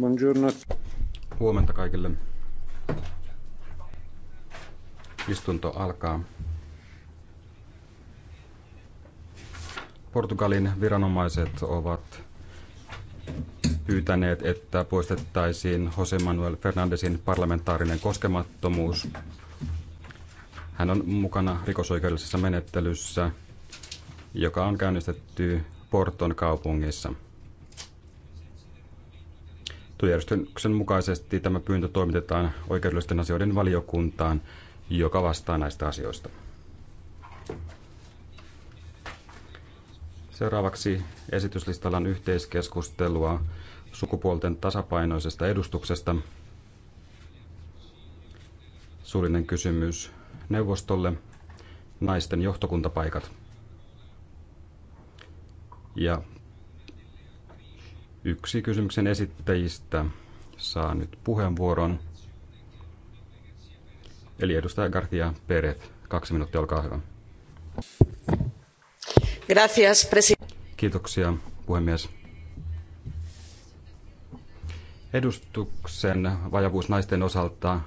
Buongiorno. Huomenta kaikille. Istunto alkaa. Portugalin viranomaiset ovat pyytäneet, että poistettaisiin Jose Manuel Fernandesin parlamentaarinen koskemattomuus. Hän on mukana rikosoikeudellisessa menettelyssä, joka on käynnistetty Porton kaupungissa. Työjärjestyksen mukaisesti tämä pyyntö toimitetaan oikeudellisten asioiden valiokuntaan, joka vastaa näistä asioista. Seuraavaksi esityslistalla on yhteiskeskustelua sukupuolten tasapainoisesta edustuksesta. Suullinen kysymys neuvostolle. Naisten johtokuntapaikat. Ja Yksi kysymyksen esittäjistä saa nyt puheenvuoron. Eli edustaja García Pérez, kaksi minuuttia, olkaa hyvä. Gracias, Kiitoksia, puhemies. Edustuksen vajavuus naisten osalta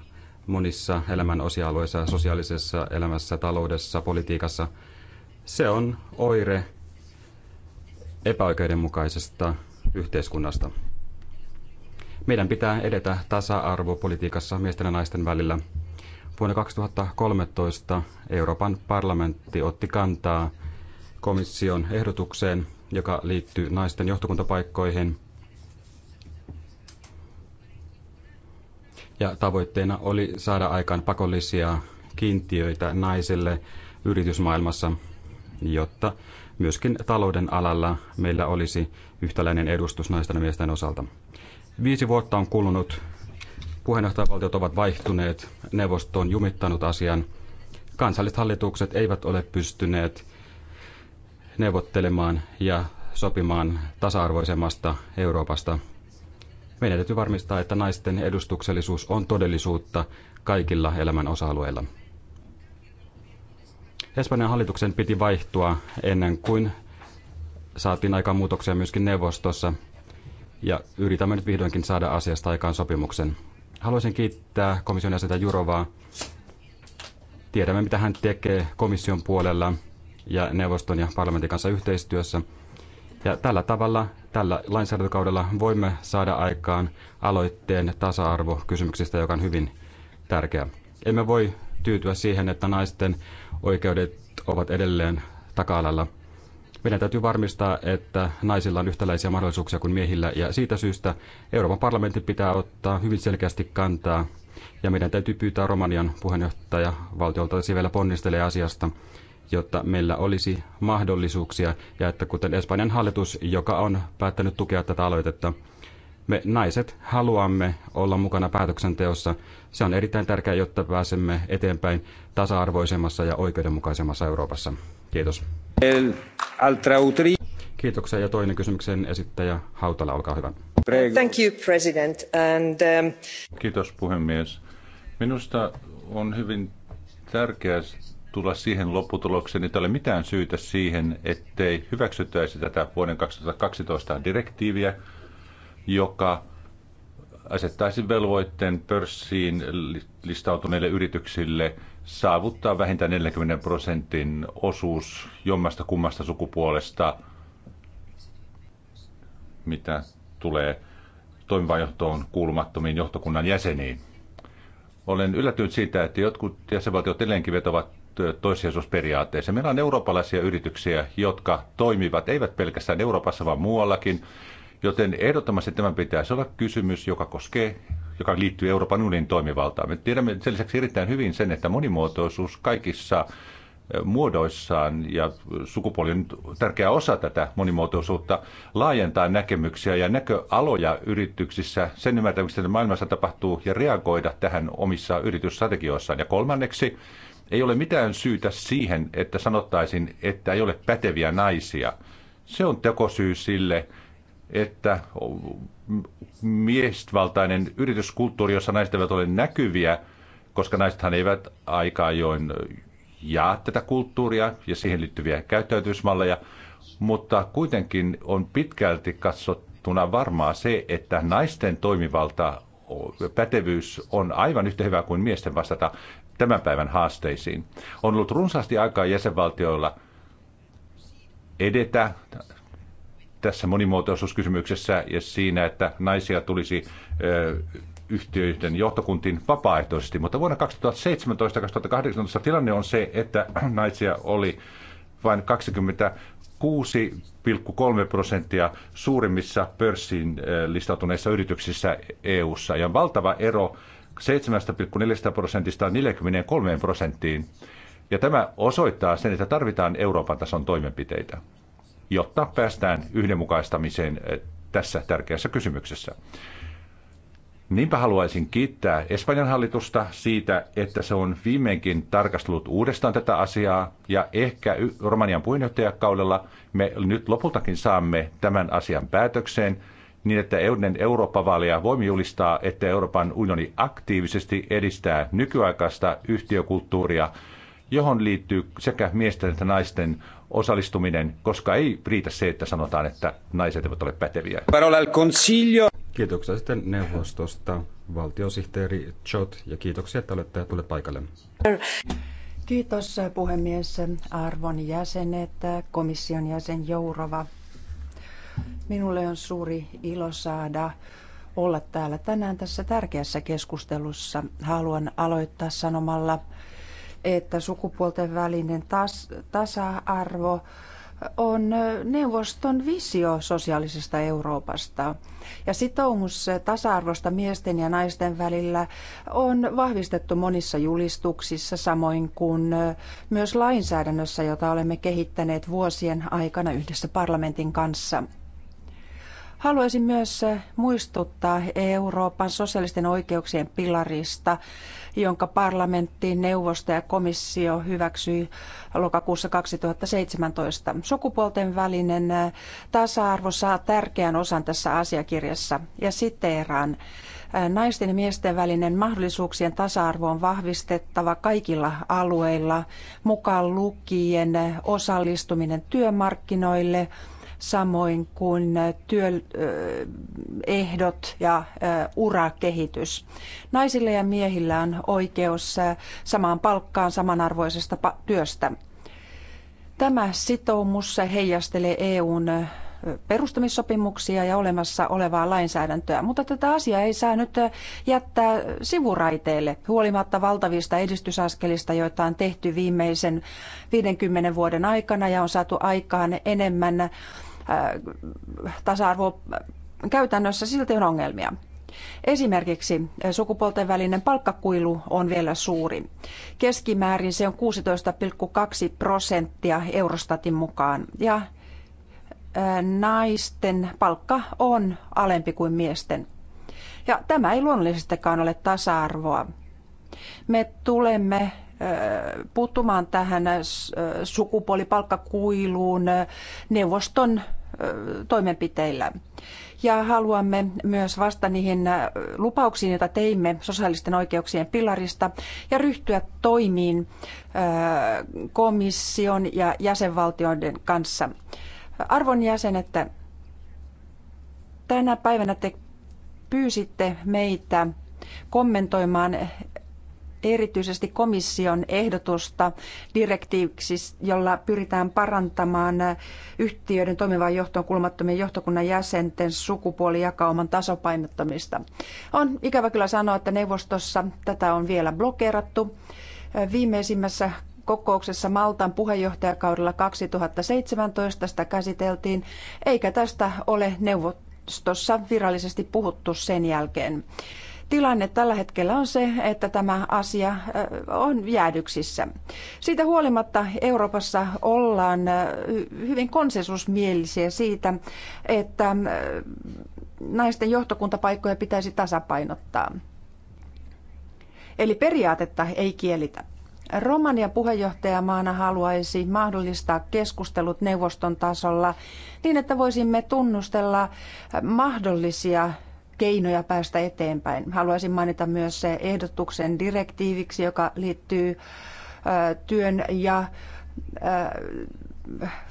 monissa elämän osialueissa, sosiaalisessa elämässä, taloudessa, politiikassa, se on oire epäoikeudenmukaisesta yhteiskunnasta. Meidän pitää edetä tasa-arvopolitiikassa miesten ja naisten välillä. Vuonna 2013 Euroopan parlamentti otti kantaa komission ehdotukseen, joka liittyy naisten johtokuntapaikkoihin. Ja tavoitteena oli saada aikaan pakollisia kiintiöitä naisille yritysmaailmassa, jotta myöskin talouden alalla meillä olisi yhtäläinen edustus naisten ja miesten osalta. Viisi vuotta on kulunut, puheenjohtajavaltiot ovat vaihtuneet, neuvosto on jumittanut asian, kansalliset hallitukset eivät ole pystyneet neuvottelemaan ja sopimaan tasa-arvoisemmasta Euroopasta. Meidän täytyy varmistaa, että naisten edustuksellisuus on todellisuutta kaikilla elämän osa-alueilla. Espanjan hallituksen piti vaihtua ennen kuin saatiin aikaan muutoksia myöskin neuvostossa ja yritämme nyt vihdoinkin saada asiasta aikaan sopimuksen. Haluaisin kiittää komission jäsentä Jurovaa. Tiedämme, mitä hän tekee komission puolella ja neuvoston ja parlamentin kanssa yhteistyössä. Ja tällä tavalla, tällä lainsäädäntökaudella voimme saada aikaan aloitteen tasa kysymyksistä, joka on hyvin tärkeä. Emme voi tyytyä siihen, että naisten oikeudet ovat edelleen taka-alalla. Meidän täytyy varmistaa, että naisilla on yhtäläisiä mahdollisuuksia kuin miehillä, ja siitä syystä Euroopan parlamentti pitää ottaa hyvin selkeästi kantaa, ja meidän täytyy pyytää Romanian puheenjohtaja valtiolta vielä ponnistelee asiasta, jotta meillä olisi mahdollisuuksia, ja että kuten Espanjan hallitus, joka on päättänyt tukea tätä aloitetta, me naiset haluamme olla mukana päätöksenteossa. Se on erittäin tärkeää, jotta pääsemme eteenpäin tasa-arvoisemmassa ja oikeudenmukaisemmassa Euroopassa. Kiitos. Kiitoksia ja toinen kysymyksen esittäjä Hautala, olkaa hyvä. Thank you, President. And, um... Kiitos puhemies. Minusta on hyvin tärkeää tulla siihen lopputulokseen, että ei ole mitään syytä siihen, ettei hyväksyttäisi tätä vuoden 2012 direktiiviä, joka asettaisi velvoitteen pörssiin listautuneille yrityksille saavuttaa vähintään 40 prosentin osuus jommasta kummasta sukupuolesta, mitä tulee toimivaan johtoon kuulumattomiin johtokunnan jäseniin. Olen yllättynyt siitä, että jotkut jäsenvaltiot edelleenkin vetovat toissijaisuusperiaatteeseen. Meillä on eurooppalaisia yrityksiä, jotka toimivat eivät pelkästään Euroopassa, vaan muuallakin. Joten ehdottomasti tämä pitäisi olla kysymys, joka koskee joka liittyy Euroopan unionin toimivaltaan. Me tiedämme sen lisäksi erittäin hyvin sen, että monimuotoisuus kaikissa muodoissaan ja sukupuoli on tärkeä osa tätä monimuotoisuutta laajentaa näkemyksiä ja näköaloja yrityksissä sen ymmärtämistä, että maailmassa tapahtuu ja reagoida tähän omissa yritysstrategioissaan. Ja kolmanneksi, ei ole mitään syytä siihen, että sanottaisin, että ei ole päteviä naisia. Se on tekosyy sille, että miesvaltainen yrityskulttuuri, jossa naiset eivät ole näkyviä, koska naisethan eivät aika ajoin jaa tätä kulttuuria ja siihen liittyviä käyttäytymismalleja, mutta kuitenkin on pitkälti katsottuna varmaa se, että naisten toimivalta pätevyys on aivan yhtä hyvä kuin miesten vastata tämän päivän haasteisiin. On ollut runsaasti aikaa jäsenvaltioilla edetä tässä monimuotoisuuskysymyksessä ja siinä, että naisia tulisi yhtiöiden johtokuntiin vapaaehtoisesti. Mutta vuonna 2017-2018 tilanne on se, että naisia oli vain 26,3 prosenttia suurimmissa pörssiin listautuneissa yrityksissä EU:ssa ja valtava ero 7,4 prosentista 43 prosenttiin. Ja tämä osoittaa sen, että tarvitaan Euroopan tason toimenpiteitä jotta päästään yhdenmukaistamiseen eh, tässä tärkeässä kysymyksessä. Niinpä haluaisin kiittää Espanjan hallitusta siitä, että se on viimeinkin tarkastellut uudestaan tätä asiaa ja ehkä Romanian puheenjohtajakaudella me nyt lopultakin saamme tämän asian päätökseen niin, että ennen Eurooppa-vaaleja voimme julistaa, että Euroopan unioni aktiivisesti edistää nykyaikaista yhtiökulttuuria, johon liittyy sekä miesten että naisten osallistuminen, koska ei riitä se, että sanotaan, että naiset eivät ole päteviä. al consiglio. Kiitoksia sitten neuvostosta, valtiosihteeri Chot, ja kiitoksia, että olette tulleet paikalle. Kiitos puhemies, arvon jäsenet, komission jäsen Jourova. Minulle on suuri ilo saada olla täällä tänään tässä tärkeässä keskustelussa. Haluan aloittaa sanomalla, että sukupuolten välinen tas- tasa-arvo on neuvoston visio sosiaalisesta Euroopasta. Ja sitoumus tasa-arvosta miesten ja naisten välillä on vahvistettu monissa julistuksissa, samoin kuin myös lainsäädännössä, jota olemme kehittäneet vuosien aikana yhdessä parlamentin kanssa. Haluaisin myös muistuttaa Euroopan sosiaalisten oikeuksien pilarista, jonka parlamentti, neuvosto ja komissio hyväksyi lokakuussa 2017. Sukupuolten välinen äh, tasa-arvo saa tärkeän osan tässä asiakirjassa ja siteeraan. Äh, naisten ja miesten välinen mahdollisuuksien tasa-arvo on vahvistettava kaikilla alueilla, mukaan lukien osallistuminen työmarkkinoille – samoin kuin työehdot ja urakehitys. Naisille ja miehillä on oikeus samaan palkkaan samanarvoisesta työstä. Tämä sitoumus heijastelee EUn perustamissopimuksia ja olemassa olevaa lainsäädäntöä, mutta tätä asiaa ei saa nyt jättää sivuraiteille huolimatta valtavista edistysaskelista, joita on tehty viimeisen 50 vuoden aikana ja on saatu aikaan enemmän Äh, tasa arvo äh, käytännössä silti on ongelmia. Esimerkiksi äh, sukupuolten välinen palkkakuilu on vielä suuri. Keskimäärin se on 16,2 prosenttia Eurostatin mukaan ja naisten palkka on alempi kuin miesten. Ja tämä ei luonnollisestikaan ole tasa-arvoa. Me tulemme puuttumaan tähän sukupuolipalkkakuiluun neuvoston toimenpiteillä. Ja haluamme myös vasta niihin äh, lupauksiin, joita teimme sosiaalisten oikeuksien pilarista, ja ryhtyä toimiin äh, komission ja jäsenvaltioiden kanssa. Arvon jäsenet, tänä päivänä te pyysitte meitä kommentoimaan erityisesti komission ehdotusta direktiiviksi, jolla pyritään parantamaan yhtiöiden toimivaan johtoon kulmattomien johtokunnan jäsenten sukupuolijakauman tasapainottamista. On ikävä kyllä sanoa, että neuvostossa tätä on vielä blokeerattu. Viimeisimmässä kokouksessa Maltan puheenjohtajakaudella 2017 sitä käsiteltiin, eikä tästä ole neuvostossa virallisesti puhuttu sen jälkeen tilanne tällä hetkellä on se, että tämä asia on jäädyksissä. Siitä huolimatta Euroopassa ollaan hyvin konsensusmielisiä siitä, että naisten johtokuntapaikkoja pitäisi tasapainottaa. Eli periaatetta ei kielitä. Romania puheenjohtajamaana haluaisi mahdollistaa keskustelut neuvoston tasolla niin, että voisimme tunnustella mahdollisia keinoja päästä eteenpäin. Haluaisin mainita myös se ehdotuksen direktiiviksi, joka liittyy työn ja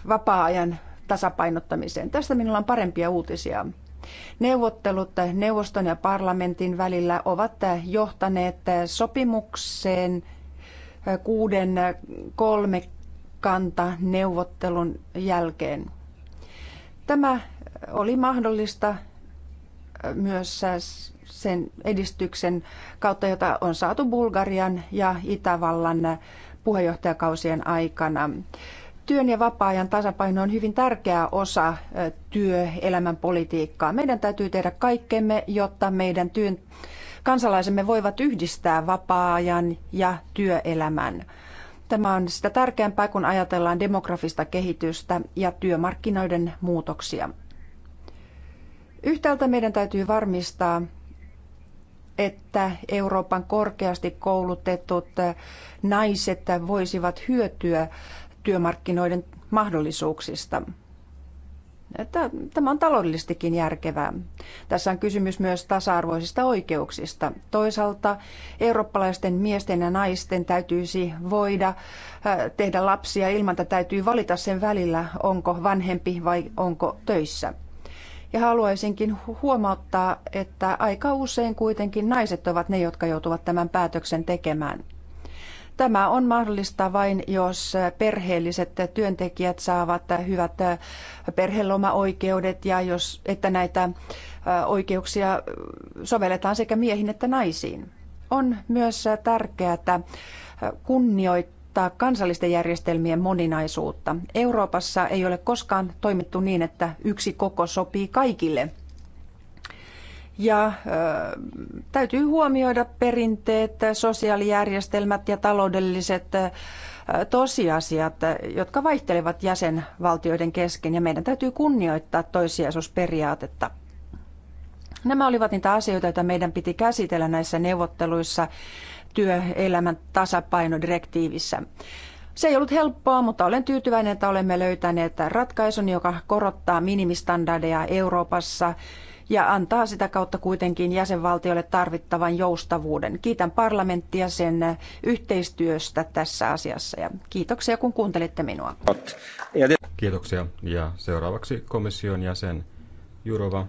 vapaa-ajan tasapainottamiseen. Tästä minulla on parempia uutisia. Neuvottelut neuvoston ja parlamentin välillä ovat johtaneet sopimukseen kuuden kolme kanta neuvottelun jälkeen. Tämä oli mahdollista myös sen edistyksen kautta, jota on saatu Bulgarian ja Itävallan puheenjohtajakausien aikana. Työn ja vapaa-ajan tasapaino on hyvin tärkeä osa työelämän politiikkaa. Meidän täytyy tehdä kaikkemme, jotta meidän työn kansalaisemme voivat yhdistää vapaa-ajan ja työelämän. Tämä on sitä tärkeämpää, kun ajatellaan demografista kehitystä ja työmarkkinoiden muutoksia. Yhtäältä meidän täytyy varmistaa, että Euroopan korkeasti koulutetut naiset voisivat hyötyä työmarkkinoiden mahdollisuuksista. Tämä on taloudellistikin järkevää. Tässä on kysymys myös tasa-arvoisista oikeuksista. Toisaalta eurooppalaisten miesten ja naisten täytyisi voida äh, tehdä lapsia ilman, että täytyy valita sen välillä, onko vanhempi vai onko töissä. Ja haluaisinkin huomauttaa, että aika usein kuitenkin naiset ovat ne, jotka joutuvat tämän päätöksen tekemään. Tämä on mahdollista vain, jos perheelliset työntekijät saavat hyvät perhelomaoikeudet ja jos, että näitä oikeuksia sovelletaan sekä miehiin että naisiin. On myös tärkeää kunnioittaa korostaa kansallisten järjestelmien moninaisuutta. Euroopassa ei ole koskaan toimittu niin, että yksi koko sopii kaikille. Ja ö, täytyy huomioida perinteet, sosiaalijärjestelmät ja taloudelliset ö, tosiasiat, jotka vaihtelevat jäsenvaltioiden kesken, ja meidän täytyy kunnioittaa toissijaisuusperiaatetta. Nämä olivat niitä asioita, joita meidän piti käsitellä näissä neuvotteluissa työelämän tasapainodirektiivissä. Se ei ollut helppoa, mutta olen tyytyväinen, että olemme löytäneet ratkaisun, joka korottaa minimistandardeja Euroopassa ja antaa sitä kautta kuitenkin jäsenvaltioille tarvittavan joustavuuden. Kiitän parlamenttia sen yhteistyöstä tässä asiassa ja kiitoksia kun kuuntelitte minua. Kiitoksia ja seuraavaksi komission jäsen Jurova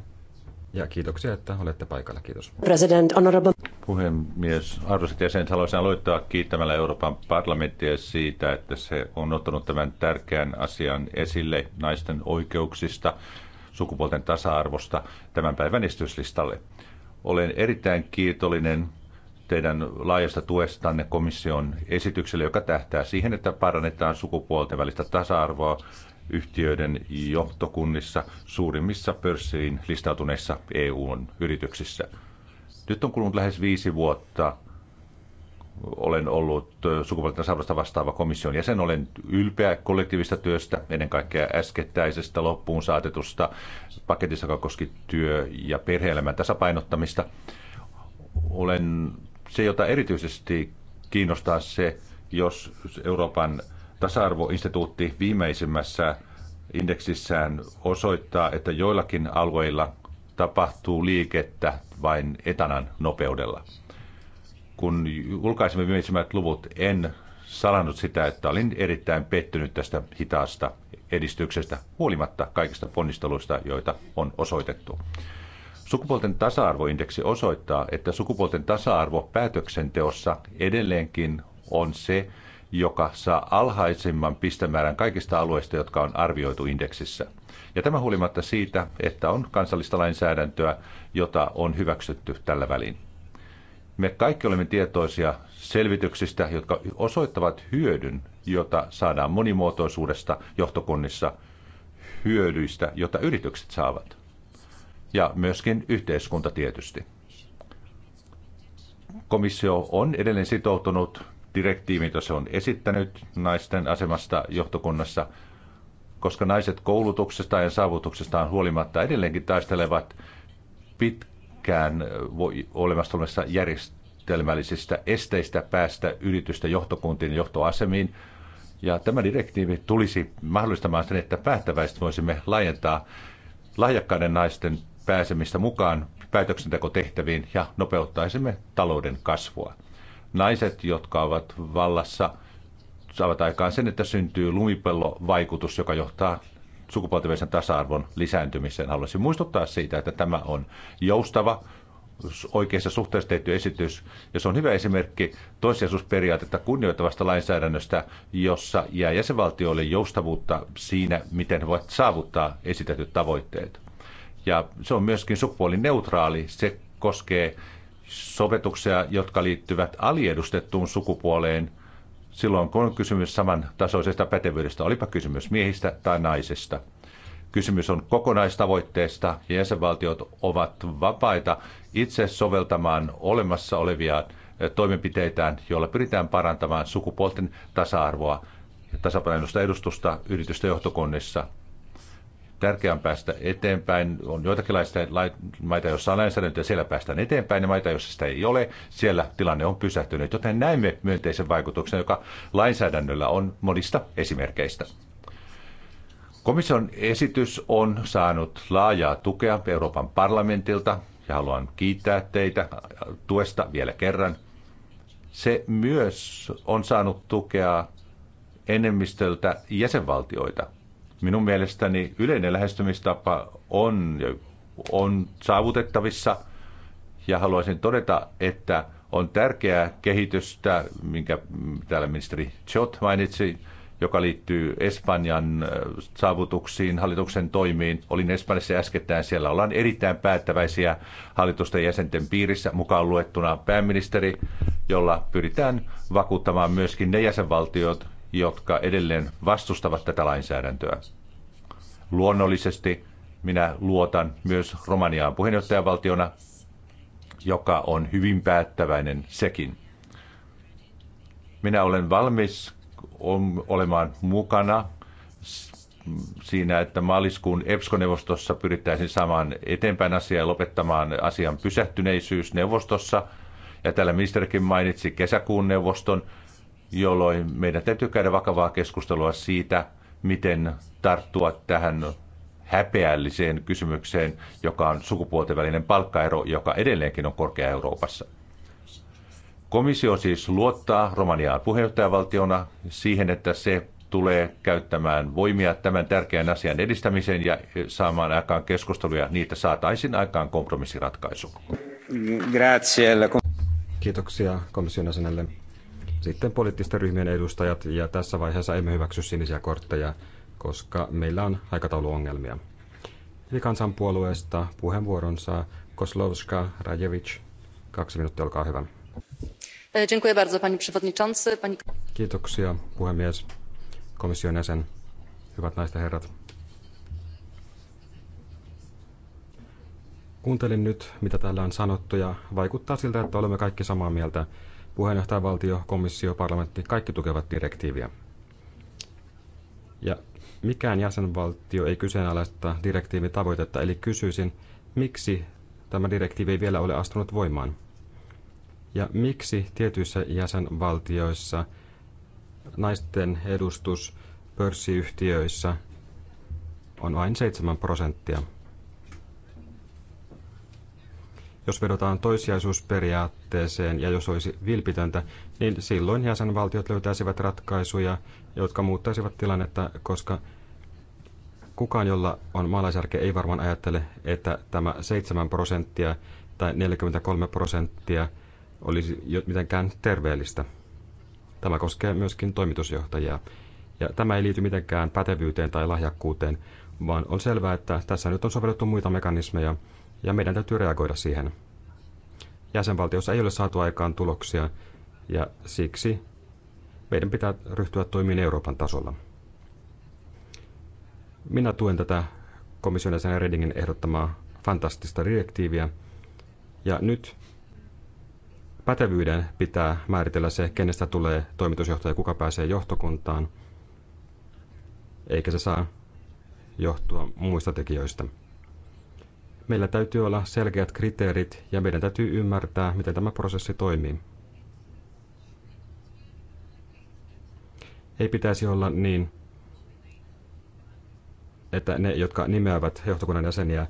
ja kiitoksia, että olette paikalla. Kiitos. President, honorable. Puhemies, arvoisat jäsenet, haluaisin aloittaa kiittämällä Euroopan parlamenttia siitä, että se on ottanut tämän tärkeän asian esille naisten oikeuksista, sukupuolten tasa-arvosta tämän päivän istyslistalle. Olen erittäin kiitollinen teidän laajasta tuestanne komission esitykselle, joka tähtää siihen, että parannetaan sukupuolten välistä tasa-arvoa yhtiöiden johtokunnissa suurimmissa pörssiin listautuneissa EUn yrityksissä. Nyt on kulunut lähes viisi vuotta. Olen ollut sukupuolten tasa vastaava komission jäsen. Olen ylpeä kollektiivista työstä, ennen kaikkea äskettäisestä loppuun saatetusta paketissa, joka koski työ- ja perhe-elämän tasapainottamista. Olen se, jota erityisesti kiinnostaa se, jos Euroopan Tasa-arvoinstituutti viimeisimmässä indeksissään osoittaa, että joillakin alueilla tapahtuu liikettä vain etanan nopeudella. Kun julkaisimme viimeisimmät luvut, en salannut sitä, että olin erittäin pettynyt tästä hitaasta edistyksestä, huolimatta kaikista ponnisteluista, joita on osoitettu. Sukupuolten tasa-arvoindeksi osoittaa, että sukupuolten tasa-arvo päätöksenteossa edelleenkin on se, joka saa alhaisimman pistemäärän kaikista alueista, jotka on arvioitu indeksissä. Ja tämä huolimatta siitä, että on kansallista lainsäädäntöä, jota on hyväksytty tällä välin. Me kaikki olemme tietoisia selvityksistä, jotka osoittavat hyödyn, jota saadaan monimuotoisuudesta johtokunnissa, hyödyistä, jota yritykset saavat. Ja myöskin yhteiskunta tietysti. Komissio on edelleen sitoutunut direktiivi, jota se on esittänyt naisten asemasta johtokunnassa, koska naiset koulutuksesta ja saavutuksestaan huolimatta edelleenkin taistelevat pitkään olemassa olevassa järjestelmällisistä esteistä päästä yritystä johtokuntiin ja johtoasemiin. Ja tämä direktiivi tulisi mahdollistamaan sen, että päättäväisesti voisimme laajentaa lahjakkaiden naisten pääsemistä mukaan päätöksentekotehtäviin ja nopeuttaisimme talouden kasvua. Naiset, jotka ovat vallassa, saavat aikaan sen, että syntyy lumipellovaikutus, joka johtaa sukupuolten tasa-arvon lisääntymiseen. Haluaisin muistuttaa siitä, että tämä on joustava, oikeassa suhteessa tehty esitys, ja se on hyvä esimerkki toissijaisuusperiaatetta kunnioittavasta lainsäädännöstä, jossa jää jäsenvaltioille joustavuutta siinä, miten he voivat saavuttaa esitetyt tavoitteet. Ja se on myöskin sukupuolineutraali, se koskee sovetuksia, jotka liittyvät aliedustettuun sukupuoleen silloin, kun on kysymys tasoisesta pätevyydestä, olipa kysymys miehistä tai naisista. Kysymys on kokonaistavoitteesta ja jäsenvaltiot ovat vapaita itse soveltamaan olemassa olevia eh, toimenpiteitään, joilla pyritään parantamaan sukupuolten tasa-arvoa ja tasapainoista edustusta yritysten johtokunnissa tärkeää on päästä eteenpäin. On joitakin maita, joissa on lainsäädäntö ja siellä päästään eteenpäin, ja maita, joissa sitä ei ole, siellä tilanne on pysähtynyt. Joten näemme myönteisen vaikutuksen, joka lainsäädännöllä on monista esimerkkeistä. Komission esitys on saanut laajaa tukea Euroopan parlamentilta ja haluan kiittää teitä tuesta vielä kerran. Se myös on saanut tukea enemmistöltä jäsenvaltioita. Minun mielestäni yleinen lähestymistapa on, on saavutettavissa ja haluaisin todeta, että on tärkeää kehitystä, minkä täällä ministeri Chot mainitsi, joka liittyy Espanjan äh, saavutuksiin, hallituksen toimiin. Olin Espanjassa äskettäin, siellä ollaan erittäin päättäväisiä hallitusten jäsenten piirissä, mukaan luettuna pääministeri, jolla pyritään vakuuttamaan myöskin ne jäsenvaltiot, jotka edelleen vastustavat tätä lainsäädäntöä. Luonnollisesti minä luotan myös Romaniaan puheenjohtajavaltiona, joka on hyvin päättäväinen sekin. Minä olen valmis olemaan mukana siinä, että maaliskuun EPSCO-neuvostossa pyrittäisiin saamaan eteenpäin asiaa ja lopettamaan asian pysähtyneisyys neuvostossa. Ja täällä ministerikin mainitsi kesäkuun neuvoston jolloin meidän täytyy käydä vakavaa keskustelua siitä, miten tarttua tähän häpeälliseen kysymykseen, joka on sukupuolten välinen palkkaero, joka edelleenkin on korkea Euroopassa. Komissio siis luottaa Romaniaan puheenjohtajavaltiona siihen, että se tulee käyttämään voimia tämän tärkeän asian edistämiseen ja saamaan aikaan keskusteluja. Niitä saataisiin aikaan kompromissiratkaisu. Grazie. Kiitoksia komission jäsenelle sitten poliittisten ryhmien edustajat, ja tässä vaiheessa emme hyväksy sinisiä kortteja, koska meillä on aikatauluongelmia. Eli kansanpuolueesta puheenvuoronsa saa Koslovska Rajevic. Kaksi minuuttia, olkaa hyvä. E, Kiitoksia, puhemies, komission jäsen, hyvät naiset ja herrat. Kuuntelin nyt, mitä täällä on sanottu, ja vaikuttaa siltä, että olemme kaikki samaa mieltä Puheenjohtajavaltio, komissio, parlamentti, kaikki tukevat direktiiviä. Ja mikään jäsenvaltio ei kyseenalaista direktiivin tavoitetta, eli kysyisin, miksi tämä direktiivi ei vielä ole astunut voimaan? Ja miksi tietyissä jäsenvaltioissa naisten edustus pörssiyhtiöissä on vain 7 prosenttia? Jos vedotaan toissijaisuusperiaatteeseen ja jos olisi vilpitöntä, niin silloin jäsenvaltiot löytäisivät ratkaisuja, jotka muuttaisivat tilannetta, koska kukaan, jolla on maalaisjärkeä, ei varmaan ajattele, että tämä 7 prosenttia tai 43 prosenttia olisi mitenkään terveellistä. Tämä koskee myöskin toimitusjohtajia. Ja tämä ei liity mitenkään pätevyyteen tai lahjakkuuteen, vaan on selvää, että tässä nyt on sovellettu muita mekanismeja, ja meidän täytyy reagoida siihen. Jäsenvaltiossa ei ole saatu aikaan tuloksia ja siksi meidän pitää ryhtyä toimiin Euroopan tasolla. Minä tuen tätä komission jäsenen Redingin ehdottamaa fantastista direktiiviä ja nyt pätevyyden pitää määritellä se, kenestä tulee toimitusjohtaja, kuka pääsee johtokuntaan, eikä se saa johtua muista tekijöistä. Meillä täytyy olla selkeät kriteerit ja meidän täytyy ymmärtää, miten tämä prosessi toimii. Ei pitäisi olla niin, että ne, jotka nimeävät johtokunnan jäseniä,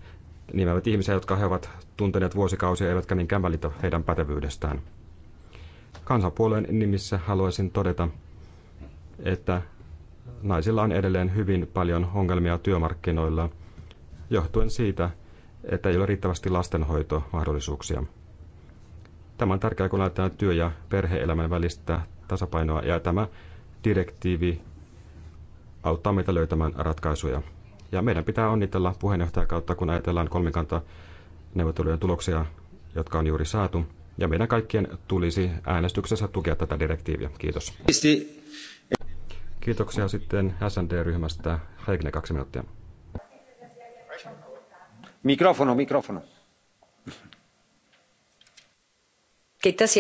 nimeävät ihmisiä, jotka he ovat tunteneet vuosikausia, eivätkä niinkään välitä heidän pätevyydestään. Kansanpuolueen nimissä haluaisin todeta, että naisilla on edelleen hyvin paljon ongelmia työmarkkinoilla, johtuen siitä, että ei ole riittävästi lastenhoitomahdollisuuksia. Tämä on tärkeää, kun laitetaan työ- ja perhe-elämän välistä tasapainoa, ja tämä direktiivi auttaa meitä löytämään ratkaisuja. Ja meidän pitää onnitella puheenjohtajan kautta, kun ajatellaan kolmikanta neuvottelujen tuloksia, jotka on juuri saatu. Ja meidän kaikkien tulisi äänestyksessä tukea tätä direktiiviä. Kiitos. Kiitoksia sitten SND-ryhmästä. Heikne kaksi minuuttia arvoisa Kiitos,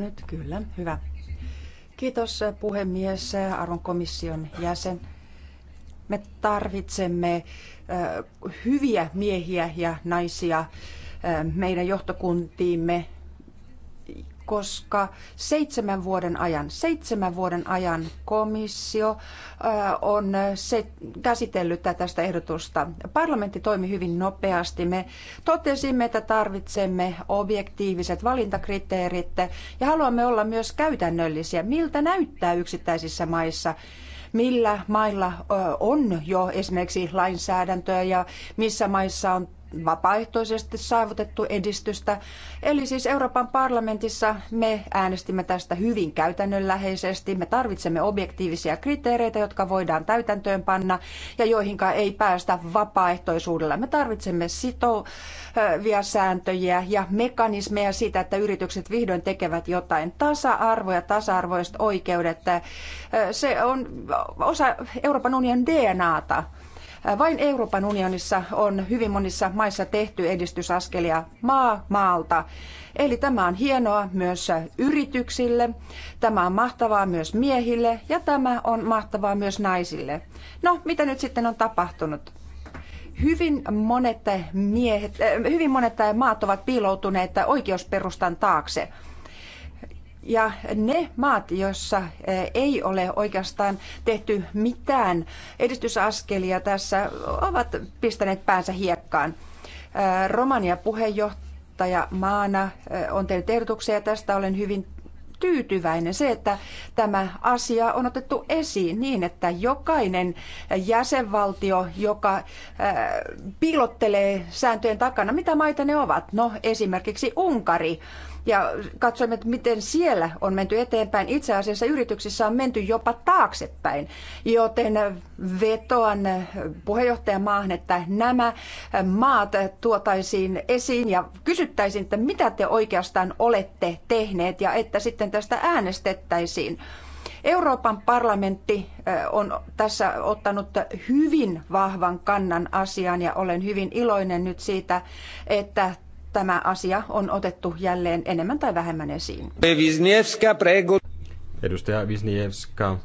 nyt? hyvä. Kiitos puhemies, arvon komission jäsen. Me tarvitsemme hyviä miehiä ja naisia meidän johtokuntiimme koska seitsemän vuoden ajan, seitsemän vuoden ajan komissio on se, käsitellyt sitä ehdotusta. Parlamentti toimi hyvin nopeasti. Me totesimme, että tarvitsemme objektiiviset valintakriteerit ja haluamme olla myös käytännöllisiä. Miltä näyttää yksittäisissä maissa? millä mailla on jo esimerkiksi lainsäädäntöä ja missä maissa on vapaaehtoisesti saavutettu edistystä. Eli siis Euroopan parlamentissa me äänestimme tästä hyvin käytännönläheisesti. Me tarvitsemme objektiivisia kriteereitä, jotka voidaan täytäntöön panna ja joihinka ei päästä vapaaehtoisuudella. Me tarvitsemme sitovia sääntöjä ja mekanismeja siitä, että yritykset vihdoin tekevät jotain. Tasa-arvo ja tasa-arvoiset oikeudet, se on osa Euroopan unionin DNAta vain Euroopan unionissa on hyvin monissa maissa tehty edistysaskelia maa maalta. Eli tämä on hienoa myös yrityksille, tämä on mahtavaa myös miehille ja tämä on mahtavaa myös naisille. No, mitä nyt sitten on tapahtunut? hyvin monet, miehet, eh, hyvin monet maat ovat piiloutuneet oikeusperustan taakse. Ja ne maat, joissa eh, ei ole oikeastaan tehty mitään edistysaskelia tässä, ovat pistäneet päänsä hiekkaan. Eh, Romania puheenjohtaja maana eh, on tehnyt ehdotuksia tästä olen hyvin tyytyväinen se, että tämä asia on otettu esiin niin, että jokainen jäsenvaltio, joka piilottelee sääntöjen takana, mitä maita ne ovat, no esimerkiksi Unkari, ja katsoimme, että miten siellä on menty eteenpäin. Itse asiassa yrityksissä on menty jopa taaksepäin, joten vetoan maahan, että nämä maat tuotaisiin esiin ja kysyttäisiin, että mitä te oikeastaan olette tehneet ja että sitten tästä äänestettäisiin. Euroopan parlamentti eh, on tässä ottanut hyvin vahvan kannan asiaan ja olen hyvin iloinen nyt siitä, että tämä asia on otettu jälleen enemmän tai vähemmän esiin. Edustaja Wisniewska,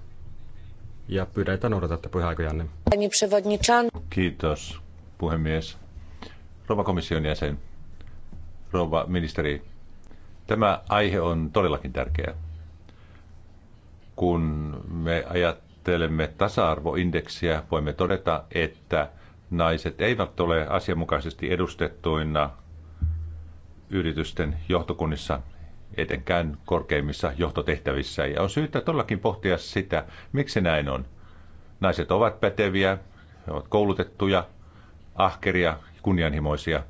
ja pyydän, että noudatatte puheaikojanne. Kiitos, puhemies. Rouva komission jäsen, rouva ministeri, tämä aihe on todellakin tärkeä. Kun me ajattelemme tasa-arvoindeksiä, voimme todeta, että naiset eivät ole asianmukaisesti edustettuina yritysten johtokunnissa, etenkään korkeimmissa johtotehtävissä. Ja on syytä todellakin pohtia sitä, miksi näin on. Naiset ovat päteviä, he ovat koulutettuja, ahkeria, kunnianhimoisia.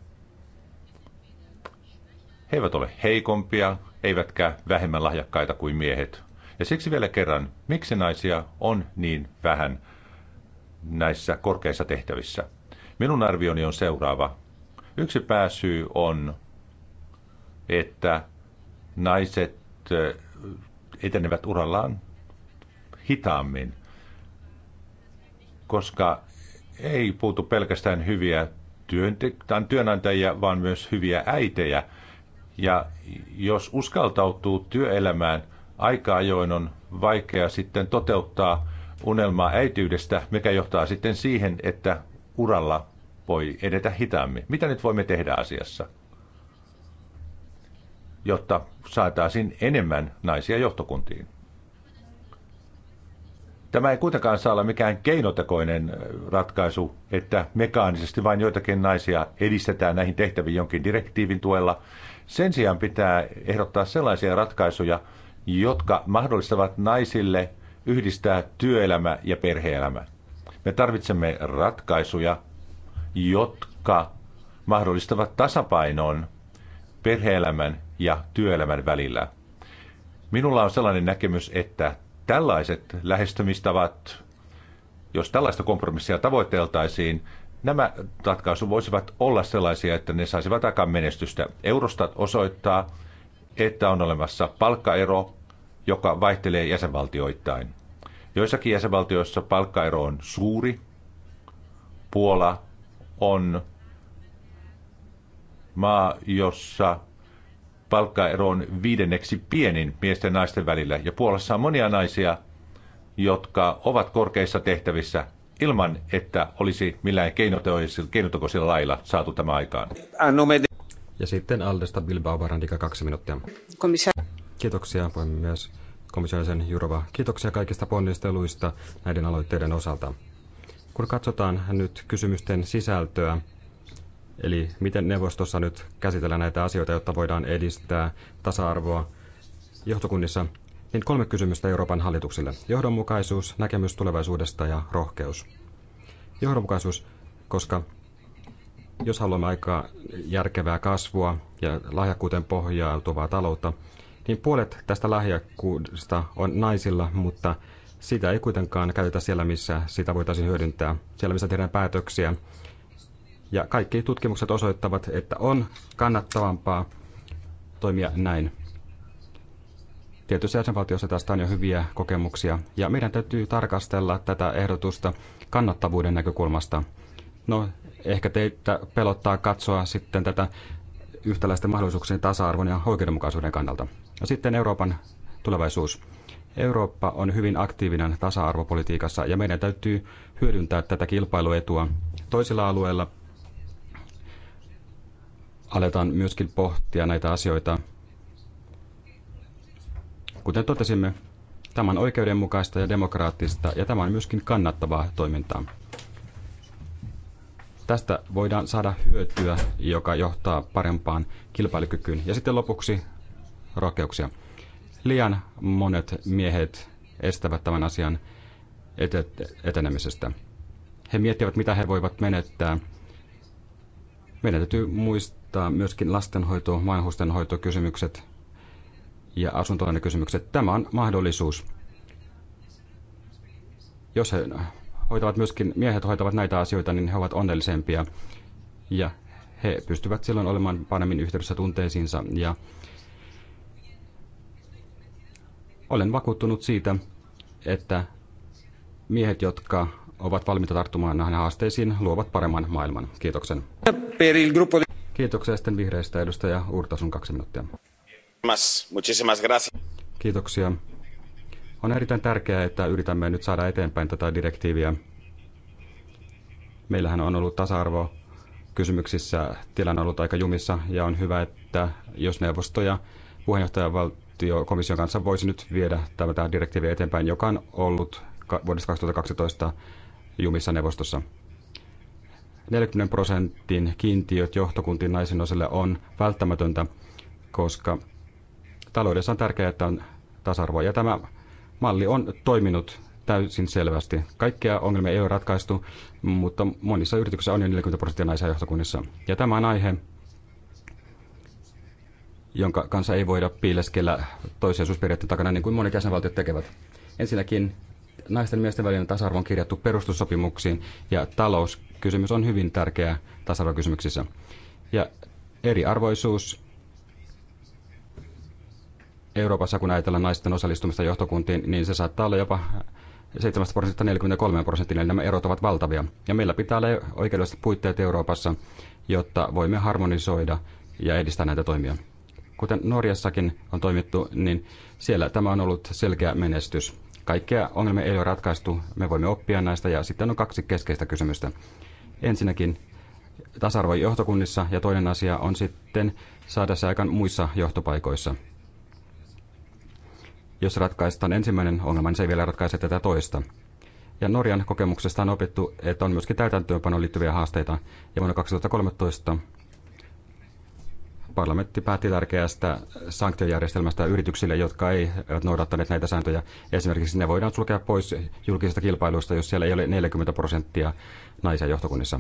He eivät ole heikompia, eivätkä vähemmän lahjakkaita kuin miehet. Ja siksi vielä kerran, miksi naisia on niin vähän näissä korkeissa tehtävissä? Minun arvioni on seuraava. Yksi pääsyy on että naiset äh, etenevät urallaan hitaammin, koska ei puutu pelkästään hyviä työnantajia, vaan myös hyviä äitejä. Ja jos uskaltautuu työelämään, aika ajoin on vaikea sitten toteuttaa unelmaa äityydestä, mikä johtaa sitten siihen, että uralla voi edetä hitaammin. Mitä nyt voimme tehdä asiassa? jotta saataisiin enemmän naisia johtokuntiin. Tämä ei kuitenkaan saa olla mikään keinotekoinen äh, ratkaisu, että mekaanisesti vain joitakin naisia edistetään näihin tehtäviin jonkin direktiivin tuella. Sen sijaan pitää ehdottaa sellaisia ratkaisuja, jotka mahdollistavat naisille yhdistää työelämä ja perheelämä. Me tarvitsemme ratkaisuja, jotka mahdollistavat tasapainon perheelämän ja työelämän välillä. Minulla on sellainen näkemys, että tällaiset lähestymistavat, jos tällaista kompromissia tavoiteltaisiin, nämä ratkaisut voisivat olla sellaisia, että ne saisivat aikaan menestystä. Eurostat osoittaa, että on olemassa palkkaero, joka vaihtelee jäsenvaltioittain. Joissakin jäsenvaltioissa palkkaero on suuri. Puola on maa, jossa palkkaero on viidenneksi pienin miesten ja naisten välillä. Ja Puolassa on monia naisia, jotka ovat korkeissa tehtävissä ilman, että olisi millään keinotekoisilla lailla saatu tämä aikaan. Ja sitten Aldesta Bilbao Barandika kaksi minuuttia. Komissio- Kiitoksia puhemies komissionisen Jurova. Kiitoksia kaikista ponnisteluista näiden aloitteiden osalta. Kun katsotaan nyt kysymysten sisältöä, Eli miten neuvostossa nyt käsitellään näitä asioita, jotta voidaan edistää tasa-arvoa johtokunnissa, niin kolme kysymystä Euroopan hallituksille. Johdonmukaisuus, näkemys tulevaisuudesta ja rohkeus. Johdonmukaisuus, koska jos haluamme aika järkevää kasvua ja lahjakkuuteen pohjautuvaa taloutta, niin puolet tästä lahjakkuudesta on naisilla, mutta sitä ei kuitenkaan käytetä siellä, missä sitä voitaisiin hyödyntää. Siellä, missä tehdään päätöksiä ja kaikki tutkimukset osoittavat, että on kannattavampaa toimia näin. Tietyissä jäsenvaltioissa tästä on jo hyviä kokemuksia, ja meidän täytyy tarkastella tätä ehdotusta kannattavuuden näkökulmasta. No, ehkä teitä pelottaa katsoa sitten tätä yhtäläisten mahdollisuuksien tasa-arvon ja oikeudenmukaisuuden kannalta. Ja no sitten Euroopan tulevaisuus. Eurooppa on hyvin aktiivinen tasa-arvopolitiikassa ja meidän täytyy hyödyntää tätä kilpailuetua toisilla alueilla aletaan myöskin pohtia näitä asioita. Kuten totesimme, tämä on oikeudenmukaista ja demokraattista ja tämä on myöskin kannattavaa toimintaa. Tästä voidaan saada hyötyä, joka johtaa parempaan kilpailukykyyn. Ja sitten lopuksi rohkeuksia. Liian monet miehet estävät tämän asian etenemisestä. He miettivät, mitä he voivat menettää. Menetetty muist mutta myöskin lastenhoito, vanhustenhoitokysymykset ja kysymykset Tämä on mahdollisuus. Jos he hoitavat myöskin, miehet hoitavat näitä asioita, niin he ovat onnellisempia ja he pystyvät silloin olemaan paremmin yhteydessä tunteisiinsa ja olen vakuuttunut siitä, että miehet, jotka ovat valmiita tarttumaan näihin haasteisiin, luovat paremman maailman. Kiitoksen. Kiitoksia sitten vihreistä edustaja Urtasun kaksi minuuttia. Kiitoksia. On erittäin tärkeää, että yritämme nyt saada eteenpäin tätä direktiiviä. Meillähän on ollut tasa-arvo kysymyksissä, tilanne on ollut aika jumissa ja on hyvä, että jos neuvosto ja puheenjohtajavaltio valtiokomission kanssa voisi nyt viedä tämä direktiivi eteenpäin, joka on ollut vuodesta 2012 jumissa neuvostossa. 40 prosentin kiintiöt johtokuntiin naisen osille on välttämätöntä, koska taloudessa on tärkeää, että on tasa-arvoa. Ja tämä malli on toiminut täysin selvästi. Kaikkia ongelmia ei ole ratkaistu, mutta monissa yrityksissä on jo 40 prosenttia naisia johtokunnissa. Ja tämä on aihe, jonka kanssa ei voida piileskellä toisiasuusperiaatteen takana, niin kuin monet jäsenvaltiot tekevät. Ensinnäkin naisten ja miesten välinen tasa-arvo on kirjattu perustussopimuksiin ja talouskysymys on hyvin tärkeä tasa-arvokysymyksissä. Ja eriarvoisuus Euroopassa, kun ajatellaan naisten osallistumista johtokuntiin, niin se saattaa olla jopa 7 prosentista 43 prosenttia, eli nämä erot ovat valtavia. Ja meillä pitää olla oikeudelliset puitteet Euroopassa, jotta voimme harmonisoida ja edistää näitä toimia. Kuten Norjassakin on toimittu, niin siellä tämä on ollut selkeä menestys kaikkea ongelmia ei ole ratkaistu, me voimme oppia näistä ja sitten on kaksi keskeistä kysymystä. Ensinnäkin tasa-arvo johtokunnissa ja toinen asia on sitten saada se aikaan muissa johtopaikoissa. Jos ratkaistaan ensimmäinen ongelma, niin se ei vielä ratkaise tätä toista. Ja Norjan kokemuksesta on opittu, että on myöskin täytäntöönpanoon liittyviä haasteita. Ja vuonna 2013 parlamentti päätti tärkeästä sanktiojärjestelmästä yrityksille, jotka ei, eivät noudattaneet näitä sääntöjä. Esimerkiksi ne voidaan sulkea pois julkisista kilpailuista, jos siellä ei ole 40 prosenttia naisia johtokunnissa.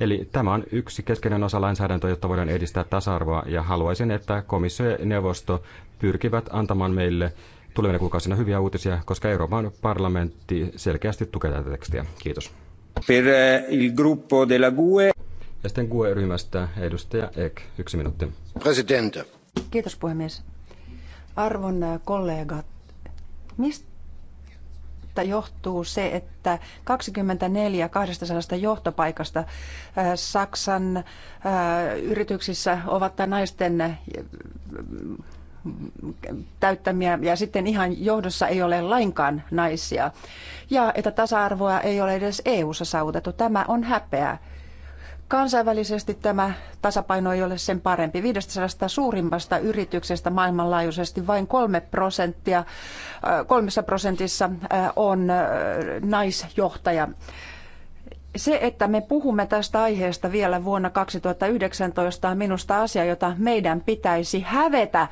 Eli tämä on yksi keskeinen osa lainsäädäntöä, jotta voidaan edistää tasa-arvoa, ja haluaisin, että komissio ja neuvosto pyrkivät antamaan meille tulevina kuukausina hyviä uutisia, koska Euroopan parlamentti selkeästi tukee tätä tekstiä. Kiitos. Per eh, il gruppo della GUE, ja sitten ryhmästä edustaja Ek, yksi minuutti. Presidente. Kiitos puhemies. Arvon kollegat, mistä johtuu se, että 24 200 johtopaikasta äh, Saksan äh, yrityksissä ovat naisten äh, täyttämiä ja sitten ihan johdossa ei ole lainkaan naisia. Ja että tasa-arvoa ei ole edes EU-ssa saavutettu. Tämä on häpeää. Kansainvälisesti tämä tasapaino ei ole sen parempi. 500 suurimmasta yrityksestä maailmanlaajuisesti vain kolme prosenttia, kolmessa prosentissa on naisjohtaja. Se, että me puhumme tästä aiheesta vielä vuonna 2019 on minusta asia, jota meidän pitäisi hävetä,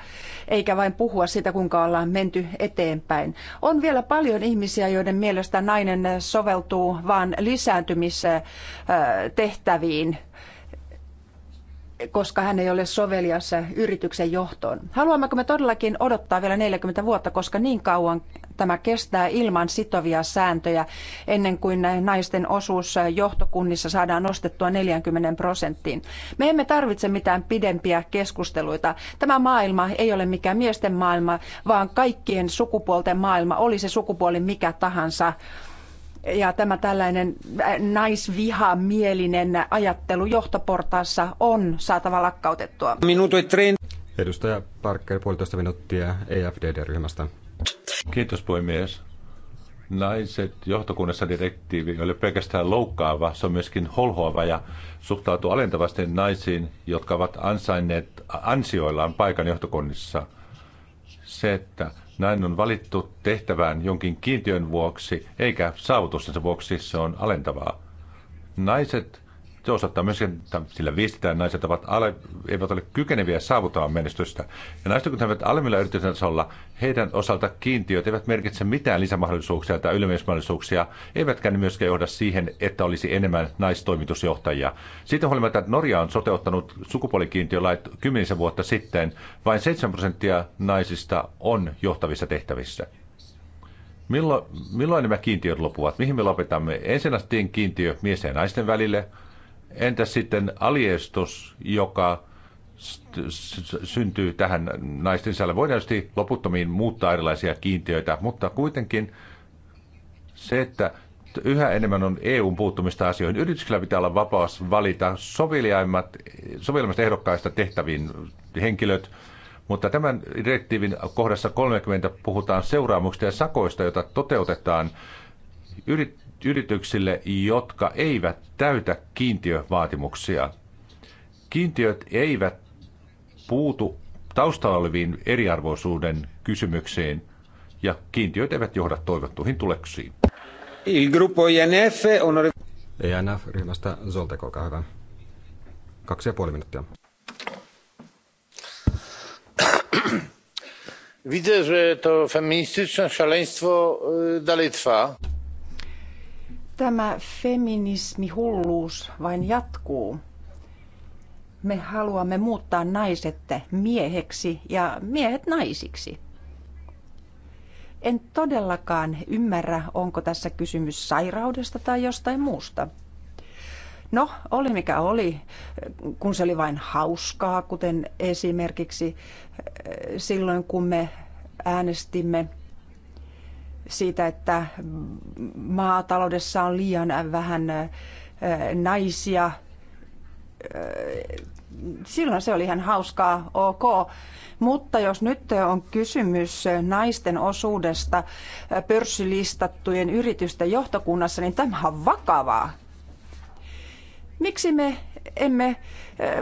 eikä vain puhua siitä, kuinka ollaan menty eteenpäin. On vielä paljon ihmisiä, joiden mielestä nainen soveltuu vain lisääntymistehtäviin koska hän ei ole sovelias yrityksen johtoon. Haluammeko me todellakin odottaa vielä 40 vuotta, koska niin kauan tämä kestää ilman sitovia sääntöjä, ennen kuin naisten osuus johtokunnissa saadaan nostettua 40 prosenttiin. Me emme tarvitse mitään pidempiä keskusteluita. Tämä maailma ei ole mikään miesten maailma, vaan kaikkien sukupuolten maailma, oli se sukupuoli mikä tahansa. Ja tämä tällainen äh, naisvihamielinen ajattelu johtoportaassa on saatava lakkautettua. Edustaja Parker, puolitoista minuuttia EFDD-ryhmästä. Kiitos puhemies. Naiset johtokunnassa direktiivi ei ole pelkästään loukkaava, se on myöskin holhoava ja suhtautuu alentavasti naisiin, jotka ovat ansainneet ansioillaan paikan johtokunnissa. Se, että näin on valittu tehtävään jonkin kiintiön vuoksi, eikä saavutustensa vuoksi se on alentavaa. Naiset se osoittaa myös, että sillä viestitään että naiset ovat ale, eivät ole kykeneviä saavuttamaan menestystä. Ja naiset, kun he ovat alemmilla yritystasolla, heidän osalta kiintiöt eivät merkitse mitään lisämahdollisuuksia tai ylemysmahdollisuuksia, eivätkä ne myöskään johda siihen, että olisi enemmän naistoimitusjohtajia. Siitä huolimatta, että Norja on soteuttanut sukupuolikiintiölait kymmenisen vuotta sitten, vain 7 prosenttia naisista on johtavissa tehtävissä. Milloin, milloin nämä kiintiöt lopuvat? Mihin me lopetamme? Ensin astiin kiintiö miesten ja naisten välille – Entä sitten aliestos, joka syntyy tähän naisten sisällä? Voidaan tietysti loputtomiin muuttaa erilaisia kiintiöitä, mutta kuitenkin se, että yhä enemmän on EUn puuttumista asioihin. Yrityksillä pitää olla vapaus valita soveliaimmat, soveliaimmat ehdokkaista tehtäviin henkilöt, mutta tämän direktiivin kohdassa 30 puhutaan seuraamuksista ja sakoista, joita toteutetaan yrit- yrityksille, jotka eivät täytä kiintiövaatimuksia. Kiintiöt eivät puutu taustalla oleviin eriarvoisuuden kysymyksiin ja kiintiöt eivät johda toivottuihin tuleksiin. Il gruppo INF, on... ENF-ryhmästä Zolteko, olkaa hyvä. Kaksi ja puoli minuuttia. Widzę, że to feministyczne szaleństwo dalej trwa tämä feminismihulluus vain jatkuu. Me haluamme muuttaa naiset mieheksi ja miehet naisiksi. En todellakaan ymmärrä, onko tässä kysymys sairaudesta tai jostain muusta. No, oli mikä oli, kun se oli vain hauskaa, kuten esimerkiksi silloin kun me äänestimme siitä, että maataloudessa on liian vähän naisia. Silloin se oli ihan hauskaa, ok. Mutta jos nyt on kysymys naisten osuudesta pörssilistattujen yritysten johtokunnassa, niin tämä on vakavaa. Miksi me emme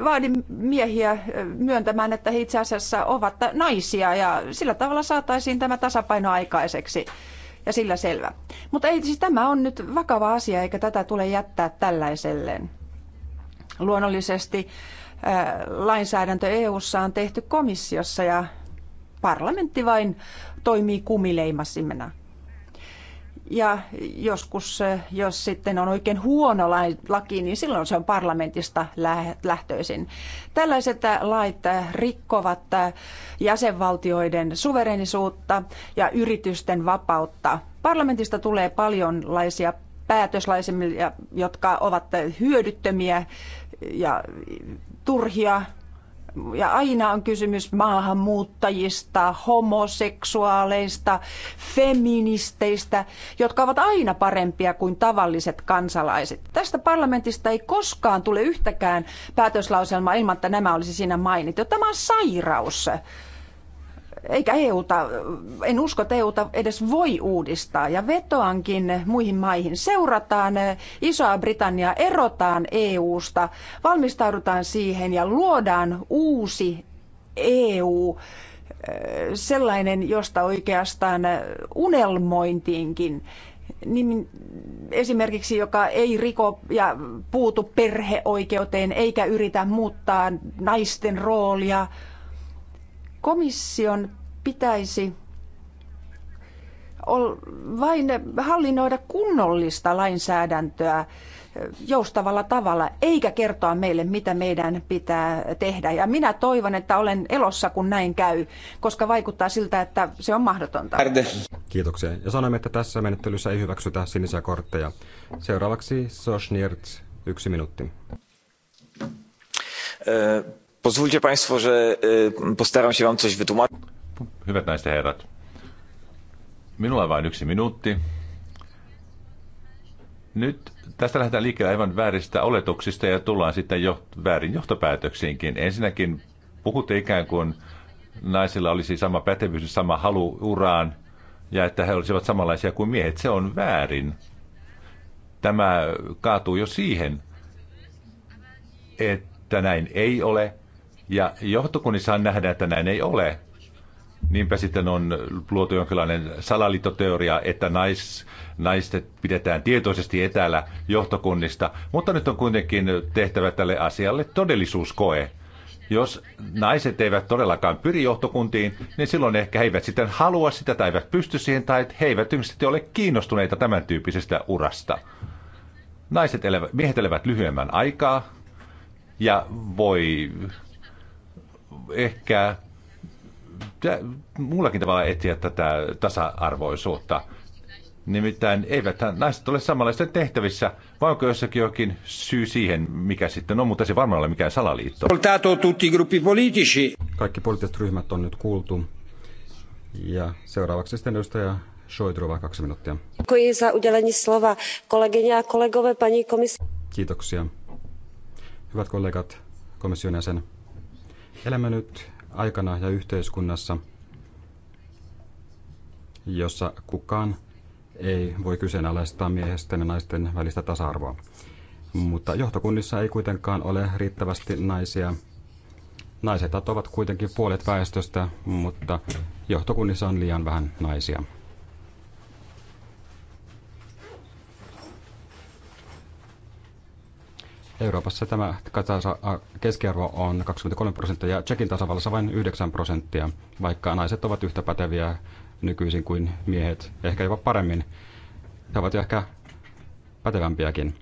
vaadi miehiä myöntämään, että he itse asiassa ovat naisia ja sillä tavalla saataisiin tämä tasapaino aikaiseksi ja sillä selvä. Mutta ei, siis tämä on nyt vakava asia, eikä tätä tule jättää tällaiselleen. Luonnollisesti lainsäädäntö EU:ssa on tehty komissiossa ja parlamentti vain toimii kumileimasimena. Ja joskus, eh, jos sitten on oikein huono laki, niin silloin se on parlamentista lähtöisin. Tällaiset eh, lait eh, rikkovat jäsenvaltioiden suverenisuutta ja yritysten vapautta. Parlamentista tulee paljonlaisia päätöslaisia, jotka ovat hyödyttömiä ja turhia ja aina on kysymys maahanmuuttajista, homoseksuaaleista, feministeistä, jotka ovat aina parempia kuin tavalliset kansalaiset. Tästä parlamentista ei koskaan tule yhtäkään päätöslauselmaa ilman, että nämä olisi siinä mainittu. Tämä on sairaus eikä EUta, en usko, että EUta edes voi uudistaa. Ja vetoankin muihin maihin. Seurataan eh, Isoa Britanniaa, erotaan EUsta, valmistaudutaan siihen ja luodaan uusi EU, eh, sellainen, josta oikeastaan eh, unelmointiinkin niin esimerkiksi joka ei riko ja puutu perheoikeuteen eikä yritä muuttaa naisten roolia komission pitäisi vain hallinnoida kunnollista lainsäädäntöä joustavalla tavalla, eikä kertoa meille, mitä meidän pitää tehdä. Ja minä toivon, että olen elossa, kun näin käy, koska vaikuttaa siltä, että se on mahdotonta. Kiitoksia. Ja sanoimme, että tässä menettelyssä ei hyväksytä sinisiä kortteja. Seuraavaksi Sosnirts, yksi minuutti. Pozwólcie Państwo, że postaram się Wam coś wytłumaczyć. Hyvät naiset ja herrat, minulla on vain yksi minuutti. Nyt tästä lähdetään liikkeelle aivan vääristä oletuksista ja tullaan sitten jo väärin johtopäätöksiinkin. Ensinnäkin puhutte ikään kuin naisilla olisi sama pätevyys ja sama halu uraan ja että he olisivat samanlaisia kuin miehet. Se on väärin. Tämä kaatuu jo siihen, että näin ei ole. Ja johtokunnissa on nähdä, että näin ei ole. Niinpä sitten on luotu jonkinlainen salaliittoteoria, että nais, naiset pidetään tietoisesti etäällä johtokunnista, mutta nyt on kuitenkin tehtävä tälle asialle todellisuuskoe. Jos naiset eivät todellakaan pyri johtokuntiin, niin silloin ehkä he eivät sitten halua sitä tai eivät pysty siihen tai he eivät yksinkertaisesti ole kiinnostuneita tämän tyyppisestä urasta. Naiset elävät, miehet elävät lyhyemmän aikaa ja voi ehkä muullakin tavalla etsiä tätä tasa-arvoisuutta. Nimittäin eivät naiset ole samanlaista tehtävissä, vai onko jossakin jokin syy siihen, mikä sitten on, mutta se varmaan ole mikään salaliitto. Kaikki poliittiset ryhmät on nyt kuultu. Ja seuraavaksi sitten edustaja Šojdrova, kaksi minuuttia. Kiitoksia. Hyvät kollegat, komission jäsen. Elämme nyt aikana ja yhteiskunnassa, jossa kukaan ei voi kyseenalaistaa miehesten ja naisten välistä tasa-arvoa. Mutta johtokunnissa ei kuitenkaan ole riittävästi naisia. Naiset ovat kuitenkin puolet väestöstä, mutta johtokunnissa on liian vähän naisia. Euroopassa tämä keskiarvo on 23 prosenttia ja Tsekin tasavallassa vain 9 prosenttia, vaikka naiset ovat yhtä päteviä nykyisin kuin miehet, ehkä jopa paremmin. He ovat ehkä pätevämpiäkin.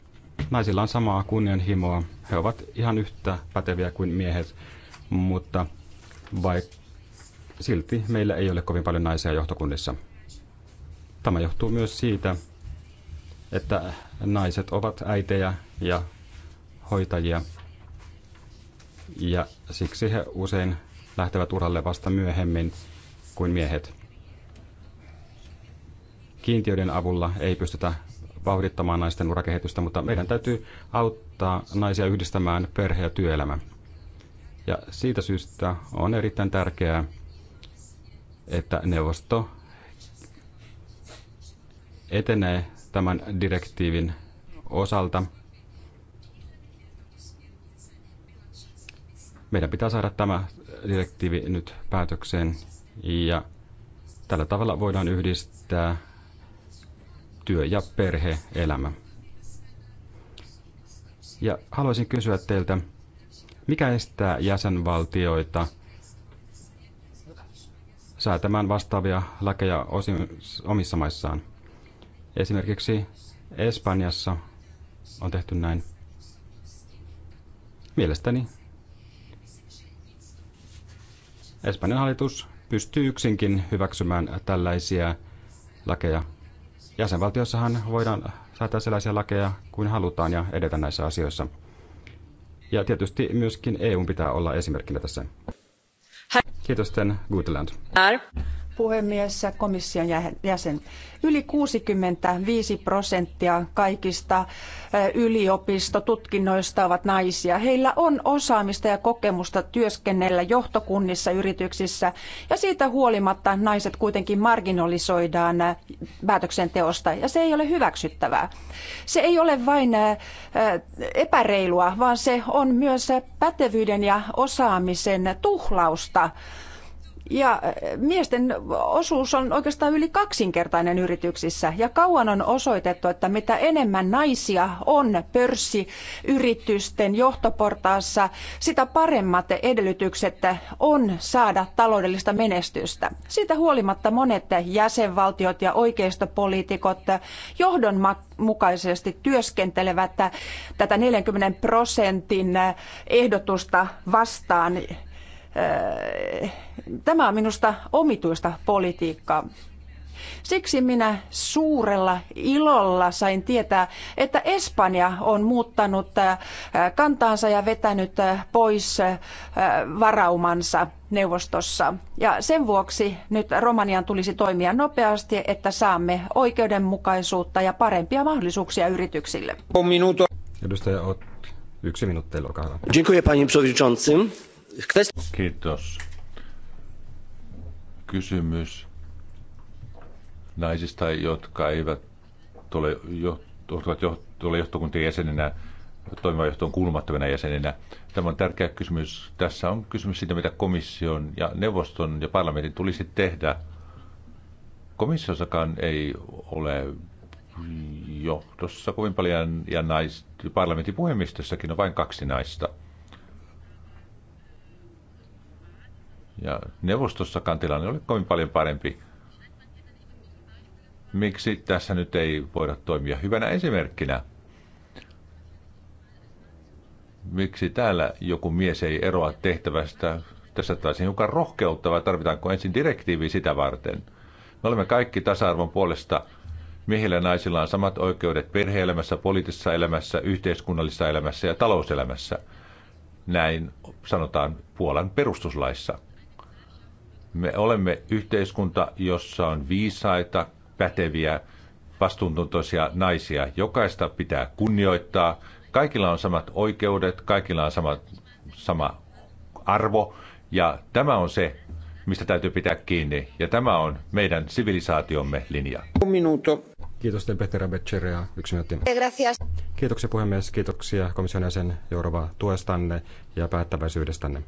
Naisilla on samaa kunnianhimoa, he ovat ihan yhtä päteviä kuin miehet, mutta vai silti meillä ei ole kovin paljon naisia johtokunnissa. Tämä johtuu myös siitä, että naiset ovat äitejä ja hoitajia ja siksi he usein lähtevät uralle vasta myöhemmin kuin miehet. Kiintiöiden avulla ei pystytä vauhdittamaan naisten urakehitystä, mutta meidän täytyy auttaa naisia yhdistämään perhe- ja työelämä. Ja siitä syystä on erittäin tärkeää, että neuvosto etenee tämän direktiivin osalta – Meidän pitää saada tämä direktiivi nyt päätökseen ja tällä tavalla voidaan yhdistää työ- ja perhe-elämä. Ja haluaisin kysyä teiltä, mikä estää jäsenvaltioita säätämään vastaavia lakeja omissa maissaan? Esimerkiksi Espanjassa on tehty näin. Mielestäni Espanjan hallitus pystyy yksinkin hyväksymään tällaisia lakeja. Jäsenvaltiossahan voidaan säätää sellaisia lakeja kuin halutaan ja edetä näissä asioissa. Ja tietysti myöskin EU pitää olla esimerkkinä tässä. Kiitos, Sten Guteland puhemies, komission jäsen. Yli 65 prosenttia kaikista eh, yliopistotutkinnoista ovat naisia. Heillä on osaamista ja kokemusta työskennellä johtokunnissa yrityksissä ja siitä huolimatta naiset kuitenkin marginalisoidaan eh, päätöksenteosta ja se ei ole hyväksyttävää. Se ei ole vain eh, epäreilua, vaan se on myös pätevyyden ja osaamisen tuhlausta ja äh, miesten osuus on oikeastaan yli kaksinkertainen yrityksissä. Ja kauan on osoitettu, että mitä enemmän naisia on pörssiyritysten johtoportaassa, sitä paremmat edellytykset on saada taloudellista menestystä. Siitä huolimatta monet jäsenvaltiot ja oikeistopoliitikot johdonmukaisesti työskentelevät tätä 40 prosentin ehdotusta vastaan Öö, tämä on minusta omituista politiikkaa. Siksi minä suurella ilolla sain tietää, että Espanja on muuttanut öö, kantaansa ja vetänyt öö, pois varaumansa neuvostossa. Ja sen vuoksi nyt Romanian tulisi toimia nopeasti, että saamme oikeudenmukaisuutta ja parempia mahdollisuuksia yrityksille. Edustaja Ot, yksi minuutti, olkaa hyvä. Dziękuję, panie przewodniczący. Kiitos. Kysymys naisista, jotka eivät ole johto, jo, tule johtokuntien jäsenenä, toimivan johtoon kuulumattomina jäseninä. Tämä on tärkeä kysymys. Tässä on kysymys siitä, mitä komission ja neuvoston ja parlamentin tulisi tehdä. Komissiossakaan ei ole johdossa kovin paljon ja nais, parlamentin puhemistossakin on vain kaksi naista – Ja neuvostossakaan tilanne oli kovin paljon parempi. Miksi tässä nyt ei voida toimia hyvänä esimerkkinä? Miksi täällä joku mies ei eroa tehtävästä? Tässä taisi hiukan rohkeutta vai tarvitaanko ensin direktiivi sitä varten? Me olemme kaikki tasa-arvon puolesta. Miehillä ja naisilla on samat oikeudet perheelämässä, poliittisessa elämässä, yhteiskunnallisessa elämässä ja talouselämässä. Näin sanotaan Puolan perustuslaissa. Me olemme yhteiskunta, jossa on viisaita, päteviä, vastuuntuntoisia naisia. Jokaista pitää kunnioittaa. Kaikilla on samat oikeudet, kaikilla on sama, sama arvo. Ja tämä on se, mistä täytyy pitää kiinni. Ja tämä on meidän sivilisaatiomme linja. Minuto. Kiitos teille Petteri Becceria, yksi minuutti. Gracias. Kiitoksia puhemies, kiitoksia komission jäsen Jourova tuestanne ja päättäväisyydestänne.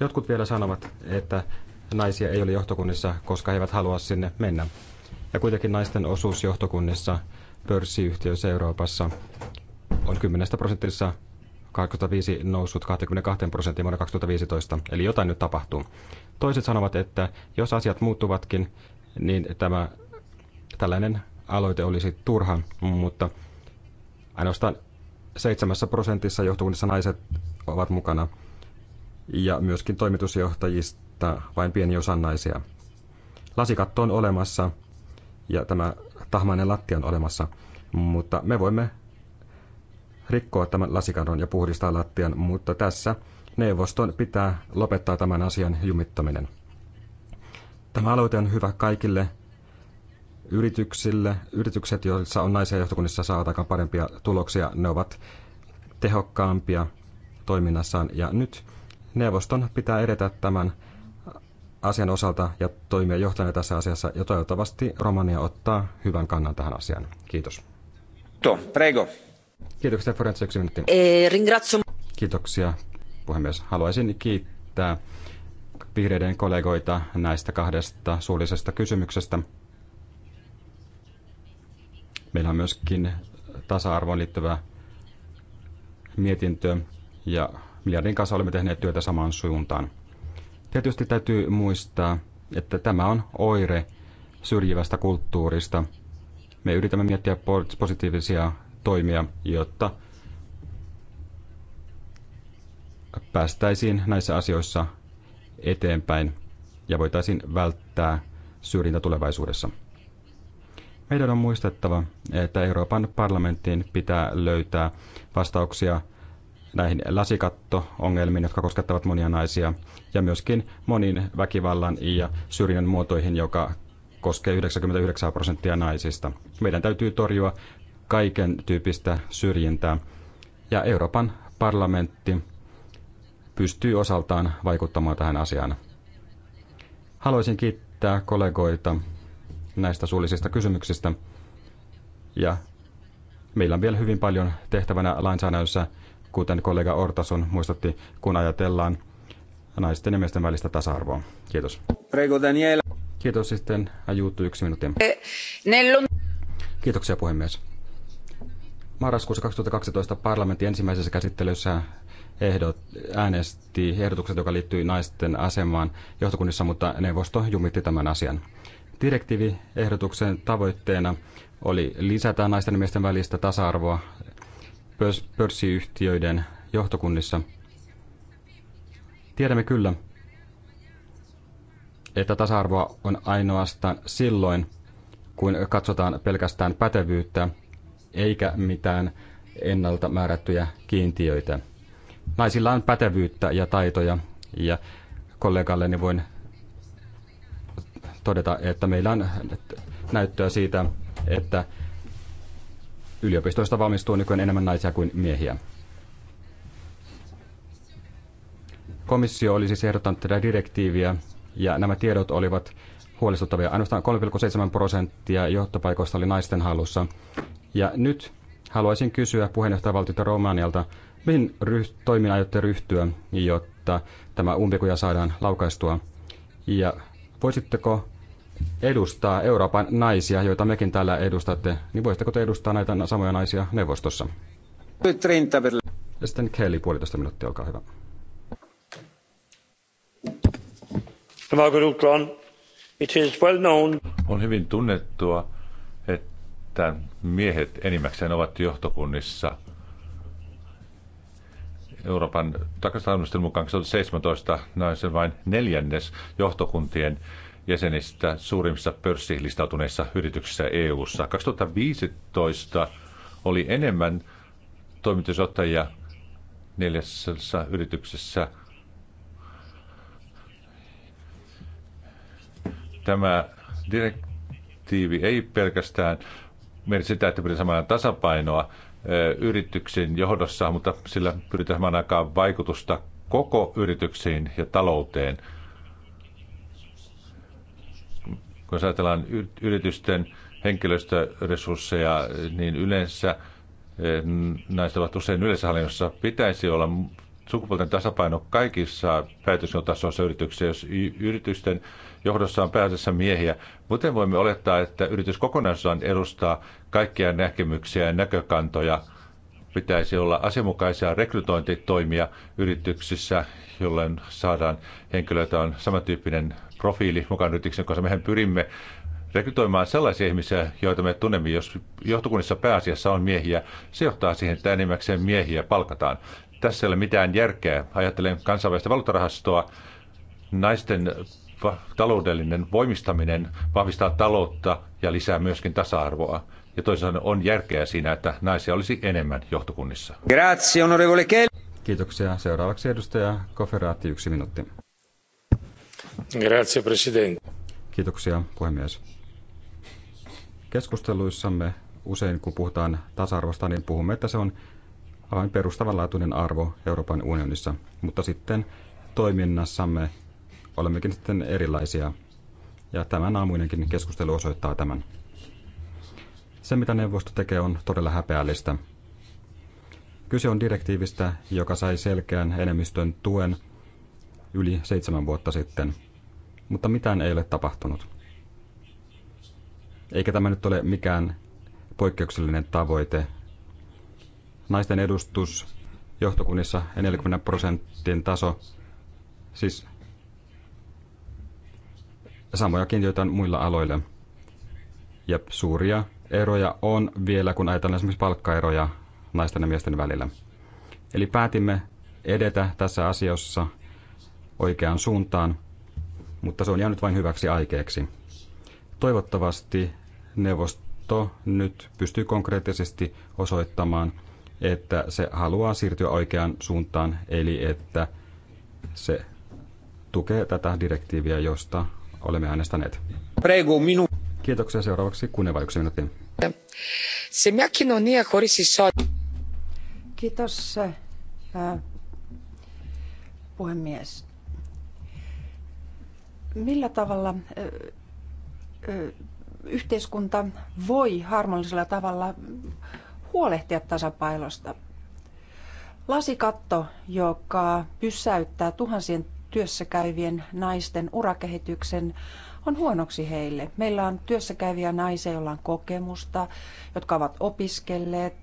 Jotkut vielä sanovat, että naisia ei ole johtokunnissa, koska he eivät halua sinne mennä. Ja kuitenkin naisten osuus johtokunnissa pörssiyhtiöissä Euroopassa on 10 prosentissa 25 noussut 22 prosenttia vuonna 2015, eli jotain nyt tapahtuu. Toiset sanovat, että jos asiat muuttuvatkin, niin tämä tällainen aloite olisi turha, mutta ainoastaan 7 prosentissa johtokunnissa naiset ovat mukana ja myöskin toimitusjohtajista vain pieni osa naisia. Lasikatto on olemassa ja tämä tahmainen lattia on olemassa, mutta me voimme rikkoa tämän lasikadon ja puhdistaa lattian, mutta tässä neuvoston pitää lopettaa tämän asian jumittaminen. Tämä aloite on hyvä kaikille yrityksille. Yritykset, joissa on naisia johtokunnissa, saavat aika parempia tuloksia. Ne ovat tehokkaampia toiminnassaan. Ja nyt Neuvoston pitää edetä tämän asian osalta ja toimia johtajana tässä asiassa, ja toivottavasti Romania ottaa hyvän kannan tähän asiaan. Kiitos. To, prego. Kiitoksia, Forense, yksi minuutti. Eh, Kiitoksia, puhemies. Haluaisin kiittää vihreiden kollegoita näistä kahdesta suullisesta kysymyksestä. Meillä on myöskin tasa-arvoon liittyvä mietintö ja miljardin kanssa olemme tehneet työtä samaan suuntaan. Tietysti täytyy muistaa, että tämä on oire syrjivästä kulttuurista. Me yritämme miettiä positiivisia toimia, jotta päästäisiin näissä asioissa eteenpäin ja voitaisiin välttää syrjintä tulevaisuudessa. Meidän on muistettava, että Euroopan parlamenttiin pitää löytää vastauksia näihin lasikatto-ongelmiin, jotka koskettavat monia naisia, ja myöskin moniin väkivallan ja syrjinnän muotoihin, joka koskee 99 prosenttia naisista. Meidän täytyy torjua kaiken tyyppistä syrjintää, ja Euroopan parlamentti pystyy osaltaan vaikuttamaan tähän asiaan. Haluaisin kiittää kollegoita näistä suullisista kysymyksistä, ja meillä on vielä hyvin paljon tehtävänä lainsäädännössä, kuten kollega Ortason muistutti, kun ajatellaan naisten ja miesten välistä tasa-arvoa. Kiitos. Prego Daniela. Kiitos sitten. Ajuuttu yksi minuutti. Eh, Kiitoksia puhemies. Marraskuussa 2012 parlamentin ensimmäisessä käsittelyssä ehdot, äänesti ehdotukset, joka liittyy naisten asemaan johtokunnissa, mutta neuvosto jumitti tämän asian. Direktiiviehdotuksen tavoitteena oli lisätä naisten ja miesten välistä tasa-arvoa pörssiyhtiöiden johtokunnissa. Tiedämme kyllä, että tasa-arvoa on ainoastaan silloin, kun katsotaan pelkästään pätevyyttä eikä mitään ennalta määrättyjä kiintiöitä. Naisilla on pätevyyttä ja taitoja ja kollegalleni voin todeta, että meillä on näyttöä siitä, että yliopistoista valmistuu nykyään enemmän naisia kuin miehiä. Komissio oli siis ehdottanut tätä direktiiviä, ja nämä tiedot olivat huolestuttavia. Ainoastaan 3,7 prosenttia johtopaikoista oli naisten hallussa. Ja nyt haluaisin kysyä puheenjohtajavaltiota Romanialta, mihin ryht- toimin aiotte ryhtyä, jotta tämä umpikuja saadaan laukaistua? Ja voisitteko edustaa Euroopan naisia, joita mekin täällä edustatte, niin voisitteko te edustaa näitä samoja naisia neuvostossa? Ja sitten Kelly, puolitoista minuuttia, olkaa hyvä. On hyvin tunnettua, että miehet enimmäkseen ovat johtokunnissa. Euroopan takaisin mukaan 17 naisen vain neljännes johtokuntien jäsenistä suurimmissa pörssilistautuneissa yrityksissä EU-ssa. 2015 oli enemmän toimitusottajia neljässä yrityksessä. Tämä direktiivi ei pelkästään merkitse sitä, että pyritään samaan tasapainoa yrityksen johdossa, mutta sillä pyritään samaan aikaan vaikutusta koko yrityksiin ja talouteen – kun ajatellaan yritysten henkilöstöresursseja, niin yleensä eh, näistä ovat usein hallinnossa pitäisi olla sukupuolten tasapaino kaikissa päätöksentasoissa yrityksissä, jos yritysten johdossa on pääasiassa miehiä. Miten voimme olettaa, että yritys kokonaisuudessaan edustaa kaikkia näkemyksiä ja näkökantoja? Pitäisi olla asianmukaisia rekrytointitoimia yrityksissä, jolloin saadaan henkilöitä on samantyyppinen profiili mukaan yrityksen, koska mehän pyrimme rekrytoimaan sellaisia ihmisiä, joita me tunnemme, jos johtokunnissa pääasiassa on miehiä. Se johtaa siihen, että enimmäkseen miehiä palkataan. Tässä ei ole mitään järkeä. Ajattelen kansainvälistä valuuttarahastoa, naisten taloudellinen voimistaminen vahvistaa taloutta ja lisää myöskin tasa-arvoa. Ja toisaalta on järkeä siinä, että naisia olisi enemmän johtokunnissa. Grazie, onorevole Kiitoksia. Seuraavaksi edustaja Koferaatti, yksi minuutti. Grazie, president. Kiitoksia, puhemies. Keskusteluissamme usein, kun puhutaan tasa-arvosta, niin puhumme, että se on aivan perustavanlaatuinen arvo Euroopan unionissa. Mutta sitten toiminnassamme olemmekin sitten erilaisia. Ja tämän aamuinenkin keskustelu osoittaa tämän. Se, mitä neuvosto tekee, on todella häpeällistä. Kyse on direktiivistä, joka sai selkeän enemmistön tuen yli seitsemän vuotta sitten – mutta mitään ei ole tapahtunut. Eikä tämä nyt ole mikään poikkeuksellinen tavoite. Naisten edustus johtokunnissa 40 prosentin taso, siis samoja kiintiöitä on muilla aloilla. Ja suuria eroja on vielä, kun ajatellaan esimerkiksi palkkaeroja naisten ja miesten välillä. Eli päätimme edetä tässä asiassa oikeaan suuntaan mutta se on jäänyt vain hyväksi aikeeksi. Toivottavasti neuvosto nyt pystyy konkreettisesti osoittamaan, että se haluaa siirtyä oikeaan suuntaan, eli että se tukee tätä direktiiviä, josta olemme äänestäneet. Prego, minu. Kiitoksia seuraavaksi, Kuneva yksi minuutti. Se mäkin on niin, Kiitos, puhemies. Millä tavalla yhteiskunta voi harmonisella tavalla huolehtia tasapainosta? Lasikatto, joka pysäyttää tuhansien työssäkäyvien naisten urakehityksen, on huonoksi heille. Meillä on työssäkäyviä naisia, joilla on kokemusta, jotka ovat opiskelleet,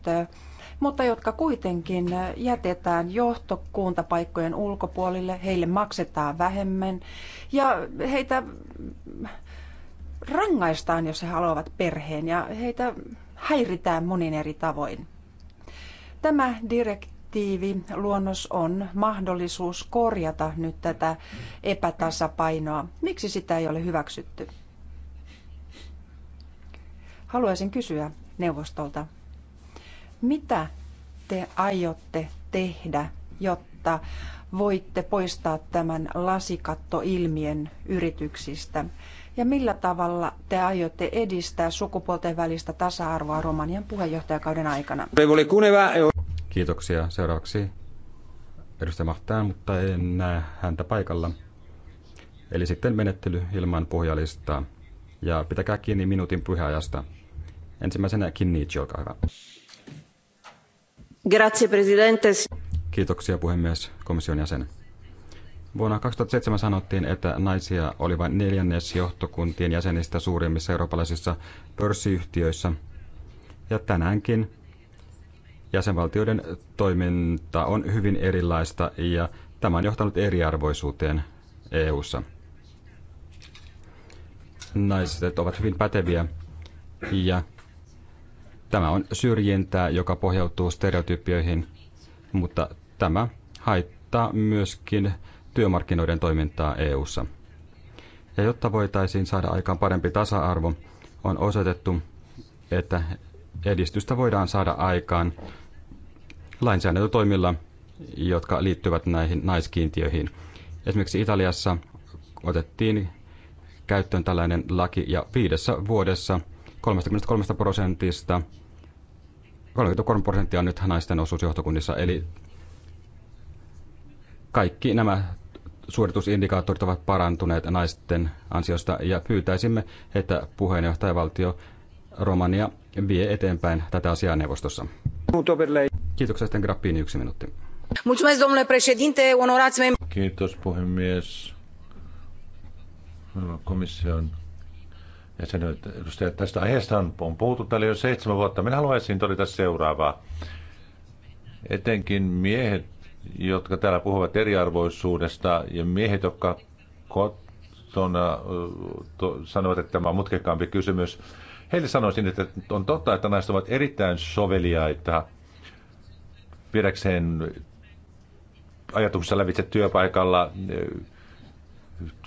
mutta jotka kuitenkin jätetään johtokuntapaikkojen ulkopuolille. heille maksetaan vähemmän ja heitä rangaistaan, jos he haluavat perheen ja heitä häiritään monin eri tavoin. Tämä direktiivi luonnos on mahdollisuus korjata nyt tätä epätasapainoa. Miksi sitä ei ole hyväksytty? Haluaisin kysyä neuvostolta, mitä te aiotte tehdä, jotta voitte poistaa tämän lasikattoilmien yrityksistä? Ja millä tavalla te aiotte edistää sukupuolten välistä tasa-arvoa Romanian puheenjohtajakauden aikana? Kiitoksia. Seuraavaksi edustaja Mahtään, mutta en näe häntä paikalla. Eli sitten menettely ilman puhujalistaa. Ja pitäkää kiinni minuutin puheajasta. Ensimmäisenä Kinniichi, olkaa hyvä. Grazie, presidente. Kiitoksia puhemies, komission jäsen. Vuonna 2007 sanottiin, että naisia oli vain neljännes johtokuntien jäsenistä suurimmissa eurooppalaisissa pörssiyhtiöissä. Ja tänäänkin jäsenvaltioiden toiminta on hyvin erilaista ja tämä on johtanut eriarvoisuuteen EU:ssa. Naiset ovat hyvin päteviä ja tämä on syrjintää, joka pohjautuu stereotypioihin, mutta tämä haittaa myöskin työmarkkinoiden toimintaa EU:ssa. Ja jotta voitaisiin saada aikaan parempi tasa-arvo, on osoitettu, että edistystä voidaan saada aikaan lainsäädäntötoimilla, jotka liittyvät näihin naiskiintiöihin. Esimerkiksi Italiassa otettiin käyttöön tällainen laki ja viidessä vuodessa 33 prosentista 33 prosenttia on nyt naisten osuus johtokunnissa, eli kaikki nämä suoritusindikaattorit ovat parantuneet naisten ansiosta ja pyytäisimme, että puheenjohtajavaltio Romania vie eteenpäin tätä asiaa neuvostossa. Kiitoksia sitten Grappini yksi minuutti. Mulțumesc, domnule președinte, onorați membri. Kiitos, puhemies. Komission jäsenet, edustajat, tästä aiheesta on, on puhuttu täällä jo seitsemän vuotta. Minä haluaisin todeta seuraavaa. Etenkin miehet, jotka täällä puhuvat eriarvoisuudesta, ja miehet, jotka kotona to, sanovat, että tämä on mutkekkaampi kysymys, heille sanoisin, että on totta, että naiset ovat erittäin soveliaita viedäkseen ajatuksessa lävitse työpaikalla,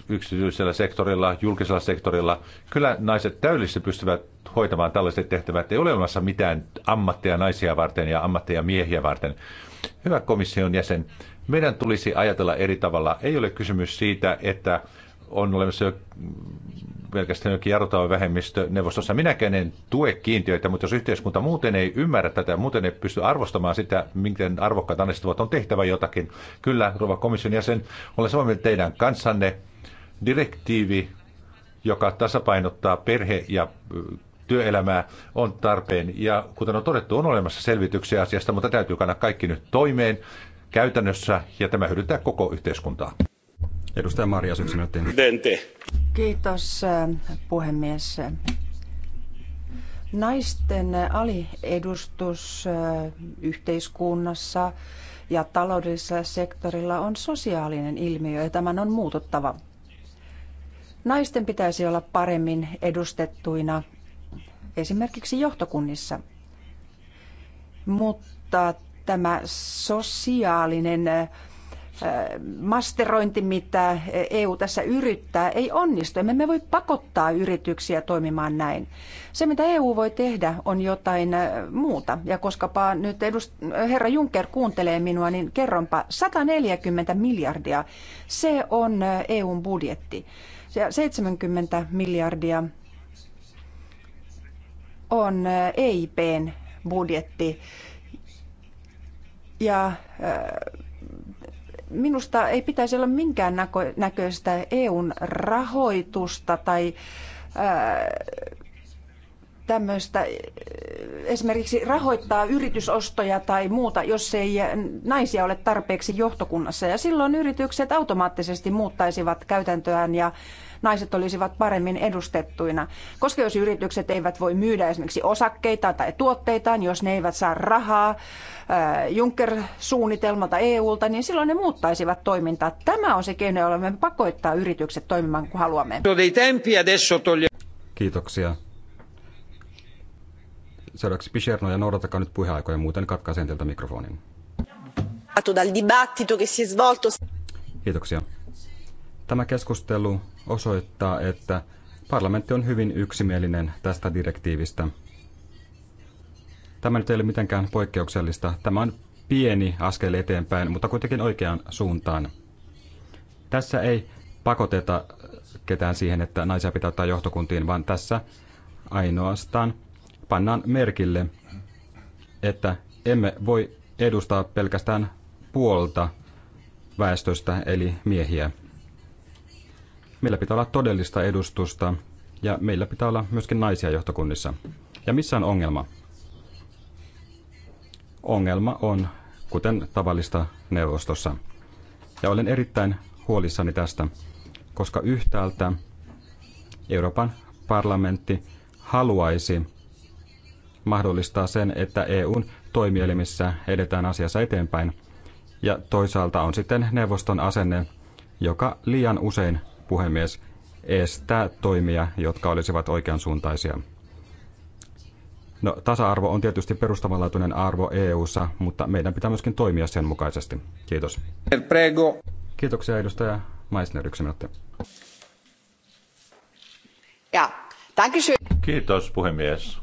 yksityisellä sektorilla, julkisella sektorilla. Kyllä naiset täydellisesti pystyvät hoitamaan tällaiset tehtävät. Ei ole olemassa mitään ammatteja naisia varten ja ammatteja miehiä varten. Hyvä komission jäsen, meidän tulisi ajatella eri tavalla. Ei ole kysymys siitä, että on olemassa jo pelkästään jokin jarrutava vähemmistö neuvostossa. Minäkään en tue kiintiöitä, mutta jos yhteiskunta muuten ei ymmärrä tätä, muuten ei pysty arvostamaan sitä, miten arvokkaat annistuvat, ovat, on tehtävä jotakin. Kyllä, Rova komission jäsen, olen samaa mieltä teidän kanssanne. Direktiivi, joka tasapainottaa perhe- ja työelämää on tarpeen. Ja kuten on todettu, on olemassa selvityksiä asiasta, mutta täytyy kannattaa kaikki nyt toimeen käytännössä, ja tämä hyödyttää koko yhteiskuntaa. Edustaja Maria, yksi minuutti. Kiitos äh, puhemies. Naisten aliedustus äh, yhteiskunnassa ja taloudellisella sektorilla on sosiaalinen ilmiö ja tämän on muututtava. Naisten pitäisi olla paremmin edustettuina esimerkiksi johtokunnissa, mutta tämä sosiaalinen masterointi, mitä EU tässä yrittää, ei onnistu. Emme me voi pakottaa yrityksiä toimimaan näin. Se, mitä EU voi tehdä, on jotain muuta. Ja koskapa nyt edust- herra Juncker kuuntelee minua, niin kerronpa 140 miljardia. Se on EUn budjetti. Ja 70 miljardia on EIPn budjetti. Ja äh, minusta ei pitäisi olla minkään näköistä EUn rahoitusta tai tämmöistä esimerkiksi rahoittaa yritysostoja tai muuta, jos ei naisia ole tarpeeksi johtokunnassa. Ja silloin yritykset automaattisesti muuttaisivat käytäntöään ja naiset olisivat paremmin edustettuina. Koska jos yritykset eivät voi myydä esimerkiksi osakkeita tai tuotteitaan, niin jos ne eivät saa rahaa Juncker-suunnitelmalta EUlta, niin silloin ne muuttaisivat toimintaa. Tämä on se keino, jolla me pakoittaa yritykset toimimaan kuin haluamme. Kiitoksia. Seuraavaksi Pisherno ja noudatakaa nyt puheaikoja, muuten katkaisen teiltä mikrofonin. Kiitoksia. Tämä keskustelu osoittaa, että parlamentti on hyvin yksimielinen tästä direktiivistä. Tämä nyt ei ole mitenkään poikkeuksellista. Tämä on pieni askel eteenpäin, mutta kuitenkin oikeaan suuntaan. Tässä ei pakoteta ketään siihen, että naisia pitää ottaa johtokuntiin, vaan tässä ainoastaan pannaan merkille, että emme voi edustaa pelkästään puolta väestöstä, eli miehiä. Meillä pitää olla todellista edustusta ja meillä pitää olla myöskin naisia johtokunnissa. Ja missä on ongelma? Ongelma on, kuten tavallista neuvostossa. Ja olen erittäin huolissani tästä, koska yhtäältä Euroopan parlamentti haluaisi mahdollistaa sen, että EUn toimielimissä edetään asiassa eteenpäin, ja toisaalta on sitten neuvoston asenne, joka liian usein puhemies, estää toimia, jotka olisivat oikeansuuntaisia. No, tasa-arvo on tietysti perustavanlaatuinen arvo EU:ssa, mutta meidän pitää myöskin toimia sen mukaisesti. Kiitos. Prego. Kiitoksia edustaja Meissner, yksi minuutti. Ja, Kiitos puhemies.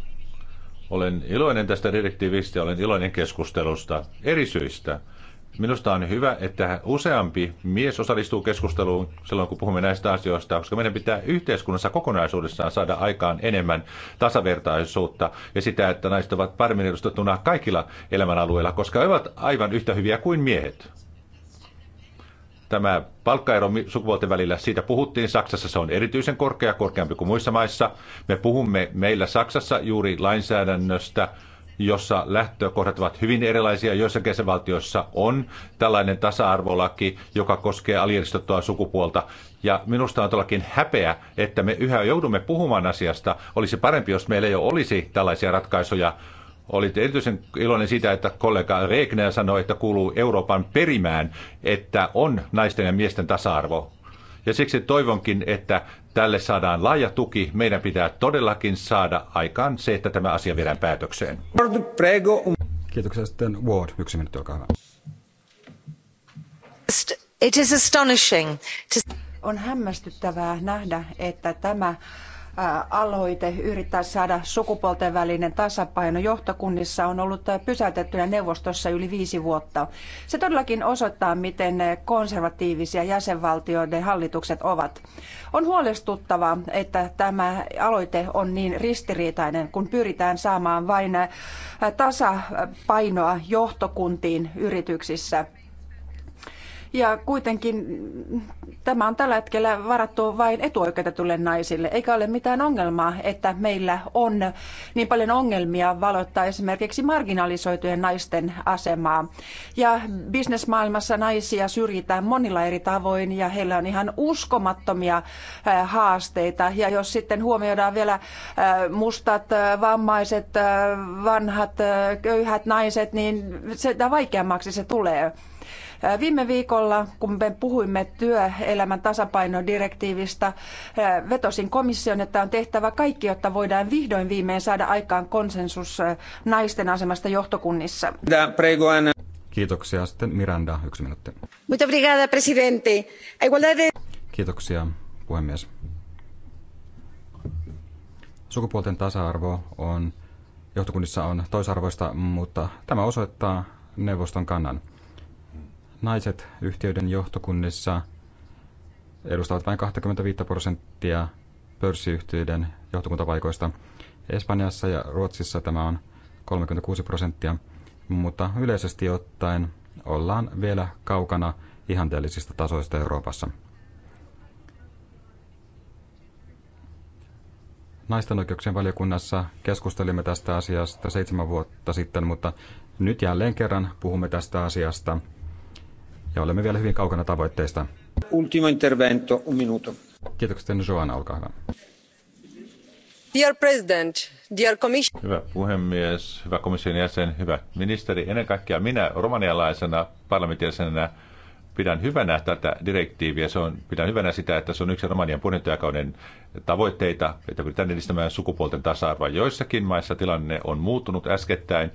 Olen iloinen tästä direktiivistä ja olen iloinen keskustelusta eri syistä – Minusta on hyvä, että useampi mies osallistuu keskusteluun silloin, kun puhumme näistä asioista, koska meidän pitää yhteiskunnassa kokonaisuudessaan saada aikaan enemmän tasavertaisuutta ja sitä, että naiset ovat paremmin edustettuna kaikilla elämänalueilla, koska he ovat aivan yhtä hyviä kuin miehet. Tämä palkkaero sukupuolten välillä, siitä puhuttiin Saksassa, se on erityisen korkea, korkeampi kuin muissa maissa. Me puhumme meillä Saksassa juuri lainsäädännöstä, jossa lähtökohdat ovat hyvin erilaisia. Joissakin jäsenvaltioissa on tällainen tasa-arvolaki, joka koskee aliedistettua sukupuolta. Ja minusta on todellakin häpeä, että me yhä joudumme puhumaan asiasta. Olisi parempi, jos meillä jo olisi tällaisia ratkaisuja. Olit erityisen iloinen siitä, että kollega Regner sanoi, että kuuluu Euroopan perimään, että on naisten ja miesten tasa-arvo. Ja siksi toivonkin, että tälle saadaan laaja tuki. Meidän pitää todellakin saada aikaan se, että tämä asia viedään päätökseen. Kiitoksia sitten Ward. Yksi minuutti, olkaa hyvä. It is astonishing. On hämmästyttävää nähdä, että tämä aloite yrittää saada sukupuolten välinen tasapaino johtokunnissa on ollut pysäytettynä neuvostossa yli viisi vuotta. Se todellakin osoittaa, miten konservatiivisia jäsenvaltioiden hallitukset ovat. On huolestuttavaa, että tämä aloite on niin ristiriitainen, kun pyritään saamaan vain tasapainoa johtokuntiin yrityksissä. Ja kuitenkin tämä on tällä hetkellä varattu vain etuoikeutetulle naisille, eikä ole mitään ongelmaa, että meillä on niin paljon ongelmia valottaa esimerkiksi marginalisoitujen naisten asemaa. Ja bisnesmaailmassa naisia syrjitään monilla eri tavoin ja heillä on ihan uskomattomia haasteita. Ja jos sitten huomioidaan vielä mustat, vammaiset, vanhat, köyhät naiset, niin sitä vaikeammaksi se tulee. Viime viikolla, kun me puhuimme työelämän tasapainodirektiivistä, vetosin komission, että on tehtävä kaikki, jotta voidaan vihdoin viimein saada aikaan konsensus naisten asemasta johtokunnissa. Kiitoksia. Sitten Miranda, yksi minuutti. Muito obrigada, presidente. Kiitoksia, puhemies. Sukupuolten tasa-arvo on johtokunnissa on toisarvoista, mutta tämä osoittaa neuvoston kannan naiset yhtiöiden johtokunnissa edustavat vain 25 prosenttia pörssiyhtiöiden johtokuntapaikoista. Espanjassa ja Ruotsissa tämä on 36 prosenttia, mutta yleisesti ottaen ollaan vielä kaukana ihanteellisista tasoista Euroopassa. Naisten oikeuksien valiokunnassa keskustelimme tästä asiasta seitsemän vuotta sitten, mutta nyt jälleen kerran puhumme tästä asiasta – ja olemme vielä hyvin kaukana tavoitteista. Ultimo intervento, un minuto. Kiitoksia, Joana, olkaa hyvä. Dear President, dear Commission. Hyvä puhemies, hyvä komission jäsen, hyvä ministeri. Ennen kaikkea minä romanialaisena parlamenttijäsenenä pidän hyvänä tätä direktiiviä. Se on, pidän hyvänä sitä, että se on yksi Romanian puheenjohtajakauden tavoitteita, että pyritään edistämään sukupuolten tasa-arvoa. Joissakin maissa tilanne on muuttunut äskettäin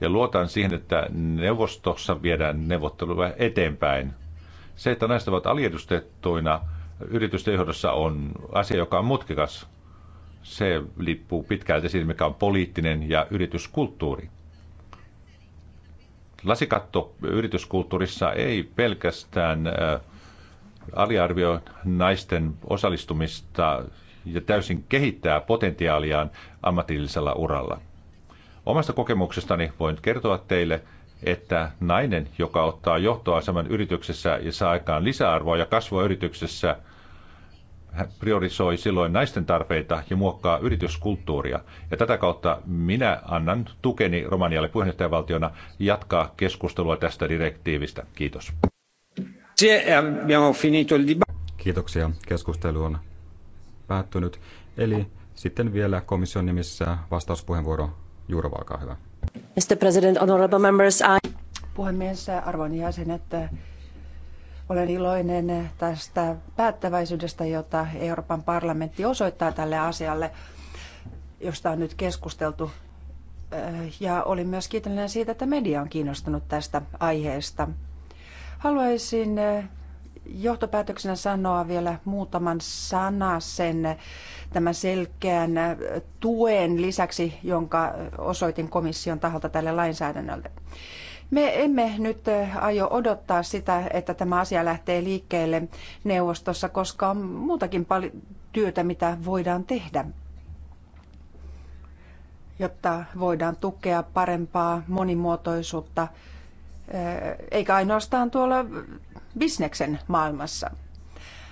ja luotan siihen, että neuvostossa viedään neuvotteluja eteenpäin. Se, että naiset ovat aliedustettuina yritysten johdossa on asia, joka on mutkikas. Se liippuu pitkälti siitä, mikä on poliittinen ja yrityskulttuuri. Lasikatto yrityskulttuurissa ei pelkästään aliarvio naisten osallistumista ja täysin kehittää potentiaaliaan ammatillisella uralla. Omasta kokemuksestani voin kertoa teille, että nainen, joka ottaa johtoaseman yrityksessä ja saa aikaan lisäarvoa ja kasvua yrityksessä, priorisoi silloin naisten tarpeita ja muokkaa yrityskulttuuria. Ja tätä kautta minä annan tukeni Romanialle puheenjohtajavaltiona jatkaa keskustelua tästä direktiivistä. Kiitos. Eh, Kiitoksia. Keskustelu on päättynyt. Eli sitten vielä komission nimissä vastauspuheenvuoro Jurva, olkaa hyvä. Mr. President, honorable members, I... Puhemies, arvon jäsenet, olen iloinen tästä päättäväisyydestä, jota Euroopan parlamentti osoittaa tälle asialle, josta on nyt keskusteltu. Ja olin myös kiitollinen siitä, että media on kiinnostunut tästä aiheesta. Haluaisin johtopäätöksenä sanoa vielä muutaman sana sen tämän selkeän tuen lisäksi, jonka osoitin komission taholta tälle lainsäädännölle. Me emme nyt aio odottaa sitä, että tämä asia lähtee liikkeelle neuvostossa, koska on muutakin paljon työtä, mitä voidaan tehdä jotta voidaan tukea parempaa monimuotoisuutta, eikä ainoastaan tuolla bisneksen maailmassa.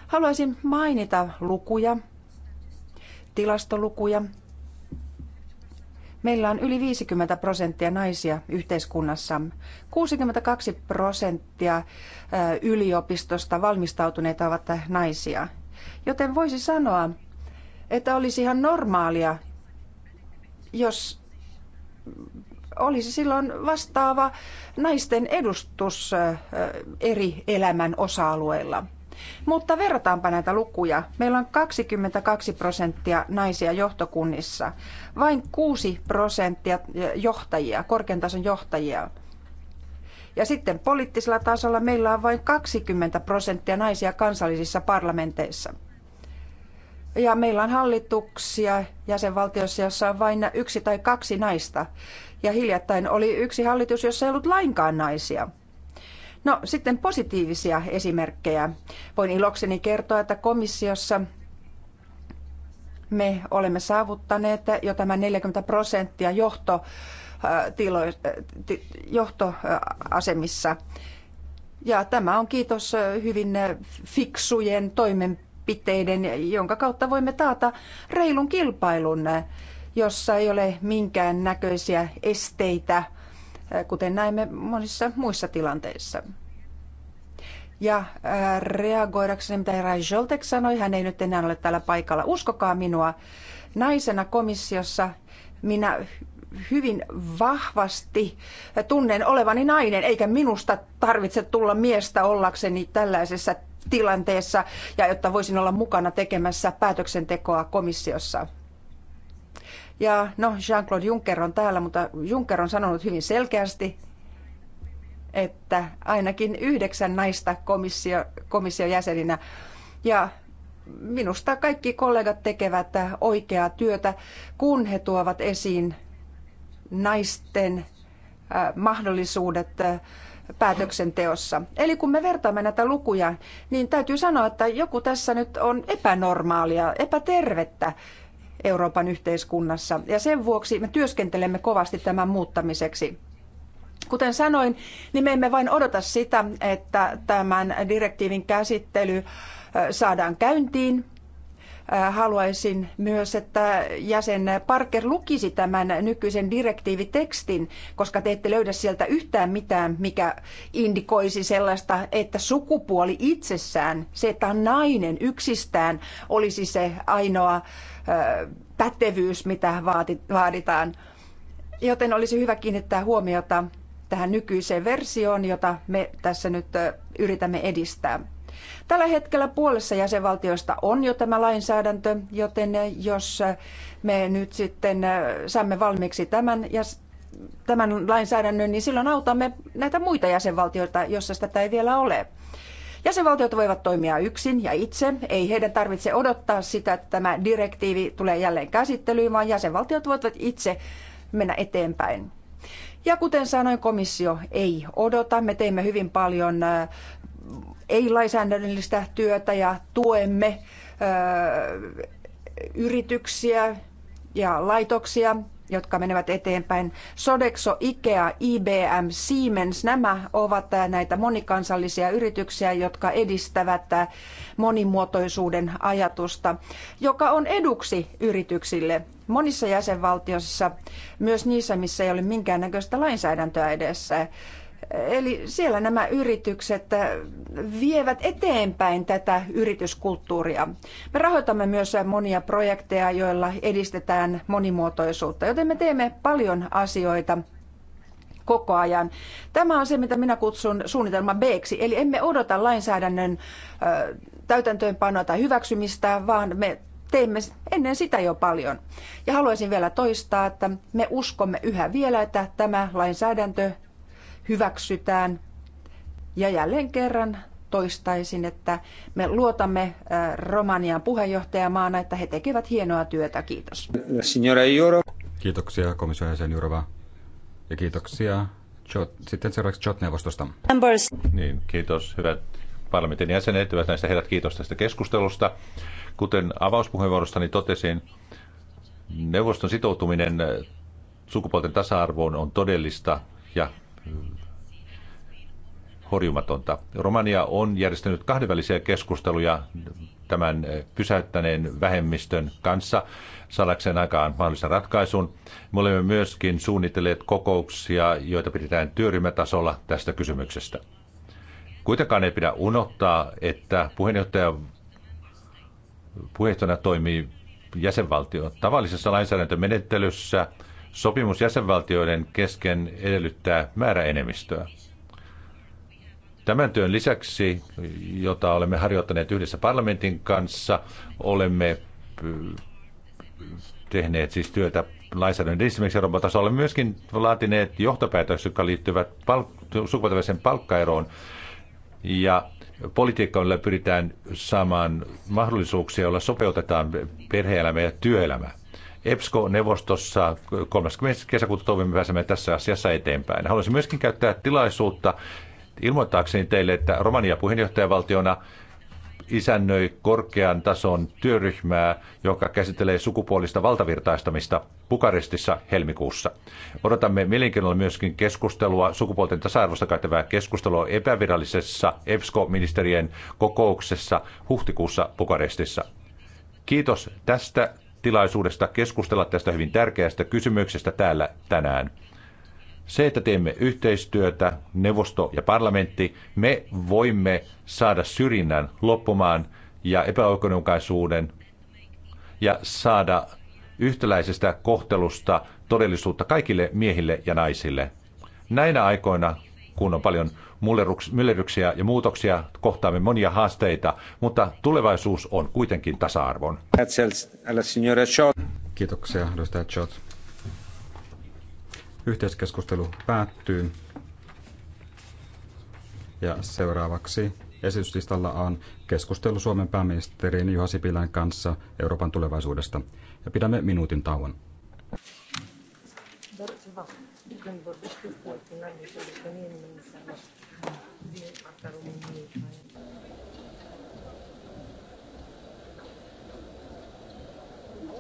Haluaisin mainita lukuja, tilastolukuja. Meillä on yli 50 prosenttia naisia yhteiskunnassa, 62 prosenttia yliopistosta valmistautuneita ovat naisia. Joten voisi sanoa, että olisi ihan normaalia, jos olisi silloin vastaava naisten edustus eri elämän osa-alueilla. Mutta verrataanpa näitä lukuja. Meillä on 22 prosenttia naisia johtokunnissa, vain 6 prosenttia johtajia, korkean tason johtajia. Ja sitten poliittisella tasolla meillä on vain 20 prosenttia naisia kansallisissa parlamenteissa. Ja meillä on hallituksia jäsenvaltioissa, jossa on vain yksi tai kaksi naista. Ja hiljattain oli yksi hallitus, jossa ei ollut lainkaan naisia. No sitten positiivisia esimerkkejä. Voin ilokseni kertoa, että komissiossa me olemme saavuttaneet jo tämä 40 prosenttia johto, äh, tilo, äh, johtoasemissa. Ja tämä on kiitos äh, hyvin fiksujen toimen toimenpiteiden, jonka kautta voimme taata reilun kilpailun, jossa ei ole minkään näköisiä esteitä, kuten näemme monissa muissa tilanteissa. Ja äh, reagoidakseni, mitä Joltek sanoi, hän ei nyt enää ole täällä paikalla. Uskokaa minua, naisena komissiossa minä hyvin vahvasti tunnen olevani nainen, eikä minusta tarvitse tulla miestä ollakseni tällaisessa tilanteessa ja jotta voisin olla mukana tekemässä päätöksentekoa komissiossa. Ja no, Jean-Claude Juncker on täällä, mutta Juncker on sanonut hyvin selkeästi, että ainakin yhdeksän naista komissio, komission jäseninä. Ja minusta kaikki kollegat tekevät oikeaa työtä, kun he tuovat esiin naisten äh, mahdollisuudet äh, päätöksenteossa. Eli kun me vertaamme näitä lukuja, niin täytyy sanoa, että joku tässä nyt on epänormaalia, epätervettä Euroopan yhteiskunnassa. Ja sen vuoksi me työskentelemme kovasti tämän muuttamiseksi. Kuten sanoin, niin me emme vain odota sitä, että tämän direktiivin käsittely saadaan käyntiin, haluaisin myös, että jäsen Parker lukisi tämän nykyisen direktiivitekstin, koska te ette löydä sieltä yhtään mitään, mikä indikoisi sellaista, että sukupuoli itsessään, se että on nainen yksistään, olisi se ainoa pätevyys, mitä vaaditaan. Joten olisi hyvä kiinnittää huomiota tähän nykyiseen versioon, jota me tässä nyt yritämme edistää. Tällä hetkellä puolessa jäsenvaltioista on jo tämä lainsäädäntö, joten jos me nyt sitten äh, saamme valmiiksi tämän ja tämän lainsäädännön, niin silloin autamme näitä muita jäsenvaltioita, joissa tätä ei vielä ole. Jäsenvaltiot voivat toimia yksin ja itse. Ei heidän tarvitse odottaa sitä, että tämä direktiivi tulee jälleen käsittelyyn, vaan jäsenvaltiot voivat itse mennä eteenpäin. Ja kuten sanoin, komissio ei odota. Me teimme hyvin paljon äh, ei-lainsäädännöllistä työtä ja tuemme yrityksiä ja laitoksia, jotka menevät eteenpäin. Sodexo, Ikea, IBM, Siemens, nämä ovat näitä monikansallisia yrityksiä, jotka edistävät monimuotoisuuden ajatusta, joka on eduksi yrityksille. Monissa jäsenvaltioissa, myös niissä, missä ei ole minkäännäköistä lainsäädäntöä edessä, Eli siellä nämä yritykset äh, vievät eteenpäin tätä yrityskulttuuria. Me rahoitamme myös monia projekteja, joilla edistetään monimuotoisuutta, joten me teemme paljon asioita koko ajan. Tämä on se, mitä minä kutsun suunnitelma b -ksi. eli emme odota lainsäädännön äh, täytäntöönpanoa tai hyväksymistä, vaan me teemme ennen sitä jo paljon. Ja haluaisin vielä toistaa, että me uskomme yhä vielä, että tämä lainsäädäntö hyväksytään. Ja jälleen kerran toistaisin, että me luotamme äh, Romanian puheenjohtajamaana, että he tekevät hienoa työtä. Kiitos. Kiitoksia komission jäsen Jurova. Ja kiitoksia sitten seuraavaksi chot neuvostosta Niin, kiitos hyvät parlamentin jäsenet, hyvät näistä herät, kiitos tästä keskustelusta. Kuten avauspuheenvuorostani totesin, neuvoston sitoutuminen sukupuolten tasa-arvoon on todellista ja Mm. horjumatonta. Romania on järjestänyt kahdenvälisiä keskusteluja tämän pysäyttäneen vähemmistön kanssa saadakseen aikaan mahdollisen ratkaisun. Me olemme myöskin suunnitelleet kokouksia, joita pidetään työryhmätasolla tästä kysymyksestä. Kuitenkaan ei pidä unohtaa, että puheenjohtaja puheenjohtajana toimii jäsenvaltio. Tavallisessa lainsäädäntömenettelyssä – Sopimus jäsenvaltioiden kesken edellyttää määräenemmistöä. Tämän työn lisäksi, jota olemme harjoittaneet yhdessä parlamentin kanssa, olemme äh, tehneet siis työtä lainsäädännön esimerkiksi Euroopan tasolla, myöskin laatineet johtopäätökset, jotka liittyvät palk- sukupuolten palkkaeroon. Ja politiikkailla pyritään saamaan mahdollisuuksia, joilla sopeutetaan perhe ja työelämä. EPSCO-neuvostossa 30. kesäkuuta toimimme pääsemme tässä asiassa eteenpäin. Haluaisin myöskin käyttää tilaisuutta ilmoittaakseni teille, että Romania puheenjohtajavaltiona isännöi korkean tason työryhmää, joka käsittelee sukupuolista valtavirtaistamista Bukarestissa helmikuussa. Odotamme mielenkiinnolla myöskin keskustelua, sukupuolten tasa-arvosta käytävää keskustelua epävirallisessa EPSCO-ministerien kokouksessa huhtikuussa Bukarestissa. Kiitos tästä tilaisuudesta keskustella tästä hyvin tärkeästä kysymyksestä täällä tänään. Se, että teemme yhteistyötä, neuvosto ja parlamentti, me voimme saada syrjinnän loppumaan ja epäoikeudenmukaisuuden ja saada yhtäläisestä kohtelusta todellisuutta kaikille miehille ja naisille. Näinä aikoina kun on paljon myllerryksiä ja muutoksia, kohtaamme monia haasteita, mutta tulevaisuus on kuitenkin tasa-arvon. Kiitoksia, edustaja Schott. Yhteiskeskustelu päättyy. Ja seuraavaksi esityslistalla on keskustelu Suomen pääministerin Juha Sipilän kanssa Euroopan tulevaisuudesta. Ja pidämme minuutin tauon. Kiitos. Det kan vara sjukvård för människor, det kan en människa vara. Det pratar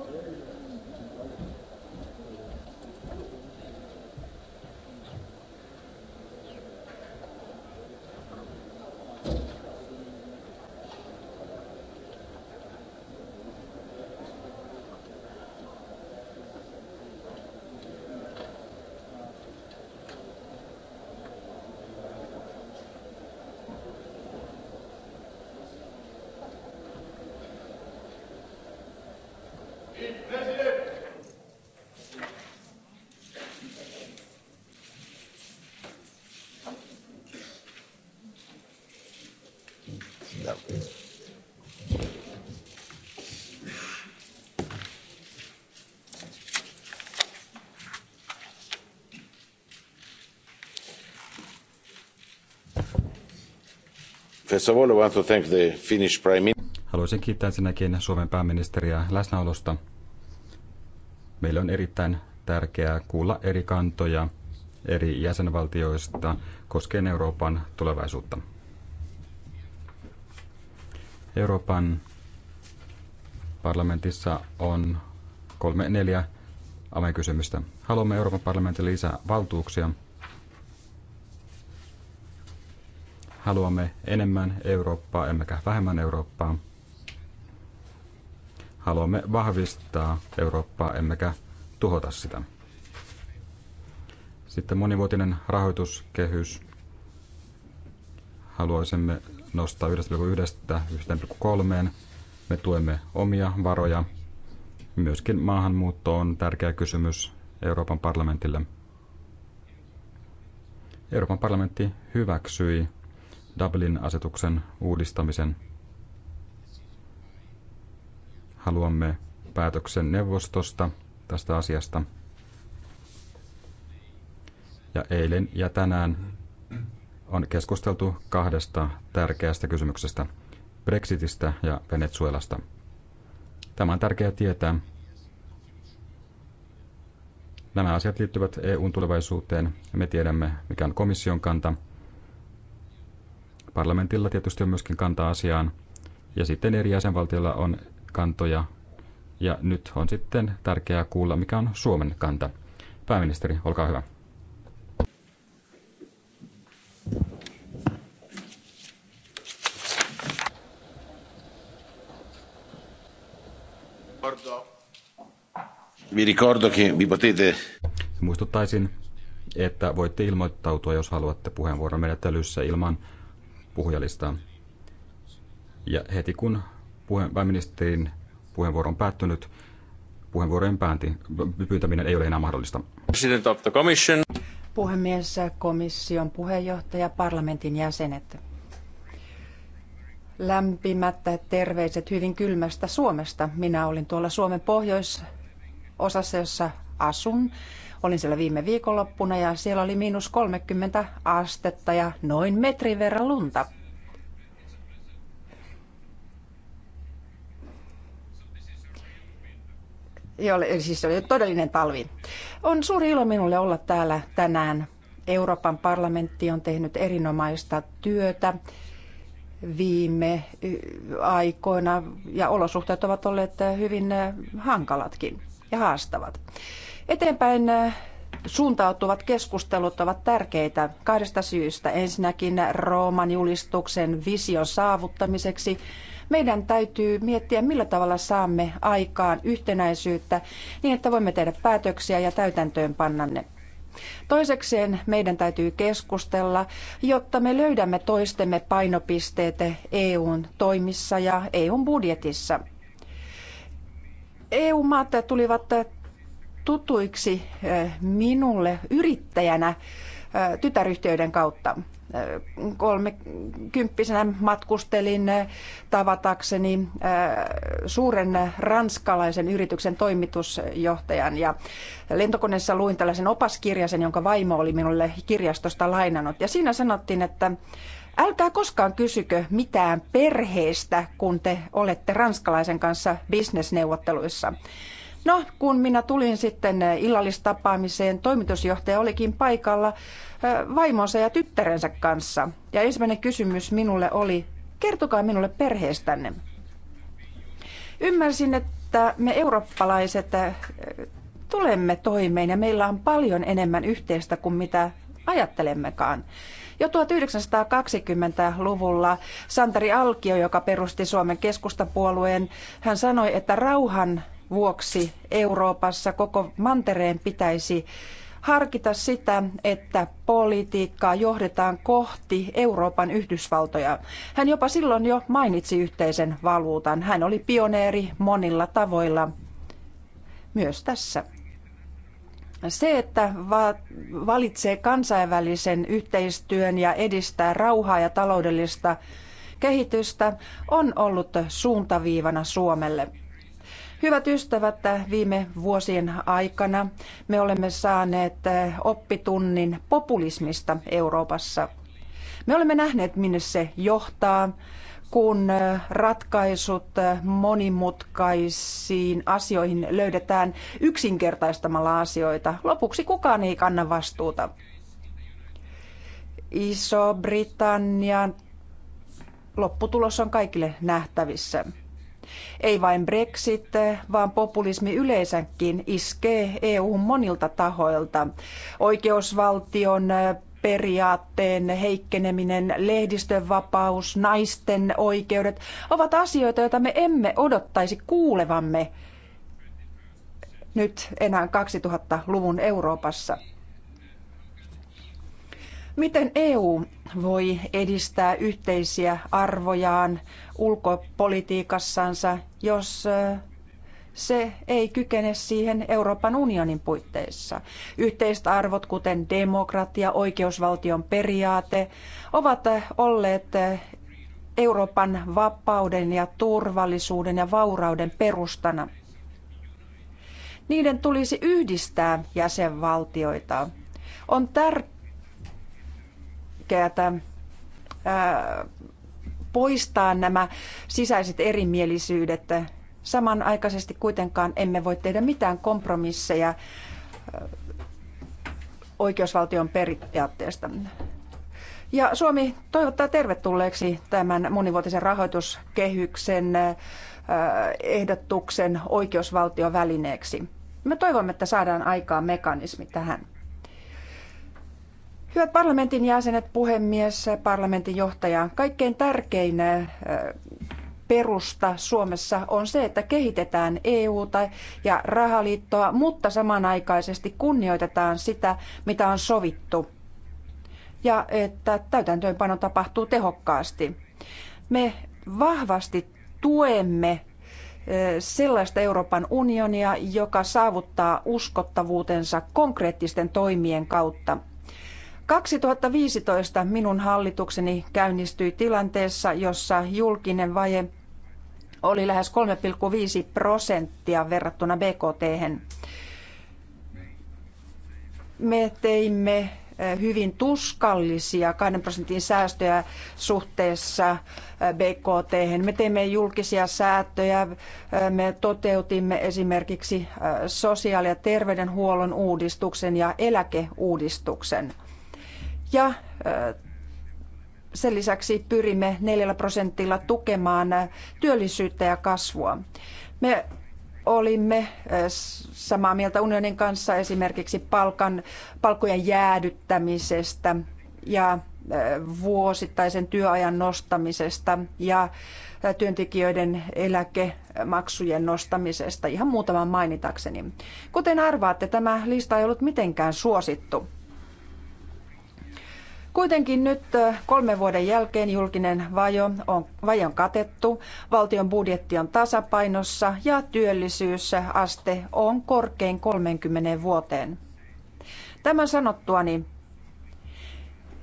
Thank you. First of all, I want to thank the Finnish Prime Minister. Haluaisin kiittää ensinnäkin Suomen pääministeriä läsnäolosta. Meillä on erittäin tärkeää kuulla eri kantoja eri jäsenvaltioista koskien Euroopan tulevaisuutta. Euroopan parlamentissa on kolme neljä avainkysymystä. Haluamme Euroopan parlamentille lisää valtuuksia – Haluamme enemmän Eurooppaa, emmekä vähemmän Eurooppaa. Haluamme vahvistaa Eurooppaa, emmekä tuhota sitä. Sitten monivuotinen rahoituskehys. Haluaisimme nostaa 1,1-1,3. Me tuemme omia varoja. Myöskin maahanmuutto on tärkeä kysymys Euroopan parlamentille. Euroopan parlamentti hyväksyi Dublin-asetuksen uudistamisen. Haluamme päätöksen neuvostosta tästä asiasta. Ja eilen ja tänään on keskusteltu kahdesta tärkeästä kysymyksestä, Brexitistä ja Venezuelasta. Tämä on tärkeää tietää. Nämä asiat liittyvät EUn tulevaisuuteen. Me tiedämme, mikä on komission kanta – Parlamentilla tietysti on myöskin kanta asiaan, ja sitten eri jäsenvaltioilla on kantoja, ja nyt on sitten tärkeää kuulla, mikä on Suomen kanta. Pääministeri, olkaa hyvä. Vi ricordo che vi potete... Muistuttaisin, että voitte ilmoittautua, jos haluatte puheenvuoron menettelyssä ilman puhujalistaa. Ja heti kun puheen, pääministerin puheenvuoro on päättynyt, puheenvuorojen päänti, pyytäminen ei ole enää mahdollista. President of the Commission. Puhemies, komission puheenjohtaja, parlamentin jäsenet. Lämpimättä terveiset hyvin kylmästä Suomesta. Minä olin tuolla Suomen pohjoisosassa, jossa asun. Olin siellä viime viikonloppuna ja siellä oli miinus 30 astetta ja noin metrin verran lunta. Joo, siis oli todellinen talvi. On suuri ilo minulle olla täällä tänään. Euroopan parlamentti on tehnyt erinomaista työtä viime aikoina ja olosuhteet ovat olleet hyvin hankalatkin ja haastavat. Eteenpäin äh, suuntautuvat keskustelut ovat tärkeitä kahdesta syystä. Ensinnäkin Rooman julistuksen vision saavuttamiseksi meidän täytyy miettiä, millä tavalla saamme aikaan yhtenäisyyttä niin, että voimme tehdä päätöksiä ja täytäntöönpanna ne. Toisekseen meidän täytyy keskustella, jotta me löydämme toistemme painopisteet EUn toimissa ja EUn budjetissa. EU-maat tulivat tutuiksi minulle yrittäjänä tytäryhtiöiden kautta. Kolmekymppisenä matkustelin tavatakseni suuren ranskalaisen yrityksen toimitusjohtajan ja lentokoneessa luin tällaisen opaskirjasen, jonka vaimo oli minulle kirjastosta lainannut. Ja siinä sanottiin, että älkää koskaan kysykö mitään perheestä, kun te olette ranskalaisen kanssa bisnesneuvotteluissa. No, kun minä tulin sitten illallistapaamiseen, toimitusjohtaja olikin paikalla vaimonsa ja tyttärensä kanssa. Ja ensimmäinen kysymys minulle oli, kertokaa minulle perheestänne. Ymmärsin, että me eurooppalaiset tulemme toimeen ja meillä on paljon enemmän yhteistä kuin mitä ajattelemmekaan. Jo 1920-luvulla Santari Alkio, joka perusti Suomen keskustapuolueen, hän sanoi, että rauhan vuoksi Euroopassa koko mantereen pitäisi harkita sitä, että politiikkaa johdetaan kohti Euroopan Yhdysvaltoja. Hän jopa silloin jo mainitsi yhteisen valuutan. Hän oli pioneeri monilla tavoilla myös tässä. Se, että valitsee kansainvälisen yhteistyön ja edistää rauhaa ja taloudellista kehitystä, on ollut suuntaviivana Suomelle. Hyvät ystävät, viime vuosien aikana me olemme saaneet oppitunnin populismista Euroopassa. Me olemme nähneet, minne se johtaa, kun ratkaisut monimutkaisiin asioihin löydetään yksinkertaistamalla asioita. Lopuksi kukaan ei kanna vastuuta. Iso-Britannian lopputulos on kaikille nähtävissä. Ei vain Brexit, vaan populismi yleensäkin iskee EU:hun monilta tahoilta. Oikeusvaltion eh, periaatteen heikkeneminen, lehdistönvapaus, naisten oikeudet ovat asioita, joita me emme odottaisi kuulevamme nyt enää 2000-luvun Euroopassa. Miten EU voi edistää yhteisiä arvojaan ulkopolitiikassansa, jos eh, se ei kykene siihen Euroopan unionin puitteissa. Yhteiset arvot, kuten demokratia, oikeusvaltion periaate, ovat eh, olleet eh, Euroopan vapauden ja turvallisuuden ja vaurauden perustana. Niiden tulisi yhdistää jäsenvaltioita. On tärkeää, tärkeää poistaa nämä sisäiset erimielisyydet. Samanaikaisesti kuitenkaan emme voi tehdä mitään kompromisseja oikeusvaltion periaatteesta. Ja Suomi toivottaa tervetulleeksi tämän monivuotisen rahoituskehyksen ehdotuksen oikeusvaltiovälineeksi. Me toivomme, että saadaan aikaan mekanismi tähän. Hyvät parlamentin jäsenet, puhemies, parlamentin johtaja, kaikkein tärkein äh, perusta Suomessa on se, että kehitetään EUta ja rahaliittoa, mutta samanaikaisesti kunnioitetaan sitä, mitä on sovittu ja että täytäntöönpano tapahtuu tehokkaasti. Me vahvasti tuemme äh, sellaista Euroopan unionia, joka saavuttaa uskottavuutensa konkreettisten toimien kautta. 2015 minun hallitukseni käynnistyi tilanteessa, jossa julkinen vaje oli lähes 3,5 prosenttia verrattuna BKT. hen. Me teimme eh, hyvin tuskallisia 2 prosentin säästöjä suhteessa eh, BKT. hen. Me teimme julkisia säästöjä, eh, me toteutimme esimerkiksi sosiaali- ja terveydenhuollon uudistuksen ja eläkeuudistuksen – ja sen lisäksi pyrimme neljällä prosentilla tukemaan työllisyyttä ja kasvua. Me olimme samaa mieltä unionin kanssa esimerkiksi palkan, palkkojen jäädyttämisestä ja vuosittaisen työajan nostamisesta ja työntekijöiden eläkemaksujen nostamisesta, ihan muutaman mainitakseni. Kuten arvaatte, tämä lista ei ollut mitenkään suosittu. Kuitenkin nyt kolmen vuoden jälkeen julkinen vajo on, vaje on katettu, valtion budjetti on tasapainossa ja työllisyysaste on korkein 30 vuoteen. Tämän sanottuani,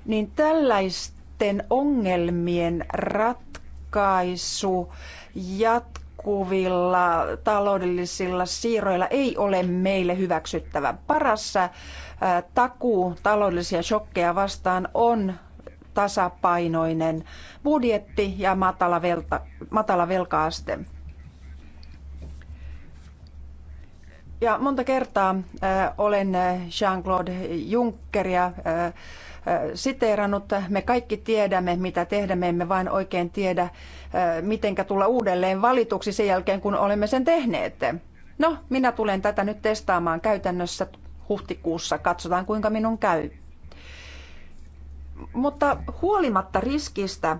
niin tällaisten ongelmien ratkaisu jatkuvilla taloudellisilla siirroilla ei ole meille hyväksyttävä. parassa takuu taloudellisia shokkeja vastaan on tasapainoinen budjetti ja matala, velta, matala Ja monta kertaa äh, olen Jean-Claude Junckeria äh, siteerannut. Me kaikki tiedämme, mitä tehdä. Me emme vain oikein tiedä, äh, mitenkä tulla uudelleen valituksi sen jälkeen, kun olemme sen tehneet. No, minä tulen tätä nyt testaamaan käytännössä huhtikuussa. Katsotaan, kuinka minun käy. Mutta huolimatta riskistä,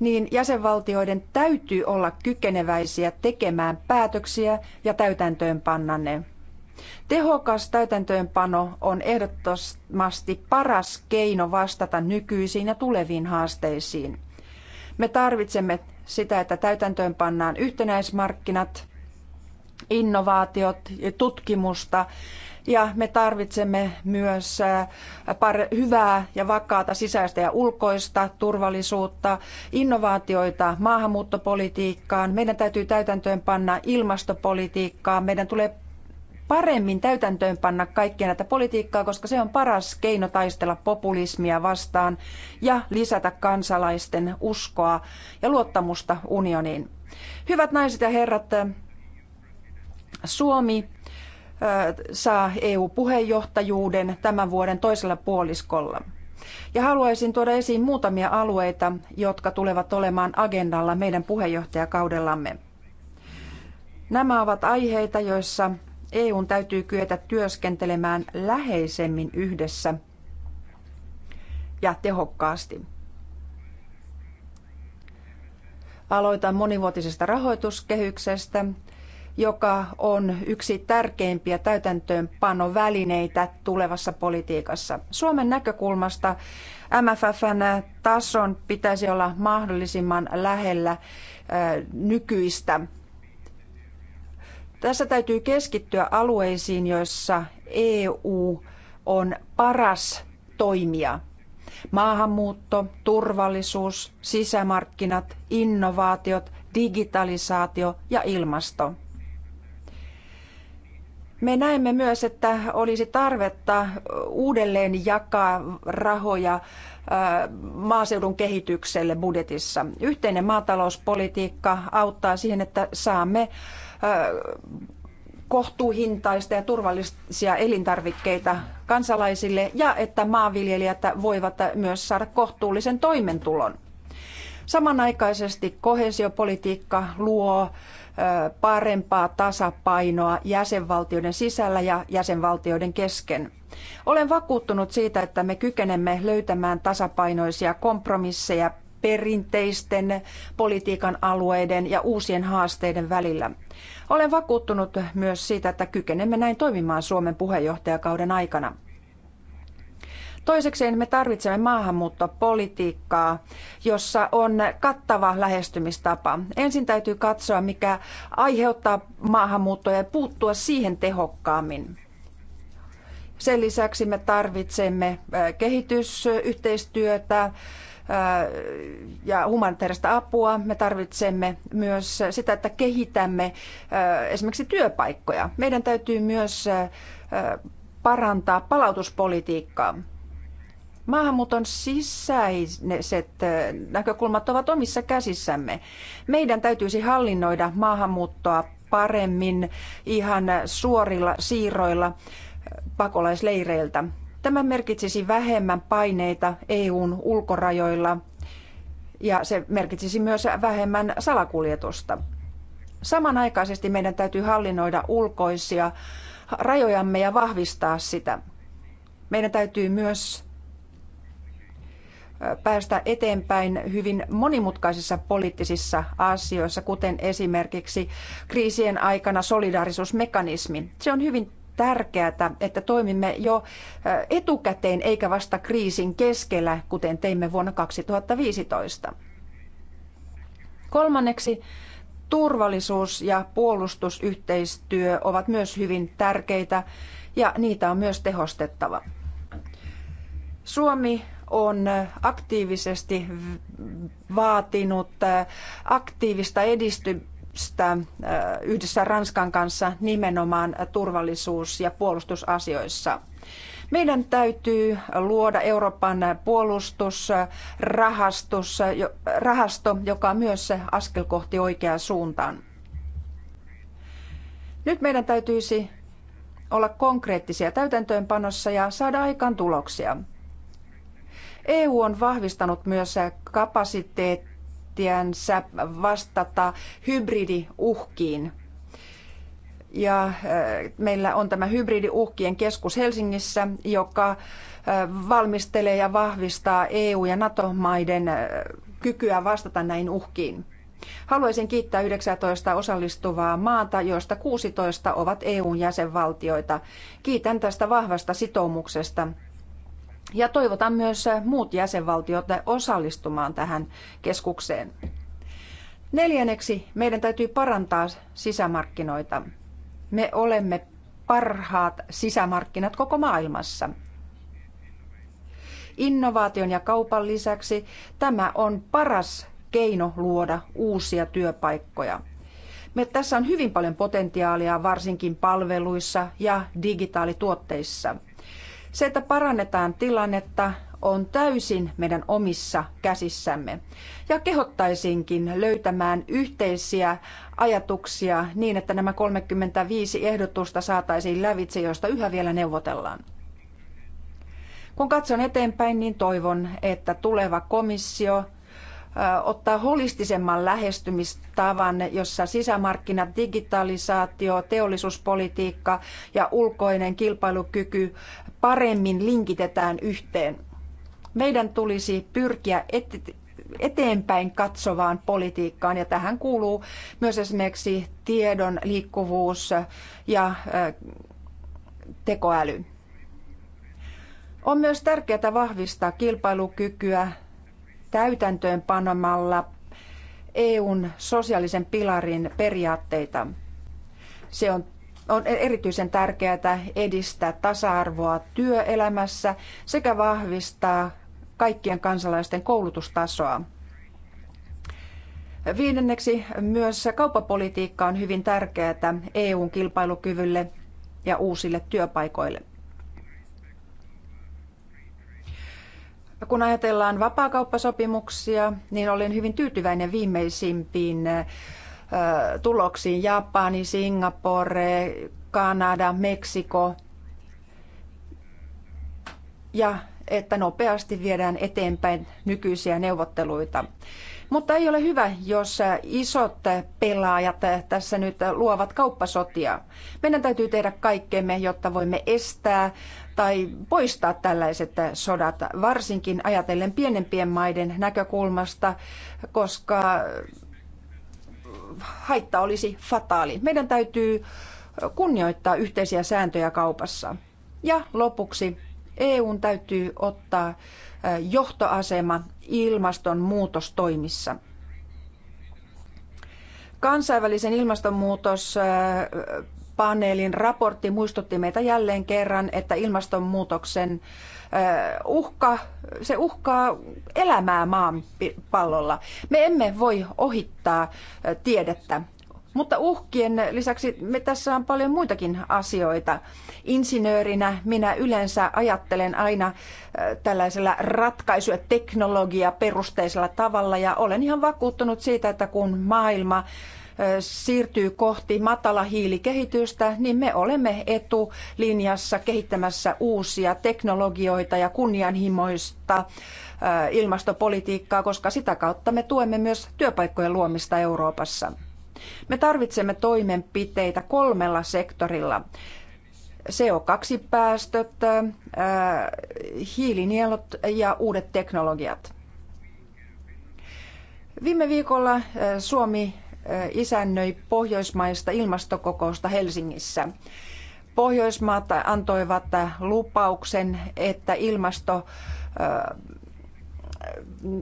niin jäsenvaltioiden täytyy olla kykeneväisiä tekemään päätöksiä ja täytäntöönpannanne. Tehokas täytäntöönpano on ehdottomasti paras keino vastata nykyisiin ja tuleviin haasteisiin. Me tarvitsemme sitä, että täytäntöön pannaan yhtenäismarkkinat, innovaatiot ja tutkimusta ja me tarvitsemme myös hyvää ja vakaata sisäistä ja ulkoista turvallisuutta, innovaatioita maahanmuuttopolitiikkaan. Meidän täytyy täytäntöön panna ilmastopolitiikkaa. Meidän tulee paremmin täytäntöönpanna kaikkia näitä politiikkaa, koska se on paras keino taistella populismia vastaan ja lisätä kansalaisten uskoa ja luottamusta unioniin. Hyvät naiset ja herrat, Suomi saa EU-puheenjohtajuuden tämän vuoden toisella puoliskolla. Ja haluaisin tuoda esiin muutamia alueita, jotka tulevat olemaan agendalla meidän puheenjohtajakaudellamme. Nämä ovat aiheita, joissa EUn täytyy kyetä työskentelemään läheisemmin yhdessä ja tehokkaasti. Aloitan monivuotisesta rahoituskehyksestä, joka on yksi tärkeimpiä täytäntöönpanovälineitä tulevassa politiikassa. Suomen näkökulmasta MFFn tason pitäisi olla mahdollisimman lähellä nykyistä. Tässä täytyy keskittyä alueisiin, joissa EU on paras toimija. Maahanmuutto, turvallisuus, sisämarkkinat, innovaatiot, digitalisaatio ja ilmasto. Me näemme myös, että olisi tarvetta uudelleen jakaa rahoja maaseudun kehitykselle budjetissa. Yhteinen maatalouspolitiikka auttaa siihen, että saamme kohtuuhintaista ja turvallisia elintarvikkeita kansalaisille ja että maanviljelijät voivat myös saada kohtuullisen toimentulon. Samanaikaisesti koheesiopolitiikka luo parempaa tasapainoa jäsenvaltioiden sisällä ja jäsenvaltioiden kesken. Olen vakuuttunut siitä, että me kykenemme löytämään tasapainoisia kompromisseja perinteisten politiikan alueiden ja uusien haasteiden välillä. Olen vakuuttunut myös siitä, että kykenemme näin toimimaan Suomen puheenjohtajakauden aikana. Toisekseen me tarvitsemme maahanmuuttopolitiikkaa, jossa on kattava lähestymistapa. Ensin täytyy katsoa, mikä aiheuttaa maahanmuuttoa ja puuttua siihen tehokkaammin. Sen lisäksi me tarvitsemme kehitysyhteistyötä ja humanitaarista apua. Me tarvitsemme myös sitä, että kehitämme esimerkiksi työpaikkoja. Meidän täytyy myös parantaa palautuspolitiikkaa. Maahanmuuton sisäiset näkökulmat ovat omissa käsissämme. Meidän täytyisi hallinnoida maahanmuuttoa paremmin ihan suorilla siirroilla pakolaisleireiltä. Tämä merkitsisi vähemmän paineita EUn ulkorajoilla ja se merkitsisi myös vähemmän salakuljetusta. Samanaikaisesti meidän täytyy hallinnoida ulkoisia rajojamme ja vahvistaa sitä. Meidän täytyy myös päästä eteenpäin hyvin monimutkaisissa poliittisissa asioissa, kuten esimerkiksi kriisien aikana solidaarisuusmekanismi. Se on hyvin tärkeää, että toimimme jo eh, etukäteen eikä vasta kriisin keskellä, kuten teimme vuonna 2015. Kolmanneksi turvallisuus ja puolustusyhteistyö ovat myös hyvin tärkeitä ja niitä on myös tehostettava. Suomi on aktiivisesti vaatinut aktiivista edistystä äh, yhdessä Ranskan kanssa nimenomaan turvallisuus- ja puolustusasioissa. Meidän täytyy luoda Euroopan puolustusrahasto, joka on myös askel kohti oikeaa suuntaan. Nyt meidän täytyisi olla konkreettisia täytäntöönpanossa ja saada aikaan tuloksia. EU on vahvistanut myös kapasiteettiänsä vastata hybridiuhkiin. Ja äh, meillä on tämä hybridiuhkien keskus Helsingissä, joka äh, valmistelee ja vahvistaa EU- ja NATO-maiden äh, kykyä vastata näihin uhkiin. Haluaisin kiittää 19 osallistuvaa maata, joista 16 ovat EUn jäsenvaltioita. Kiitän tästä vahvasta sitoumuksesta ja toivotan myös äh, muut jäsenvaltiot äh, osallistumaan tähän keskukseen. Neljänneksi meidän täytyy parantaa sisämarkkinoita. Me olemme parhaat sisämarkkinat koko maailmassa. Innovaation ja kaupan lisäksi tämä on paras keino luoda uusia työpaikkoja. Me tässä on hyvin paljon potentiaalia varsinkin palveluissa ja digitaalituotteissa – se, että parannetaan tilannetta, on täysin meidän omissa käsissämme. Ja kehottaisinkin löytämään yhteisiä ajatuksia niin, että nämä 35 ehdotusta saataisiin lävitse, joista yhä vielä neuvotellaan. Kun katson eteenpäin, niin toivon, että tuleva komissio ottaa holistisemman lähestymistavan, jossa sisämarkkinat, digitalisaatio, teollisuuspolitiikka ja ulkoinen kilpailukyky paremmin linkitetään yhteen. Meidän tulisi pyrkiä et, eteenpäin katsovaan politiikkaan ja tähän kuuluu myös esimerkiksi tiedon liikkuvuus ja tekoäly. On myös tärkeää vahvistaa kilpailukykyä täytäntöönpanomalla EUn sosiaalisen pilarin periaatteita. Se on on erityisen tärkeää edistää tasa-arvoa työelämässä sekä vahvistaa kaikkien kansalaisten koulutustasoa. Viidenneksi myös kauppapolitiikka on hyvin tärkeää EUn kilpailukyvylle ja uusille työpaikoille. Kun ajatellaan vapaakauppasopimuksia, niin olen hyvin tyytyväinen viimeisimpiin tuloksiin. Japani, Singapore, Kanada, Meksiko. Ja että nopeasti viedään eteenpäin nykyisiä neuvotteluita. Mutta ei ole hyvä, jos isot pelaajat tässä nyt luovat kauppasotia. Meidän täytyy tehdä kaikkemme, jotta voimme estää tai poistaa tällaiset sodat, varsinkin ajatellen pienempien maiden näkökulmasta, koska haitta olisi fataali. Meidän täytyy kunnioittaa yhteisiä sääntöjä kaupassa. Ja lopuksi EUn täytyy ottaa johtoasema ilmastonmuutostoimissa. Kansainvälisen ilmastonmuutospaneelin raportti muistutti meitä jälleen kerran, että ilmastonmuutoksen uhka, se uhkaa elämää maan pallolla Me emme voi ohittaa tiedettä. Mutta uhkien lisäksi me tässä on paljon muitakin asioita. Insinöörinä minä yleensä ajattelen aina tällaisella ratkaisu- ja teknologiaperusteisella tavalla ja olen ihan vakuuttunut siitä, että kun maailma siirtyy kohti matala hiilikehitystä, niin me olemme etulinjassa kehittämässä uusia teknologioita ja kunnianhimoista ilmastopolitiikkaa, koska sitä kautta me tuemme myös työpaikkojen luomista Euroopassa. Me tarvitsemme toimenpiteitä kolmella sektorilla. CO2-päästöt, hiilinielut ja uudet teknologiat. Viime viikolla Suomi isännöi pohjoismaista ilmastokokousta Helsingissä. Pohjoismaat antoivat lupauksen, että ilmasto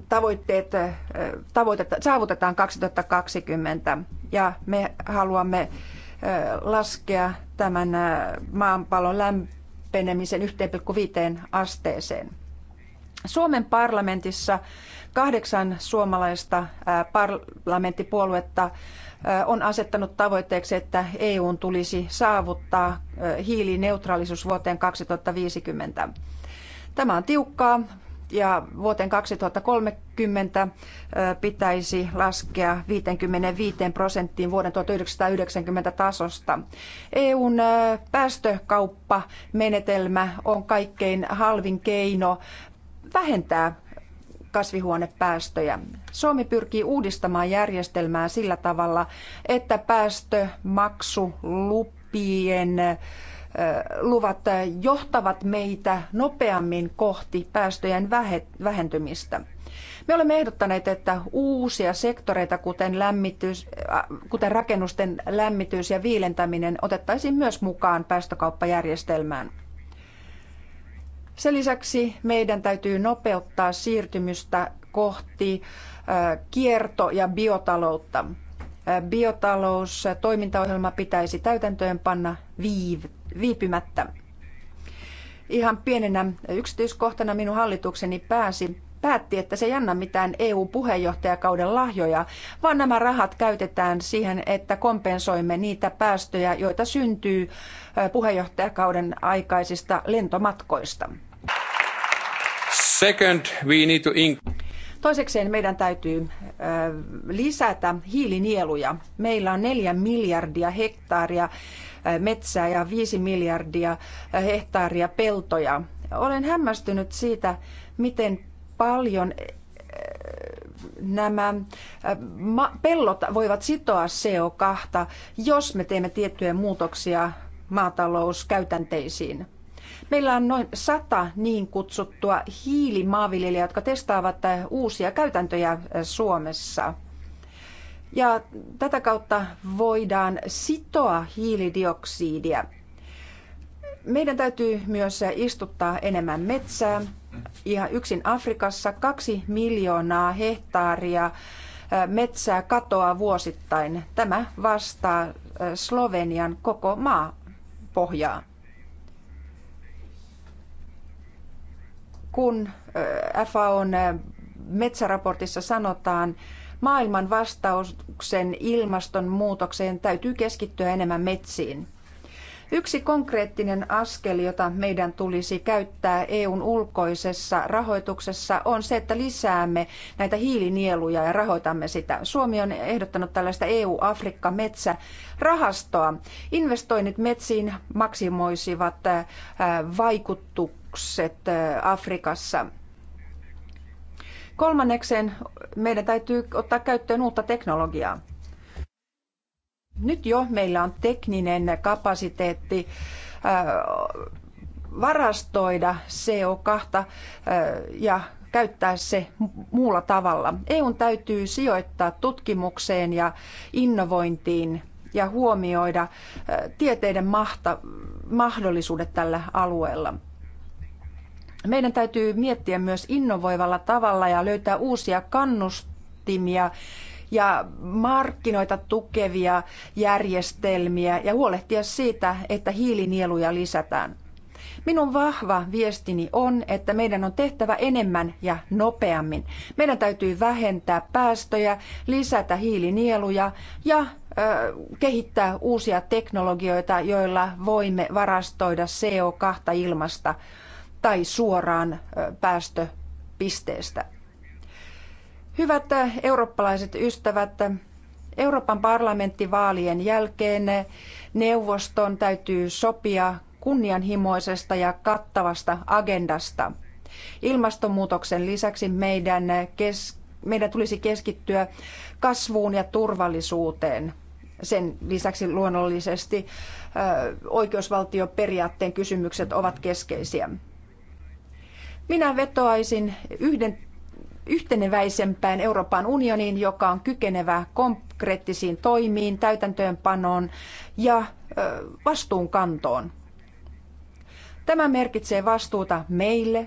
tavoitteet, tavoitetta, saavutetaan 2020 ja me haluamme laskea tämän maanpallon lämpenemisen 1,5 asteeseen. Suomen parlamentissa Kahdeksan suomalaista parlamenttipuoluetta on asettanut tavoitteeksi, että EUn tulisi saavuttaa hiilineutraalisuus vuoteen 2050. Tämä on tiukkaa ja vuoteen 2030 pitäisi laskea 55 prosenttiin vuoden 1990 tasosta. EUn päästökauppamenetelmä on kaikkein halvin keino vähentää kasvihuonepäästöjä. Suomi pyrkii uudistamaan järjestelmää sillä tavalla, että päästömaksu lupien luvat johtavat meitä nopeammin kohti päästöjen vähentymistä. Me olemme ehdottaneet, että uusia sektoreita, kuten, lämmitys, kuten rakennusten lämmitys ja viilentäminen, otettaisiin myös mukaan päästökauppajärjestelmään. Sen lisäksi meidän täytyy nopeuttaa siirtymistä kohti kierto- ja biotaloutta. Biotalous toimintaohjelma pitäisi täytäntöön panna viipymättä. Ihan pienenä yksityiskohtana minun hallitukseni pääsi päätti, että se ei anna mitään EU-puheenjohtajakauden lahjoja, vaan nämä rahat käytetään siihen, että kompensoimme niitä päästöjä, joita syntyy puheenjohtajakauden aikaisista lentomatkoista. Second, we need to Toisekseen meidän täytyy lisätä hiilinieluja. Meillä on neljä miljardia hehtaaria metsää ja viisi miljardia hehtaaria peltoja. Olen hämmästynyt siitä, miten paljon nämä pellot voivat sitoa CO2, jos me teemme tiettyjä muutoksia maatalouskäytänteisiin. Meillä on noin sata niin kutsuttua hiilimaanviljelijää, jotka testaavat äh, uusia käytäntöjä äh, Suomessa. Ja tätä kautta voidaan sitoa hiilidioksidia. Meidän täytyy myös äh, istuttaa enemmän metsää. Ihan yksin Afrikassa kaksi miljoonaa hehtaaria metsää katoaa vuosittain. Tämä vastaa Slovenian koko maapohjaa. kun FAOn metsäraportissa sanotaan, maailman vastauksen ilmastonmuutokseen täytyy keskittyä enemmän metsiin. Yksi konkreettinen askel, jota meidän tulisi käyttää EUn ulkoisessa rahoituksessa, on se, että lisäämme näitä hiilinieluja ja rahoitamme sitä. Suomi on ehdottanut tällaista EU-Afrikka-metsärahastoa. Investoinnit metsiin maksimoisivat vaikutuksia muutokset Afrikassa. Kolmannekseen meidän täytyy ottaa käyttöön uutta teknologiaa. Nyt jo meillä on tekninen kapasiteetti varastoida CO2 ja käyttää se muulla tavalla. EUn täytyy sijoittaa tutkimukseen ja innovointiin ja huomioida tieteiden mahta, mahdollisuudet tällä alueella. Meidän täytyy miettiä myös innovoivalla tavalla ja löytää uusia kannustimia ja markkinoita tukevia järjestelmiä ja huolehtia siitä, että hiilinieluja lisätään. Minun vahva viestini on, että meidän on tehtävä enemmän ja nopeammin. Meidän täytyy vähentää päästöjä, lisätä hiilinieluja ja kehittää uusia teknologioita, joilla voimme varastoida CO2 ilmasta tai suoraan päästöpisteestä. Hyvät eurooppalaiset ystävät, Euroopan parlamenttivaalien jälkeen neuvoston täytyy sopia kunnianhimoisesta ja kattavasta agendasta. Ilmastonmuutoksen lisäksi meidän, kes, meidän tulisi keskittyä kasvuun ja turvallisuuteen. Sen lisäksi luonnollisesti ö, oikeusvaltioperiaatteen kysymykset ovat keskeisiä. Minä vetoaisin yhden yhteneväisempään Euroopan unioniin, joka on kykenevä konkreettisiin toimiin, täytäntöönpanoon ja vastuunkantoon. Tämä merkitsee vastuuta meille,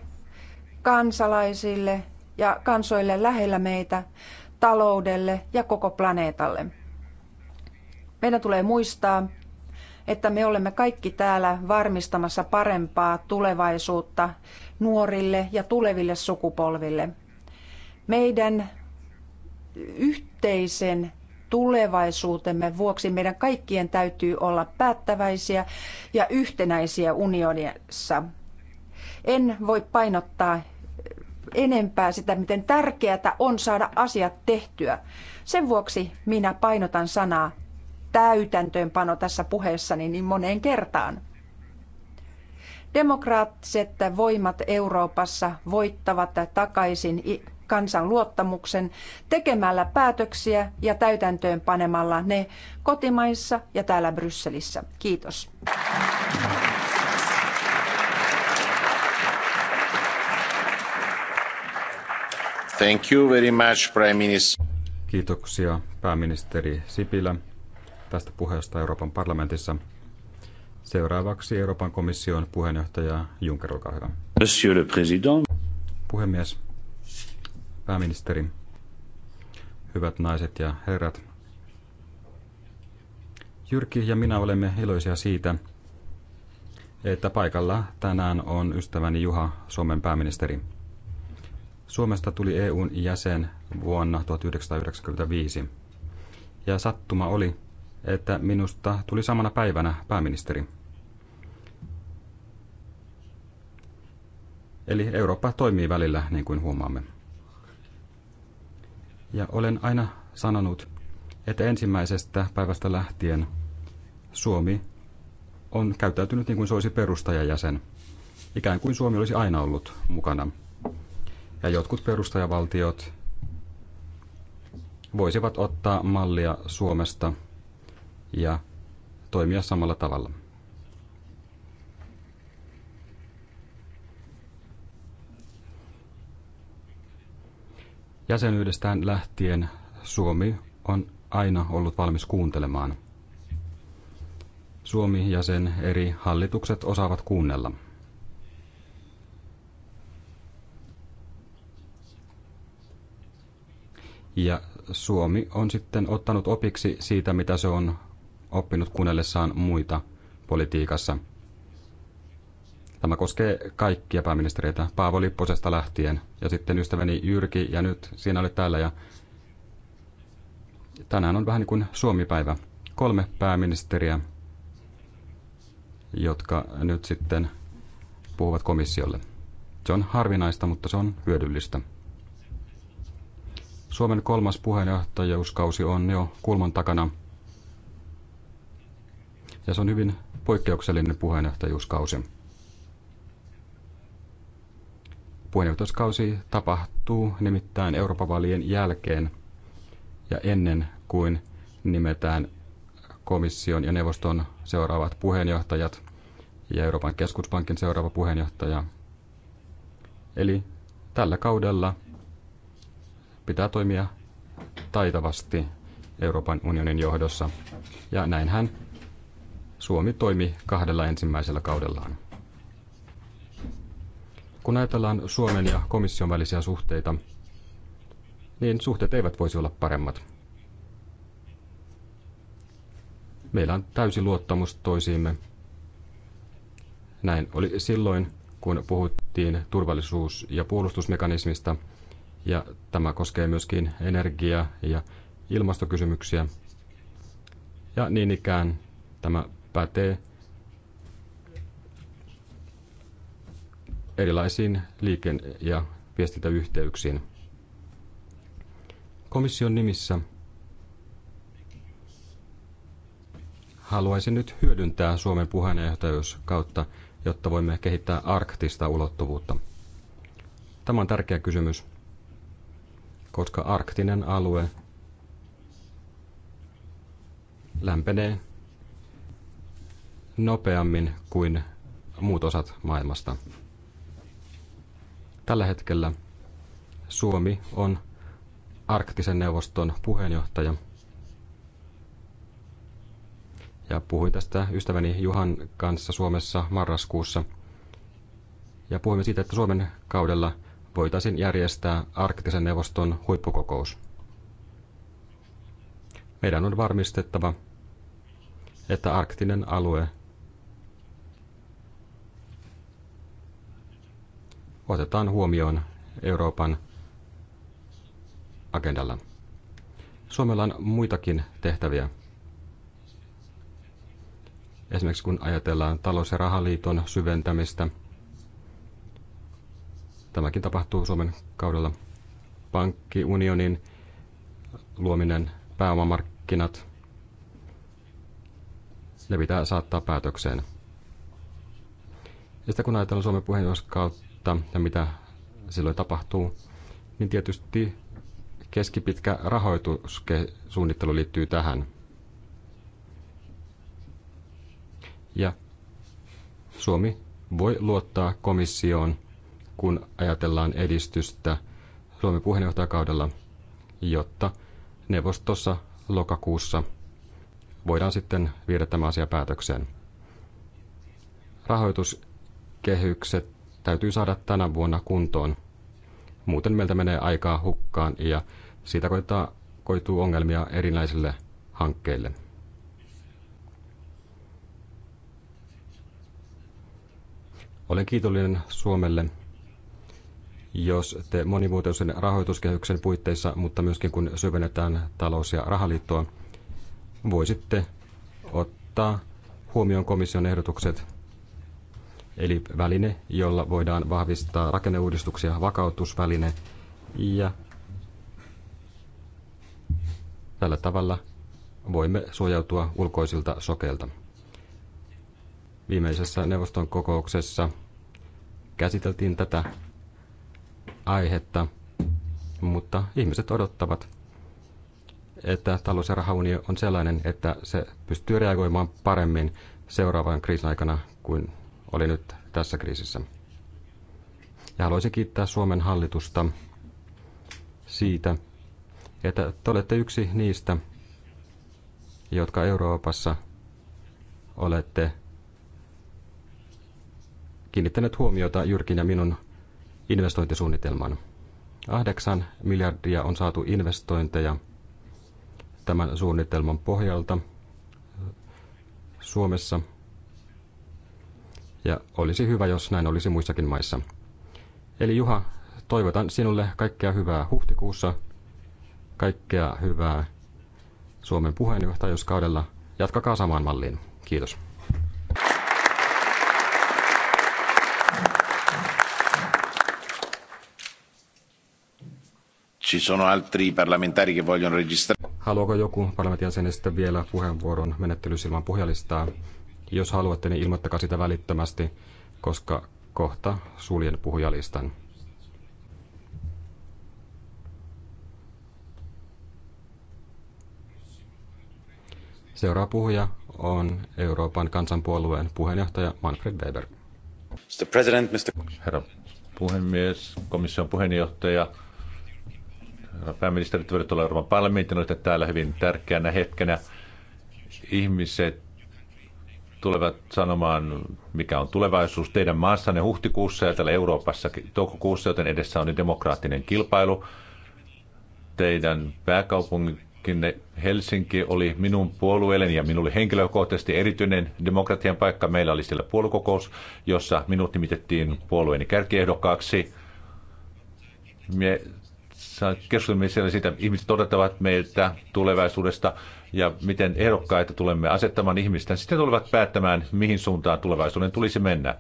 kansalaisille ja kansoille lähellä meitä, taloudelle ja koko planeetalle. Meidän tulee muistaa, että me olemme kaikki täällä varmistamassa parempaa tulevaisuutta nuorille ja tuleville sukupolville. Meidän yhteisen tulevaisuutemme vuoksi meidän kaikkien täytyy olla päättäväisiä ja yhtenäisiä unionissa. En voi painottaa enempää sitä, miten tärkeää on saada asiat tehtyä. Sen vuoksi minä painotan sanaa täytäntöönpano tässä puheessani niin moneen kertaan. Demokraattiset voimat Euroopassa voittavat takaisin kansan luottamuksen tekemällä päätöksiä ja täytäntöön panemalla ne kotimaissa ja täällä Brysselissä. Kiitos. Thank you very much, Prime Minister. Kiitoksia pääministeri Sipilä tästä puheesta Euroopan parlamentissa. Seuraavaksi Euroopan komission puheenjohtaja Juncker, olkaa hyvä. Monsieur le Président. Puhemies, pääministeri, hyvät naiset ja herrat. Jyrki ja minä olemme iloisia siitä, että paikalla tänään on ystäväni Juha, Suomen pääministeri. Suomesta tuli EUn jäsen vuonna 1995. Ja sattuma oli, että minusta tuli samana päivänä pääministeri. Eli Eurooppa toimii välillä, niin kuin huomaamme. Ja olen aina sanonut, että ensimmäisestä päivästä lähtien Suomi on käyttäytynyt niin kuin se olisi perustajajäsen. Ikään kuin Suomi olisi aina ollut mukana. Ja jotkut perustajavaltiot voisivat ottaa mallia Suomesta – ja toimia samalla tavalla. Jäsenyydestään lähtien Suomi on aina ollut valmis kuuntelemaan. Suomi ja sen eri hallitukset osaavat kuunnella. Ja Suomi on sitten ottanut opiksi siitä, mitä se on oppinut kuunnellessaan muita politiikassa. Tämä koskee kaikkia pääministeriä. Paavo Lipposesta lähtien ja sitten ystäväni Jyrki ja nyt siinä oli täällä ja tänään on vähän niin kuin Suomi-päivä. Kolme pääministeriä, jotka nyt sitten puhuvat komissiolle. Se on harvinaista, mutta se on hyödyllistä. Suomen kolmas puheenjohtajuuskausi on jo kulman takana – ja se on hyvin poikkeuksellinen puheenjohtajuuskausi. Puheenjohtajuuskausi tapahtuu nimittäin Euroopan vaalien jälkeen ja ennen kuin nimetään komission ja neuvoston seuraavat puheenjohtajat ja Euroopan keskuspankin seuraava puheenjohtaja. Eli tällä kaudella pitää toimia taitavasti Euroopan unionin johdossa. Ja näinhän Suomi toimi kahdella ensimmäisellä kaudellaan. Kun ajatellaan Suomen ja komission välisiä suhteita, niin suhteet eivät voisi olla paremmat. Meillä on täysi luottamus toisiimme. Näin oli silloin, kun puhuttiin turvallisuus- ja puolustusmekanismista, ja tämä koskee myöskin energia- ja ilmastokysymyksiä. Ja niin ikään tämä pätee erilaisiin liikenne- ja viestintäyhteyksiin. Komission nimissä haluaisin nyt hyödyntää Suomen puheenjohtajuus kautta, jotta voimme kehittää arktista ulottuvuutta. Tämä on tärkeä kysymys, koska arktinen alue lämpenee nopeammin kuin muut osat maailmasta. Tällä hetkellä Suomi on arktisen neuvoston puheenjohtaja. Ja puhuin tästä ystäväni Juhan kanssa Suomessa marraskuussa. Ja puhuimme siitä, että Suomen kaudella voitaisiin järjestää arktisen neuvoston huippukokous. Meidän on varmistettava, että arktinen alue otetaan huomioon Euroopan agendalla. Suomella on muitakin tehtäviä. Esimerkiksi kun ajatellaan talous- ja rahaliiton syventämistä, tämäkin tapahtuu Suomen kaudella. Pankkiunionin luominen, pääomamarkkinat, ne pitää saattaa päätökseen. Ja sitten kun ajatellaan Suomen puheenjohtajuuskautta, taloutta ja mitä silloin tapahtuu, niin tietysti keskipitkä rahoitussuunnittelu liittyy tähän. Ja Suomi voi luottaa komissioon, kun ajatellaan edistystä Suomen puheenjohtajakaudella, jotta neuvostossa lokakuussa voidaan sitten viedä tämä asia päätökseen. Rahoituskehykset täytyy saada tänä vuonna kuntoon. Muuten meiltä menee aikaa hukkaan ja siitä koittaa, koituu ongelmia erinäisille hankkeille. Olen kiitollinen Suomelle, jos te monivuotoisen rahoituskehyksen puitteissa, mutta myöskin kun syvennetään talous- ja rahaliittoa, voisitte ottaa huomioon komission ehdotukset eli väline, jolla voidaan vahvistaa rakenneuudistuksia, vakautusväline ja tällä tavalla voimme suojautua ulkoisilta sokeilta. Viimeisessä neuvoston kokouksessa käsiteltiin tätä aihetta, mutta ihmiset odottavat, että talous- ja rahaunio on sellainen, että se pystyy reagoimaan paremmin seuraavan kriisin aikana kuin oli nyt tässä kriisissä. Ja haluaisin kiittää Suomen hallitusta siitä, että te olette yksi niistä, jotka Euroopassa olette kiinnittäneet huomiota Jyrkin ja minun investointisuunnitelman. 8 miljardia on saatu investointeja tämän suunnitelman pohjalta Suomessa – ja olisi hyvä, jos näin olisi muissakin maissa. Eli Juha, toivotan sinulle kaikkea hyvää huhtikuussa, kaikkea hyvää Suomen puheenjohtajuuskaudella. Jatkakaa samaan malliin. Kiitos. Ci sono altri parlamentari che vogliono registrare. Haluaako joku parlamentin jäsenistä vielä puheenvuoron menettelysilman puhujalistaa? Jos haluatte, niin ilmoittakaa sitä välittömästi, koska kohta suljen puhujalistan. Seuraava puhuja on Euroopan kansanpuolueen puheenjohtaja Manfred Weber. Mr. President, Mr. Herra puhemies, komission puheenjohtaja, herra pääministeri, olla Euroopan parlamenttiin, olette täällä hyvin tärkeänä hetkenä. Ihmiset tulevat sanomaan, mikä on tulevaisuus teidän maassanne huhtikuussa ja täällä Euroopassa toukokuussa, joten edessä on niin demokraattinen kilpailu. Teidän pääkaupunkinne Helsinki oli minun puolueelleni ja minulle henkilökohtaisesti erityinen demokratian paikka. Meillä oli siellä puolukokous, jossa minut nimitettiin puolueeni kärkiehdokkaaksi. Me keskustelimme siellä siitä, ihmiset odottavat meiltä tulevaisuudesta ja miten ehdokkaita tulemme asettamaan ihmisten, sitten tulevat päättämään, mihin suuntaan tulevaisuuden tulisi mennä.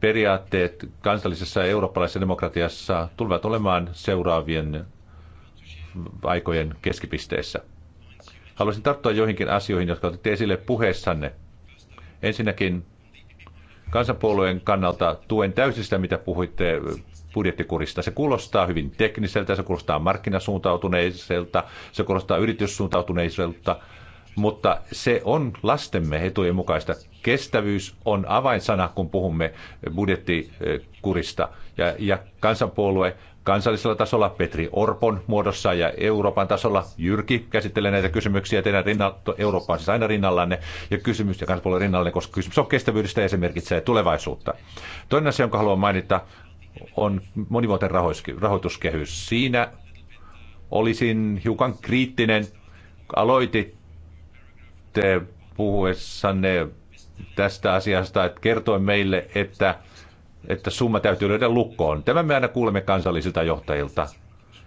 Periaatteet kansallisessa ja eurooppalaisessa demokratiassa tulevat olemaan seuraavien aikojen keskipisteessä. Haluaisin tarttua joihinkin asioihin, jotka otitte esille puheessanne. Ensinnäkin kansanpuolueen kannalta tuen täysin sitä, mitä puhuitte budjettikurista. Se kuulostaa hyvin tekniseltä, se kuulostaa markkinasuuntautuneiselta, se kuulostaa yrityssuuntautuneiselta, mutta se on lastemme etujen mukaista. Kestävyys on avainsana, kun puhumme budjettikurista. Ja, ja kansanpuolue kansallisella tasolla Petri Orpon muodossa ja Euroopan tasolla Jyrki käsittelee näitä kysymyksiä. Teidän rinna, Eurooppa on siis aina rinnallanne ja kysymys ja kansanpuolueen rinnalle, koska kysymys on kestävyydestä ja se merkitsee tulevaisuutta. Toinen asia, jonka haluan mainita, on monivuoten rahoituskehys. Siinä olisin hiukan kriittinen. Aloititte puhuessanne tästä asiasta, että kertoi meille, että, että summa täytyy löydä lukkoon. Tämä me aina kuulemme kansallisilta johtajilta.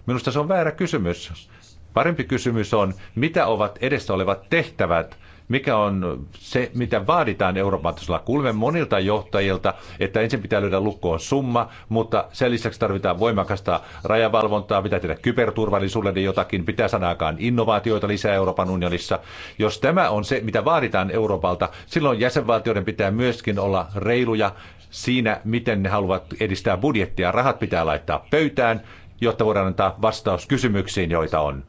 Minusta se on väärä kysymys. Parempi kysymys on, mitä ovat edessä olevat tehtävät – mikä on se, mitä vaaditaan Euroopan tasolla. Kuulemme monilta johtajilta, että ensin pitää löydä lukkoon summa, mutta sen lisäksi tarvitaan voimakasta rajavalvontaa, pitää tehdä kyberturvallisuudelle jotakin, pitää sanakaan innovaatioita lisää Euroopan unionissa. Jos tämä on se, mitä vaaditaan Euroopalta, silloin jäsenvaltioiden pitää myöskin olla reiluja siinä, miten ne haluavat edistää budjettia. Rahat pitää laittaa pöytään, jotta voidaan antaa vastaus kysymyksiin, joita on.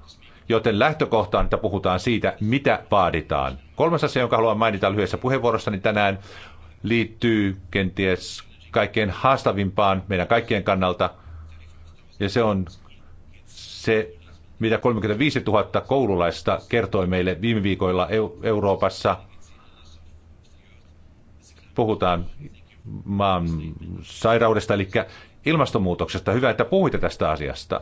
Joten lähtökohtaan, että puhutaan siitä, mitä vaaditaan. Kolmas asia, jonka haluan mainita lyhyessä puheenvuorossani tänään, liittyy kenties kaikkein haastavimpaan meidän kaikkien kannalta, ja se on se, mitä 35 000 koululaista kertoi meille viime viikoilla Euroopassa. Puhutaan maan sairaudesta, eli ilmastonmuutoksesta. Hyvä, että puhuitte tästä asiasta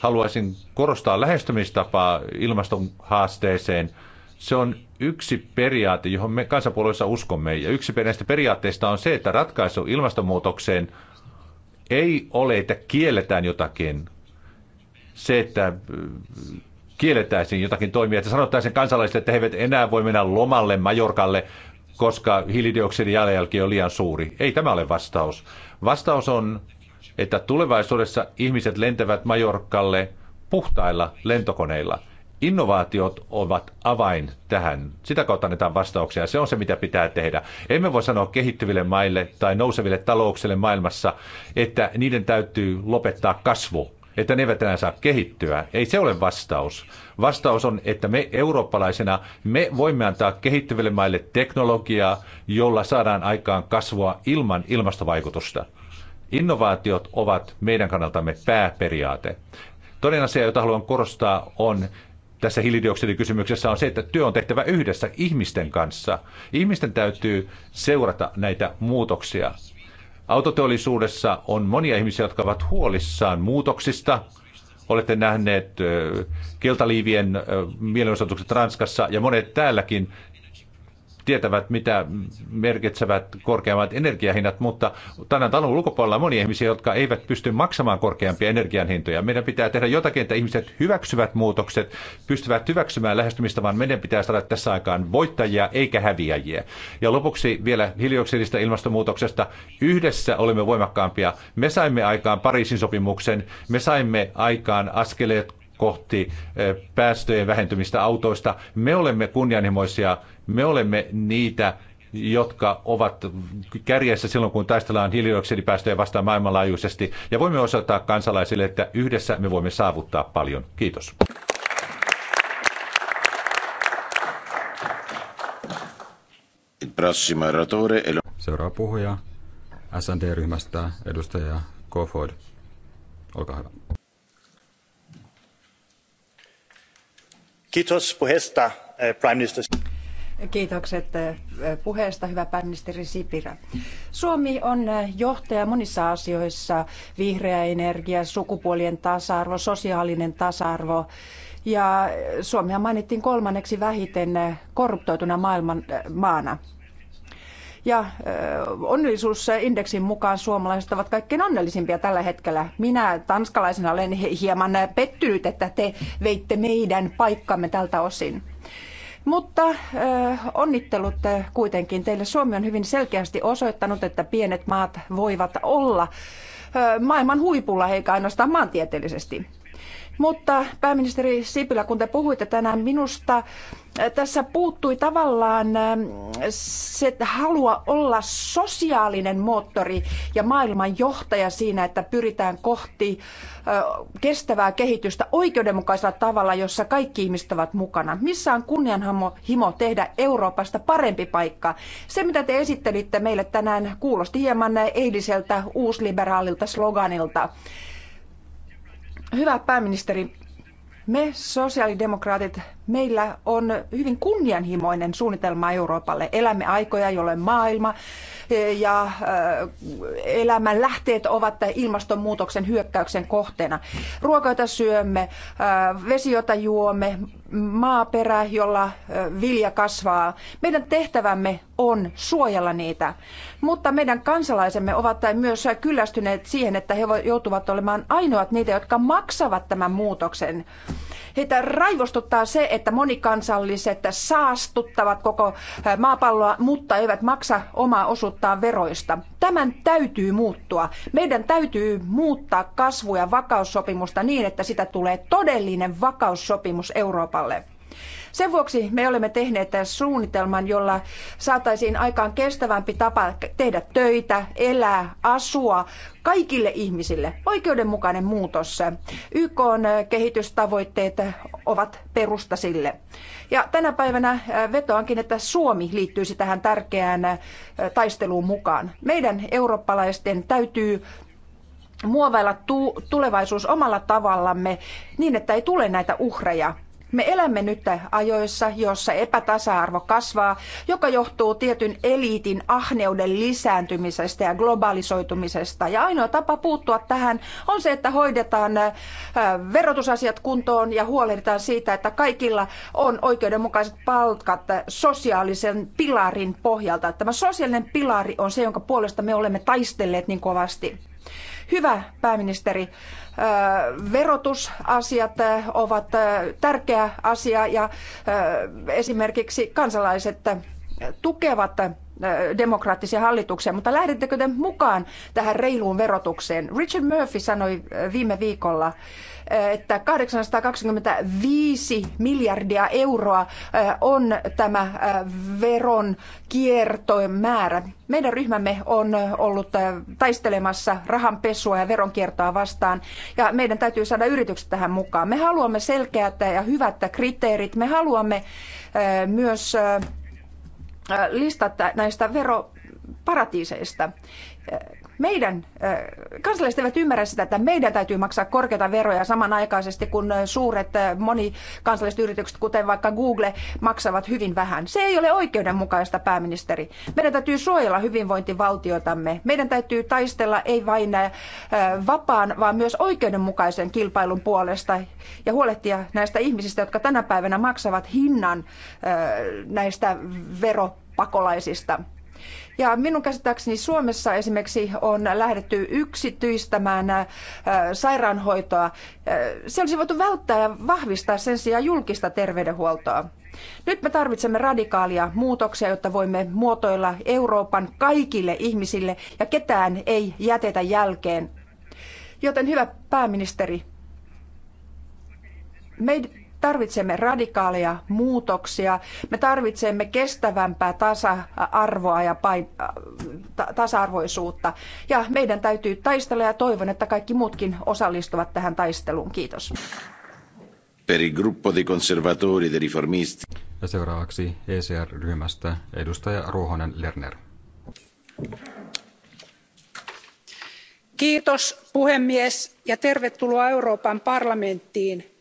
haluaisin korostaa lähestymistapaa ilmaston haasteeseen. Se on yksi periaate, johon me kansanpuolueessa uskomme. Ja yksi näistä periaatteista on se, että ratkaisu ilmastonmuutokseen ei ole, että kielletään jotakin. Se, että äh, kielletäisiin jotakin toimia, että sanottaisiin kansalaisille, että he eivät enää voi mennä lomalle Majorkalle, koska hiilidioksidin jalanjälki on liian suuri. Ei tämä ole vastaus. Vastaus on että tulevaisuudessa ihmiset lentävät Majorkalle puhtailla lentokoneilla. Innovaatiot ovat avain tähän. Sitä kautta annetaan vastauksia. Se on se, mitä pitää tehdä. Emme voi sanoa kehittyville maille tai nouseville talouksille maailmassa, että niiden täytyy lopettaa kasvu että ne eivät enää saa kehittyä. Ei se ole vastaus. Vastaus on, että me eurooppalaisena, me voimme antaa kehittyville maille teknologiaa, jolla saadaan aikaan kasvua ilman ilmastovaikutusta. Innovaatiot ovat meidän kannaltamme pääperiaate. Toinen asia, jota haluan korostaa, on tässä hiilidioksidikysymyksessä on se, että työ on tehtävä yhdessä ihmisten kanssa. Ihmisten täytyy seurata näitä muutoksia. Autoteollisuudessa on monia ihmisiä, jotka ovat huolissaan muutoksista. Olette nähneet keltaliivien mielenosoitukset Ranskassa ja monet täälläkin tietävät, mitä merkitsevät korkeammat energiahinnat, mutta tänään talon ulkopuolella on monia ihmisiä, jotka eivät pysty maksamaan korkeampia energian hintoja. Meidän pitää tehdä jotakin, että ihmiset hyväksyvät muutokset, pystyvät hyväksymään lähestymistä, vaan meidän pitää saada tässä aikaan voittajia eikä häviäjiä. Ja lopuksi vielä hiilidioksidista ilmastonmuutoksesta. Yhdessä olemme voimakkaampia. Me saimme aikaan Pariisin sopimuksen, me saimme aikaan askeleet kohti eh, päästöjen vähentymistä autoista. Me olemme kunnianhimoisia me olemme niitä, jotka ovat kärjessä silloin, kun taistellaan hiilidioksidipäästöjä vastaan maailmanlaajuisesti. Ja voimme osoittaa kansalaisille, että yhdessä me voimme saavuttaa paljon. Kiitos. Seuraava puhuja SND-ryhmästä edustaja Kofod. Olkaa hyvä. Kiitos puheesta, eh, Prime Minister. Kiitokset eh, puheesta, hyvä pääministeri Sipirä. Suomi on eh, johtaja monissa asioissa, vihreä energia, sukupuolien tasa-arvo, sosiaalinen tasa-arvo. Ja Suomea mainittiin kolmanneksi vähiten eh, korruptoituna maailman maana. Ja onnellisuusindeksin mukaan suomalaiset ovat kaikkein onnellisimpia tällä hetkellä. Minä tanskalaisena olen hieman pettynyt, että te veitte meidän paikkamme tältä osin. Mutta äh, onnittelut kuitenkin teille. Suomi on hyvin selkeästi osoittanut, että pienet maat voivat olla maailman huipulla, eikä ainoastaan maantieteellisesti. Mutta pääministeri Sipilä, kun te puhuitte tänään, minusta tässä puuttui tavallaan se halua olla sosiaalinen moottori ja maailman johtaja siinä, että pyritään kohti kestävää kehitystä oikeudenmukaisella tavalla, jossa kaikki ihmiset ovat mukana. Missä on kunnianhimo tehdä Euroopasta parempi paikka? Se, mitä te esittelitte meille tänään, kuulosti hieman eiliseltä uusliberaalilta sloganilta. Hyvä pääministeri, me sosiaalidemokraatit Meillä on hyvin kunnianhimoinen suunnitelma Euroopalle. Elämme aikoja, jolloin maailma e, ja e, elämän lähteet ovat ilmastonmuutoksen hyökkäyksen kohteena. Ruokaita syömme, e, vesi, juomme, maaperä, jolla vilja kasvaa. Meidän tehtävämme on suojella niitä. Mutta meidän kansalaisemme ovat myös kyllästyneet siihen, että he joutuvat olemaan ainoat niitä, jotka maksavat tämän muutoksen. Heitä raivostuttaa se, että monikansalliset saastuttavat koko maapalloa, mutta eivät maksa omaa osuuttaan veroista. Tämän täytyy muuttua. Meidän täytyy muuttaa kasvu- ja vakaussopimusta niin, että sitä tulee todellinen vakaussopimus Euroopalle. Sen vuoksi me olemme tehneet tämän suunnitelman, jolla saataisiin aikaan kestävämpi tapa tehdä töitä, elää, asua kaikille ihmisille. Oikeudenmukainen muutos. YK on kehitystavoitteet ovat perusta sille. Ja tänä päivänä vetoankin, että Suomi liittyisi tähän tärkeään taisteluun mukaan. Meidän eurooppalaisten täytyy muovailla tulevaisuus omalla tavallamme niin, että ei tule näitä uhreja. Me elämme nyt ajoissa, jossa epätasa-arvo kasvaa, joka johtuu tietyn eliitin ahneuden lisääntymisestä ja globalisoitumisesta. Ja ainoa tapa puuttua tähän on se, että hoidetaan äh, verotusasiat kuntoon ja huolehditaan siitä, että kaikilla on oikeudenmukaiset palkat sosiaalisen pilarin pohjalta. Tämä sosiaalinen pilari on se, jonka puolesta me olemme taistelleet niin kovasti. Hyvä pääministeri, verotusasiat ovat tärkeä asia ja esimerkiksi kansalaiset tukevat Äh, demokraattisia hallituksia, mutta lähdettekö te mukaan tähän reiluun verotukseen? Richard Murphy sanoi äh, viime viikolla, äh, että 825 miljardia euroa on tämä veron kiertojen määrä. Meidän ryhmämme on ollut taistelemassa rahanpesua ja veronkiertoa vastaan ja meidän täytyy saada yritykset tähän mukaan. Me haluamme selkeät ja hyvät kriteerit. Me haluamme myös Äh, listat näistä veroparatiiseista. Meidän äh, kansalaiset eivät ymmärrä sitä, että meidän täytyy maksaa korkeita veroja samanaikaisesti, kun äh, suuret monikansalliset yritykset, kuten vaikka Google, maksavat hyvin vähän. Se ei ole oikeudenmukaista, pääministeri. Meidän täytyy suojella hyvinvointivaltiotamme. Meidän täytyy taistella ei vain vapaan, vaan myös oikeudenmukaisen kilpailun puolesta ja huolehtia näistä ihmisistä, jotka tänä päivänä maksavat hinnan näistä veroparatiiseista pakolaisista. Ja minun käsittääkseni Suomessa esimerkiksi on lähdetty yksityistämään äh, sairaanhoitoa. Äh, se olisi voitu välttää ja vahvistaa sen sijaan julkista terveydenhuoltoa. Nyt me tarvitsemme radikaalia muutoksia, jotta voimme muotoilla Euroopan kaikille ihmisille ja ketään ei jätetä jälkeen. Joten hyvä pääministeri, meidän tarvitsemme radikaaleja muutoksia, me tarvitsemme kestävämpää tasa-arvoa ja äh, tasa-arvoisuutta. Ja meidän täytyy taistella ja toivon, että kaikki muutkin osallistuvat tähän taisteluun. Kiitos. Per il gruppo dei conservatori dei riformisti. Ja seuraavaksi ECR-ryhmästä edustaja Ruohonen Lerner. Kiitos puhemies ja tervetuloa Euroopan parlamenttiin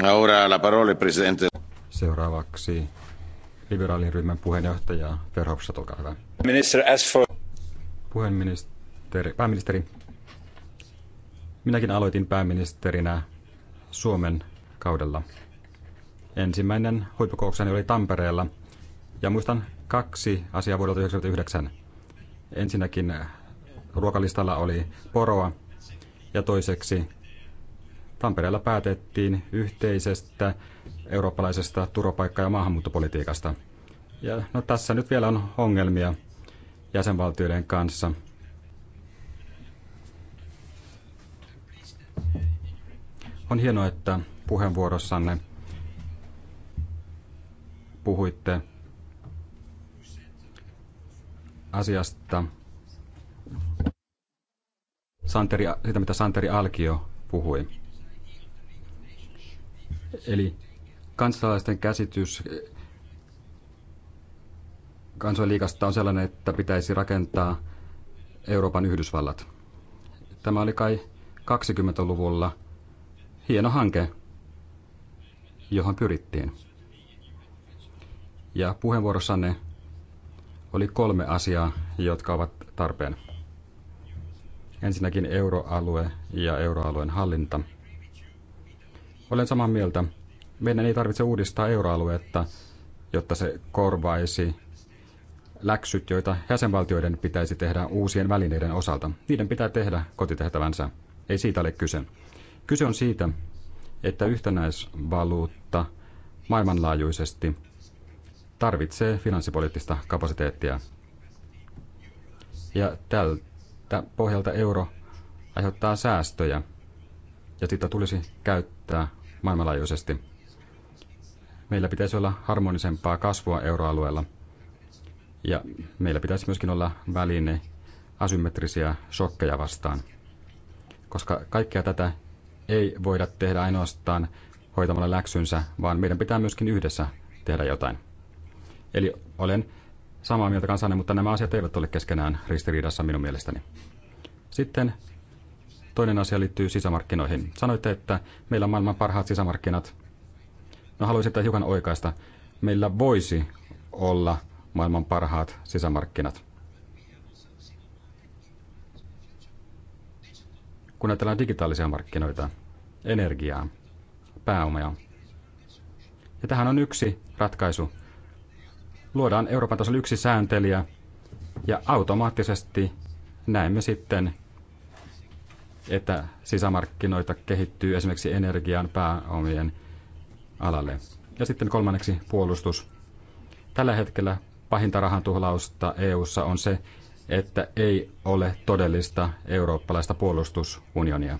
Ora la parola, presidente. Seuraavaksi liberaalin ryhmän puheenjohtaja Verhofstadt, olkaa hyvä. Minister, as for... Puheenministeri, pääministeri, minäkin aloitin pääministerinä Suomen kaudella. Ensimmäinen huippukoukseni oli Tampereella ja muistan kaksi asiaa vuodelta 1999. Ensinnäkin ruokalistalla oli poroa ja toiseksi Tampereella päätettiin yhteisestä eurooppalaisesta turvapaikka- ja maahanmuuttopolitiikasta. Ja no tässä nyt vielä on ongelmia jäsenvaltioiden kanssa. On hienoa, että puheenvuorossanne puhuitte asiasta, Santeri, sitä mitä Santeri Alkio puhui. Eli kansalaisten käsitys kansanliikasta on sellainen, että pitäisi rakentaa Euroopan Yhdysvallat. Tämä oli kai 20-luvulla hieno hanke, johon pyrittiin. Ja puheenvuorossanne oli kolme asiaa, jotka ovat tarpeen. Ensinnäkin euroalue ja euroalueen hallinta – olen samaa mieltä. Meidän ei tarvitse uudistaa euroaluetta, jotta se korvaisi läksyt, joita jäsenvaltioiden pitäisi tehdä uusien välineiden osalta. Niiden pitää tehdä kotitehtävänsä. Ei siitä ole kyse. Kyse on siitä, että yhtenäisvaluutta maailmanlaajuisesti tarvitsee finanssipoliittista kapasiteettia. Ja tältä pohjalta euro aiheuttaa säästöjä, ja sitä tulisi käyttää maailmanlaajuisesti. Meillä pitäisi olla harmonisempaa kasvua euroalueella. Ja meillä pitäisi myöskin olla väline asymmetrisiä shokkeja vastaan. Koska kaikkea tätä ei voida tehdä ainoastaan hoitamalla läksynsä, vaan meidän pitää myöskin yhdessä tehdä jotain. Eli olen samaa mieltä kanssanne, mutta nämä asiat eivät ole keskenään ristiriidassa minun mielestäni. Sitten Toinen asia liittyy sisämarkkinoihin. Sanoitte, että meillä on maailman parhaat sisämarkkinat. No haluaisin tätä hiukan oikaista. Meillä voisi olla maailman parhaat sisämarkkinat. Kun ajatellaan digitaalisia markkinoita, energiaa, pääomia. Ja tähän on yksi ratkaisu. Luodaan Euroopan tasolla yksi sääntelijä ja automaattisesti näemme sitten, että sisämarkkinoita kehittyy esimerkiksi energian pääomien alalle. Ja sitten kolmanneksi puolustus. Tällä hetkellä pahinta rahan tuhlausta EU:ssa on se, että ei ole todellista eurooppalaista puolustusunionia.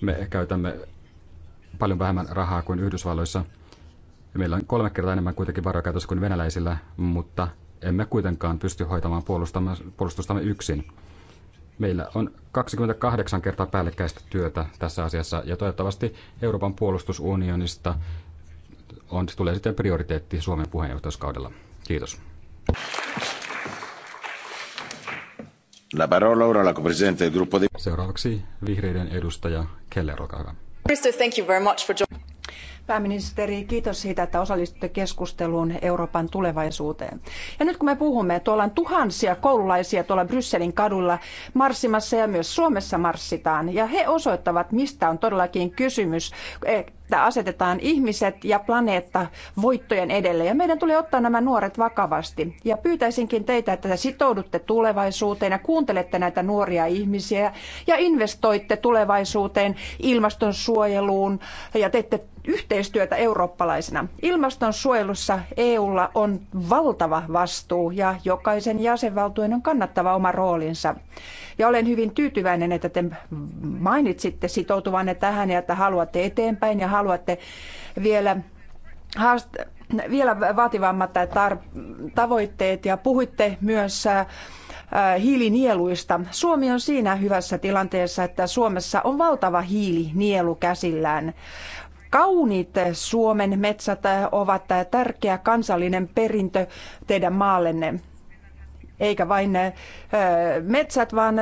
Me käytämme paljon vähemmän rahaa kuin Yhdysvalloissa. Meillä on kolme kertaa enemmän kuitenkin varoja käytössä kuin venäläisillä, mutta emme kuitenkaan pysty hoitamaan puolustustamme yksin. Meillä on 28 kertaa päällekkäistä työtä tässä asiassa ja toivottavasti Euroopan puolustusunionista on, tulee sitten prioriteetti Suomen puheenjohtajuuskaudella. Kiitos. La parola ora alla presidente del gruppo di... Seuraavaksi vihreiden edustaja Keller, olkaa hyvä. thank you very much for... Pääministeri, kiitos siitä, että osallistutte keskusteluun Euroopan tulevaisuuteen. Ja nyt kun me puhumme, tuolla on tuhansia koululaisia tuolla Brysselin kadulla marssimassa ja myös Suomessa marssitaan. Ja he osoittavat, mistä on todellakin kysymys, että asetetaan ihmiset ja planeetta voittojen edelle. Ja meidän tulee ottaa nämä nuoret vakavasti. Ja pyytäisinkin teitä, että te sitoudutte tulevaisuuteen ja kuuntelette näitä nuoria ihmisiä ja investoitte tulevaisuuteen, ilmastonsuojeluun ja teette yhteistyötä eurooppalaisena. Ilmastonsuojelussa EUlla on valtava vastuu ja jokaisen jäsenvaltion on kannattava oma roolinsa. Ja olen hyvin tyytyväinen, että te mainitsitte sitoutuvanne tähän ja että haluatte eteenpäin ja haluatte vielä haast- vielä vaativammat tavoitteet ja puhuitte myös äh, hiilinieluista. Suomi on siinä hyvässä tilanteessa, että Suomessa on valtava hiilinielu käsillään. Kauniit Suomen metsät ovat tärkeä kansallinen perintö teidän maallenne eikä vain metsät, vaan,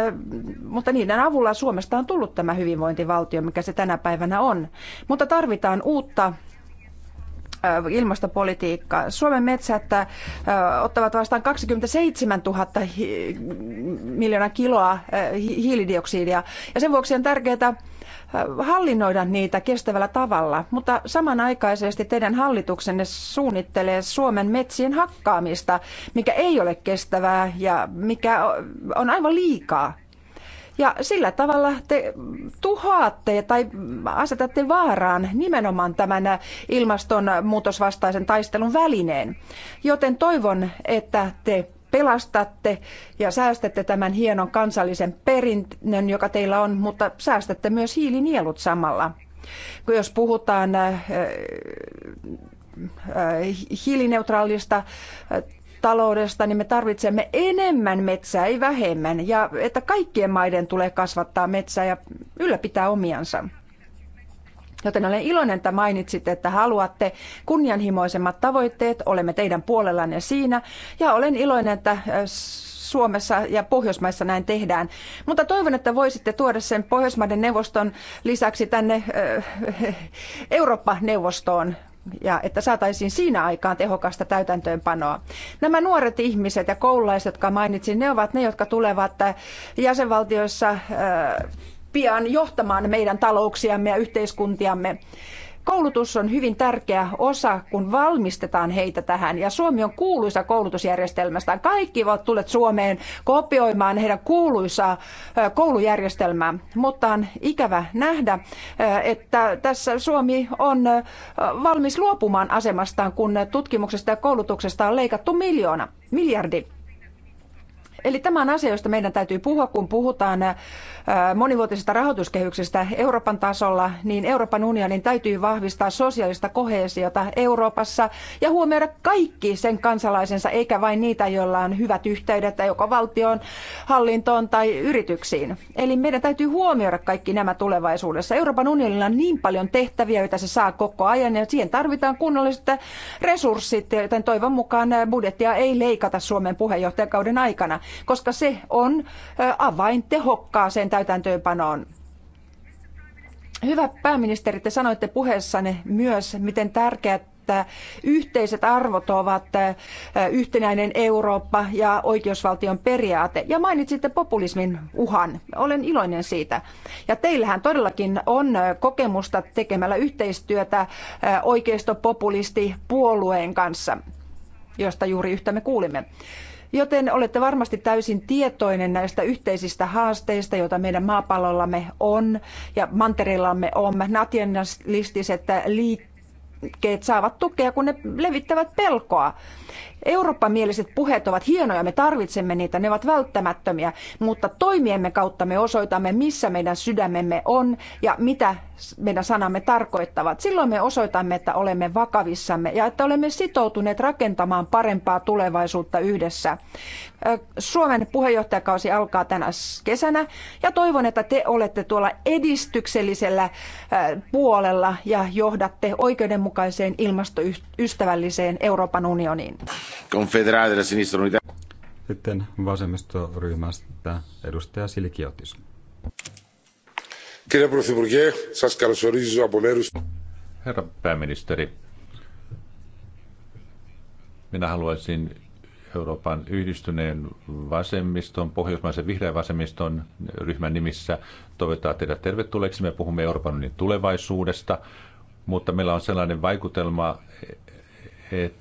mutta niiden avulla Suomesta on tullut tämä hyvinvointivaltio, mikä se tänä päivänä on. Mutta tarvitaan uutta ilmastopolitiikkaa. Suomen metsät ottavat vastaan 27 000 hi- miljoonaa kiloa hiilidioksidia ja sen vuoksi on tärkeää hallinnoida niitä kestävällä tavalla, mutta samanaikaisesti teidän hallituksenne suunnittelee Suomen metsien hakkaamista, mikä ei ole kestävää ja mikä on aivan liikaa. Ja sillä tavalla te tuhoatte tai asetatte vaaraan nimenomaan tämän ilmastonmuutosvastaisen taistelun välineen. Joten toivon, että te pelastatte ja säästätte tämän hienon kansallisen perinnön, joka teillä on, mutta säästätte myös hiilinielut samalla. Jos puhutaan äh, äh, hiilineutraalista äh, taloudesta, niin me tarvitsemme enemmän metsää, ei vähemmän, ja että kaikkien maiden tulee kasvattaa metsää ja ylläpitää omiansa. Joten olen iloinen, että mainitsit, että haluatte kunnianhimoisemmat tavoitteet. Olemme teidän puolellanne siinä. Ja olen iloinen, että Suomessa ja Pohjoismaissa näin tehdään. Mutta toivon, että voisitte tuoda sen Pohjoismaiden neuvoston lisäksi tänne Eurooppa-neuvostoon ja että saataisiin siinä aikaan tehokasta täytäntöönpanoa. Nämä nuoret ihmiset ja koululaiset, jotka mainitsin, ne ovat ne, jotka tulevat jäsenvaltioissa pian johtamaan meidän talouksiamme ja yhteiskuntiamme. Koulutus on hyvin tärkeä osa, kun valmistetaan heitä tähän. Ja Suomi on kuuluisa koulutusjärjestelmästään. Kaikki ovat tulleet Suomeen kopioimaan heidän kuuluisaa koulujärjestelmää. Mutta on ikävä nähdä, että tässä Suomi on valmis luopumaan asemastaan, kun tutkimuksesta ja koulutuksesta on leikattu miljoona, miljardi. Eli tämä on asia, josta meidän täytyy puhua, kun puhutaan monivuotisesta rahoituskehyksestä Euroopan tasolla, niin Euroopan unionin täytyy vahvistaa sosiaalista koheesiota Euroopassa ja huomioida kaikki sen kansalaisensa, eikä vain niitä, joilla on hyvät yhteydet joko valtioon, hallintoon tai yrityksiin. Eli meidän täytyy huomioida kaikki nämä tulevaisuudessa. Euroopan unionilla on niin paljon tehtäviä, joita se saa koko ajan ja siihen tarvitaan kunnolliset resurssit, joten toivon mukaan budjettia ei leikata Suomen puheenjohtajakauden aikana, koska se on avain tehokkaaseen täytäntöönpanoon. Hyvä pääministeri, te sanoitte puheessanne myös, miten tärkeät että yhteiset arvot ovat äh, yhtenäinen Eurooppa ja oikeusvaltion periaate. Ja mainitsitte populismin uhan. Olen iloinen siitä. Ja teillähän todellakin on äh, kokemusta tekemällä yhteistyötä äh, oikeistopopulistipuolueen puolueen kanssa josta juuri yhtä me kuulimme. Joten olette varmasti täysin tietoinen näistä yhteisistä haasteista, joita meidän maapallollamme on ja mantereillamme on. Nationalistiset liikkeet saavat tukea, kun ne levittävät pelkoa. Eurooppa-mieliset puheet ovat hienoja, me tarvitsemme niitä, ne ovat välttämättömiä, mutta toimiemme kautta me osoitamme, missä meidän sydämemme on ja mitä meidän sanamme tarkoittavat. Silloin me osoitamme, että olemme vakavissamme ja että olemme sitoutuneet rakentamaan parempaa tulevaisuutta yhdessä. Suomen puheenjohtajakausi alkaa tänä kesänä ja toivon, että te olette tuolla edistyksellisellä puolella ja johdatte oikeudenmukaiseen ilmastoystävälliseen Euroopan unioniin confederale ja sinistä unita. Sitten vasemmistoryhmästä edustaja Silikiotis. Κύριε Herra pääministeri, minä haluaisin Euroopan yhdistyneen vasemmiston, pohjoismaisen vihreän vasemmiston ryhmän nimissä toivottaa teidät tervetulleeksi. Me puhumme Euroopan unionin tulevaisuudesta, mutta meillä on sellainen vaikutelma, että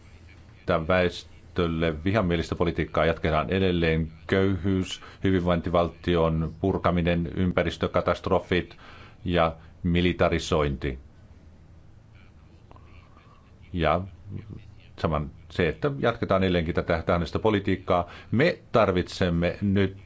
että väestölle vihamielistä politiikkaa jatketaan edelleen. Köyhyys, hyvinvointivaltion purkaminen, ympäristökatastrofit ja militarisointi. Ja saman se, että jatketaan edelleenkin tätä tähdellistä politiikkaa. Me tarvitsemme nyt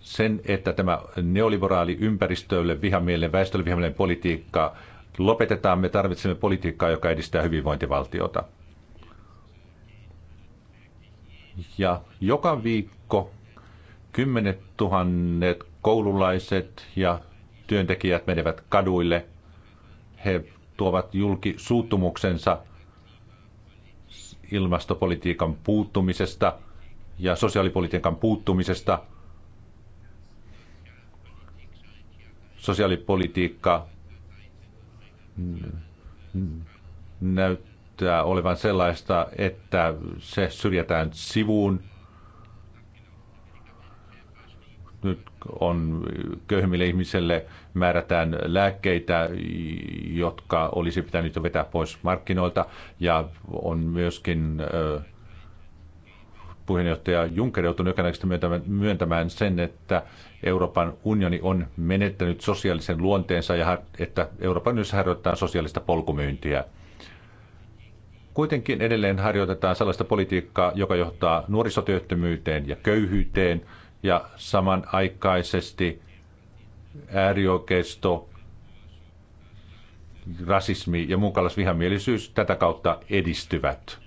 sen, että tämä neoliberaali ympäristölle vihamielinen, väestölle vihamielinen politiikka Lopetetaan, me tarvitsemme politiikkaa, joka edistää hyvinvointivaltiota. Ja joka viikko kymmenet tuhannet koululaiset ja työntekijät menevät kaduille. He tuovat julki suuttumuksensa ilmastopolitiikan puuttumisesta ja sosiaalipolitiikan puuttumisesta. Sosiaalipolitiikka näyttää olevan sellaista, että se syrjätään sivuun. Nyt on köyhemmille ihmisille määrätään lääkkeitä, jotka olisi pitänyt vetää pois markkinoilta, ja on myöskin puheenjohtaja Juncker joutui nykänäköisesti myöntämään, myöntämään sen, että Euroopan unioni on menettänyt sosiaalisen luonteensa ja että Euroopan unionissa harjoitetaan sosiaalista polkumyyntiä. Kuitenkin edelleen harjoitetaan sellaista politiikkaa, joka johtaa nuorisotyöttömyyteen ja köyhyyteen ja samanaikaisesti äärioikeisto, rasismi ja muukalaisvihamielisyys tätä kautta edistyvät.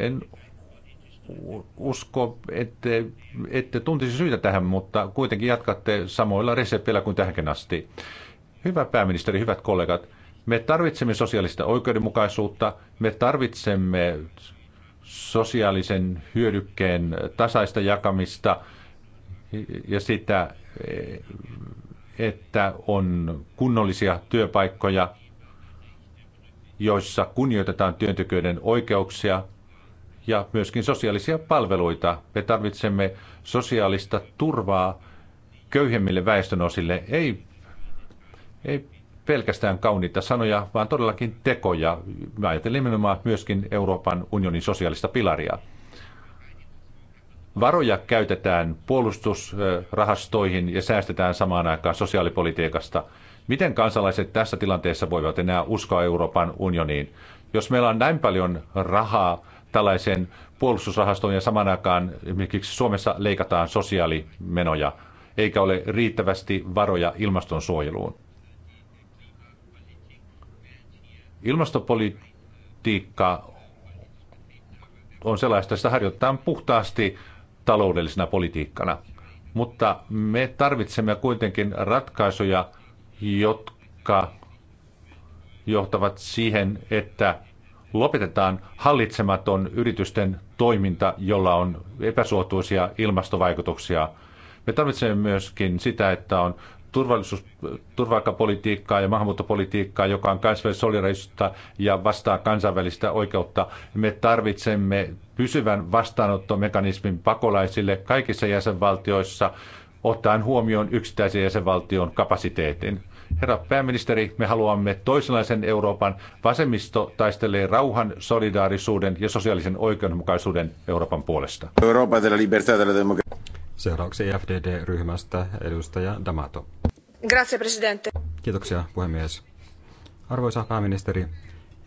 En usko, ette, ette tuntisi syytä tähän, mutta kuitenkin jatkatte samoilla resepteillä kuin tähänkin asti. Hyvä pääministeri, hyvät kollegat, me tarvitsemme sosiaalista oikeudenmukaisuutta, me tarvitsemme sosiaalisen hyödykkeen tasaista jakamista ja sitä, että on kunnollisia työpaikkoja, joissa kunnioitetaan työntekijöiden oikeuksia – ja myöskin sosiaalisia palveluita. Me tarvitsemme sosiaalista turvaa köyhemmille väestönosille. Ei, ei pelkästään kauniita sanoja, vaan todellakin tekoja. Mä ajattelen nimenomaan myöskin Euroopan unionin sosiaalista pilaria. Varoja käytetään puolustusrahastoihin ja säästetään samaan aikaan sosiaalipolitiikasta. Miten kansalaiset tässä tilanteessa voivat enää uskoa Euroopan unioniin? Jos meillä on näin paljon rahaa tällaiseen puolustusrahastoon ja saman aikaan esimerkiksi Suomessa leikataan sosiaalimenoja, eikä ole riittävästi varoja ilmastonsuojeluun. Ilmastopolitiikka on sellaista, sitä harjoitetaan puhtaasti taloudellisena politiikkana. Mutta me tarvitsemme kuitenkin ratkaisuja, jotka johtavat siihen, että lopetetaan hallitsematon yritysten toiminta, jolla on epäsuotuisia ilmastovaikutuksia. Me tarvitsemme myöskin sitä, että on turvallisuus, turvapaikkapolitiikkaa ja maahanmuuttopolitiikkaa, joka on kansainvälistä solidarisuutta ja vastaa kansainvälistä oikeutta. Me tarvitsemme pysyvän vastaanottomekanismin pakolaisille kaikissa jäsenvaltioissa, ottaen huomioon yksittäisen jäsenvaltion kapasiteetin. Herra pääministeri, me haluamme toisenlaisen Euroopan. Vasemmisto taistelee rauhan, solidaarisuuden ja sosiaalisen oikeudenmukaisuuden Euroopan puolesta. Europa de la libertad de la democracia. Seuraavaksi FDD-ryhmästä edustaja Damato. Grazie, presidente. Kiitoksia, puhemies. Arvoisa pääministeri,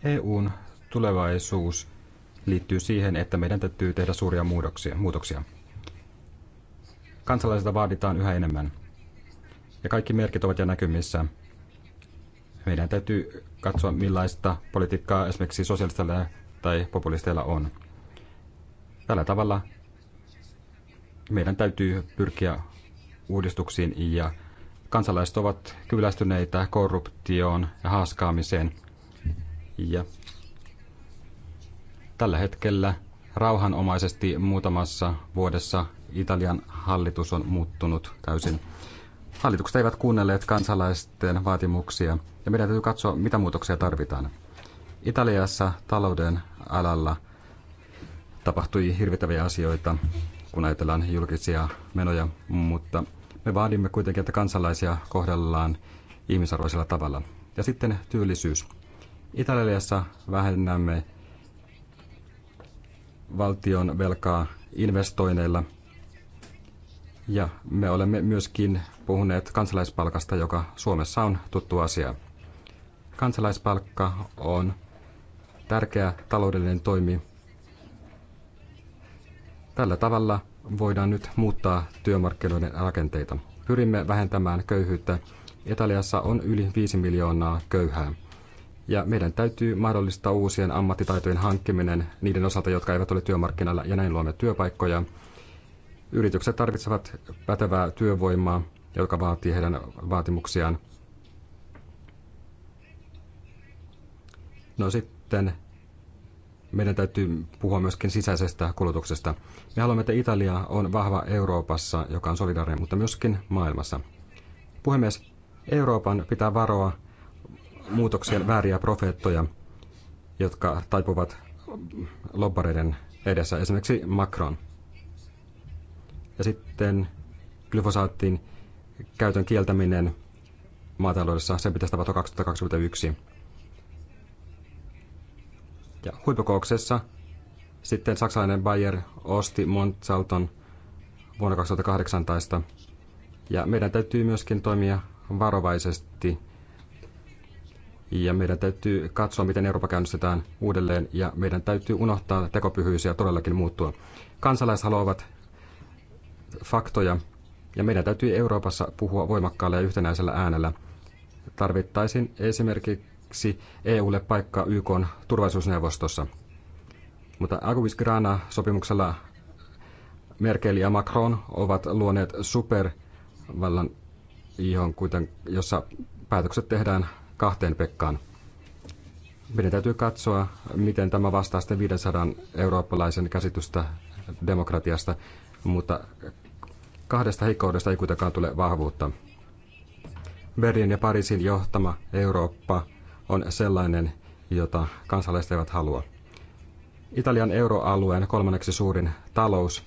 EUn tulevaisuus liittyy siihen, että meidän täytyy tehdä suuria muutoksia. muutoksia. Kansalaisilta vaaditaan yhä enemmän. Ja kaikki merkit ovat jo näkymissä. Meidän täytyy katsoa, millaista politiikkaa esimerkiksi sosialisteilla tai populisteilla on. Tällä tavalla meidän täytyy pyrkiä uudistuksiin ja kansalaiset ovat kyllästyneitä korruptioon ja haaskaamiseen. Ja tällä hetkellä rauhanomaisesti muutamassa vuodessa Italian hallitus on muuttunut täysin. Hallitukset eivät kuunnelleet kansalaisten vaatimuksia ja meidän täytyy katsoa, mitä muutoksia tarvitaan. Italiassa talouden alalla tapahtui hirvittäviä asioita, kun ajatellaan julkisia menoja, mutta me vaadimme kuitenkin, että kansalaisia kohdellaan ihmisarvoisella tavalla. Ja sitten työllisyys. Italiassa vähennämme valtion velkaa investoinneilla ja me olemme myöskin puhuneet kansalaispalkasta, joka Suomessa on tuttu asia. Kansalaispalkka on tärkeä taloudellinen toimi. Tällä tavalla voidaan nyt muuttaa työmarkkinoiden rakenteita. Pyrimme vähentämään köyhyyttä. Italiassa on yli 5 miljoonaa köyhää. Ja meidän täytyy mahdollistaa uusien ammattitaitojen hankkiminen niiden osalta, jotka eivät ole työmarkkinoilla, ja näin luomme työpaikkoja – Yritykset tarvitsevat pätevää työvoimaa, joka vaatii heidän vaatimuksiaan. No sitten meidän täytyy puhua myöskin sisäisestä kulutuksesta. Me haluamme, että Italia on vahva Euroopassa, joka on solidaarinen, mutta myöskin maailmassa. Puhemies, Euroopan pitää varoa muutoksien vääriä profeettoja, jotka taipuvat lobbareiden edessä, esimerkiksi Macron. Ja sitten glyfosaattin käytön kieltäminen maataloudessa, sen pitäisi tapahtua 2021. Ja huippukouksessa sitten saksalainen Bayer osti Monsanton vuonna 2018. Ja meidän täytyy myöskin toimia varovaisesti. Ja meidän täytyy katsoa, miten Eurooppa käynnistetään uudelleen. Ja meidän täytyy unohtaa tekopyhyys ja todellakin muuttua. Kansalaiset haluavat faktoja ja meidän täytyy Euroopassa puhua voimakkaalla ja yhtenäisellä äänellä. Tarvittaisiin esimerkiksi EUlle paikka YK turvallisuusneuvostossa. Mutta Agubis Grana-sopimuksella Merkel ja Macron ovat luoneet supervallan, ihon, kuiten, jossa päätökset tehdään kahteen pekkaan. Meidän täytyy katsoa, miten tämä vastaa sitten 500 eurooppalaisen käsitystä demokratiasta, mutta Kahdesta heikkoudesta ei kuitenkaan tule vahvuutta. Berlin ja Pariisin johtama Eurooppa on sellainen, jota kansalaiset eivät halua. Italian euroalueen kolmanneksi suurin talous,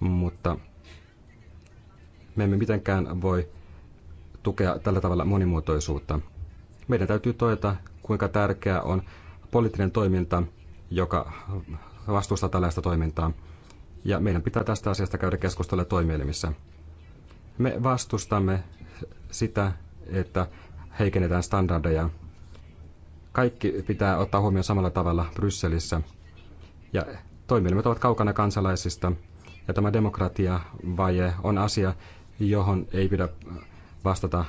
mutta me emme mitenkään voi tukea tällä tavalla monimuotoisuutta. Meidän täytyy toeta, kuinka tärkeää on poliittinen toiminta, joka vastustaa tällaista toimintaa ja meidän pitää tästä asiasta käydä keskustelua toimielimissä. Me vastustamme sitä, että heikennetään standardeja. Kaikki pitää ottaa huomioon samalla tavalla Brysselissä. Ja toimielimet ovat kaukana kansalaisista, ja tämä demokratiavaje on asia, johon ei pidä vastata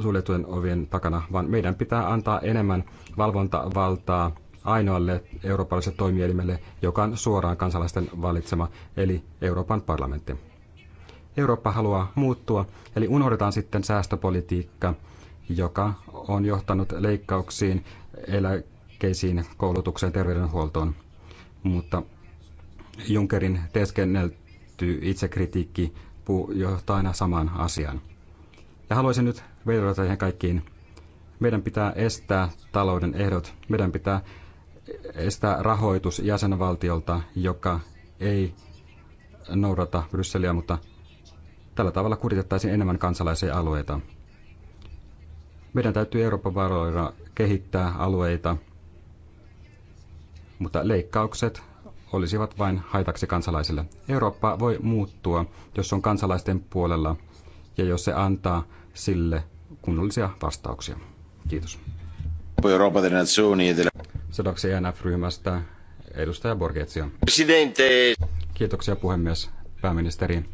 suljettujen ovien takana, vaan meidän pitää antaa enemmän valvontavaltaa ainoalle eurooppalaiselle toimielimelle, joka on suoraan kansalaisten valitsema, eli Euroopan parlamentti. Eurooppa haluaa muuttua, eli unohdetaan sitten säästöpolitiikka, joka on johtanut leikkauksiin, eläkeisiin, koulutukseen, terveydenhuoltoon. Mutta Junckerin teeskennelty itsekritiikki johtaa aina samaan asiaan. Ja haluaisin nyt vedota siihen kaikkiin. Meidän pitää estää talouden ehdot. Meidän pitää estää rahoitus jäsenvaltiolta, joka ei noudata Brysseliä, mutta tällä tavalla kuritettaisiin enemmän kansalaisia alueita. Meidän täytyy Euroopan varoilla kehittää alueita, mutta leikkaukset olisivat vain haitaksi kansalaisille. Eurooppa voi muuttua, jos on kansalaisten puolella ja jos se antaa sille kunnollisia vastauksia. Kiitos. Sedaksi NF-ryhmästä edustaja Borgetsia. Presidente. Kiitoksia puhemies, pääministeri.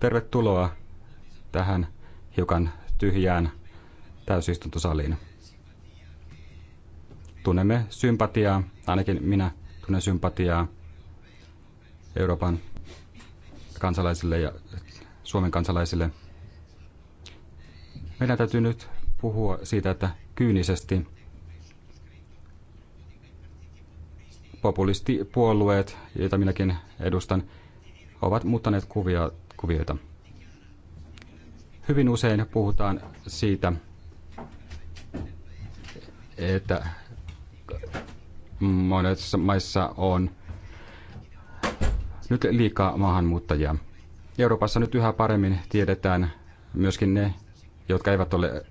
Tervetuloa tähän hiukan tyhjään täysistuntosaliin. Tunnemme sympatiaa, ainakin minä tunnen sympatiaa Euroopan kansalaisille ja Suomen kansalaisille. Meidän täytyy nyt puhua siitä, että kyynisesti populistipuolueet, joita minäkin edustan, ovat muuttaneet kuvia, kuvioita. Hyvin usein puhutaan siitä, että monessa maissa on nyt liikaa maahanmuuttajia. Euroopassa nyt yhä paremmin tiedetään myöskin ne, jotka eivät ole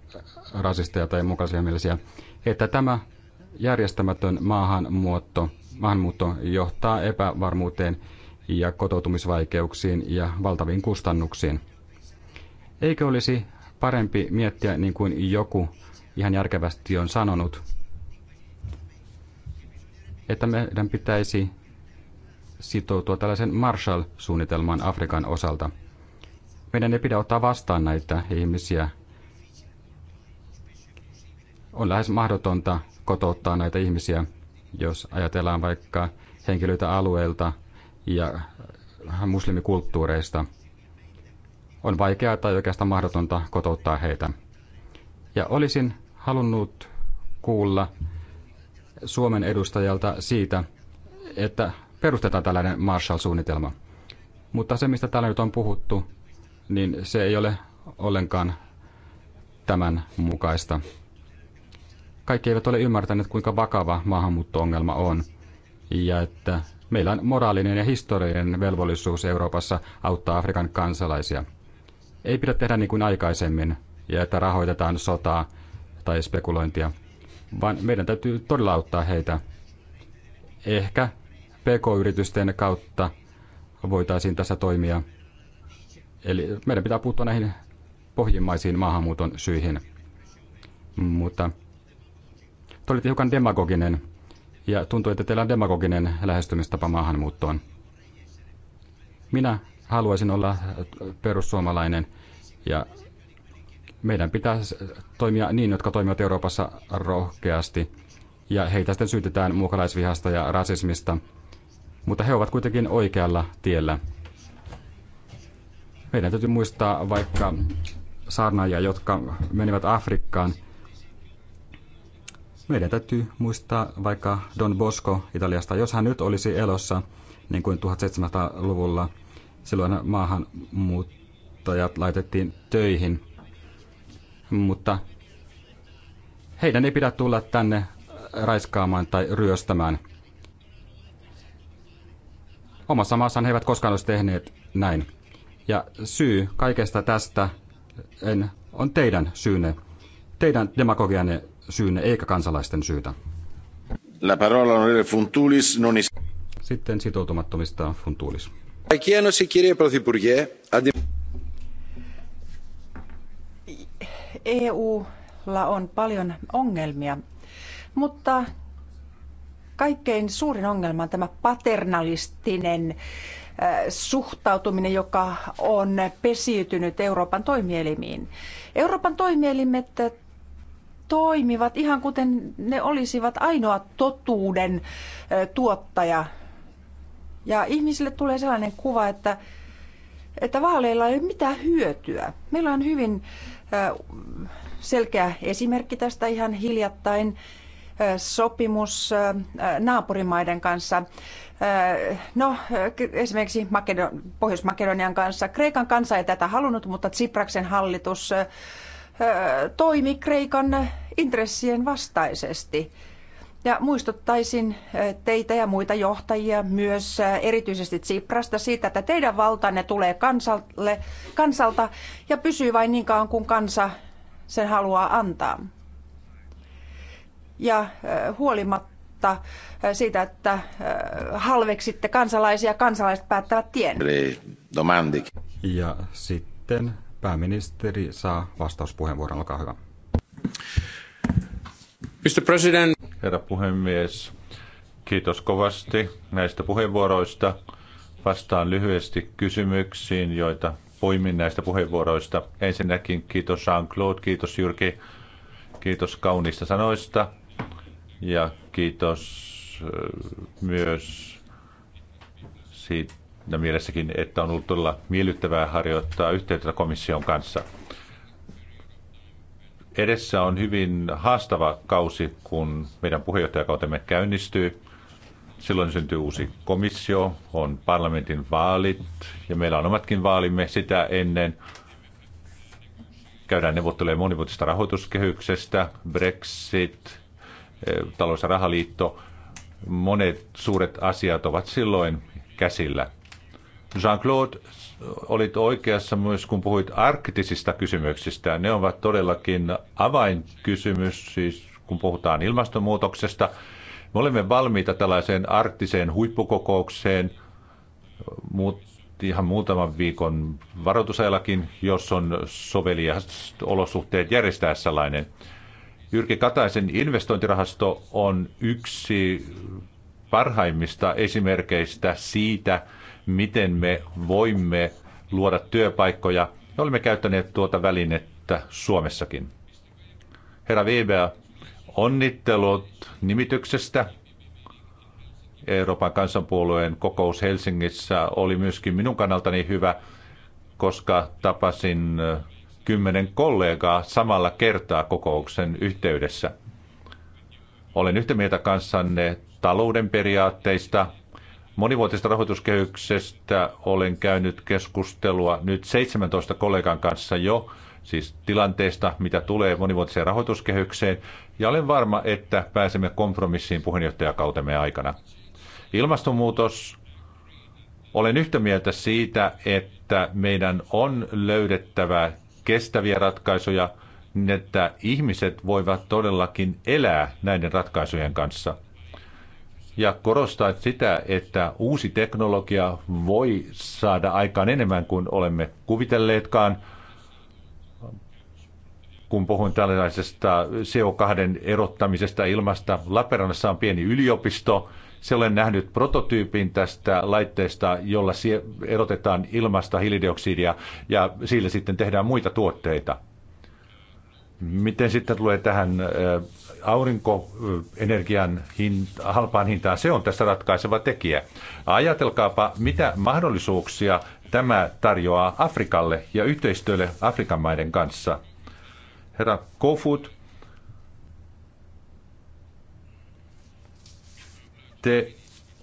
rasisteja tai mukaisia mielisiä, että tämä järjestämätön maahanmuutto – maahanmuutto johtaa epävarmuuteen ja kotoutumisvaikeuksiin ja valtaviin kustannuksiin. Eikö olisi parempi miettiä, niin kuin joku ihan järkevästi on sanonut, että meidän pitäisi sitoutua tällaisen marshall suunnitelmaan Afrikan osalta. Meidän ei pidä ottaa vastaan näitä ihmisiä. On lähes mahdotonta kotouttaa näitä ihmisiä. Jos ajatellaan vaikka henkilöitä alueelta ja muslimikulttuureista, on vaikeaa tai oikeastaan mahdotonta kotouttaa heitä. Ja olisin halunnut kuulla Suomen edustajalta siitä, että perustetaan tällainen Marshall-suunnitelma. Mutta se, mistä täällä nyt on puhuttu, niin se ei ole ollenkaan tämän mukaista kaikki eivät ole ymmärtäneet, kuinka vakava maahanmuutto-ongelma on. Ja että meillä on moraalinen ja historiallinen velvollisuus Euroopassa auttaa Afrikan kansalaisia. Ei pidä tehdä niin kuin aikaisemmin, ja että rahoitetaan sotaa tai spekulointia, vaan meidän täytyy todella auttaa heitä. Ehkä PK-yritysten kautta voitaisiin tässä toimia. Eli meidän pitää puuttua näihin pohjimmaisiin maahanmuuton syihin. Mutta te olitte hiukan demagoginen ja tuntuu, että teillä on demagoginen lähestymistapa maahanmuuttoon. Minä haluaisin olla perussuomalainen ja meidän pitää toimia niin, jotka toimivat Euroopassa rohkeasti. Ja heitä sitten syytetään muukalaisvihasta ja rasismista. Mutta he ovat kuitenkin oikealla tiellä. Meidän täytyy muistaa vaikka saarnaajia, jotka menivät Afrikkaan meidän täytyy muistaa vaikka Don Bosco Italiasta, jos hän nyt olisi elossa, niin kuin 1700-luvulla, silloin maahanmuuttajat laitettiin töihin. Mutta heidän ei pidä tulla tänne raiskaamaan tai ryöstämään. Omassa maassaan he eivät koskaan olisi tehneet näin. Ja syy kaikesta tästä en, on teidän syyne, teidän demagogianne syynne eikä kansalaisten syytä. La parola on Funtulis, non is... Sitten sitoutumattomista Funtulis. EUlla e on paljon ongelmia, mutta kaikkein suurin ongelma on tämä paternalistinen äh, suhtautuminen, joka on pesiytynyt Euroopan toimielimiin. Euroopan toimielimet toimivat ihan kuten ne olisivat ainoa totuuden tuottaja. Ja ihmisille tulee sellainen kuva, että, että vaaleilla ei ole mitään hyötyä. Meillä on hyvin selkeä esimerkki tästä ihan hiljattain sopimus naapurimaiden kanssa. No, esimerkiksi Makedon, Pohjois-Makedonian kanssa. Kreikan kansa ei tätä halunnut, mutta Tsipraksen hallitus toimi Kreikan intressien vastaisesti. Ja muistuttaisin teitä ja muita johtajia myös erityisesti Tsiprasta siitä, että teidän valtanne tulee kansalle, kansalta ja pysyy vain niin kauan kuin kansa sen haluaa antaa. Ja huolimatta siitä, että halveksitte kansalaisia, kansalaiset päättävät tien. Ja sitten Pääministeri saa vastauspuheenvuoron, olkaa hyvä. Mr. President. Herra puhemies, kiitos kovasti näistä puheenvuoroista. Vastaan lyhyesti kysymyksiin, joita poimin näistä puheenvuoroista. Ensinnäkin kiitos Jean-Claude, kiitos Jyrki, kiitos kauniista sanoista ja kiitos myös siitä siinä mielessäkin, että on ollut todella miellyttävää harjoittaa yhteyttä komission kanssa. Edessä on hyvin haastava kausi, kun meidän puheenjohtajakautemme käynnistyy. Silloin syntyy uusi komissio, on parlamentin vaalit ja meillä on omatkin vaalimme sitä ennen. Käydään neuvotteluja monivuotisesta rahoituskehyksestä, Brexit, eh, talous- ja rahaliitto. Monet suuret asiat ovat silloin käsillä. Jean-Claude, olit oikeassa myös, kun puhuit arktisista kysymyksistä. Ne ovat todellakin avainkysymys, siis kun puhutaan ilmastonmuutoksesta. Me olemme valmiita tällaiseen arktiseen huippukokoukseen muut, ihan muutaman viikon varoitusajallakin, jos on sovelias olosuhteet järjestää sellainen. Jyrki Kataisen investointirahasto on yksi parhaimmista esimerkkeistä siitä, miten me voimme luoda työpaikkoja. Me olemme käyttäneet tuota välinettä Suomessakin. Herra Weber, onnittelut nimityksestä. Euroopan kansanpuolueen kokous Helsingissä oli myöskin minun kannaltani hyvä, koska tapasin äh, kymmenen kollegaa samalla kertaa kokouksen yhteydessä. Olen yhtä mieltä kanssanne talouden periaatteista, monivuotisesta rahoituskehyksestä olen käynyt keskustelua nyt 17 kollegan kanssa jo, siis tilanteesta, mitä tulee monivuotiseen rahoituskehykseen, ja olen varma, että pääsemme kompromissiin puheenjohtajakautemme aikana. Ilmastonmuutos. Olen yhtä mieltä siitä, että meidän on löydettävä kestäviä ratkaisuja, niin että ihmiset voivat todellakin elää näiden ratkaisujen kanssa – ja korostaa sitä, että uusi teknologia voi saada aikaan enemmän kuin olemme kuvitelleetkaan. Kun puhun tällaisesta CO2 erottamisesta ilmasta, Lappeenrannassa on pieni yliopisto. Se olen nähnyt prototyypin tästä laitteesta, jolla erotetaan ilmasta hiilidioksidia ja sillä sitten tehdään muita tuotteita. Miten sitten tulee tähän äh, aurinkoenergian hinta, halpaan hintaan, se on tässä ratkaiseva tekijä. Ajatelkaapa, mitä mahdollisuuksia tämä tarjoaa Afrikalle ja yhteistyölle Afrikan maiden kanssa. Herra Kofut, te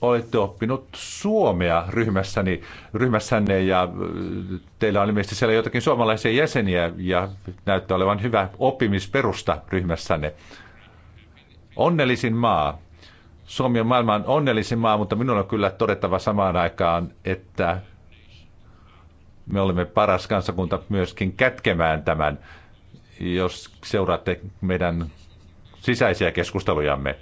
olette oppinut suomea ryhmässäni, ryhmässänne ja teillä on ilmeisesti siellä jotakin suomalaisia jäseniä ja näyttää olevan hyvä oppimisperusta ryhmässänne onnellisin maa. Suomi on maailman onnellisin maa, mutta minun on kyllä todettava samaan aikaan, että me olemme paras kansakunta myöskin kätkemään tämän, jos seuraatte meidän sisäisiä keskustelujamme.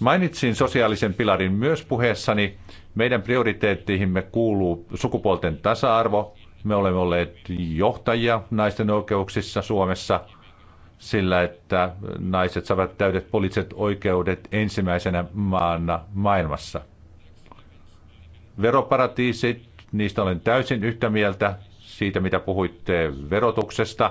Mainitsin sosiaalisen pilarin myös puheessani. Meidän prioriteettiimme kuuluu sukupuolten tasa-arvo. Me olemme olleet johtajia naisten oikeuksissa Suomessa – sillä, että naiset saavat täydet poliittiset oikeudet ensimmäisenä maana maailmassa. Veroparatiisit, niistä olen täysin yhtä mieltä siitä, mitä puhuitte verotuksesta.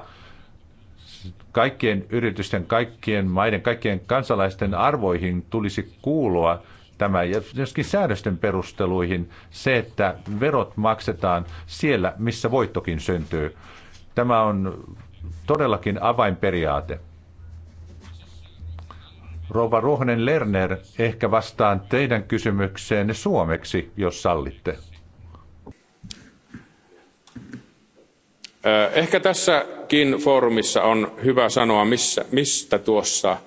Kaikkien yritysten, kaikkien maiden, kaikkien kansalaisten arvoihin tulisi kuulua tämä ja myöskin säädösten perusteluihin se, että verot maksetaan siellä, missä voittokin syntyy. Tämä on todellakin avainperiaate. Rova Ruohonen Lerner, ehkä vastaan teidän kysymykseenne suomeksi, jos sallitte. Ehkä tässäkin foorumissa on hyvä sanoa, missä, mistä tuossa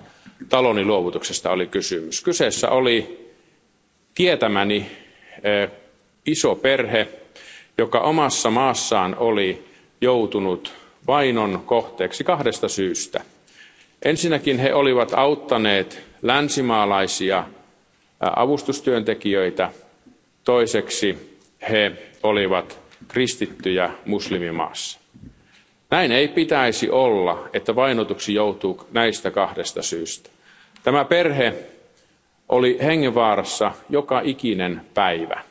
taloni luovutuksesta oli kysymys. Kyseessä oli tietämäni iso perhe, joka omassa maassaan oli joutunut vainon kohteeksi kahdesta syystä. Ensinnäkin he olivat auttaneet länsimaalaisia avustustyöntekijöitä. Toiseksi he olivat kristittyjä muslimimaassa. Näin ei pitäisi olla, että vainotuksi joutuu näistä kahdesta syystä. Tämä perhe oli hengenvaarassa joka ikinen päivä.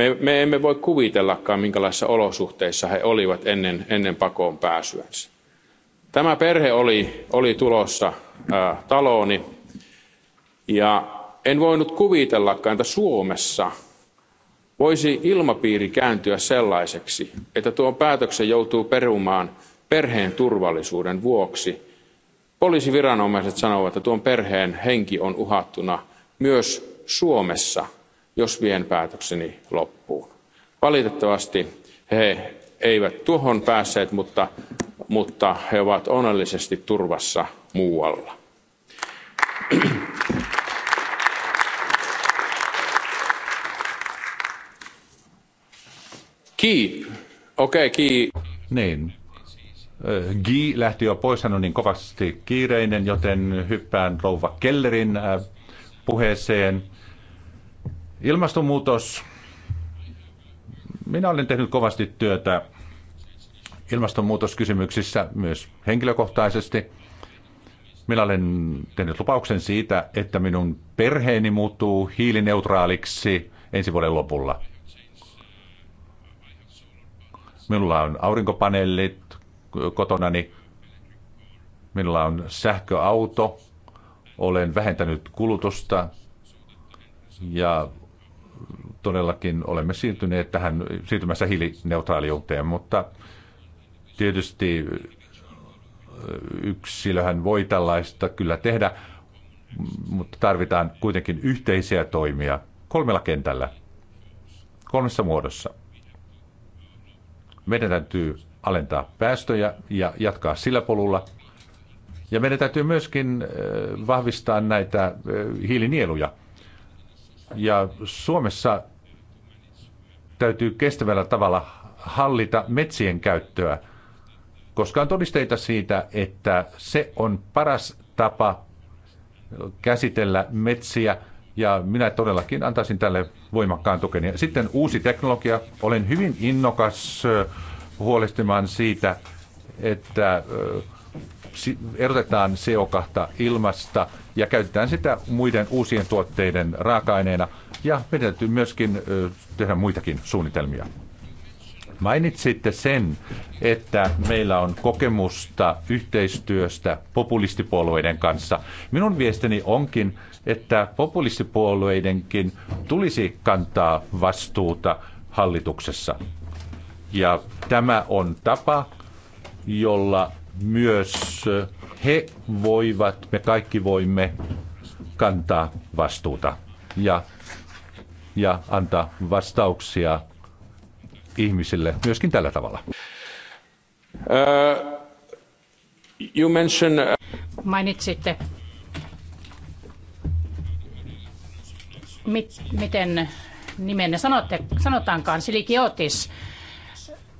Me, me emme voi kuvitellakaan, minkälaisissa olosuhteissa he olivat ennen, ennen pakoon pääsyänsä. Tämä perhe oli, oli tulossa ää, talooni ja en voinut kuvitellakaan, että Suomessa voisi ilmapiiri kääntyä sellaiseksi, että tuon päätöksen joutuu perumaan perheen turvallisuuden vuoksi. Poliisiviranomaiset sanovat, että tuon perheen henki on uhattuna myös Suomessa jos vien päätökseni loppuun. Valitettavasti he eivät tuohon päässeet, mutta, mutta he ovat onnellisesti turvassa muualla. Ki, Okei, okay, ki. Niin. Äh, Gi lähti jo pois, hän on niin kovasti kiireinen, joten hyppään rouva Kellerin äh, puheeseen. Ilmastonmuutos. Minä olen tehnyt kovasti työtä ilmastonmuutoskysymyksissä myös henkilökohtaisesti. Minä olen tehnyt lupauksen siitä, että minun perheeni muuttuu hiilineutraaliksi ensi vuoden lopulla. Minulla on aurinkopaneelit kotonani, minulla on sähköauto, olen vähentänyt kulutusta ja todellakin olemme siirtyneet tähän siirtymässä hiilineutraaliuteen, mutta tietysti äh, yksilöhän voi tällaista kyllä tehdä, mutta tarvitaan kuitenkin yhteisiä toimia kolmella kentällä, kolmessa muodossa. Meidän täytyy alentaa päästöjä ja jatkaa sillä polulla. Ja meidän täytyy myöskin äh, vahvistaa näitä äh, hiilinieluja. Ja Suomessa täytyy kestävällä tavalla hallita metsien käyttöä, koska on todisteita siitä, että se on paras tapa käsitellä metsiä ja minä todellakin antaisin tälle voimakkaan tukeni. Sitten uusi teknologia. Olen hyvin innokas huolehtimaan siitä, että erotetaan CO2 ilmasta ja käytetään sitä muiden uusien tuotteiden raaka-aineena. Ja meidän täytyy myöskin tehdä muitakin suunnitelmia. Mainitsitte sen, että meillä on kokemusta yhteistyöstä populistipuolueiden kanssa. Minun viestini onkin, että populistipuolueidenkin tulisi kantaa vastuuta hallituksessa. Ja tämä on tapa, jolla myös he voivat, me kaikki voimme kantaa vastuuta ja, ja antaa vastauksia ihmisille myöskin tällä tavalla. Uh, you mentioned... Uh, Mainitsitte, mit, miten nimenne sanotte, sanotaankaan, Silikiotis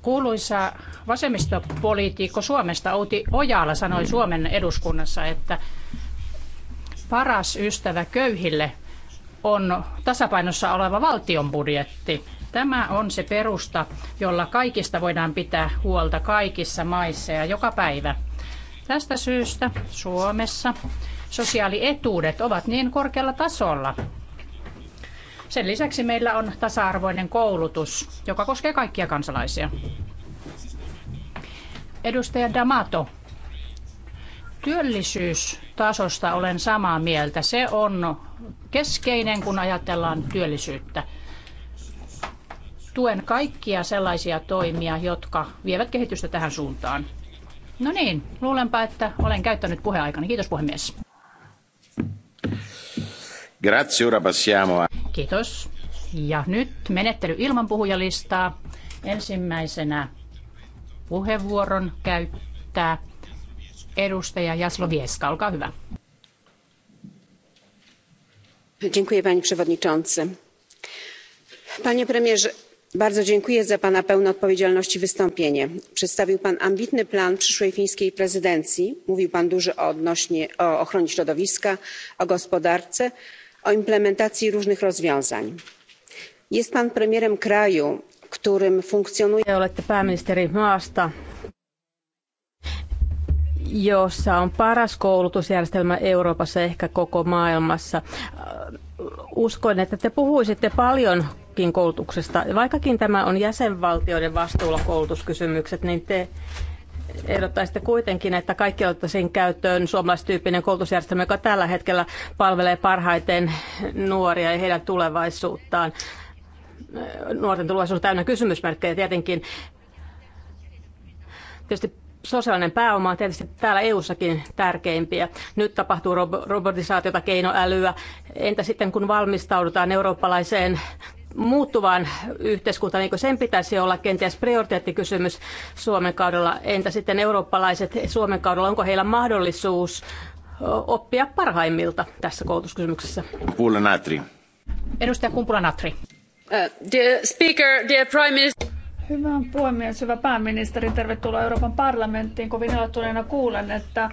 Kuuluisa vasemmistopoliitikko Suomesta Outi Ojala sanoi Suomen eduskunnassa, että paras ystävä köyhille on tasapainossa oleva valtion budjetti. Tämä on se perusta, jolla kaikista voidaan pitää huolta kaikissa maissa ja joka päivä. Tästä syystä Suomessa sosiaalietuudet ovat niin korkealla tasolla, sen lisäksi meillä on tasa-arvoinen koulutus, joka koskee kaikkia kansalaisia. Edustaja Damato, työllisyystasosta olen samaa mieltä. Se on keskeinen, kun ajatellaan työllisyyttä. Tuen kaikkia sellaisia toimia, jotka vievät kehitystä tähän suuntaan. No niin, luulenpa, että olen käyttänyt puheaikani. Kiitos puhemies. Grazie, ora passiamo a... Kiitos. Ja nyt menettely ilman puhujalistaa. Ensimmäisenä puheenvuoron käyttää edustaja Jaslo Vieska. Olkaa hyvä. Dziękuję panie przewodniczący. Panie premierze, bardzo dziękuję za pana pełne odpowiedzialności wystąpienie. Przedstawił pan ambitny plan przyszłej fińskiej prezydencji. Mówił pan dużo odnośnie o ochronie środowiska, o gospodarce, o implementacji różnych rozwiązań. jest pan premierem kraju w którym funkcjonuje. te olette pääministeri maasta jossa on paras koulutusjärjestelmä Euroopassa ehkä koko maailmassa. Uskoin, että te puhuisitte paljonkin koulutuksesta. Vaikkakin tämä on jäsenvaltioiden vastuulla koulutuskysymykset, niin te ehdottaisitte kuitenkin, että kaikki ottaisiin käyttöön suomalaistyyppinen koulutusjärjestelmä, joka tällä hetkellä palvelee parhaiten nuoria ja heidän tulevaisuuttaan. Nuorten tulevaisuus on täynnä kysymysmerkkejä tietenkin. Tietysti sosiaalinen pääoma on tietysti täällä EU-sakin tärkeimpiä. Nyt tapahtuu robotisaatiota, keinoälyä. Entä sitten kun valmistaudutaan eurooppalaiseen muuttuvaan yhteiskuntaan, niin sen pitäisi olla kenties prioriteettikysymys Suomen kaudella. Entä sitten eurooppalaiset Suomen kaudella, onko heillä mahdollisuus oppia parhaimmilta tässä koulutuskysymyksessä? Natri. Edustaja Kumpula-Natri. Uh, dear speaker, dear prime minister. Hyvä puhemies, hyvä pääministeri, tervetuloa Euroopan parlamenttiin. Kovin ilottuneena kuulen, että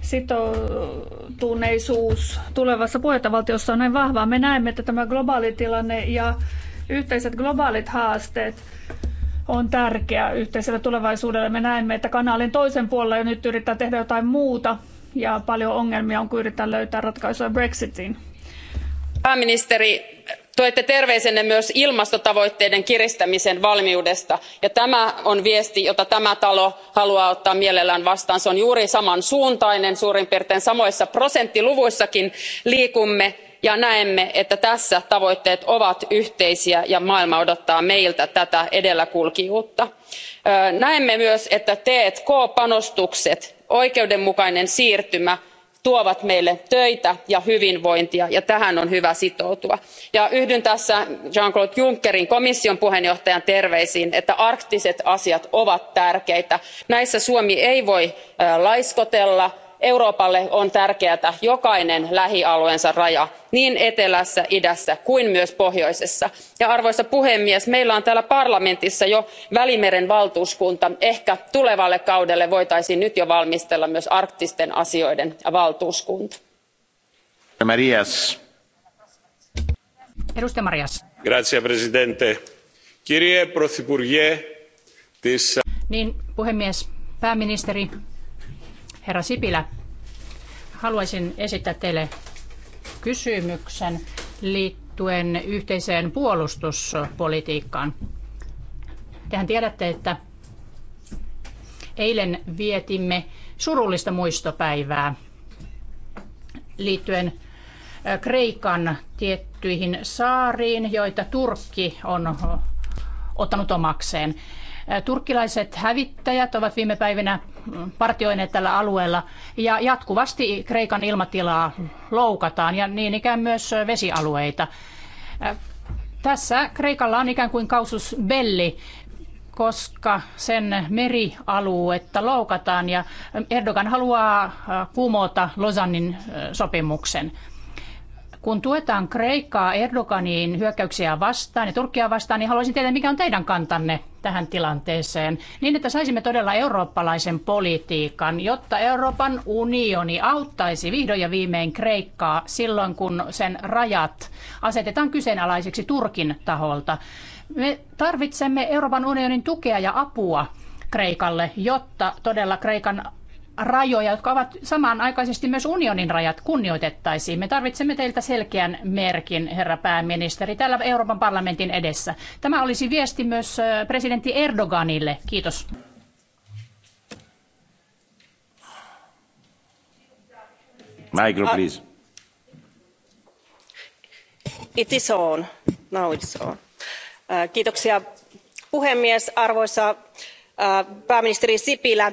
sitoutuneisuus tulevassa puheenjohtajavaltiossa on näin vahvaa. Me näemme, että tämä globaali tilanne ja yhteiset globaalit haasteet on tärkeä yhteisellä tulevaisuudella. Me näemme, että kanaalin toisen puolella jo nyt yrittää tehdä jotain muuta ja paljon ongelmia on, kun yritetään löytää ratkaisuja Brexitiin. Pääministeri, toitte terveisenne myös ilmastotavoitteiden kiristämisen valmiudesta ja tämä on viesti jota tämä talo haluaa ottaa mielellään vastaan. se on juuri samansuuntainen suurin piirtein samoissa prosenttiluvuissakin liikumme ja näemme että tässä tavoitteet ovat yhteisiä ja maailma odottaa meiltä tätä edelläkulkijuutta. näemme myös että t k panostukset oikeudenmukainen siirtymä tuovat meille töitä ja hyvinvointia ja tähän on hyvä sitoutua. yhdyn tässä jean claude junckerin komission puheenjohtajan terveisiin että arktiset asiat ovat tärkeitä. näissä suomi ei voi laiskotella euroopalle on tärkeää jokainen lähialueensa raja niin etelässä idässä kuin myös pohjoisessa. arvoisa puhemies meillä on täällä parlamentissa jo välimeren valtuuskunta ehkä tulevalle kaudelle voitaisiin nyt jo valmistella myös arktisten asioiden valtuuskunta. arvoisa kirje niin, puhemies pääministeri Herra Sipilä, haluaisin esittää teille kysymyksen liittyen yhteiseen puolustuspolitiikkaan. Tehän tiedätte, että eilen vietimme surullista muistopäivää liittyen Kreikan tiettyihin saariin, joita Turkki on ottanut omakseen. Turkkilaiset hävittäjät ovat viime päivinä partioineet tällä alueella ja jatkuvasti Kreikan ilmatilaa loukataan ja niin ikään myös vesialueita. Tässä Kreikalla on ikään kuin kausus belli, koska sen merialuetta loukataan ja Erdogan haluaa kumota Losannin sopimuksen. Kun tuetaan Kreikkaa Erdoganin hyökkäyksiä vastaan ja Turkkia vastaan, niin haluaisin tietää, mikä on teidän kantanne tähän tilanteeseen, niin että saisimme todella eurooppalaisen politiikan, jotta Euroopan unioni auttaisi vihdoin ja viimein Kreikkaa silloin, kun sen rajat asetetaan kyseenalaiseksi Turkin taholta. Me tarvitsemme Euroopan unionin tukea ja apua Kreikalle, jotta todella Kreikan rajoja, jotka ovat samanaikaisesti myös unionin rajat, kunnioitettaisiin. Me tarvitsemme teiltä selkeän merkin, herra pääministeri, täällä Euroopan parlamentin edessä. Tämä olisi viesti myös presidentti Erdoganille. Kiitos. Micro, please. Ah. It is on. Now it's on. Äh, kiitoksia puhemies, arvoisa äh, pääministeri Sipilä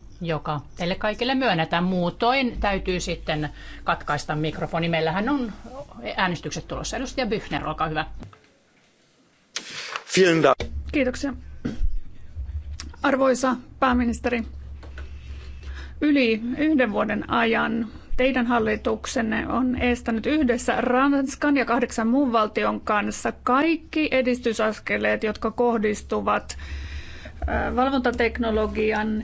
joka teille kaikille myönnetään. Muutoin täytyy sitten katkaista mikrofoni. Meillähän on äänestykset tulossa. Edustaja Byhner, olkaa hyvä. Kiitoksia. Arvoisa pääministeri, yli yhden vuoden ajan teidän hallituksenne on estänyt yhdessä Ranskan ja kahdeksan muun valtion kanssa kaikki edistysaskeleet, jotka kohdistuvat valvontateknologian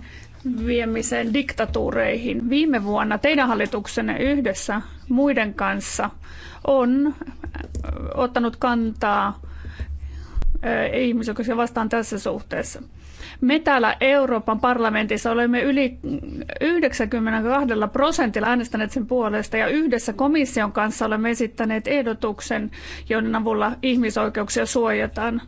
viemiseen diktatuureihin. Viime vuonna teidän hallituksenne yhdessä muiden kanssa on äh, ottanut kantaa äh, ihmisoikeuksia vastaan tässä suhteessa. Me täällä Euroopan parlamentissa olemme yli 92 prosentilla äänestäneet sen puolesta ja yhdessä komission kanssa olemme esittäneet ehdotuksen, jonka avulla ihmisoikeuksia suojataan –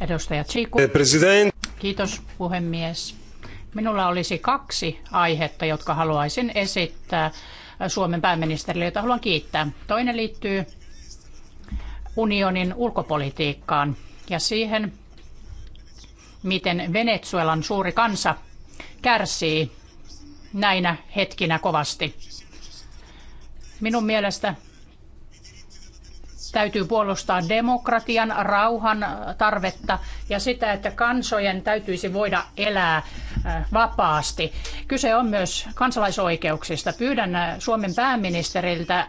Edustaja Tsiku. Eh, president. Kiitos puhemies. Minulla olisi kaksi aihetta, jotka haluaisin esittää Suomen pääministerille, jota haluan kiittää. Toinen liittyy unionin ulkopolitiikkaan ja siihen, miten Venezuelan suuri kansa kärsii näinä hetkinä kovasti. Minun mielestä Täytyy puolustaa demokratian, rauhan tarvetta ja sitä, että kansojen täytyisi voida elää äh, vapaasti. Kyse on myös kansalaisoikeuksista. Pyydän äh, Suomen pääministeriltä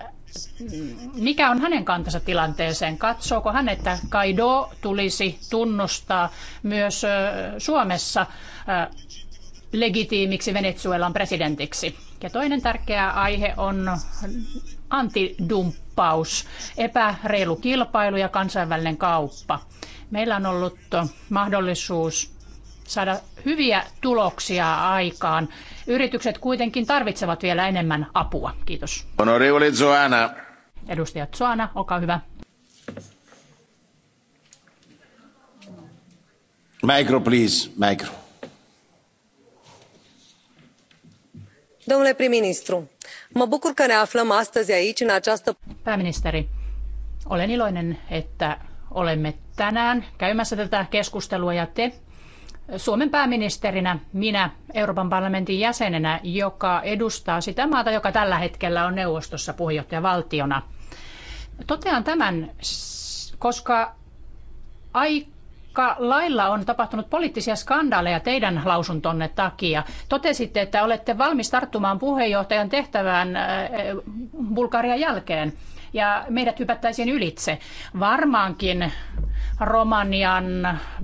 mm, mikä on hänen kantansa tilanteeseen? Katsooko hän, että Kaido tulisi tunnustaa myös äh, Suomessa legitiimiksi Venezuelan presidentiksi? Ja toinen tärkeä aihe on antidumppaus, epäreilu kilpailu ja kansainvälinen kauppa. Meillä on ollut mahdollisuus saada hyviä tuloksia aikaan. Yritykset kuitenkin tarvitsevat vielä enemmän apua. Kiitos. Honorevole Zoana. Edustaja Zoana, olkaa hyvä. Micro, please. Micro. Domnule prim-ministru, Mă bucur că ne aflăm astăzi aici, în această... Pääministeri, olen iloinen, että olemme tänään käymässä tätä keskustelua ja te Suomen pääministerinä, minä Euroopan parlamentin jäsenenä, joka edustaa sitä maata, joka tällä hetkellä on neuvostossa puheenjohtajavaltiona. Totean tämän, koska aika lailla on tapahtunut poliittisia skandaaleja teidän lausuntonne takia. Totesitte, että olette valmis tarttumaan puheenjohtajan tehtävään äh, Bulgarian jälkeen ja meidät hypättäisiin ylitse. Varmaankin Romanian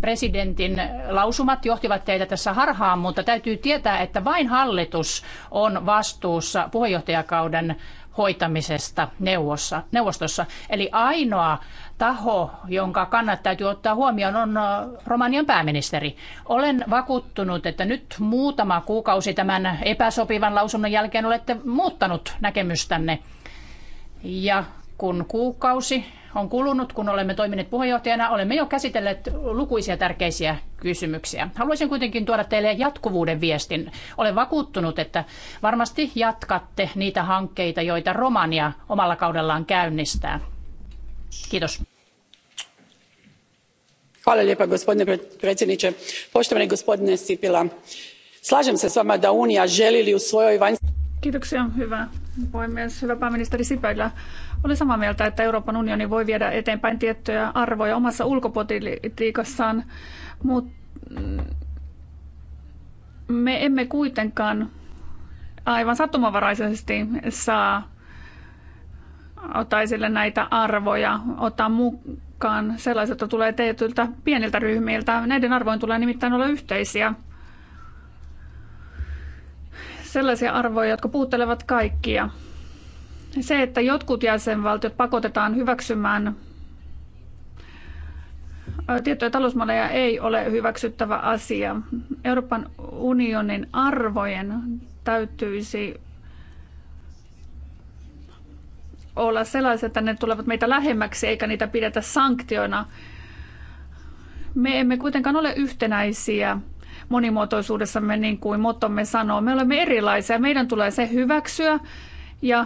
presidentin lausumat johtivat teitä tässä harhaan, mutta täytyy tietää, että vain hallitus on vastuussa puheenjohtajakauden hoitamisesta neuvossa, neuvostossa. Eli ainoa taho, jonka kannat täytyy ottaa huomioon, on Romanian pääministeri. Olen vakuuttunut, että nyt muutama kuukausi tämän epäsopivan lausunnon jälkeen olette muuttanut näkemystänne. Ja kun kuukausi on kulunut, kun olemme toimineet puheenjohtajana, olemme jo käsitelleet lukuisia tärkeisiä kysymyksiä. Haluaisin kuitenkin tuoda teille jatkuvuuden viestin. Olen vakuuttunut, että varmasti jatkatte niitä hankkeita, joita Romania omalla kaudellaan käynnistää. Kiitos. Hvala lijepa gospodine predsjedniče. Poštovani gospodine Sipila, slažem se s vama da Unija želi li u svojoj vanjskoj... Kiitoksia, hyvä puhemies, hyvä pääministeri Sipilä oli samaa mieltä, että Euroopan unioni voi viedä eteenpäin tiettyjä arvoja omassa ulkopolitiikassaan, mutta mm, me emme kuitenkaan aivan sattumanvaraisesti saa ottaa esille näitä arvoja, ottaa mukaan sellaiset, jotka tulee tietyiltä pieniltä ryhmiltä. Näiden arvojen tulee nimittäin olla yhteisiä. Sellaisia arvoja, jotka puuttelevat kaikkia. Se, että jotkut jäsenvaltiot pakotetaan hyväksymään tiettyjä talousmalleja ei ole hyväksyttävä asia. Euroopan unionin arvojen täytyisi olla sellaisia, että ne tulevat meitä lähemmäksi eikä niitä pidetä sanktioina. Me emme kuitenkaan ole yhtenäisiä monimuotoisuudessamme, niin kuin mottomme sanoo. Me olemme erilaisia. Meidän tulee se hyväksyä ja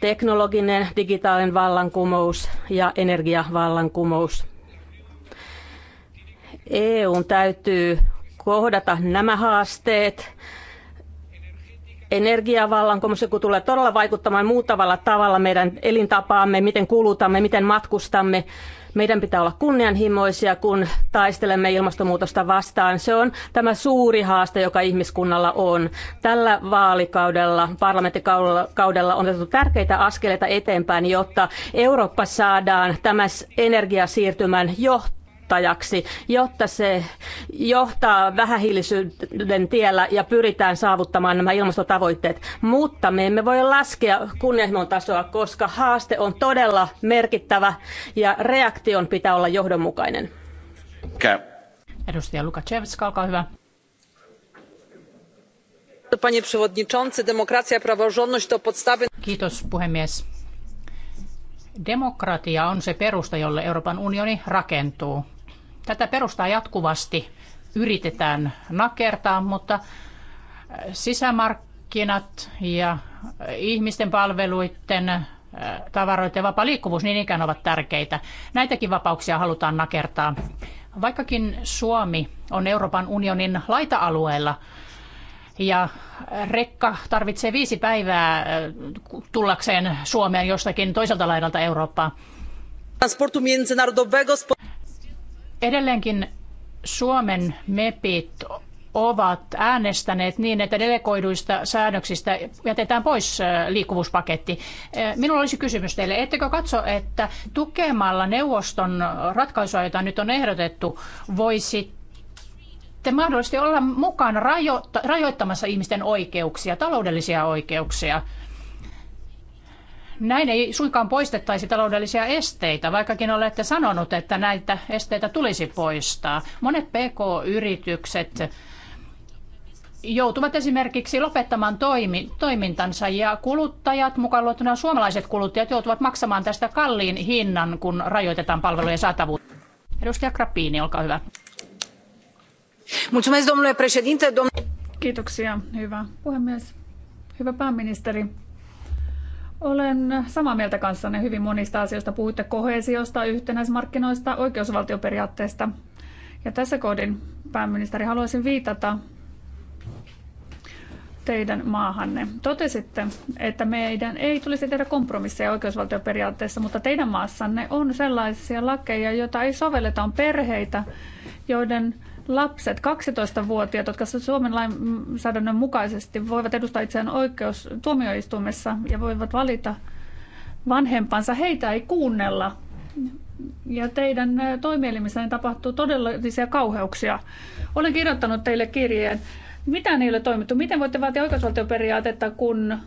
teknologinen digitaalinen vallankumous ja energiavallankumous. EUn täytyy kohdata nämä haasteet. Energiavallankumous, kun tulee todella vaikuttamaan muutavalla tavalla meidän elintapaamme, miten kulutamme, miten matkustamme, meidän pitää olla kunnianhimoisia, kun taistelemme ilmastonmuutosta vastaan. Se on tämä suuri haaste, joka ihmiskunnalla on. Tällä vaalikaudella, parlamenttikaudella on otettu tärkeitä askeleita eteenpäin, jotta Eurooppa saadaan tämän energiasiirtymän johtamaan vaikuttajaksi, jotta se johtaa vähähiilisyyden tiellä ja pyritään saavuttamaan nämä ilmastotavoitteet. Mutta me emme voi laskea kunnianhimon tasoa, koska haaste on todella merkittävä ja reaktion pitää olla johdonmukainen. Käy. Edustaja Lukaczewska, olkaa hyvä demokracja ja praworządność podstawy. kiitos puhemies demokratia on se perusta jolle euroopan unioni rakentuu Tätä perustaa jatkuvasti yritetään nakertaa, mutta sisämarkkinat ja ihmisten palveluiden tavaroiden vapaa liikkuvuus niin ikään ovat tärkeitä. Näitäkin vapauksia halutaan nakertaa. Vaikkakin Suomi on Euroopan unionin laita-alueella ja rekka tarvitsee viisi päivää tullakseen Suomeen jostakin toiselta laidalta Eurooppaa. Transportu międzynarodowego Edelleenkin Suomen MEPit ovat äänestäneet niin, että delegoiduista säännöksistä jätetään pois liikkuvuuspaketti. Minulla olisi kysymys teille. Ettekö katso, että tukemalla neuvoston ratkaisua, jota nyt on ehdotettu, voisi te mahdollisesti olla mukana rajoittamassa ihmisten oikeuksia, taloudellisia oikeuksia? Näin ei suinkaan poistettaisi taloudellisia esteitä, vaikkakin olette sanonut, että näitä esteitä tulisi poistaa. Monet PK-yritykset joutuvat esimerkiksi lopettamaan toimi, toimintansa ja kuluttajat, mukaan luettuna suomalaiset kuluttajat, joutuvat maksamaan tästä kalliin hinnan, kun rajoitetaan palvelujen saatavuutta. Edustaja Krapiini, olkaa hyvä. Kiitoksia, hyvä puhemies. Hyvä pääministeri. Olen samaa mieltä kanssanne hyvin monista asioista. Puhuitte kohesiosta, yhtenäismarkkinoista, oikeusvaltioperiaatteesta. Ja tässä kohdin, pääministeri, haluaisin viitata teidän maahanne. Totesitte, että meidän ei tulisi tehdä kompromisseja oikeusvaltioperiaatteessa, mutta teidän maassanne on sellaisia lakeja, joita ei sovelleta. On perheitä, joiden lapset, 12-vuotiaat, jotka Suomen lainsäädännön mukaisesti voivat edustaa itseään oikeus tuomioistuimessa ja voivat valita vanhempansa, heitä ei kuunnella. Ja teidän eh, toimielimissä niin tapahtuu todellisia kauheuksia. Olen kirjoittanut teille kirjeen. Mitä niille toimittu? Miten voitte vaatia oikeusvaltioperiaatetta, kun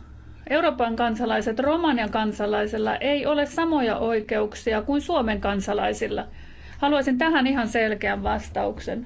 Euroopan kansalaiset Romanian kansalaisilla ei ole samoja oikeuksia kuin Suomen kansalaisilla? Haluaisin tähän ihan selkeän vastauksen.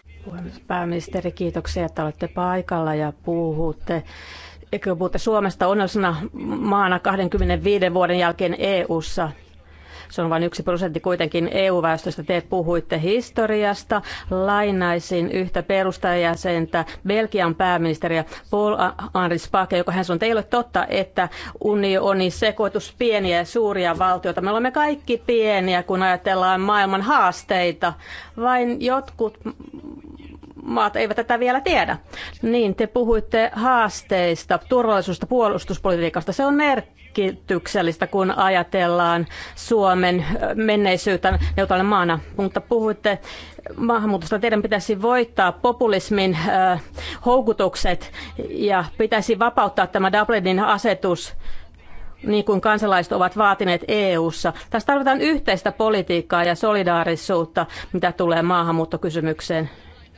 Pääministeri, kiitoksia, että olette paikalla ja puhutte. Eikö puhutte Suomesta onnellisena maana 25 vuoden jälkeen EU-ssa? Se on vain yksi prosentti kuitenkin EU-väestöstä. Te puhuitte historiasta. Lainaisin yhtä perustajajäsentä, Belgian pääministeriä Paul-Henri Spake, joka hän sanoi, että ei ole totta, että unioni sekoitus pieniä ja suuria valtioita. Me olemme kaikki pieniä, kun ajatellaan maailman haasteita. Vain jotkut maat eivät tätä vielä tiedä. Niin, te puhuitte haasteista, turvallisuudesta, puolustuspolitiikasta. Se on merkityksellistä, kun ajatellaan Suomen menneisyyttä neutraalina maana. Mutta puhuitte maahanmuutosta, teidän pitäisi voittaa populismin äh, houkutukset ja pitäisi vapauttaa tämä Dublinin asetus niin kuin kansalaiset ovat vaatineet EU:ssa. Tässä tarvitaan yhteistä politiikkaa ja solidaarisuutta, mitä tulee maahanmuuttokysymykseen.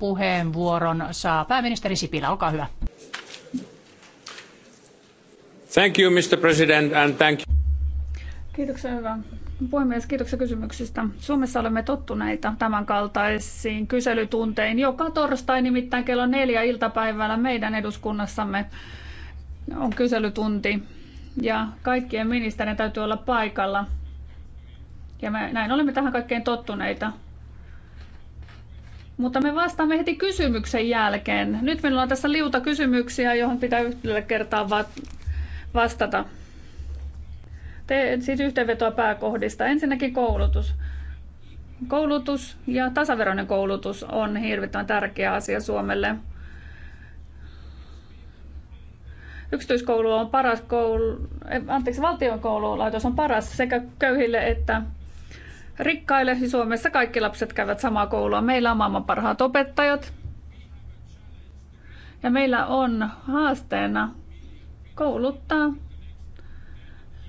puheenvuoron saa pääministeri Sipilä. Olkaa hyvä. Thank you, Mr. President, and thank you. Kiitoksia, hyvä puhemies. Kiitoksia kysymyksistä. Suomessa olemme tottuneita tämänkaltaisiin kyselytunteihin. Joka torstai nimittäin kello neljä iltapäivällä meidän eduskunnassamme on kyselytunti ja kaikkien ministerien täytyy olla paikalla. Ja me, näin olemme tähän kaikkein tottuneita. Mutta me vastaamme heti kysymyksen jälkeen. Nyt meillä on tässä liuta kysymyksiä, johon pitää yhdellä kertaa vastata. Te, siis yhteenvetoa pääkohdista. Ensinnäkin koulutus. Koulutus ja tasaveroinen koulutus on hirvittävän tärkeä asia Suomelle. Yksityiskoulu on paras koulu, eh, anteeksi, valtion koululaitos on paras sekä köyhille että rikkaille niin Suomessa kaikki lapset käyvät samaa koulua. Meillä on maailman parhaat opettajat. Ja meillä on haasteena kouluttaa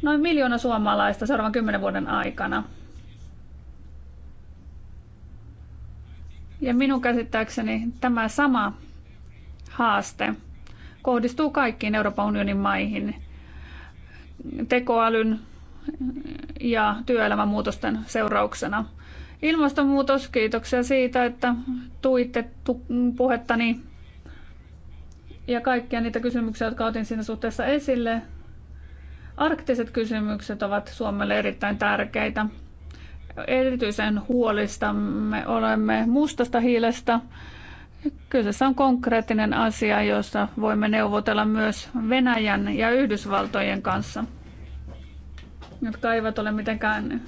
noin miljoona suomalaista seuraavan kymmenen vuoden aikana. Ja minun käsittääkseni tämä sama haaste kohdistuu kaikkiin Euroopan unionin maihin. Tekoälyn ja työelämän muutosten seurauksena. Ilmastonmuutos, kiitoksia siitä, että tuitte puhettani ja kaikkia niitä kysymyksiä, jotka otin siinä suhteessa esille. Arktiset kysymykset ovat Suomelle erittäin tärkeitä. Erityisen huolistamme olemme mustasta hiilestä. Kyseessä on konkreettinen asia, josta voimme neuvotella myös Venäjän ja Yhdysvaltojen kanssa jotka eivät ole mitenkään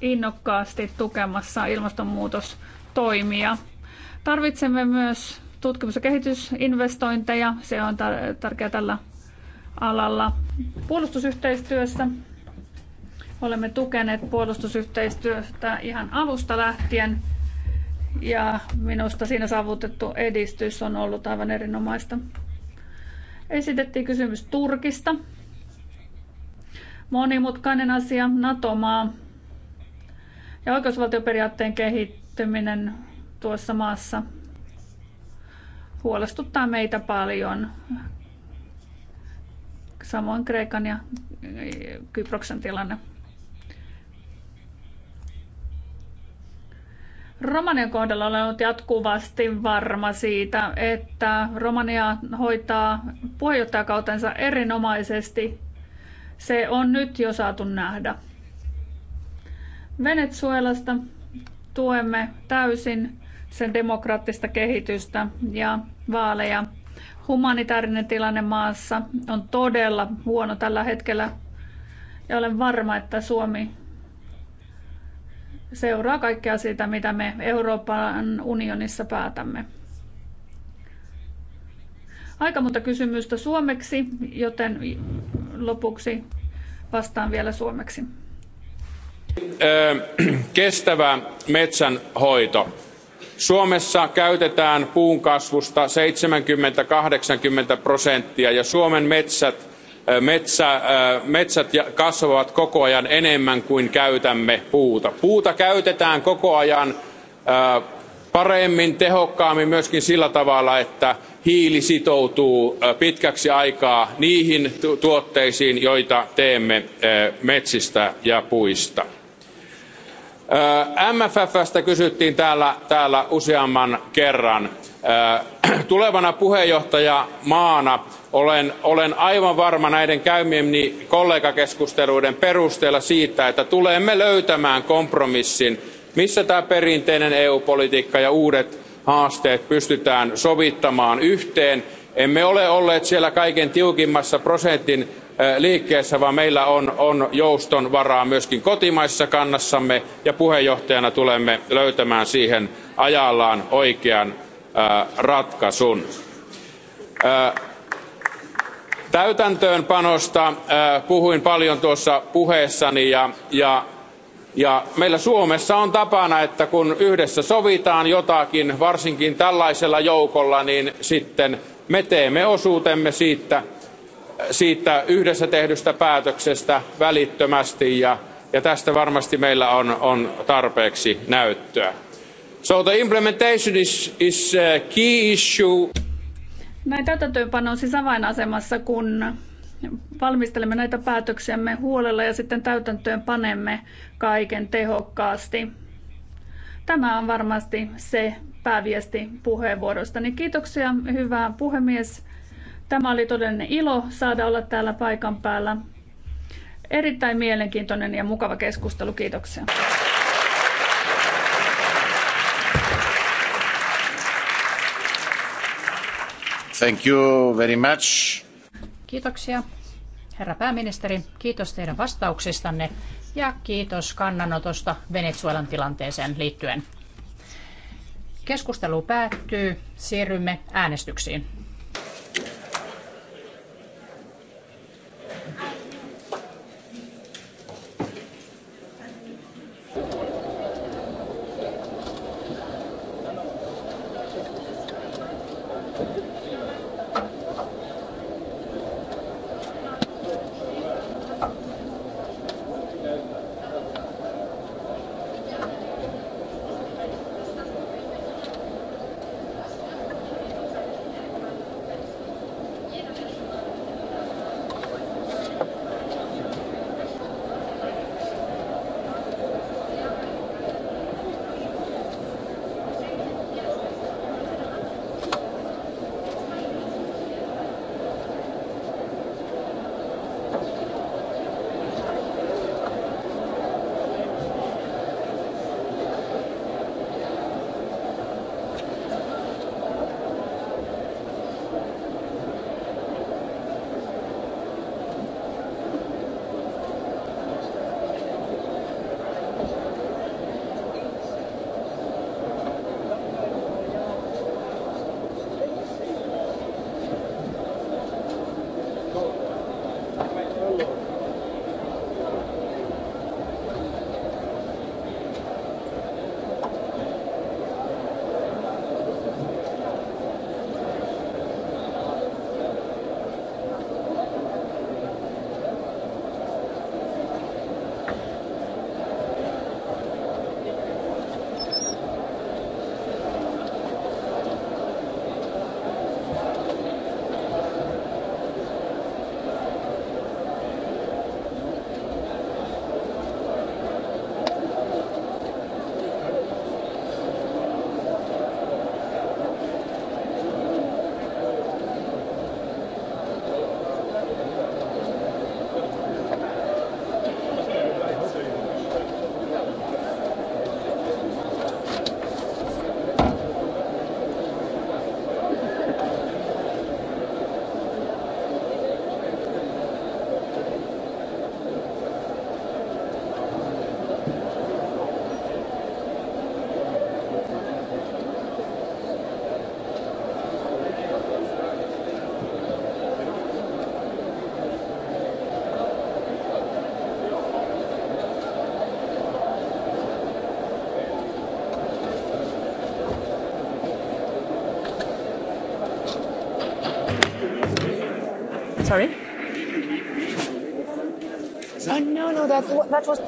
innokkaasti tukemassa ilmastonmuutostoimia. Tarvitsemme myös tutkimus- ja kehitysinvestointeja. Se on tar- tärkeää tällä alalla. Puolustusyhteistyössä olemme tukeneet puolustusyhteistyötä ihan alusta lähtien ja minusta siinä saavutettu edistys on ollut aivan erinomaista. Esitettiin kysymys Turkista monimutkainen asia, NATO-maa ja oikeusvaltioperiaatteen kehittyminen tuossa maassa huolestuttaa meitä paljon. Samoin Kreikan ja e, Kyproksen tilanne. Romanian kohdalla olen ollut jatkuvasti varma siitä, että Romania hoitaa puheenjohtajakautensa erinomaisesti se on nyt jo saatu nähdä. Venezuelasta tuemme täysin sen demokraattista kehitystä ja vaaleja. Humanitaarinen tilanne maassa on todella huono tällä hetkellä ja olen varma, että Suomi seuraa kaikkea sitä, mitä me Euroopan unionissa päätämme aika monta kysymystä suomeksi, joten lopuksi vastaan vielä suomeksi. Kestävä metsänhoito. Suomessa käytetään puun kasvusta 70-80 prosenttia ja Suomen metsät, metsä, metsät kasvavat koko ajan enemmän kuin käytämme puuta. Puuta käytetään koko ajan paremmin tehokkaammin myöskin sillä tavalla että hiili sitoutuu pitkäksi aikaa niihin tuotteisiin joita teemme metsistä ja puista. MFFstä kysyttiin täällä, täällä useamman kerran. Tulevana puheenjohtajamaana olen, olen aivan varma näiden käymieni kollegakeskusteluiden perusteella siitä, että tulemme löytämään kompromissin missä tämä perinteinen eu politiikka ja uudet haasteet pystytään sovittamaan yhteen. emme ole olleet siellä kaiken tiukimmassa prosentin liikkeessä vaan meillä on, on jouston varaa myöskin kotimaisessa kannassamme ja puheenjohtajana tulemme löytämään siihen ajallaan oikean ää, ratkaisun. Ää, täytäntöönpanosta ää, puhuin paljon tuossa puheessani ja, ja ja meillä Suomessa on tapana, että kun yhdessä sovitaan jotakin, varsinkin tällaisella joukolla, niin sitten me teemme osuutemme siitä, siitä yhdessä tehdystä päätöksestä välittömästi ja, ja tästä varmasti meillä on, on tarpeeksi näyttöä. So the implementation is, is a uh, key issue. Näin täytäntöönpano on siis avainasemassa, kun valmistelemme näitä päätöksiämme huolella ja sitten täytäntöön panemme kaiken tehokkaasti. Tämä on varmasti se pääviesti puheenvuorostani. Kiitoksia, hyvä puhemies. Tämä oli todellinen ilo saada olla täällä paikan päällä. Erittäin mielenkiintoinen ja mukava keskustelu. Kiitoksia. Thank you very much. Kiitoksia. Herra pääministeri, kiitos teidän vastauksistanne ja kiitos kannanotosta Venezuelan tilanteeseen liittyen. Keskustelu päättyy. Siirrymme äänestyksiin. that that was euh,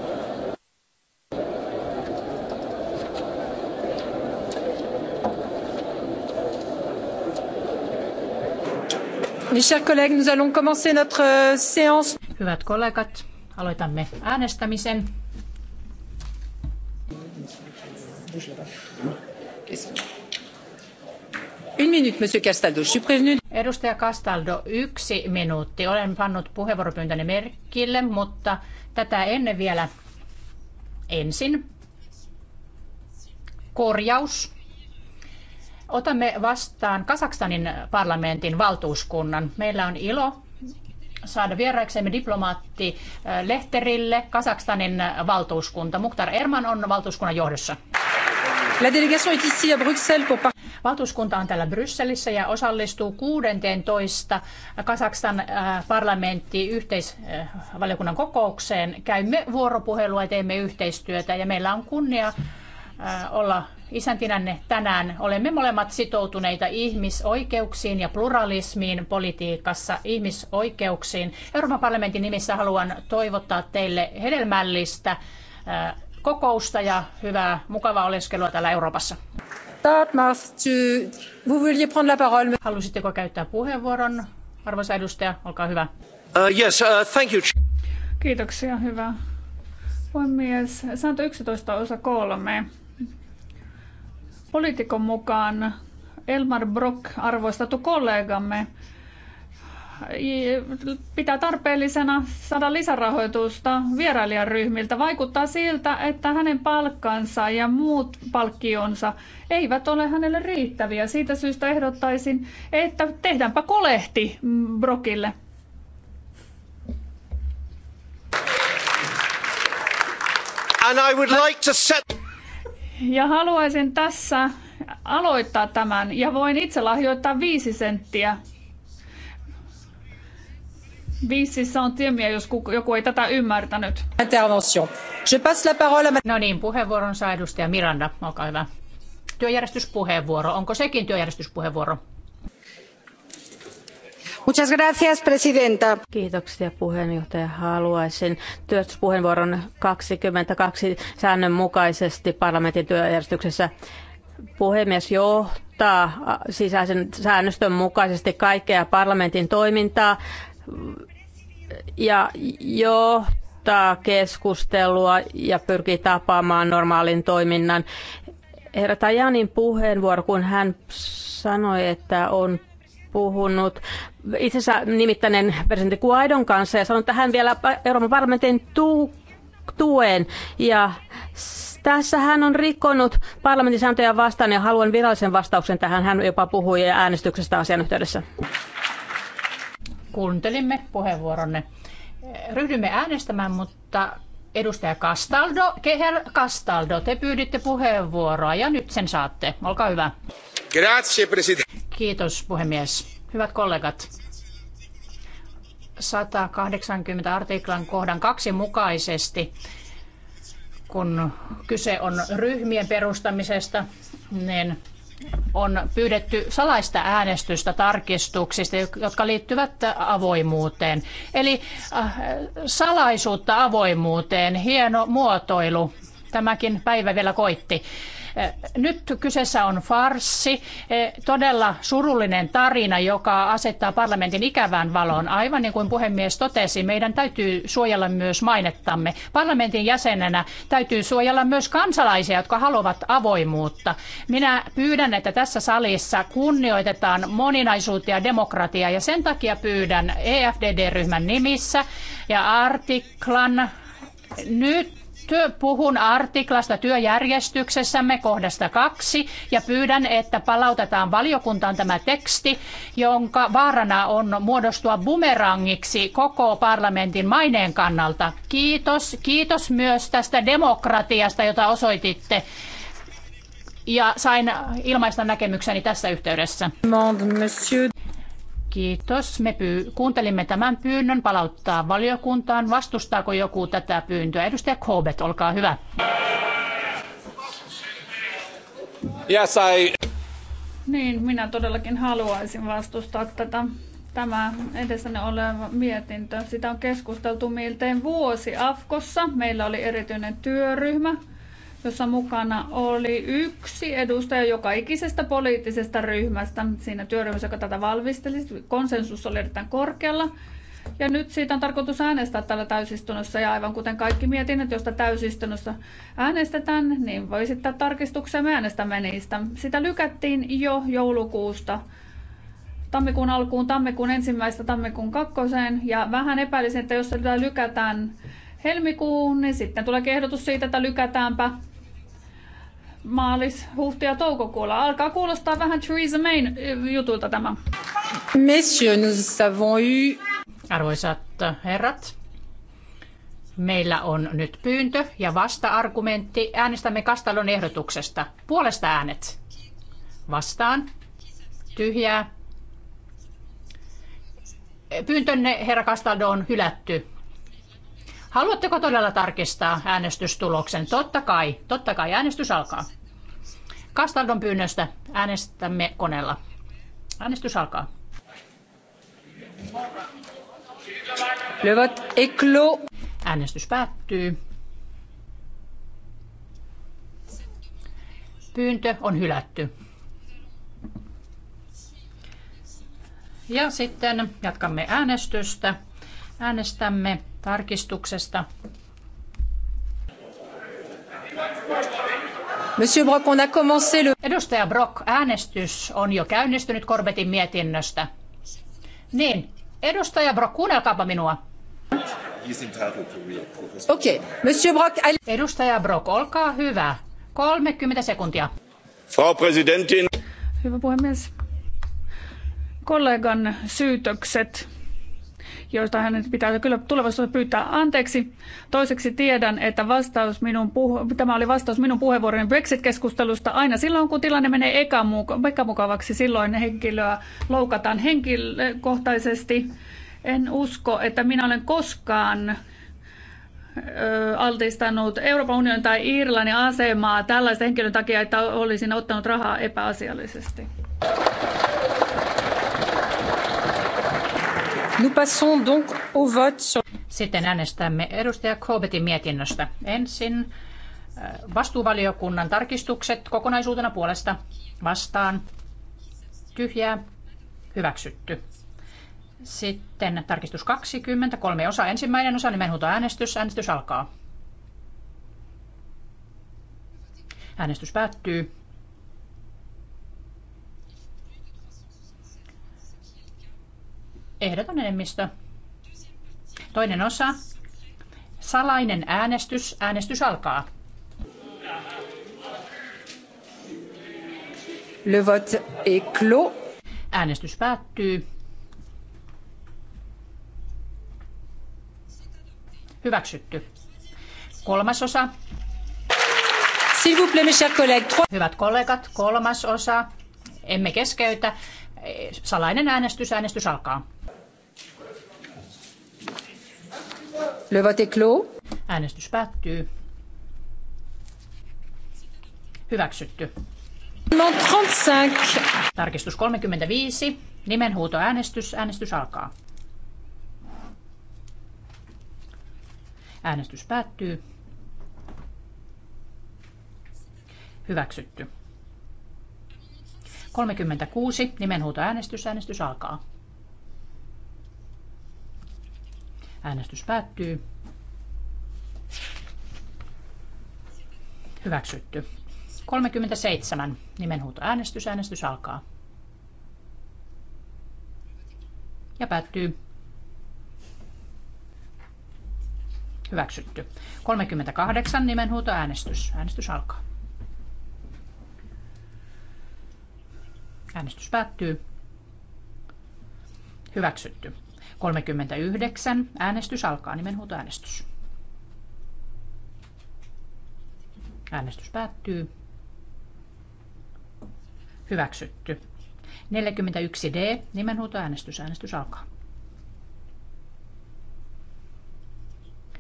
Hyvät kollegat, aloitamme äänestämisen. Une minute, monsieur Castaldo. Je suis prévenu. Edustaja Castaldo, yksi minuutti. Olen pannut puheenvuoropyyntöni merkille, mutta Tätä ennen vielä ensin korjaus. Otamme vastaan Kasakstanin parlamentin valtuuskunnan. Meillä on ilo saada vieraiksemme diplomaatti äh, Lehterille Kasakstanin valtuuskunta. Muktar Erman on valtuuskunnan johdossa. La délégation est ici à Bruxelles pour... Valtuuskunta on täällä Brysselissä ja osallistuu 16. Kasakstan äh, parlamentti yhteisvaliokunnan kokoukseen. Käymme vuoropuhelua ja teemme yhteistyötä ja meillä on kunnia äh, olla isäntinänne tänään. Olemme molemmat sitoutuneita ihmisoikeuksiin ja pluralismiin politiikassa, ihmisoikeuksiin. Euroopan parlamentin nimissä haluan toivottaa teille hedelmällistä äh, kokousta ja hyvää, mukavaa oleskelua täällä Euroopassa. Halusitteko käyttää puheenvuoron? Arvoisa edustaja, olkaa hyvä. Uh, yes, uh, thank you. Kiitoksia, hyvä puhemies. Sääntö 11 osa 3. Poliitikon mukaan Elmar Brock arvostettu kollegamme pitää tarpeellisena saada lisärahoitusta vierailijaryhmiltä. Vaikuttaa siltä, että hänen palkkansa ja muut palkkionsa eivät ole hänelle riittäviä. Siitä syystä ehdottaisin, että tehdäänpä kolehti Brokille. And I would like to set... Ja haluaisin tässä aloittaa tämän ja voin itse lahjoittaa viisi senttiä Viisi on tiemiä, joku ei tätä ymmärtänyt. Intervention. Je passe la parole à... No niin, puheenvuoron saa edustaja Miranda. Olkaa hyvä. Työjärjestyspuheenvuoro. Onko sekin työjärjestyspuheenvuoro? Muchas gracias, presidenta. Kiitoksia puheenjohtaja. Haluaisin työjärjestyspuheenvuoron 22 säännönmukaisesti parlamentin työjärjestyksessä puhemies johtaa sisäisen säännöstön mukaisesti kaikkea parlamentin toimintaa ja johtaa keskustelua ja pyrkii tapaamaan normaalin toiminnan. Herra Tajanin puheenvuoro, kun hän sanoi, että on puhunut itse asiassa nimittäinen presidentti Kuaidon kanssa ja sanoi, että hän vielä Euroopan parlamentin tuu, tuen. Ja tässä hän on rikkonut parlamentin sääntöjä vastaan ja haluan virallisen vastauksen tähän. Hän jopa puhui äänestyksestä asian yhteydessä. Kuuntelimme puheenvuoronne. Ryhdymme äänestämään, mutta edustaja Castaldo, Keher Castaldo, te pyyditte puheenvuoroa ja nyt sen saatte. Olkaa hyvä. Grazie, Kiitos puhemies. Hyvät kollegat, 180 artiklan kohdan kaksi mukaisesti, kun kyse on ryhmien perustamisesta, niin on pyydetty salaista äänestystä tarkistuksista, jotka liittyvät avoimuuteen. Eli äh, salaisuutta avoimuuteen, hieno muotoilu. Tämäkin päivä vielä koitti. Eh, nyt kyseessä on farsi, eh, todella surullinen tarina, joka asettaa parlamentin ikävään valoon. Aivan niin kuin puhemies totesi, meidän täytyy suojella myös mainettamme. Parlamentin jäsenenä täytyy suojella myös kansalaisia, jotka haluavat avoimuutta. Minä pyydän, että tässä salissa kunnioitetaan moninaisuutta ja demokratiaa ja sen takia pyydän EFDD-ryhmän nimissä ja artiklan nyt työ, puhun artiklasta työjärjestyksessämme kohdasta kaksi ja pyydän, että palautetaan valiokuntaan tämä teksti, jonka vaarana on muodostua bumerangiksi koko parlamentin maineen kannalta. Kiitos, kiitos myös tästä demokratiasta, jota osoititte ja sain ilmaista näkemykseni tässä yhteydessä. Kiitos. Me pyy- kuuntelimme tämän pyynnön palauttaa valiokuntaan. Vastustaako joku tätä pyyntöä? Edustaja Kobet, olkaa hyvä. Yes, I... Niin, minä todellakin haluaisin vastustaa tätä. Tämä edessäni oleva mietintö. Sitä on keskusteltu miltein vuosi Afkossa. Meillä oli erityinen työryhmä, jossa mukana oli yksi edustaja joka ikisestä poliittisesta ryhmästä siinä työryhmässä, joka tätä valmisteli. Konsensus oli erittäin korkealla. Ja nyt siitä on tarkoitus äänestää täällä täysistunnossa ja aivan kuten kaikki mietinnöt, josta täysistunnossa äänestetään, niin voi sitten tarkistuksia me äänestämme niistä. Sitä lykättiin jo joulukuusta tammikuun alkuun, tammikuun ensimmäistä, tammikuun kakkoseen ja vähän epäilisin, että jos sitä lykätään helmikuun, niin sitten tulee ehdotus siitä, että lykätäänpä maalis, huhti ja toukokuulla. Alkaa kuulostaa vähän Theresa Mayn eh, jutulta tämä. Messieurs, nous avons eu... Arvoisat herrat, meillä on nyt pyyntö ja vasta-argumentti. Äänestämme Kastalon ehdotuksesta. Puolesta äänet. Vastaan. Tyhjää. Pyyntönne, herra Kastaldo, on hylätty. Haluatteko todella tarkistaa äänestystuloksen? Totta kai, totta kai äänestys alkaa. Kastaldon pyynnöstä äänestämme koneella. Äänestys alkaa. Äänestys päättyy. Pyyntö on hylätty. Ja sitten jatkamme äänestystä. Äänestämme tarkistuksesta. Monsieur Brock, on a commencé le... Edustaja Brock, äänestys on jo käynnistynyt Korvetin mietinnöstä. Niin, edustaja Brock, kuunnelkaapa minua. Okei, okay. Monsieur Brock... I... Edustaja Brock, olkaa hyvä. 30 sekuntia. Frau Präsidentin. Hyvä puhemies. Kollegan syytökset joista hänen pitää kyllä tulevaisuudessa pyytää anteeksi. Toiseksi tiedän, että vastaus minun puhu- tämä oli vastaus minun puheenvuoroni Brexit-keskustelusta. Aina silloin, kun tilanne menee epämukavaksi, silloin henkilöä loukataan henkilökohtaisesti. En usko, että minä olen koskaan altistanut Euroopan unionin tai Irlannin asemaa tällaisen henkilön takia, että olisin ottanut rahaa epäasiallisesti. Sitten äänestämme edustaja Corbettin mietinnöstä. Ensin äh, vastuuvaliokunnan tarkistukset kokonaisuutena puolesta vastaan. Tyhjää. Hyväksytty. Sitten tarkistus 20, kolme osa. Ensimmäinen osa, nimenhuuto äänestys. Äänestys alkaa. Äänestys päättyy. Ehdoton enemmistö. Toinen osa. Salainen äänestys. Äänestys alkaa. Le vote est clos. Äänestys päättyy. Hyväksytty. Kolmas osa. S'il vous plaît, mes chers collègues. Hyvät kollegat, kolmas osa. Emme keskeytä. Salainen äänestys. Äänestys alkaa. Le vote est clos. Äänestys päättyy. Hyväksytty. 35. Tarkistus 35. Nimenhuutoäänestys. Äänestys alkaa. Äänestys päättyy. Hyväksytty. 36. Nimenhuutoäänestys. Äänestys alkaa. Äänestys päättyy. Hyväksytty. 37. nimenhuuto Äänestys äänestys alkaa. Ja päättyy. Hyväksytty. 38. äänestys Äänestys alkaa. Äänestys päättyy. Hyväksytty. 39. Äänestys alkaa. Nimenhuutoäänestys. Äänestys päättyy. Hyväksytty. 41D. Nimenhuutoäänestys. Äänestys alkaa.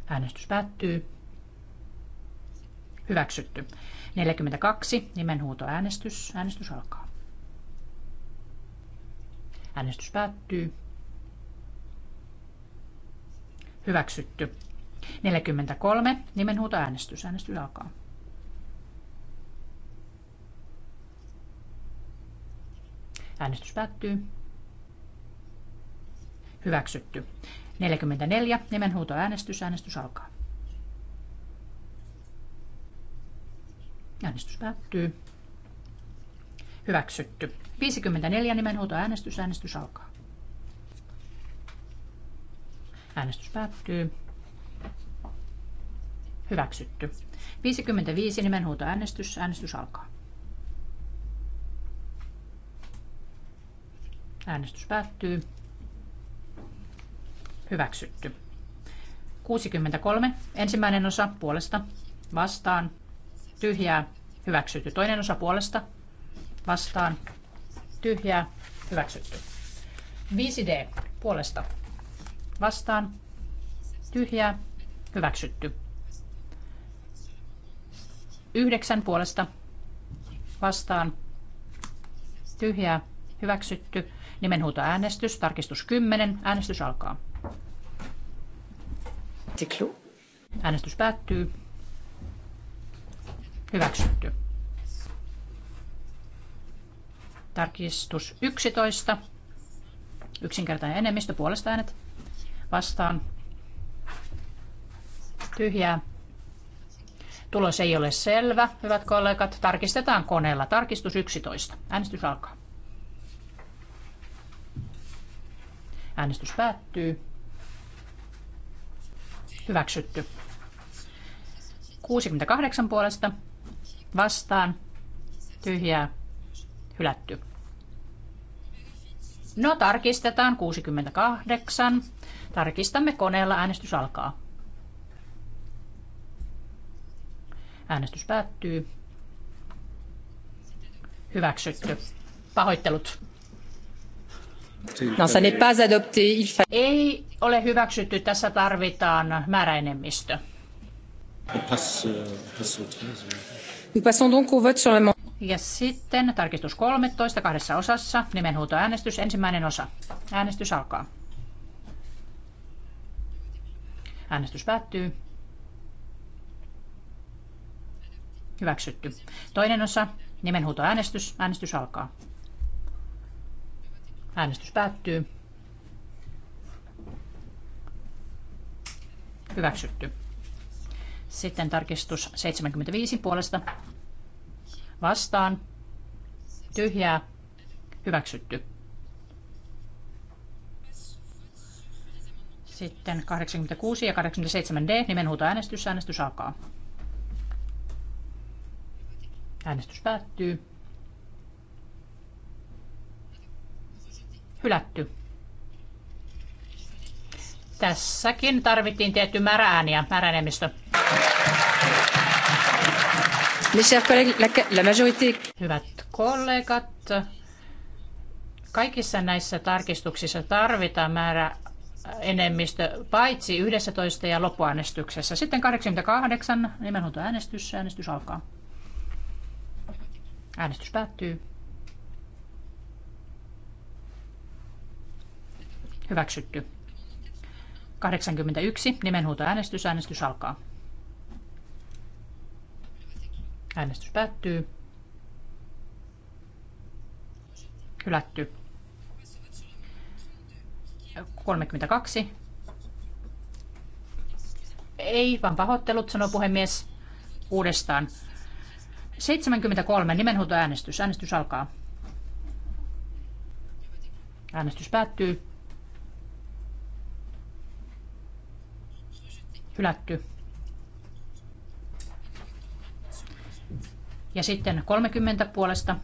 Äänestys päättyy. Hyväksytty. 42. Nimenhuutoäänestys. Äänestys alkaa. Äänestys päättyy. Hyväksytty. 43. Nimenhuuto äänestys. Äänestys alkaa. Äänestys päättyy. Hyväksytty. 44. Nimenhuuto äänestys. Äänestys alkaa. Äänestys päättyy. Hyväksytty. 54. Nimenhuuto äänestys. Äänestys alkaa. Äänestys päättyy. Hyväksytty. 55 äänestys. Äänestys alkaa. Äänestys päättyy. Hyväksytty. 63. Ensimmäinen osa puolesta. Vastaan. Tyhjää. Hyväksytty. Toinen osa puolesta. Vastaan. Tyhjää. Hyväksytty. 5D puolesta vastaan tyhjää hyväksytty. Yhdeksän puolesta vastaan tyhjää hyväksytty. äänestys tarkistus 10. Äänestys alkaa. Äänestys päättyy. Hyväksytty. Tarkistus 11. Yksinkertainen enemmistö puolesta äänet vastaan tyhjää. Tulos ei ole selvä. Hyvät kollegat, tarkistetaan koneella. Tarkistus 11. Äänestys alkaa. Äänestys päättyy. Hyväksytty. 68 puolesta vastaan tyhjää hylätty. No tarkistetaan 68. Tarkistamme koneella. Äänestys alkaa. Äänestys päättyy. Hyväksytty. Pahoittelut. No, se pas adopté. Il fa... Ei ole hyväksytty. Tässä tarvitaan määräenemmistö. Eh, ja sitten tarkistus 13 kahdessa osassa, nimenhuutoäänestys, ensimmäinen osa. Äänestys alkaa. Äänestys päättyy. Hyväksytty. Toinen osa, nimenhuutoäänestys. Äänestys alkaa. Äänestys päättyy. Hyväksytty. Sitten tarkistus 75 puolesta. Vastaan. Tyhjää. Hyväksytty. Sitten 86 ja 87D nimenhuuto Äänestys alkaa. Äänestys päättyy. Hylätty. Tässäkin tarvittiin tietty määrä ääniä, enemmistö. Hyvät kollegat, kaikissa näissä tarkistuksissa tarvitaan määrä enemmistö paitsi 11 ja loppuäänestyksessä. Sitten 88 nimenhuuto Äänestys alkaa. Äänestys päättyy. Hyväksytty. 81 äänestys. Äänestys alkaa. Äänestys päättyy. Hylätty. 32. Ei, vaan pahoittelut, sanoo puhemies uudestaan. 73, nimenhuutoäänestys. Äänestys alkaa. Äänestys päättyy. Hylätty. Ja sitten 30 puolesta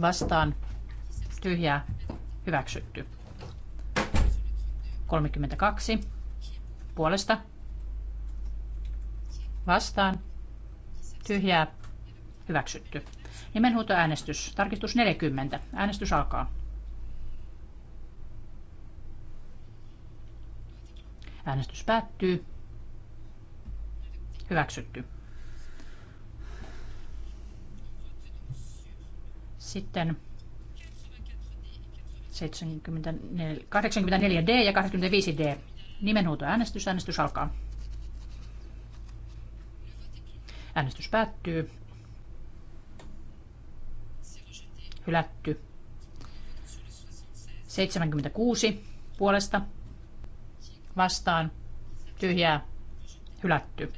vastaan tyhjää hyväksytty. 32 puolesta vastaan tyhjää hyväksytty. Nimenhuutoäänestys. Tarkistus 40. Äänestys alkaa. Äänestys päättyy. Hyväksytty. Sitten 84D ja 85D. Nimenhuuto äänestys. Äänestys alkaa. Äänestys päättyy. Hylätty. 76 puolesta vastaan tyhjää hylätty.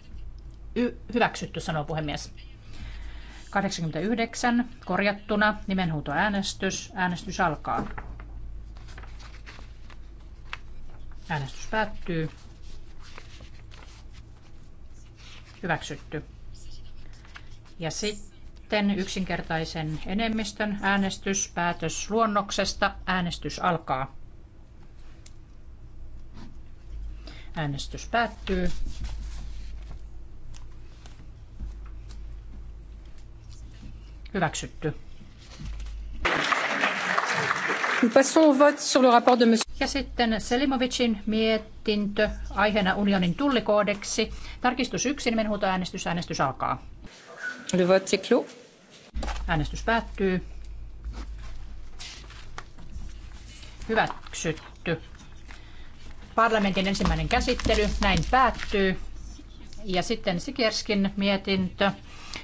Y- hyväksytty, sanoo puhemies. 89 korjattuna nimenhuutoäänestys. Äänestys alkaa. Äänestys päättyy. Hyväksytty. Ja sitten yksinkertaisen enemmistön äänestys päätösluonnoksesta. Äänestys alkaa. Äänestys päättyy. Hyväksytty. Ja sitten Selimovicin mietintö aiheena unionin tullikoodeksi. Tarkistus yksi, nimenhuuto äänestys, äänestys alkaa. Le vote Äänestys päättyy. Hyväksytty. Parlamentin ensimmäinen käsittely näin päättyy. Ja sitten Sikerskin mietintö.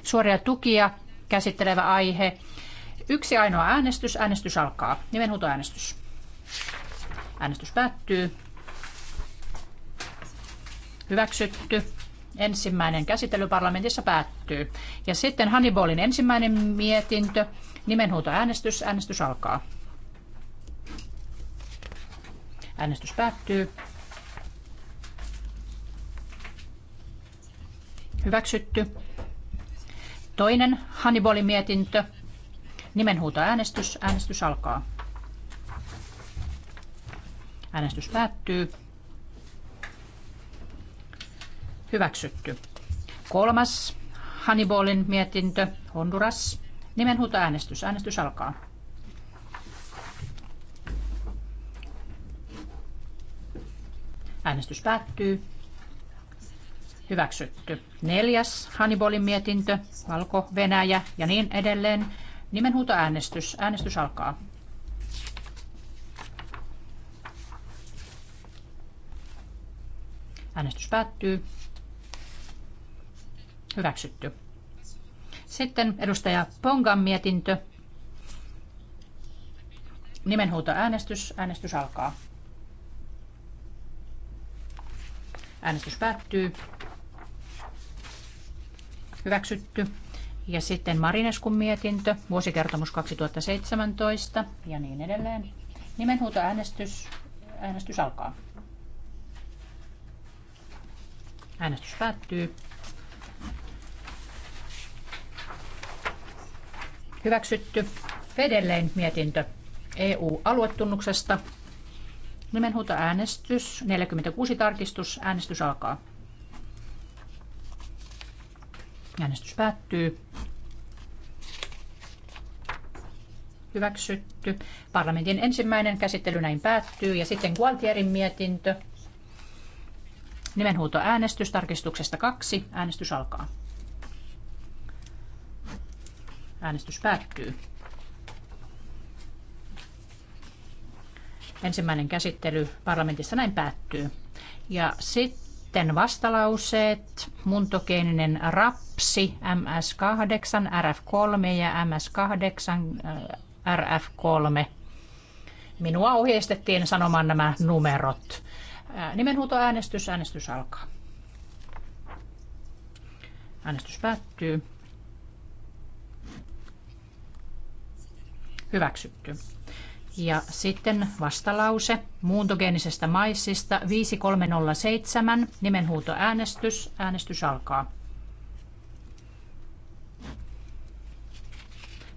Suoria tukia käsittelevä aihe. Yksi ainoa äänestys. Äänestys alkaa. Nimenhuutoäänestys. Äänestys päättyy. Hyväksytty. Ensimmäinen käsittely parlamentissa päättyy. Ja sitten Hannibalin ensimmäinen mietintö. Nimenhuutoäänestys. Äänestys alkaa. Äänestys päättyy. Hyväksytty. Toinen Hannibalin mietintö. Nimenhuutoäänestys. Äänestys alkaa. Äänestys päättyy. Hyväksytty. Kolmas Hannibalin mietintö Honduras. Nimenhuutoäänestys. Äänestys alkaa. Äänestys päättyy. Hyväksytty. Neljäs Hannibalin mietintö, Valko-Venäjä ja niin edelleen. Nimenhuutoäänestys. Äänestys alkaa. Äänestys päättyy. Hyväksytty. Sitten edustaja Pongan mietintö. Nimenhuutoäänestys. Äänestys alkaa. Äänestys päättyy. Hyväksytty. Ja sitten Marineskun mietintö, vuosikertomus 2017 ja niin edelleen. Nimenhuuto äänestys, äänestys alkaa. Äänestys päättyy. Hyväksytty. Fedelleen mietintö EU-aluetunnuksesta. Nimenhuuto äänestys, 46 tarkistus, äänestys alkaa. Äänestys päättyy. Hyväksytty. Parlamentin ensimmäinen käsittely näin päättyy. Ja sitten Gualtierin mietintö. Nimenhuuto äänestys tarkistuksesta kaksi. Äänestys alkaa. Äänestys päättyy. Ensimmäinen käsittely parlamentissa näin päättyy. Ja sitten vastalauseet, muuntogeeninen rap 2, MS8, RF3 ja MS8, äh, RF3. Minua ohjeistettiin sanomaan nämä numerot. Äh, nimenhuuto äänestys alkaa. Äänestys päättyy. Hyväksytty. Ja sitten vastalause muuntogeenisestä maissista 5307, äänestys, äänestys alkaa.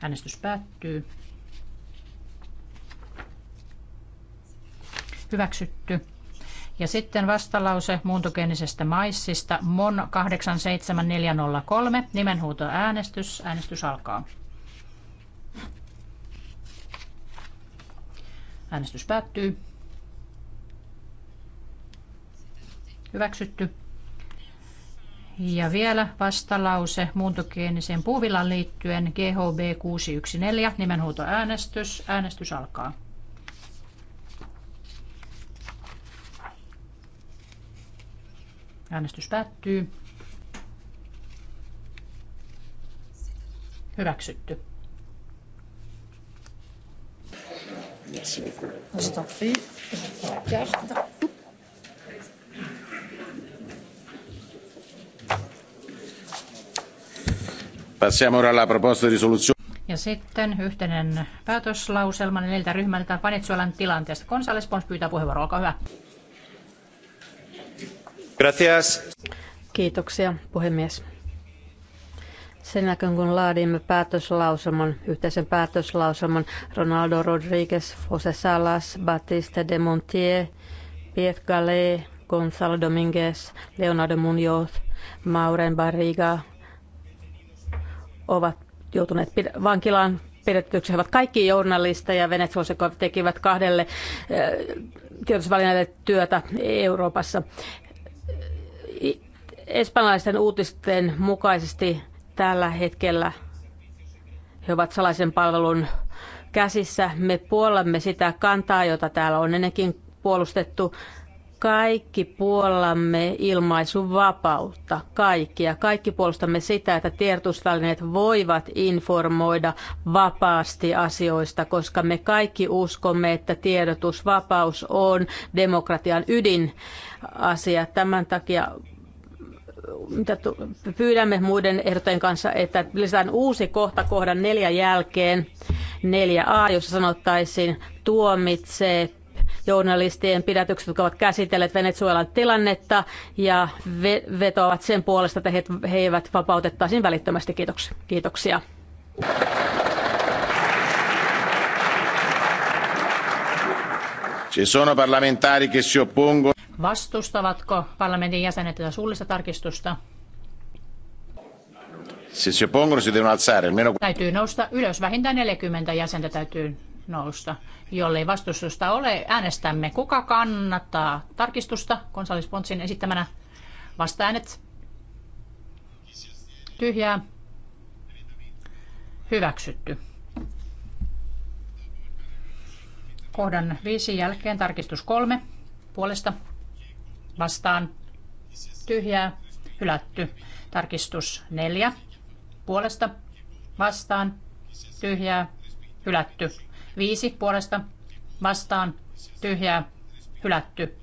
Äänestys päättyy. Hyväksytty. Ja sitten vastalause muuntogeenisestä maissista MON 87403, nimenhuuto äänestys. Äänestys alkaa. Äänestys päättyy. Hyväksytty. Ja vielä vastalause muuntogeeniseen puuvillaan liittyen GHB 614 nimenhuutoäänestys. Äänestys alkaa. Äänestys päättyy. Hyväksytty. Merci beaucoup. t'en Passiamo ora alla proposta di risoluzione. Ja sitten yhteinen päätöslauselma neljältä ryhmältä Venezuelan tilanteesta. Gonzales Pons pyytää puheenvuoroa, olkaa hyvä. Gracias. Kiitoksia, puhemies. Sen jälkeen kun laadimme päätöslauselman, yhteisen päätöslauselman, Ronaldo Rodriguez, Jose Salas, Batista de Montier, Piet Gallet, Gonzalo Dominguez, Leonardo Munoz, Mauren Barriga, ovat joutuneet vankilaan pidettyksi. He ovat kaikki journalisteja Venezuelassa, jotka tekivät kahdelle eh, tiedotusvälineelle työtä Euroopassa. Espanjalaisten uutisten mukaisesti tällä hetkellä he ovat salaisen palvelun käsissä. Me puolamme sitä kantaa, jota täällä on ennenkin puolustettu kaikki puolamme ilmaisun vapautta, ja Kaikki puolustamme sitä, että tiedotusvälineet voivat informoida vapaasti asioista, koska me kaikki uskomme, että tiedotusvapaus on demokratian ydinasia. Tämän takia mitä pyydämme muiden ehdotojen kanssa, että lisätään uusi kohta kohdan neljä jälkeen, neljä a jossa sanottaisiin tuomitsee journalistien pidätykset, jotka ovat käsitelleet Venezuelan tilannetta ja ve- vetoavat sen puolesta, että he, he eivät vapautettaisiin välittömästi. Kiitoksia. Kiitoksia. Ci sono parlamentari che si oppongono. Vastustavatko parlamentin jäsenet tätä suullista tarkistusta? Se si oppongono si devono alzare. Almeno... Täytyy nousta ylös. Vähintään 40 jäsentä täytyy nousta. Jollei vastustusta ole, äänestämme. Kuka kannattaa tarkistusta konsalispontsin esittämänä? Vastaäänet. Tyhjää. Hyväksytty. Kohdan viisi jälkeen tarkistus kolme puolesta vastaan tyhjää hylätty. Tarkistus neljä puolesta vastaan tyhjää hylätty. Viisi puolesta vastaan tyhjää hylätty.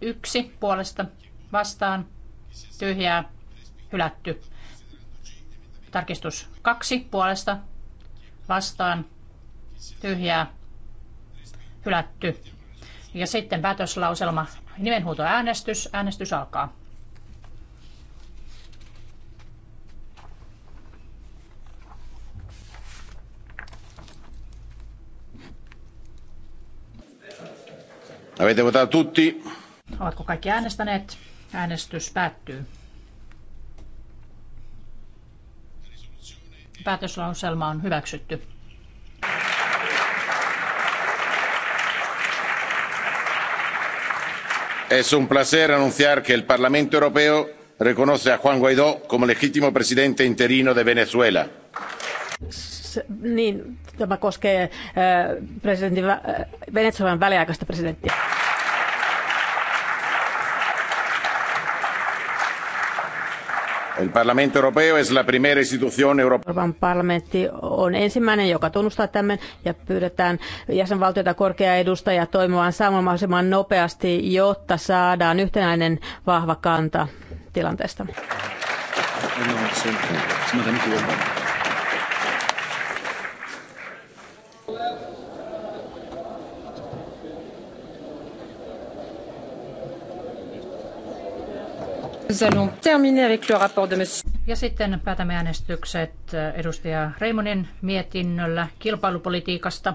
Yksi puolesta vastaan tyhjää hylätty. Tarkistus kaksi puolesta vastaan tyhjää hylätty. Ja sitten päätöslauselma nimenhuutoäänestys. Äänestys alkaa. Avete votato tutti? Ovatko kaikki äänestäneet? Äänestys päättyy. Päätöslauselma on hyväksytty. Es un placer anunciar que el Parlamento Europeo reconoce a Juan Guaidó como legítimo presidente interino de Venezuela. Niin, tämä koskee äh, presidentin, äh, Venezuelan väliaikaista presidenttiä. El Parlamento Europeo es la primera institución Euroopan Euroopan parlamentti on ensimmäinen, joka tunnustaa tämän ja pyydetään jäsenvaltioita korkea edustaja toimimaan samoin mahdollisimman nopeasti, jotta saadaan yhtenäinen vahva kanta tilanteesta. Ja sitten päätämme äänestykset äh, edustaja Reimonen mietinnöllä kilpailupolitiikasta.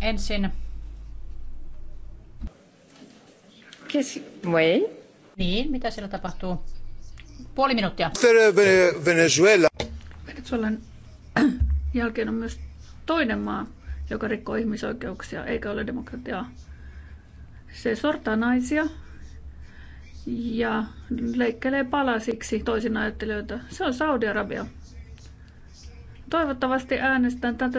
Ensin. Niin, mitä siellä tapahtuu? Puoli minuuttia. Venezuela. Venezuelan jälkeen on myös toinen maa, joka rikkoo ihmisoikeuksia eikä ole demokratiaa. Se sortaa naisia, ja leikkelee palasiksi toisin ajattelijoita. Se on Saudi-Arabia. Toivottavasti äänestän tätä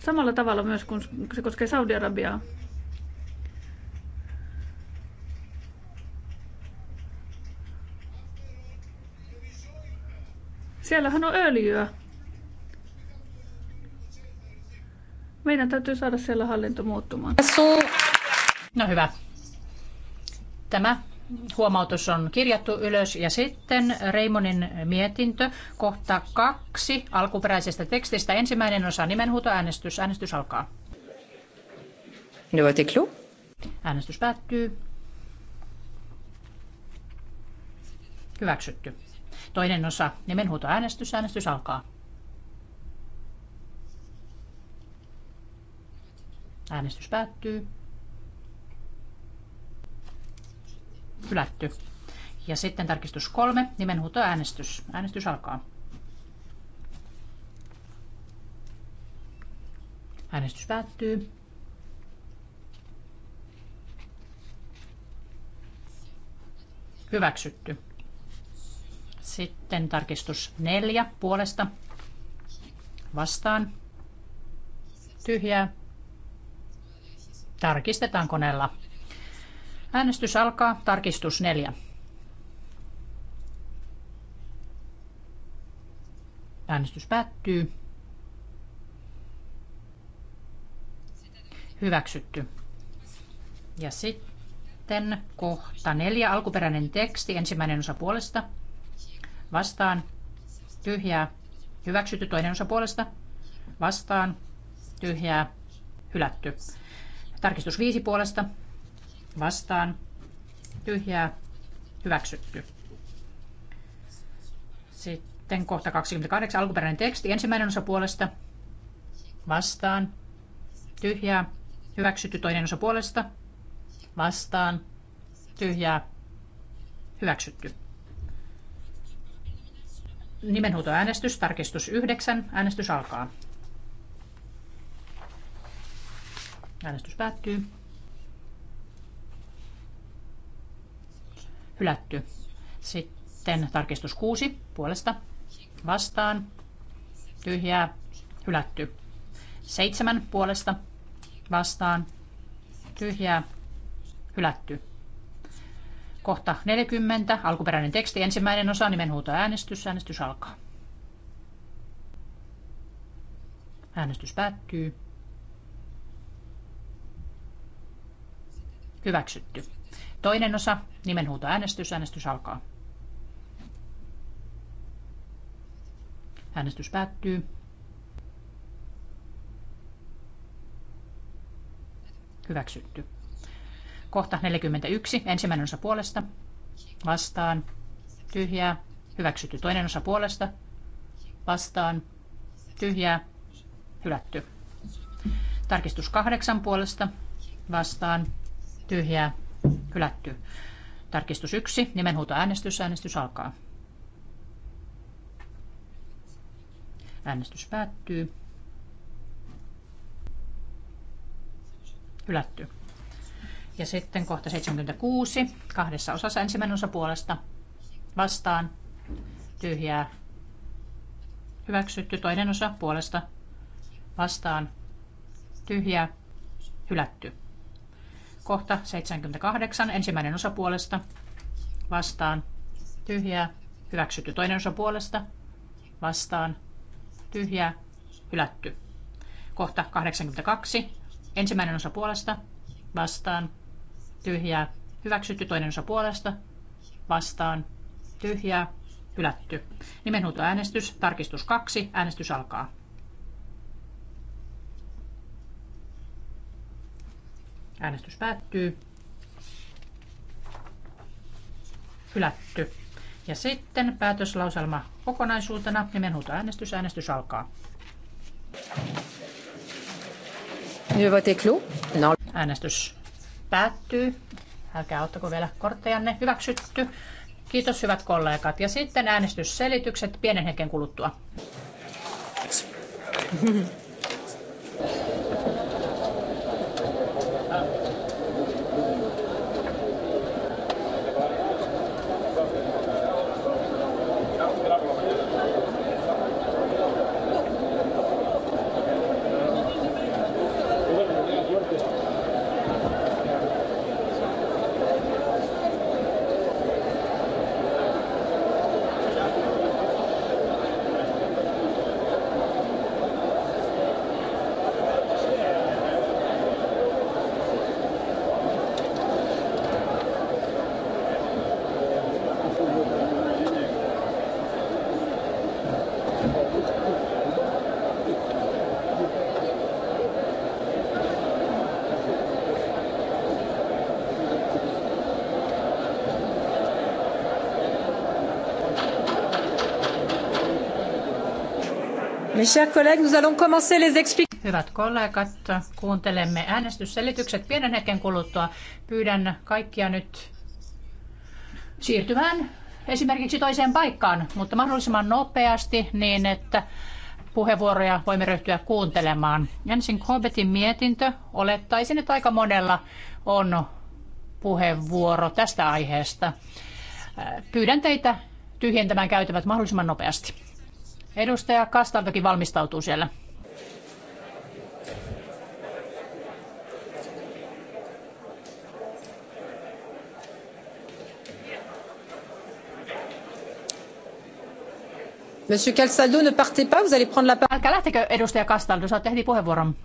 samalla tavalla myös, kun se koskee Saudi-Arabiaa. Siellähän on öljyä. Meidän täytyy saada siellä hallinto muuttumaan. No hyvä. Tämä huomautus on kirjattu ylös. Ja sitten Reimonin mietintö, kohta kaksi alkuperäisestä tekstistä. Ensimmäinen osa nimenhuutoäänestys. Äänestys alkaa. Äänestys päättyy. Hyväksytty. Toinen osa nimenhuutoäänestys. Äänestys alkaa. Äänestys päättyy. hylätty. Ja sitten tarkistus kolme, nimenhuutoäänestys. Äänestys alkaa. Äänestys päättyy. Hyväksytty. Sitten tarkistus neljä puolesta. Vastaan. Tyhjää. Tarkistetaan koneella. Äänestys alkaa. Tarkistus neljä. Äänestys päättyy. Hyväksytty. Ja sitten kohta neljä, alkuperäinen teksti, ensimmäinen osa puolesta. Vastaan, tyhjää, hyväksytty toinen osa puolesta. Vastaan, tyhjää, hylätty. Tarkistus viisi puolesta vastaan tyhjää hyväksytty. Sitten kohta 28 alkuperäinen teksti. Ensimmäinen osa puolesta vastaan tyhjää hyväksytty. Toinen osa puolesta vastaan tyhjää hyväksytty. Nimenhuutoäänestys, tarkistus 9. Äänestys alkaa. Äänestys päättyy. hylätty. Sitten tarkistus 6 puolesta vastaan tyhjää hylätty. 7 puolesta vastaan tyhjää hylätty. Kohta 40, alkuperäinen teksti, ensimmäinen osa, nimenhuuto äänestys, äänestys alkaa. Äänestys päättyy. Hyväksytty. Toinen osa, nimenhuuto äänestys, äänestys alkaa. Äänestys päättyy. Hyväksytty. Kohta 41. Ensimmäinen osa puolesta. Vastaan. Tyhjää. Hyväksytty. Toinen osa puolesta. Vastaan. Tyhjää. Hylätty. Tarkistus kahdeksan puolesta. Vastaan. Tyhjää. Hylätty. Tarkistus 1. Nimenhuuto äänestys. Äänestys alkaa. Äänestys päättyy. Hylätty. Ja sitten kohta 76. Kahdessa osassa ensimmäinen osa puolesta. Vastaan. Tyhjää. Hyväksytty. Toinen osa puolesta. Vastaan. Tyhjää. Hylätty. Kohta 78. Ensimmäinen osa puolesta. Vastaan. Tyhjää. Hyväksytty. Toinen osa puolesta. Vastaan. Tyhjää. Hylätty. Kohta 82. Ensimmäinen osa puolesta. Vastaan. Tyhjää. Hyväksytty. Toinen osa puolesta. Vastaan. Tyhjää. Hylätty. Nimenhuutoäänestys. Tarkistus 2. Äänestys alkaa. Äänestys päättyy. Hylätty. Ja sitten päätöslauselma kokonaisuutena. Nimenhuuto äänestys. Äänestys alkaa. Äänestys päättyy. Älkää ottako vielä korttejanne. Hyväksytty. Kiitos hyvät kollegat. Ja sitten äänestysselitykset pienen hetken kuluttua. Hyvät kollegat, kuuntelemme äänestysselitykset pienen hetken kuluttua. Pyydän kaikkia nyt siirtymään esimerkiksi toiseen paikkaan, mutta mahdollisimman nopeasti niin, että puheenvuoroja voimme ryhtyä kuuntelemaan. Ensin Corbettin mietintö, olettaisin, että aika monella on puheenvuoro tästä aiheesta. Pyydän teitä tyhjentämään käytävät mahdollisimman nopeasti. Edustaja Kastaltokin valmistautuu siellä. Monsieur Calsaldo, ne partez pas, vous allez prendre la parole. Älkää lähtekö, edustaja Castaldo, saatte heti puheenvuoron.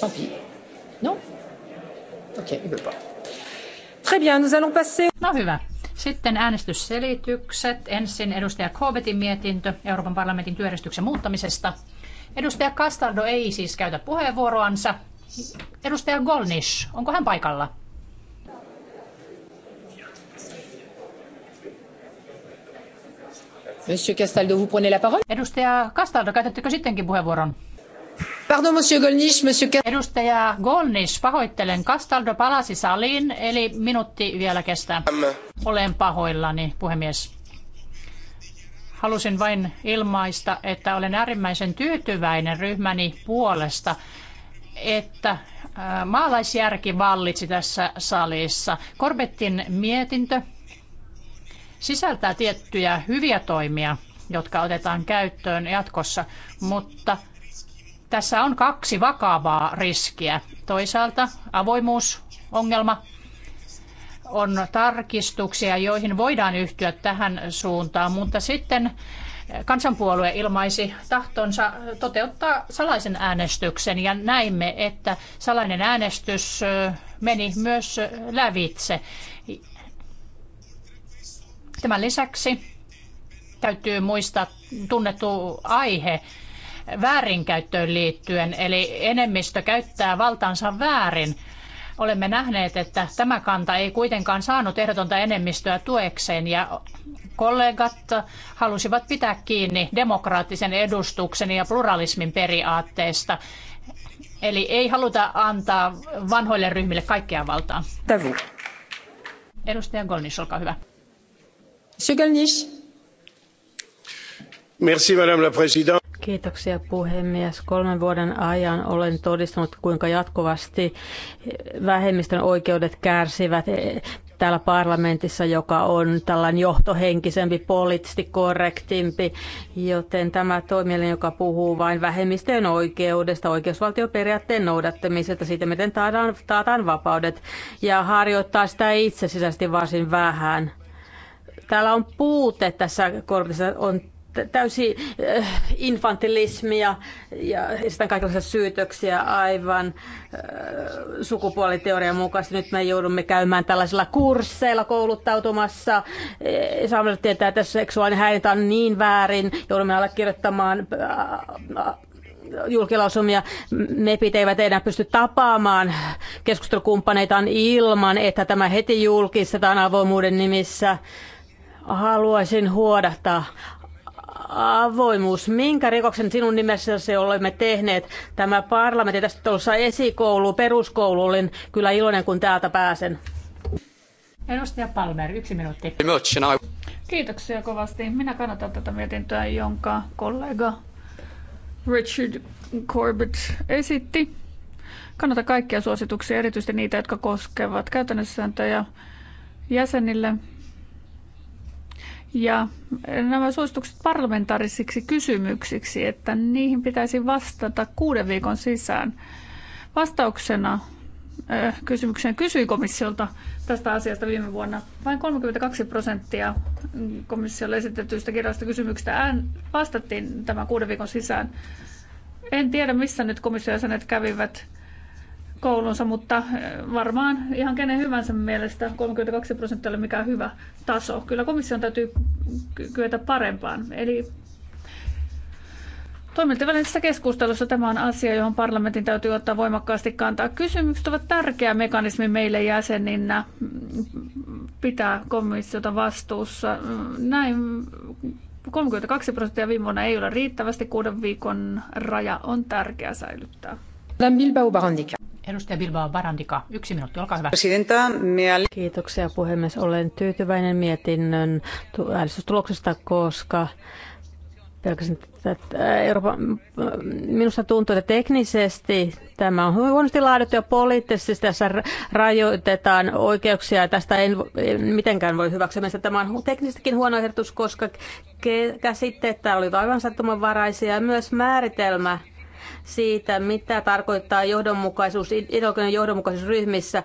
Tant pis. Non Okei, okay, hyvä. Très bien, nous allons passer... No hyvä. Sitten äänestysselitykset. Ensin edustaja Kovetin mietintö Euroopan parlamentin työjärjestyksen muuttamisesta. Edustaja Castaldo ei siis käytä puheenvuoroansa. Edustaja Golnish, onko hän paikalla? Monsieur Castaldo, vous prenez la parole? Edustaja Castaldo, käytättekö sittenkin puheenvuoron? Pardon, monsieur monsieur... Edustaja Golnish, pahoittelen. Castaldo palasi saliin, eli minuutti vielä kestää. Olen pahoillani, puhemies. Halusin vain ilmaista, että olen äärimmäisen tyytyväinen ryhmäni puolesta, että maalaisjärki vallitsi tässä salissa. Korbettin mietintö sisältää tiettyjä hyviä toimia, jotka otetaan käyttöön jatkossa, mutta – tässä on kaksi vakavaa riskiä. Toisaalta avoimuusongelma on tarkistuksia, joihin voidaan yhtyä tähän suuntaan, mutta sitten kansanpuolue ilmaisi tahtonsa toteuttaa salaisen äänestyksen ja näimme, että salainen äänestys meni myös lävitse. Tämän lisäksi täytyy muistaa tunnettu aihe, väärinkäyttöön liittyen, eli enemmistö käyttää valtaansa väärin. Olemme nähneet, että tämä kanta ei kuitenkaan saanut ehdotonta enemmistöä tuekseen ja kollegat halusivat pitää kiinni demokraattisen edustuksen ja pluralismin periaatteesta. Eli ei haluta antaa vanhoille ryhmille kaikkea valtaa. Tavu. Edustaja Golnish, olkaa hyvä. Monsieur Golnish. Merci, Madame la Présidente. Kiitoksia puhemies. Kolmen vuoden ajan olen todistanut, kuinka jatkuvasti vähemmistön oikeudet kärsivät e, täällä parlamentissa, joka on tällainen johtohenkisempi, poliittisesti korrektimpi, joten tämä toimielin, joka puhuu vain vähemmistöjen oikeudesta, oikeusvaltioperiaatteen noudattamisesta, siitä miten taataan, taataan vapaudet ja harjoittaa sitä itse sisäisesti varsin vähän. Täällä on puute tässä korvissa, on täysi äh, infantilismi infantilismia ja esitän kaikenlaisia syytöksiä aivan äh, sukupuoliteorian mukaisesti. Nyt me joudumme käymään tällaisilla kursseilla kouluttautumassa. Saamme tietää, että seksuaalinen häirintä on niin väärin. Joudumme allekirjoittamaan äh, julkilausumia. MEPit eivät enää pysty tapaamaan keskustelukumppaneitaan ilman, että tämä heti julkistetaan avoimuuden nimissä haluaisin huodahtaa avoimuus. Minkä rikoksen sinun nimessäsi olemme tehneet? Tämä parlamentti tästä tuossa esikoulu, peruskoulu. Olin kyllä iloinen, kun täältä pääsen. Edustaja Palmer, yksi minuutti. Kiitoksia kovasti. Minä kannatan tätä mietintöä, jonka kollega Richard Corbett esitti. Kannata kaikkia suosituksia, erityisesti niitä, jotka koskevat käytännössääntöjä jäsenille ja nämä suositukset parlamentaarisiksi kysymyksiksi, että niihin pitäisi vastata kuuden viikon sisään. Vastauksena äh, kysymykseen kysyi komissiolta tästä asiasta viime vuonna. Vain 32 prosenttia komissiolle esitetyistä kirjallisista kysymyksistä vastattiin tämän kuuden viikon sisään. En tiedä, missä nyt komission jäsenet kävivät koulunsa, mutta eh, varmaan ihan kenen hyvänsä mielestä 32 prosenttia oli mikään hyvä taso. Kyllä komission täytyy kyetä parempaan. Eli Toimintavälisessä keskustelussa tämä on asia, johon parlamentin täytyy ottaa voimakkaasti kantaa. Kysymykset ovat tärkeä mekanismi meille jäseninä pitää komissiota vastuussa. Näin 32 prosenttia viime vuonna ei ole riittävästi. Kuuden viikon raja on tärkeä säilyttää. Bilbao Barandica. Edustaja Bilbao Barandika, yksi minuutti, olkaa hyvä. Kiitoksia puhemies. Olen tyytyväinen mietinnön äänestystuloksesta, koska että Euroopan, minusta tuntuu, että teknisesti tämä on huonosti laadittu ja poliittisesti tässä rajoitetaan oikeuksia. Tästä en mitenkään voi hyväksyä. Mielestäni tämä on teknisestikin huono ehdotus, koska käsitteet oli aivan sattumanvaraisia. Myös määritelmä siitä, mitä tarkoittaa johdonmukaisuus, ideologinen johdonmukaisuus ryhmissä.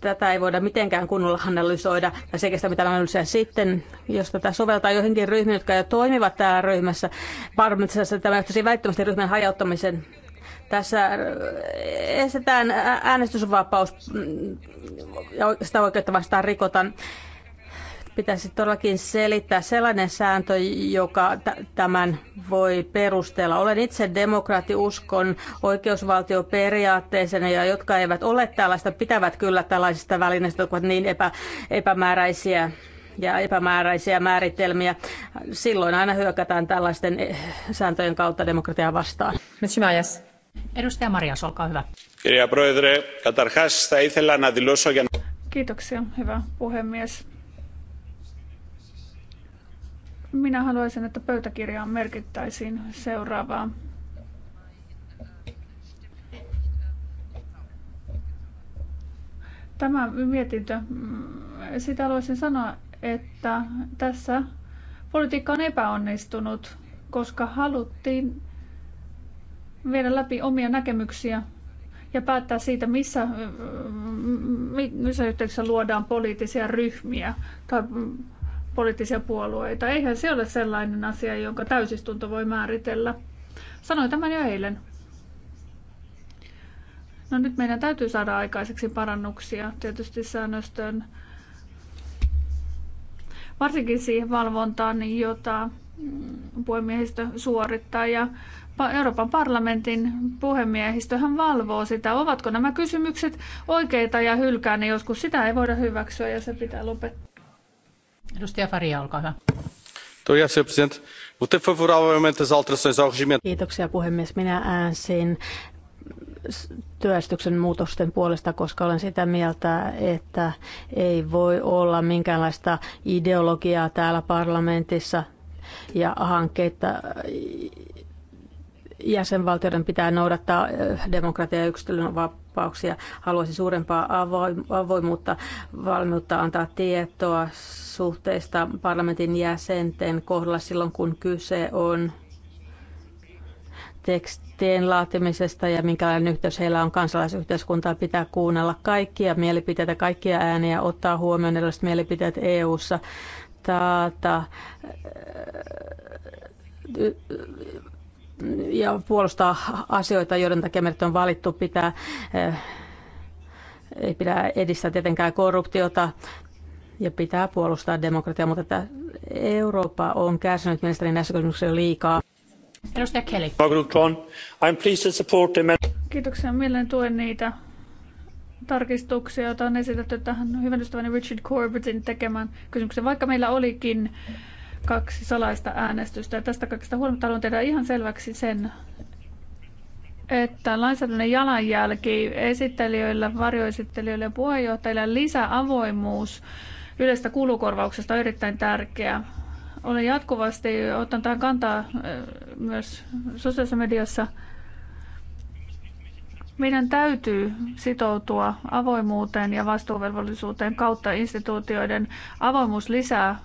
Tätä ei voida mitenkään kunnolla analysoida tai se kestä mitään analyysiä. Sitten, jos tätä soveltaa johonkin ryhmiin, jotka jo toimivat täällä ryhmässä, parlamentissa tämä johtaisi välittömästi ryhmän hajauttamisen tässä äh, estetään äänestysvapaus mm, ja sitä oikeutta vastaan rikotaan pitäisi todellakin selittää sellainen sääntö, joka tämän voi perustella. Olen itse demokraatti, uskon oikeusvaltioperiaatteeseen ja jotka eivät ole tällaista, pitävät kyllä tällaisista välineistä, jotka ovat niin epä, epämääräisiä ja epämääräisiä määritelmiä. Silloin aina hyökätään tällaisten eh, sääntöjen kautta demokratiaa vastaan. Edustaja Maria olkaa hyvä. Kirja Kiitoksia, hyvä puhemies minä haluaisin, että pöytäkirjaan merkittäisiin seuraavaa. Tämä mietintö, mm, sitä haluaisin sanoa, että tässä politiikka on epäonnistunut, koska haluttiin viedä läpi omia näkemyksiä ja päättää siitä, missä, mm, mm, missä yhteyksissä luodaan poliittisia ryhmiä tai poliittisia puolueita. Eihän se ole sellainen asia, jonka täysistunto voi määritellä. Sanoin tämän jo eilen. No nyt meidän täytyy saada aikaiseksi parannuksia tietysti säännöstön, varsinkin siihen valvontaan, jota puhemiehistö suorittaa. Ja Euroopan parlamentin puhemiehistöhän valvoo sitä, ovatko nämä kysymykset oikeita ja hylkää niin joskus. Sitä ei voida hyväksyä ja se pitää lopettaa. Edustaja Faria, olkaa hyvä. Kiitoksia puhemies. Minä äänsin työstyksen muutosten puolesta, koska olen sitä mieltä, että ei voi olla minkäänlaista ideologiaa täällä parlamentissa ja hankkeita jäsenvaltioiden pitää noudattaa demokratia- ja yksilön vapauksia. Haluaisin suurempaa avoimuutta, valmiutta antaa tietoa suhteista parlamentin jäsenten kohdalla silloin, kun kyse on tekstien laatimisesta ja minkälainen yhteys heillä on kansalaisyhteiskuntaa. Pitää kuunnella kaikkia mielipiteitä, kaikkia ääniä, ottaa huomioon erilaiset mielipiteet EU-ssa, taata ja puolustaa asioita, joiden takia meidät on valittu, pitää, eh, ei pidä edistää tietenkään korruptiota ja pitää puolustaa demokratiaa, mutta että Eurooppa on kärsinyt mielestäni näissä kysymyksissä liikaa. Edustaja Kelly. I'm pleased to support the... Kiitoksia. Mielen tuen niitä tarkistuksia, joita on esitetty tähän hyvän ystäväni Richard Corbettin tekemään kysymykseen. Vaikka meillä olikin äh, kaksi salaista äänestystä. Ja tästä kaikesta huolimatta haluan tehdä ihan selväksi sen, että lainsäädännön jalanjälki esittelijöillä, varjoesittelijöillä ja puheenjohtajilla lisäavoimuus yleistä kulukorvauksesta on erittäin tärkeää. Olen jatkuvasti ottanut tähän kantaa äh, myös sosiaalisessa mediassa. Meidän täytyy sitoutua avoimuuteen ja vastuuvelvollisuuteen kautta instituutioiden. Avoimuus lisää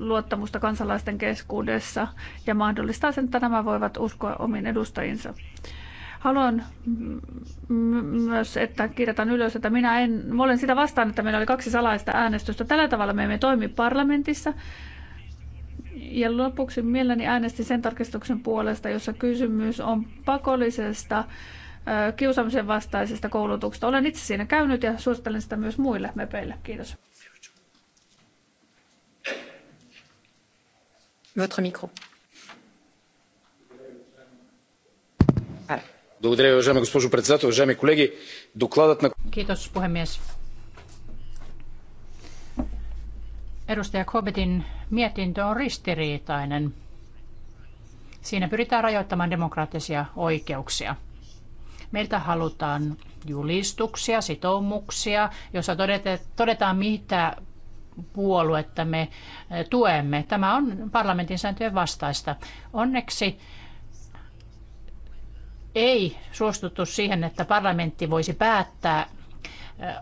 luottamusta kansalaisten keskuudessa ja mahdollistaa sen, että nämä voivat uskoa omiin edustajinsa. Haluan myös, että kirjataan ylös, että minä en, mä olen sitä vastaan, että meillä oli kaksi salaista äänestystä. Tällä tavalla me emme toimi parlamentissa. Ja lopuksi mielelläni äänestin sen tarkistuksen puolesta, jossa kysymys on pakollisesta kiusaamisen vastaisesta koulutuksesta. Olen itse siinä käynyt ja suosittelen sitä myös muille mepeille. Kiitos. госпожо председател edustaja Kobetin mietintö on ristiriitainen. Siinä pyritään rajoittamaan demokraattisia oikeuksia. Meiltä halutaan julistuksia, sitoumuksia, joissa todetaan, mitä puoluetta me tuemme. Tämä on parlamentin sääntöjen vastaista. Onneksi ei suostuttu siihen, että parlamentti voisi päättää,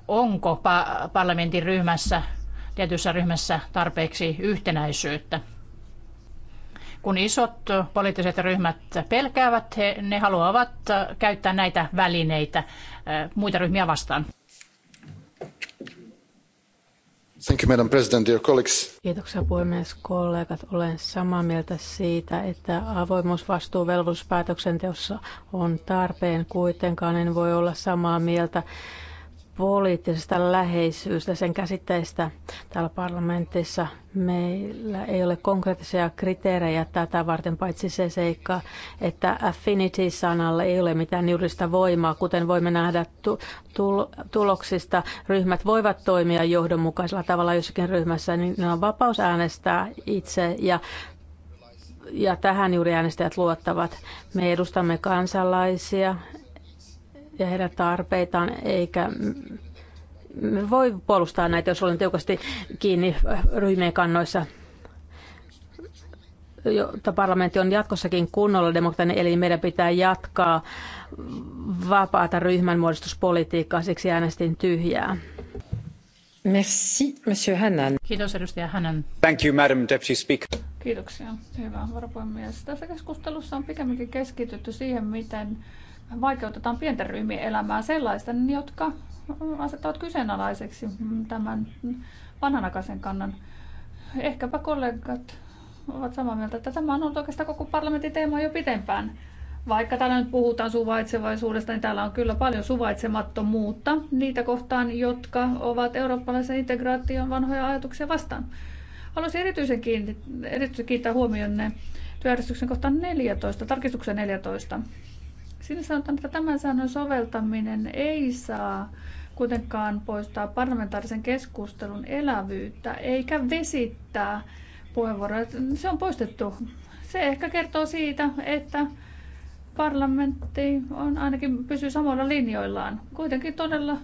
onko parlamentin ryhmässä, tietyssä ryhmässä tarpeeksi yhtenäisyyttä kun isot poliittiset ryhmät pelkäävät, he, ne haluavat käyttää näitä välineitä muita ryhmiä vastaan. Thank you, Madam President, dear colleagues. Kiitoksia puhemies, kollegat. Olen samaa mieltä siitä, että avoimuusvastuu velvollisuuspäätöksenteossa on tarpeen. Kuitenkaan en voi olla samaa mieltä poliittisesta läheisyydestä sen käsitteistä täällä parlamentissa. Meillä ei ole konkreettisia kriteerejä tätä varten, paitsi se seikka, että affinity-sanalla ei ole mitään juridista voimaa. Kuten voimme nähdä tuloksista, ryhmät voivat toimia johdonmukaisella tavalla jossakin ryhmässä, niin ne on vapaus äänestää itse ja ja tähän juuri äänestäjät luottavat. Me edustamme kansalaisia, ja heidän tarpeitaan, eikä me voi puolustaa näitä, jos olen tiukasti kiinni ryhmien kannoissa jotta parlamentti on jatkossakin kunnolla demokratinen, eli meidän pitää jatkaa vapaata ryhmänmuodostuspolitiikkaa, siksi äänestin tyhjää. Merci, Monsieur Hannan. Kiitos, edustaja Hannan. Thank you, Madam Deputy Speaker. Kiitoksia, hyvä varapuhemies. Tässä keskustelussa on pikemminkin keskitytty siihen, miten vaikeutetaan pienten ryhmien elämää sellaisten, jotka asettavat kyseenalaiseksi tämän vanhanakaisen kannan. Ehkäpä kollegat ovat samaa mieltä, että tämä on ollut oikeastaan koko parlamentin teema jo pitempään. Vaikka täällä nyt puhutaan suvaitsevaisuudesta, niin täällä on kyllä paljon suvaitsemattomuutta niitä kohtaan, jotka ovat eurooppalaisen integraation vanhoja ajatuksia vastaan. Haluaisin erityisen, kiinni, erityisen kiittää huomionne työjärjestyksen kohtaan 14, tarkistuksen 14. Siinä sanotaan, että tämän säännön soveltaminen ei saa kuitenkaan poistaa parlamentaarisen keskustelun elävyyttä eikä vesittää puheenvuoroja. Se on poistettu. Se ehkä kertoo siitä, että parlamentti on ainakin pysyy samoilla linjoillaan. Kuitenkin todella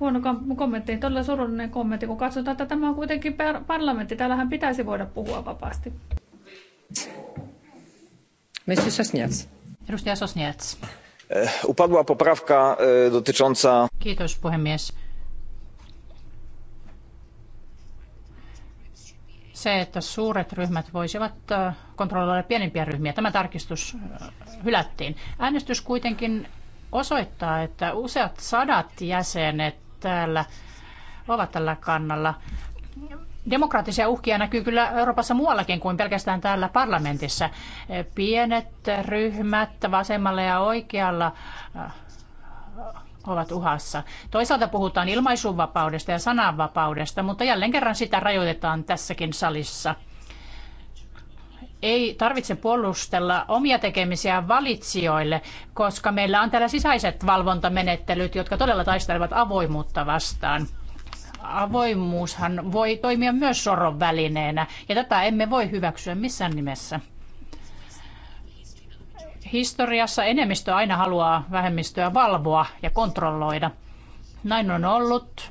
huono kommentti, todella surullinen kommentti, kun katsotaan, että tämä on kuitenkin parlamentti. Täällähän pitäisi voida puhua vapaasti. Mr. Sosniac. E, upadła poprawka e, dotycząca... Kiitos puhemies. Se, että suuret ryhmät voisivat e, kontrolloida pienempiä ryhmiä, tämä tarkistus hylättiin. Äänestys kuitenkin osoittaa, että useat sadat jäsenet täällä ovat tällä kannalla. Demokraattisia uhkia näkyy kyllä Euroopassa muuallakin kuin pelkästään täällä parlamentissa. Pienet ryhmät vasemmalla ja oikealla äh, ovat uhassa. Toisaalta puhutaan ilmaisuvapaudesta ja sananvapaudesta, mutta jälleen kerran sitä rajoitetaan tässäkin salissa. Ei tarvitse puolustella omia tekemisiä valitsijoille, koska meillä on täällä sisäiset valvontamenettelyt, jotka todella taistelevat avoimuutta vastaan avoimuushan voi toimia myös soron välineenä, ja tätä emme voi hyväksyä missään nimessä. Historiassa enemmistö aina haluaa vähemmistöä valvoa ja kontrolloida. Näin on ollut.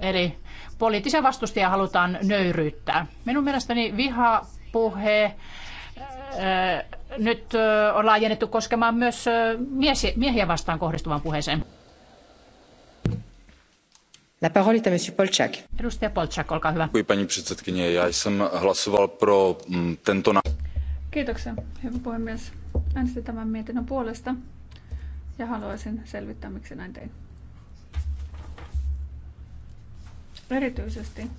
Eli poliittisia vastustajia halutaan nöyryyttää. Minun mielestäni vihapuhe äh, nyt äh, on laajennettu koskemaan myös äh, miehiä vastaan kohdistuvan puheeseen. La parole est à monsieur Polčák. Edustaja Polčák, olkaa hyvä. Kiitos, paní předsedkyně. Já jsem hlasoval pro mm, tento... Kiitoksia, hyvä puhemies. Äänestin tämän mietinnön puolesta ja haluaisin selvittää, miksi näin tein. Erityisesti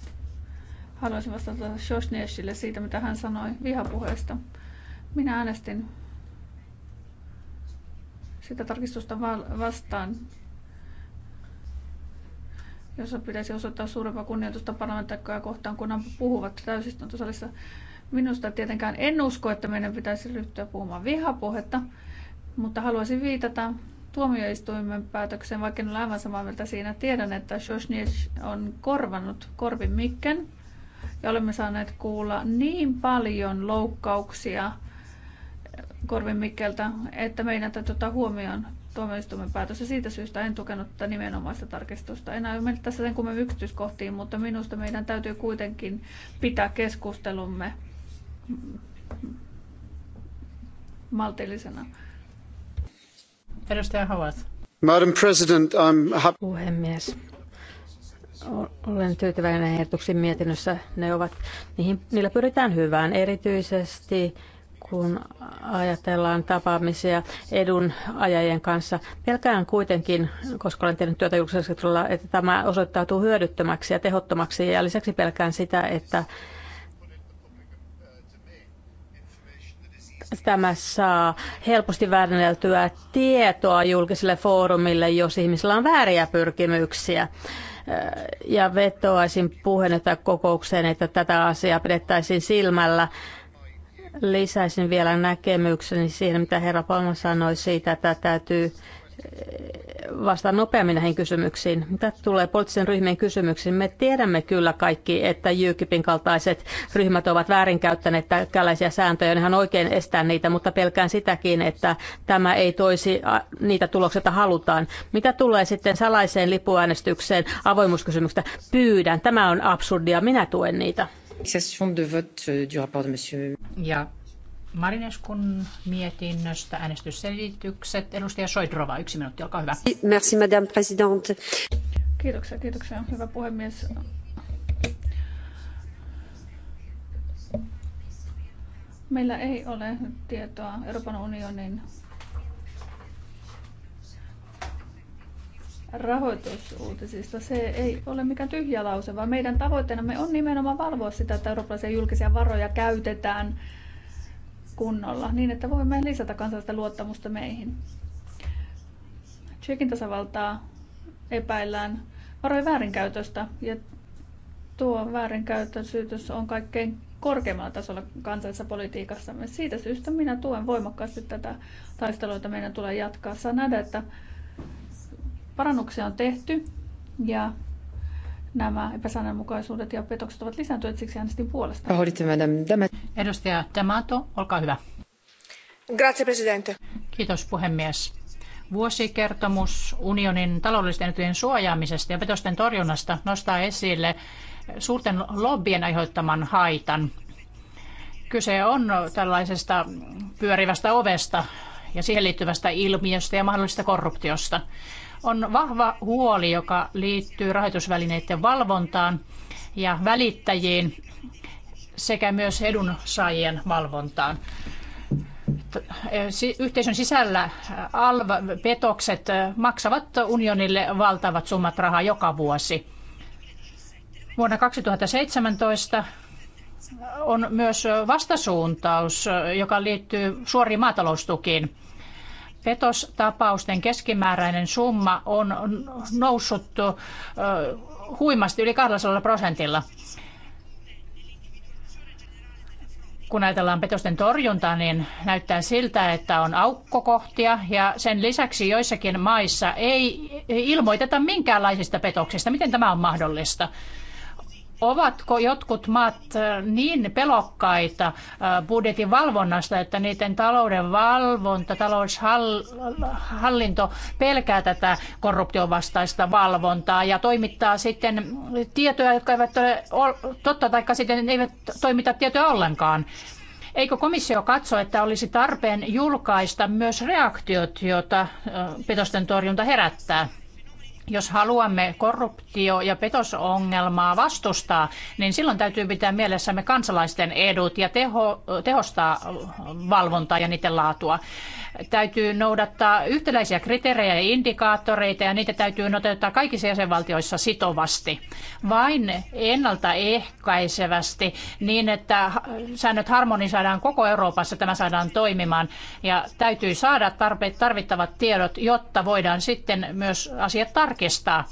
haluaisin vastata Shoshnieshille siitä, mitä hän sanoi vihapuheesta. Minä äänestin sitä tarkistusta vastaan, jossa pitäisi osoittaa suurempaa kunnioitusta parlamentaikkoja kohtaan, kun puhuvat täysistuntosalissa. Minusta tietenkään en usko, että meidän pitäisi ryhtyä puhumaan vihapuhetta, mutta haluaisin viitata tuomioistuimen päätökseen, vaikka en ole aivan samaa mieltä siinä. Tiedän, että Shoshnish on korvannut Korvin Mikken ja olemme saaneet kuulla niin paljon loukkauksia Korvin Mikkeltä, että meidän täytyy ottaa huomioon tuomioistuimen päätös ja siitä syystä en tukenut tätä nimenomaista tarkistusta. En aio mennä tässä sen kummen yksityiskohtiin, mutta minusta meidän täytyy kuitenkin pitää keskustelumme maltillisena. Edustaja Havas. Madam President, I'm happy. Puhemies. Olen tyytyväinen ehdotuksiin mietinnössä. Ne ovat, niihin, niillä pyritään hyvään, erityisesti kun ajatellaan tapaamisia edun ajajien kanssa. Pelkään kuitenkin, koska olen tehnyt työtä julkisella sektorilla, että tämä osoittautuu hyödyttömäksi ja tehottomaksi. Ja lisäksi pelkään sitä, että tämä saa helposti väärinneltyä tietoa julkiselle foorumille, jos ihmisillä on vääriä pyrkimyksiä. Ja vetoaisin puheenjohtajakokoukseen, että tätä asiaa pidettäisiin silmällä Lisäisin vielä näkemykseni siihen, mitä herra Palma sanoi siitä, että täytyy eh, vastaan nopeammin näihin kysymyksiin. Mitä tulee poliittisen ryhmien kysymyksiin, me tiedämme kyllä kaikki, että JYKIPin kaltaiset ryhmät ovat väärinkäyttäneet tällaisia sääntöjä, on ihan oikein estää niitä, mutta pelkään sitäkin, että tämä ei toisi niitä tuloksia, halutaan. Mitä tulee sitten salaiseen lipuäänestykseen avoimuuskysymyksestä? Pyydän. Tämä on absurdia. Minä tuen niitä de vote euh, du rapport de monsieur. Ja Marineskun mietinnöstä äänestysselitykset. Edustaja Soidrova, yksi minuutti, olkaa hyvä. Merci, madame présidente. Kiitoksia, kiitoksia, hyvä puhemies. Meillä ei ole tietoa Euroopan unionin rahoitusuutisista. Se ei ole mikään tyhjä lause, vaan meidän tavoitteenamme on nimenomaan valvoa sitä, että eurooppalaisia julkisia varoja käytetään kunnolla, niin että voimme lisätä kansallista luottamusta meihin. Tsekin tasavaltaa epäillään varojen väärinkäytöstä ja tuo väärinkäytön syytös on kaikkein korkeammalla tasolla kansallisessa politiikassamme. Siitä syystä minä tuen voimakkaasti tätä taistelua, jota meidän tulee jatkaa. Saa nähdä, että Parannuksia on tehty ja nämä epäsäännönmukaisuudet ja petokset ovat lisääntyneet, siksi äänestin puolesta. Edustaja Damato, olkaa hyvä. Grazie, presidente. Kiitos puhemies. Vuosikertomus unionin taloudellisten etujen suojaamisesta ja petosten torjunnasta nostaa esille suurten lobbien aiheuttaman haitan. Kyse on tällaisesta pyörivästä ovesta ja siihen liittyvästä ilmiöstä ja mahdollisesta korruptiosta on vahva huoli, joka liittyy rahoitusvälineiden valvontaan ja välittäjiin sekä myös edunsaajien valvontaan. Yhteisön sisällä alv-petokset maksavat unionille valtavat summat rahaa joka vuosi. Vuonna 2017 on myös vastasuuntaus, joka liittyy suoriin maataloustukiin. Petostapausten keskimääräinen summa on noussut huimasti yli 200 prosentilla. kun ajatellaan petosten torjuntaa, niin näyttää siltä, että on aukkokohtia ja sen lisäksi joissakin maissa ei ilmoiteta minkäänlaisista petoksista. Miten tämä on mahdollista? Ovatko jotkut maat äh, niin pelokkaita äh, budjetin valvonnasta, että niiden talouden valvonta, taloushallinto pelkää tätä korruption vastaista valvontaa ja toimittaa sitten tietoja, jotka eivät ole totta, tai sitten eivät toimita tietoja ollenkaan? Eikö komissio katso, että olisi tarpeen julkaista myös reaktiot, joita äh, petosten torjunta herättää? jos haluamme korruptio- ja petosongelmaa vastustaa, niin silloin täytyy pitää mielessämme kansalaisten edut ja teho, tehostaa valvontaa ja niiden laatua. Täytyy noudattaa yhtäläisiä kriteerejä ja indikaattoreita ja niitä täytyy noteuttaa kaikissa jäsenvaltioissa sitovasti. Vain ennaltaehkäisevästi niin, että säännöt harmonisoidaan koko Euroopassa, tämä saadaan toimimaan ja täytyy saada tarvittavat tiedot, jotta voidaan sitten myös asiat tarkistaa tarkistaa.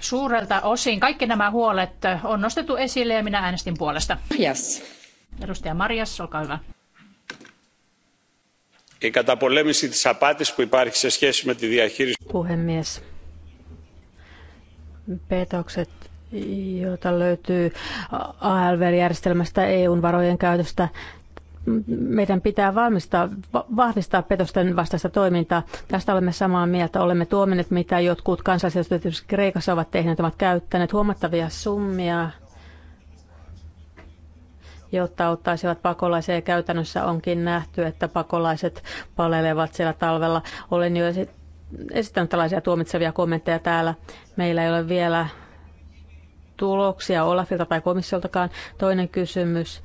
Suurelta osin kaikki nämä huolet on nostettu esille ja minä äänestin puolesta. Yes. Edustaja Marias, olkaa hyvä. Puhemies. Petokset, joita löytyy ALV-järjestelmästä EUn varojen käytöstä, meidän pitää valmistaa, vahvistaa petosten vastaista toimintaa. Tästä olemme samaa mieltä. Olemme tuominneet, mitä jotkut kansallisjärjestöt Kreikassa ovat tehneet, ovat käyttäneet huomattavia summia jotta ottaisivat pakolaisia. Käytännössä onkin nähty, että pakolaiset palelevat siellä talvella. Olen jo esittänyt tällaisia tuomitsevia kommentteja täällä. Meillä ei ole vielä tuloksia Olafilta tai komissioltakaan. Toinen kysymys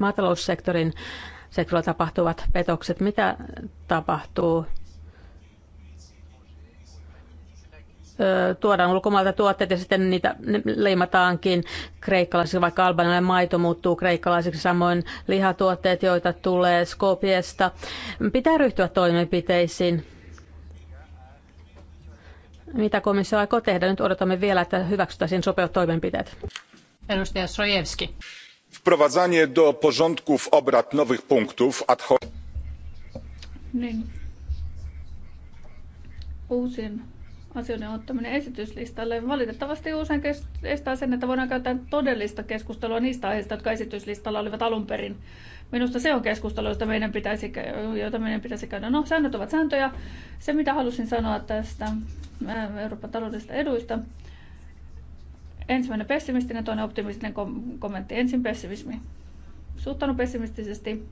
maataloussektorin sektorilla tapahtuvat petokset. Mitä tapahtuu? tuodaan ulkomailta tuotteet ja sitten niitä leimataankin kreikkalaisiksi, vaikka albanilainen maito muuttuu kreikkalaisiksi, samoin lihatuotteet, joita tulee Skopiesta. Pitää ryhtyä toimenpiteisiin. Mitä komissio aikoo tehdä? Nyt odotamme vielä, että hyväksyttäisiin sopeutoimenpiteet. Edustaja Sojevski wprowadzanie do porządków obrad nowych punktów ad hoc niin. Uusien asioiden ottaminen esityslistalle valitettavasti usein estää sen, että voidaan käyttää todellista keskustelua niistä aiheista, jotka esityslistalla olivat alun perin. Minusta se on keskustelu, jota meidän pitäisi, jota meidän pitäisi käydä. No, säännöt ovat sääntöjä. Se, mitä halusin sanoa tästä Euroopan taloudellisista eduista, Ensimmäinen pessimistinen, toinen optimistinen kom- kommentti. Ensin pessimismi. Suhtaudun pessimistisesti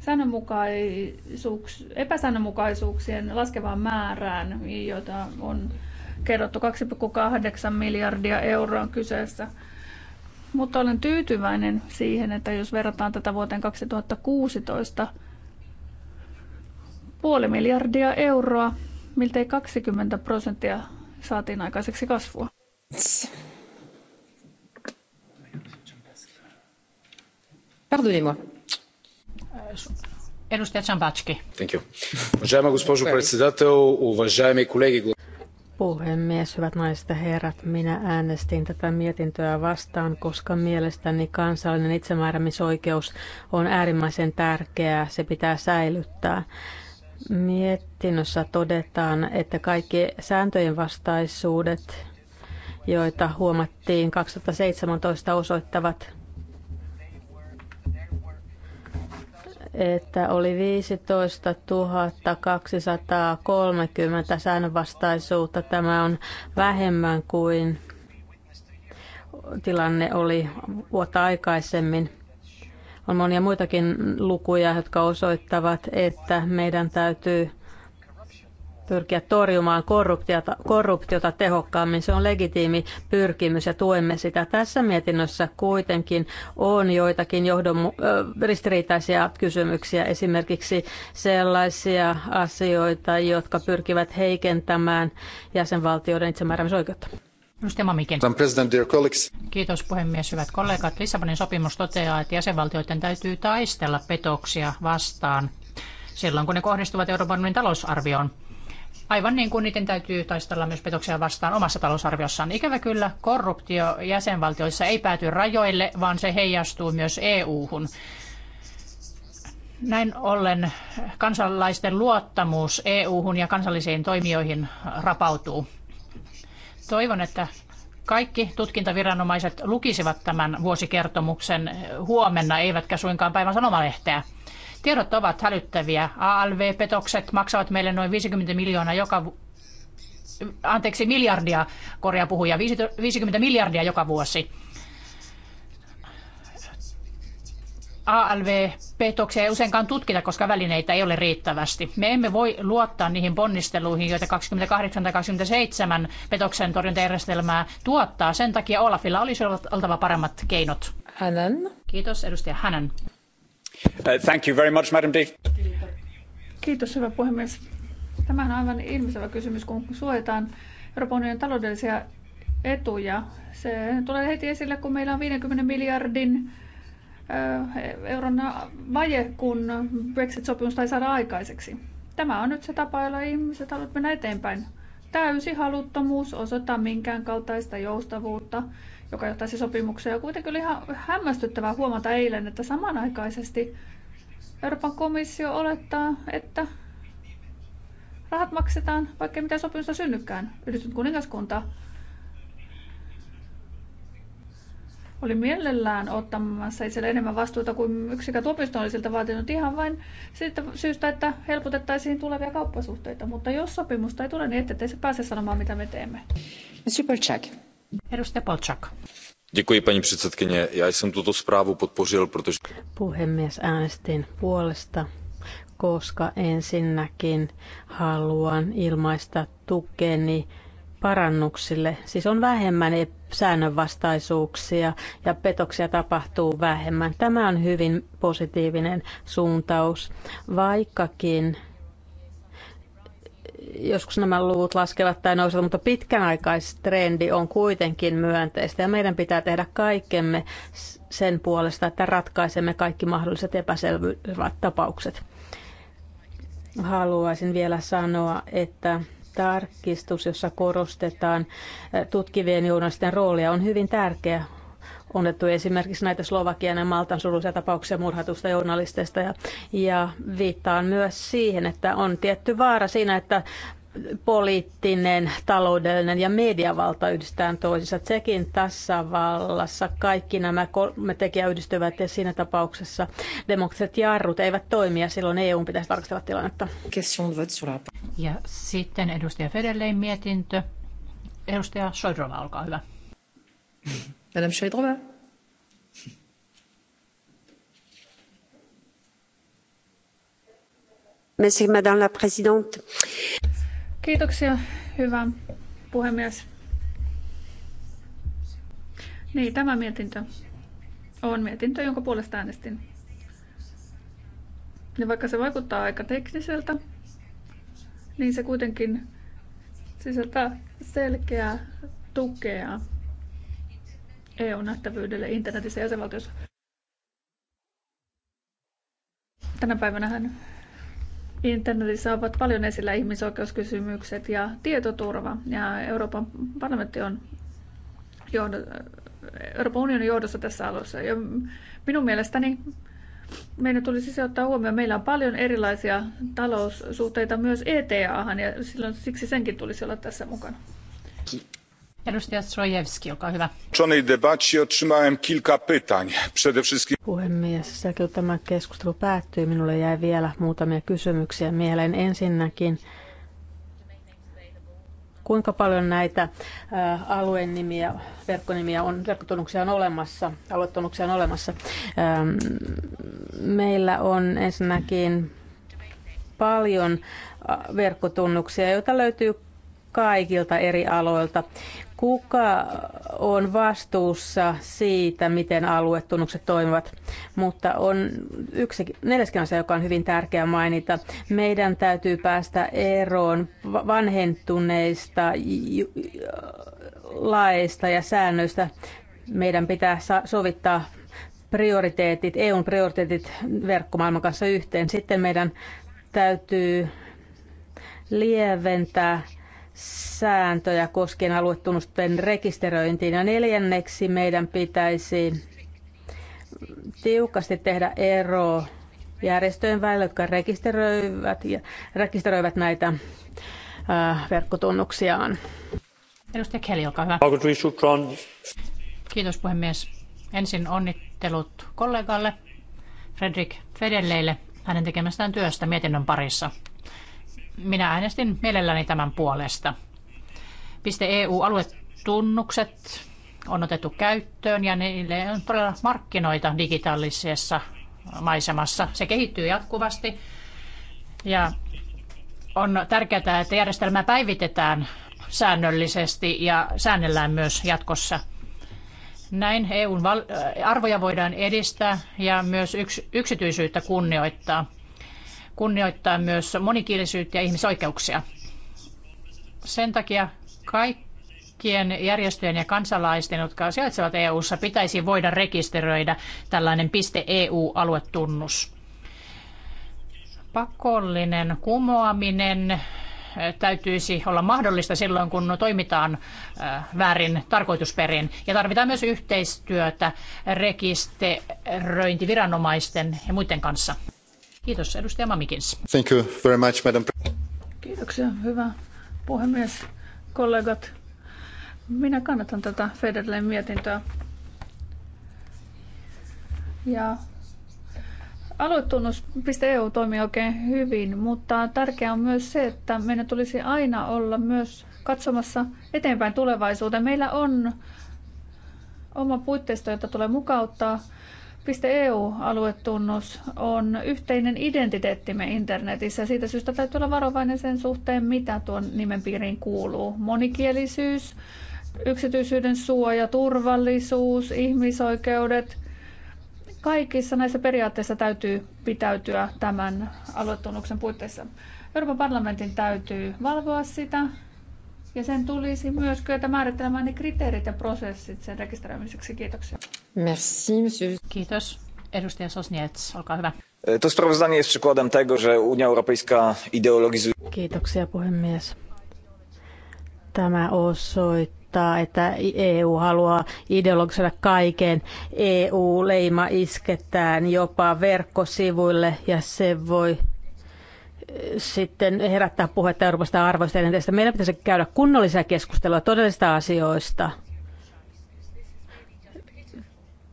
säännönmukaisuuks, epäsäännönmukaisuuksien laskevaan määrään, jota on kerrottu 2,8 miljardia euroa kyseessä. Mutta olen tyytyväinen siihen, että jos verrataan tätä vuoteen 2016, puoli miljardia euroa miltei 20 prosenttia saatiin aikaiseksi kasvua. Pardonnez-moi. Edustaja Czambacki. Thank you. Уважаема госпожо председател, уважаеми колеги. Puhemies, hyvät naiset ja herrat, minä äänestin tätä mietintöä vastaan, koska mielestäni kansallinen itsemääräämisoikeus on äärimmäisen tärkeää, se pitää säilyttää Mietinnössä todetaan, että kaikki sääntöjen vastaisuudet, joita huomattiin 2017, osoittavat, että oli 15 230 säännönvastaisuutta. Tämä on vähemmän kuin tilanne oli vuotta aikaisemmin. On monia muitakin lukuja, jotka osoittavat, että meidän täytyy pyrkiä torjumaan korruptiota, korruptiota tehokkaammin. Se on legitiimi pyrkimys ja tuemme sitä. Tässä mietinnössä kuitenkin on joitakin johdon, ristiriitaisia kysymyksiä, esimerkiksi sellaisia asioita, jotka pyrkivät heikentämään jäsenvaltioiden itsemääräämisoikeutta. Edustaja Kiitos puhemies, hyvät kollegat. Lissabonin sopimus toteaa, että jäsenvaltioiden täytyy taistella petoksia vastaan silloin, kun ne kohdistuvat Euroopan unionin talousarvioon. Aivan niin kuin niiden täytyy taistella myös petoksia vastaan omassa talousarviossaan. Ikävä kyllä korruptio jäsenvaltioissa ei pääty rajoille, vaan se heijastuu myös EU-hun. Näin ollen kansalaisten luottamus EU-hun ja kansallisiin toimijoihin rapautuu. Toivon, että kaikki tutkintaviranomaiset lukisivat tämän vuosikertomuksen huomenna, eivätkä suinkaan päivän sanomalehteä. Tiedot ovat hälyttäviä. ALV-petokset maksavat meille noin 50 miljoonaa joka anteeksi, miljardia, korjaa puhuja, 50 miljardia joka vuosi. ALV-petoksia ei useinkaan tutkita, koska välineitä ei ole riittävästi. Me emme voi luottaa niihin ponnisteluihin, joita 28 tai 27 petoksen torjuntajärjestelmää tuottaa. Sen takia Olafilla olisi oltava paremmat keinot. Hänen. Kiitos, edustaja Hänen. Uh, thank you very much, Madam D. Kiitos, hyvä puhemies. Tämä on aivan ilmiselvä kysymys, kun suojataan Euroopan unionin taloudellisia etuja. Se tulee heti esille, kun meillä on 50 miljardin euron vaje, kun Brexit-sopimusta ei saada aikaiseksi. Tämä on nyt se tapa, jolla ihmiset haluavat mennä eteenpäin. Täysi haluttomuus osoittaa minkään kaltaista joustavuutta, joka johtaisi sopimukseen. Ja kuitenkin oli ihan hämmästyttävää huomata eilen, että samanaikaisesti Euroopan komissio olettaa, että rahat maksetaan, vaikka mitä sopimusta synnykään. Yhdistynyt kuningaskunta oli mielellään ottamassa itselle enemmän vastuuta kuin yksikään tuomioistuin oli siltä vaatinut ihan vain siitä syystä, että helpotettaisiin tulevia kauppasuhteita. Mutta jos sopimusta ei tule, niin ette se pääse sanomaan, mitä me teemme. Supercheck. Edustaja Polchak. Děkuji, paní předsedkyně. Já jsem tuto zprávu podpořil, protože... Puhemies äänestin puolesta, koska ensinnäkin haluan ilmaista tukeni parannuksille. Siis on vähemmän säännönvastaisuuksia ja petoksia tapahtuu vähemmän. Tämä on hyvin positiivinen suuntaus, vaikkakin joskus nämä luvut laskevat tai nousevat, mutta pitkänaikaistrendi on kuitenkin myönteistä ja meidän pitää tehdä kaikkemme sen puolesta, että ratkaisemme kaikki mahdolliset epäselvät tapaukset. Haluaisin vielä sanoa, että tarkistus, jossa korostetaan tutkivien journalisten roolia, on hyvin tärkeä. On otettu esimerkiksi näitä Slovakian ja Maltan surullisia tapauksia murhatusta journalisteista ja, ja viittaan myös siihen, että on tietty vaara siinä, että poliittinen, taloudellinen ja mediavalta yhdistetään toisissa. Tsekin tasavallassa kaikki nämä kolme tekijä yhdistyvät ja siinä tapauksessa demokraattiset jarrut eivät toimi ja silloin EU pitäisi tarkastella tilannetta. Ja sitten edustaja Federlein mietintö. Edustaja Soidrova, olkaa hyvä. Madame Soidrova. Merci, Madame la Présidente. Kiitoksia, hyvä puhemies. Niin, tämä mietintö on mietintö, jonka puolesta äänestin. Ja vaikka se vaikuttaa aika tekniseltä, niin se kuitenkin sisältää selkeää tukea EU-nähtävyydelle internetissä jäsenvaltiossa. Tänä päivänä Internetissä ovat paljon esillä ihmisoikeuskysymykset ja tietoturva. Ja Euroopan parlamentti on johdo, Euroopan unionin johdossa tässä alussa. Ja minun mielestäni meidän tulisi se ottaa huomioon. Meillä on paljon erilaisia taloussuhteita myös ETAhan ja silloin siksi senkin tulisi olla tässä mukana. Edustaja Strojewski, olkaa hyvä. debacie otrzymałem kilka pytań. Przede wszystkim... Puhemies, kun tämä keskustelu päättyy, minulle jäi vielä muutamia kysymyksiä mieleen. Ensinnäkin, kuinka paljon näitä äh, alueen nimiä, verkkonimiä on, verkkotunnuksia on olemassa, aluetunnuksia on olemassa. Ähm, meillä on ensinnäkin paljon äh, verkkotunnuksia, joita löytyy kaikilta eri aloilta. Kuka on vastuussa siitä, miten aluetunnukset toimivat? Mutta on yksi neljäskin asia, joka on hyvin tärkeä mainita. Meidän täytyy päästä eroon vanhentuneista laeista ja säännöistä. Meidän pitää sovittaa prioriteetit, EUn prioriteetit verkkomaailman kanssa yhteen. Sitten meidän täytyy lieventää sääntöjä koskien aluetunnusten rekisteröintiin. Ja neljänneksi meidän pitäisi tiukasti tehdä ero järjestöjen välillä, jotka rekisteröivät, ja rekisteröivät näitä ää, verkkotunnuksiaan. Edustaja Kelly, olkaa hyvä. Kiitos puhemies. Ensin onnittelut kollegalle Fredrik Fedelleille hänen tekemästään työstä mietinnön parissa. Minä äänestin mielelläni tämän puolesta. Piste EU-aluetunnukset on otettu käyttöön ja niille on todella markkinoita digitaalisessa maisemassa. Se kehittyy jatkuvasti ja on tärkeää, että järjestelmää päivitetään säännöllisesti ja säännellään myös jatkossa. Näin EUn arvoja voidaan edistää ja myös yksityisyyttä kunnioittaa kunnioittaa myös monikielisyyttä ja ihmisoikeuksia. Sen takia kaikkien järjestöjen ja kansalaisten, jotka sijaitsevat EU:ssa, pitäisi voida rekisteröidä tällainen .eu-aluetunnus. E Pakollinen kumoaminen eh, täytyisi olla mahdollista silloin, kun toimitaan eh, väärin tarkoitusperin. Ja tarvitaan myös yhteistyötä rekisteröintiviranomaisten ja muiden kanssa. Kiitos, edustaja Mamikins. Thank you very much, madam. Kiitoksia, hyvä puhemies, kollegat. Minä kannatan tätä Federleen mietintöä. Ja aluetunnus.eu e toimii oikein hyvin, mutta tärkeää on myös se, että meidän tulisi aina olla myös katsomassa eteenpäin tulevaisuuteen. Meillä on oma puitteisto, jota tulee mukauttaa EU-aluetunnus e on yhteinen identiteettimme internetissä. Siitä syystä täytyy olla varovainen sen suhteen, mitä tuon nimen piiriin kuuluu. Monikielisyys, yksityisyyden suoja, turvallisuus, ihmisoikeudet. Kaikissa näissä periaatteissa täytyy pitäytyä tämän aluetunnuksen puitteissa. Euroopan parlamentin täytyy valvoa sitä ja sen tulisi myös kyetä määrittelemään ne kriteerit ja prosessit sen rekisteröimiseksi. Kiitoksia. Merci, monsieur. Kiitos. Edustaja Sosniets, olkaa hyvä. E, to sprawozdanie jest przykładem tego, że Unia Europejska ideologizuje... Kiitoksia puhemies. Tämä osoittaa, että EU haluaa ideologisella kaiken. EU-leima isketään jopa verkkosivuille ja se voi sitten herättää puhetta Euroopasta arvoista ja Meidän pitäisi käydä kunnollisia keskustelua todellisista asioista –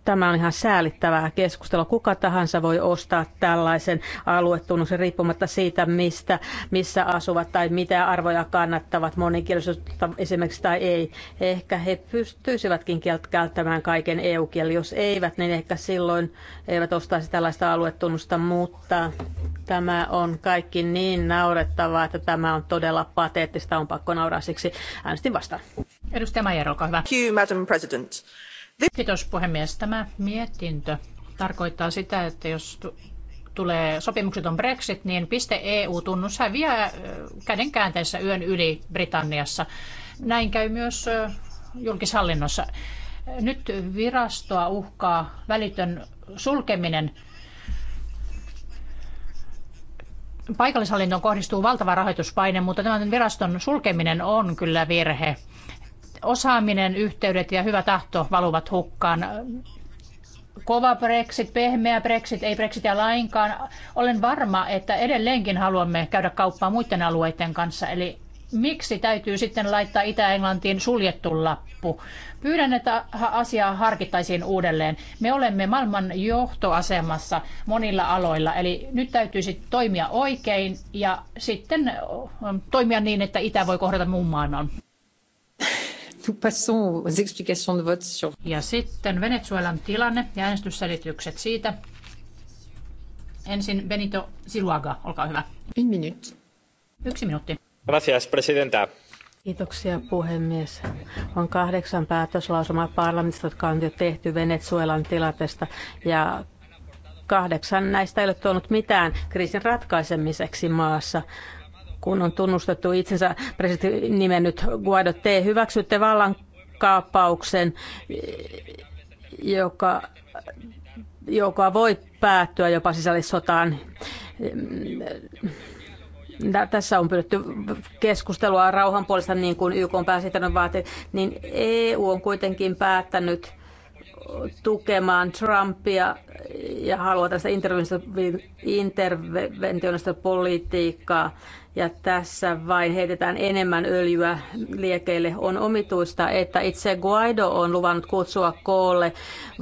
Tämä on ihan säälittävää keskustelua. Kuka tahansa voi ostaa tällaisen aluetunnuksen riippumatta siitä, mistä, missä asuvat tai mitä arvoja kannattavat, monikielisyyttä esimerkiksi tai ei. Ehkä he pystyisivätkin käyttämään kaiken EU-kieli. Jos eivät, niin ehkä silloin eivät ostaisi tällaista aluetunnusta, mutta tämä on kaikki niin naurettavaa, että tämä on todella pateettista. On pakko nauraa siksi äänestin vastaan. Edustaja Maijer, olkaa hyvä. Thank you, Madam President. Kiitos puhemies. Tämä mietintö tarkoittaa sitä, että jos tulee sopimukset on Brexit, niin piste EU-tunnus häviää käden käänteessä yön yli Britanniassa. Näin käy myös julkishallinnossa. Nyt virastoa uhkaa välitön sulkeminen. Paikallishallintoon kohdistuu valtava rahoituspaine, mutta tämän viraston sulkeminen on kyllä virhe osaaminen, yhteydet ja hyvä tahto valuvat hukkaan. Kova Brexit, pehmeä Brexit, ei Brexitia lainkaan. Olen varma, että edelleenkin haluamme käydä kauppaa muiden alueiden kanssa, eli miksi täytyy sitten laittaa Itä-Englantiin suljettu lappu. Pyydän, että asiaa harkittaisiin uudelleen. Me olemme maailman johtoasemassa monilla aloilla, eli nyt täytyisi toimia oikein ja sitten toimia niin, että Itä voi kohdata muun maailman. Ja sitten Venezuelan tilanne ja äänestysselitykset siitä. Ensin Benito Siluaga, olkaa hyvä. Minuutti. Yksi minuutti. Gracias, presidenta. Kiitoksia puhemies. On kahdeksan päätöslausumaa parlamentista, jotka on jo tehty Venezuelan tilanteesta ja kahdeksan näistä ei ole tuonut mitään kriisin ratkaisemiseksi maassa kun on tunnustettu itsensä presidentti nimennyt Guaido. Te hyväksytte vallankaappauksen, joka, joka voi päättyä jopa sisällissotaan tässä on pyydetty keskustelua rauhan puolesta, niin kuin YK on pääsihteerin vaati, niin EU on kuitenkin päättänyt tukemaan Trumpia ja haluaa tästä interventionista politiikkaa. Ja tässä vain heitetään enemmän öljyä liekeille. On omituista, että itse Guaido on luvannut kutsua koolle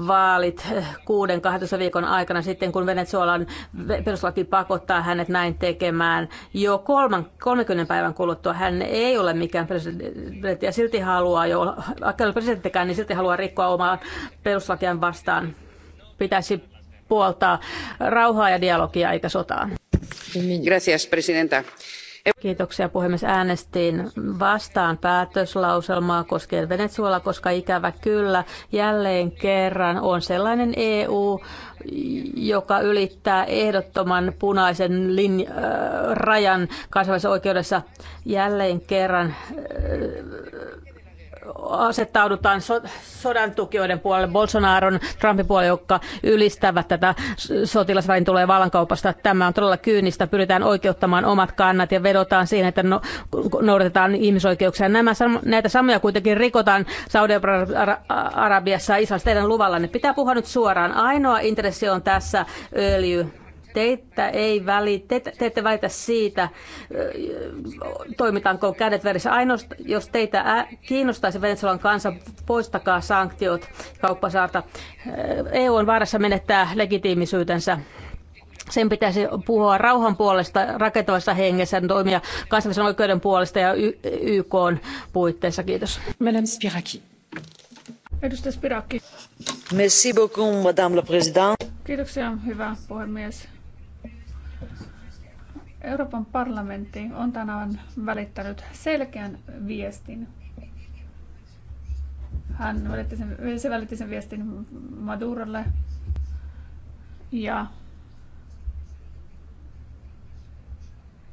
vaalit kuuden 12 viikon aikana sitten, kun Venezuelan perustuslaki pakottaa hänet näin tekemään. Jo kolman, 30 päivän kuluttua hän ei ole mikään presidentti ja silti haluaa jo, presidenttikään, niin silti haluaa rikkoa omaa perustuslakiaan vastaan pitäisi puoltaa rauhaa ja dialogia eikä sotaa. Gracias, presidenta. Kiitoksia puhemies. Äänestin vastaan päätöslauselmaa koskien Venezuela, koska ikävä kyllä jälleen kerran on sellainen EU, joka ylittää ehdottoman punaisen linja, äh, rajan kansainvälisessä oikeudessa jälleen kerran. Äh, asettaudutaan so- sodan tukijoiden puolelle, Bolsonaron, Trumpin puolelle, jotka ylistävät tätä sotilasväin tulee vallankaupasta. Tämä on todella kyynistä. Pyritään oikeuttamaan omat kannat ja vedotaan siihen, että no- noudatetaan ihmisoikeuksia. Nämä, näitä samoja kuitenkin rikotaan Saudi-Arabiassa ja Israelissa teidän luvallanne. Pitää puhua nyt suoraan. Ainoa intressi on tässä öljy Teitä ei väli, te, te ette väitä siitä, toimitaanko kädet verissä. Ainoastaan, jos teitä kiinnostaisi Venezuelan kansa, poistakaa sanktiot kauppasaarta. EU on vaarassa menettää legitiimisyytensä sen pitäisi puhua rauhan puolesta, rakentavassa hengessä, toimia kansallisen oikeuden puolesta ja YK puitteissa. Kiitos. Madame Spiraki. Edustaja Spiraki. Merci beaucoup, Madame la Présidente. Kiitoksia, hyvä puhemies. Euroopan parlamentti on tänään välittänyt selkeän viestin. Hän välitti sen, se välitti sen viestin Madurolle ja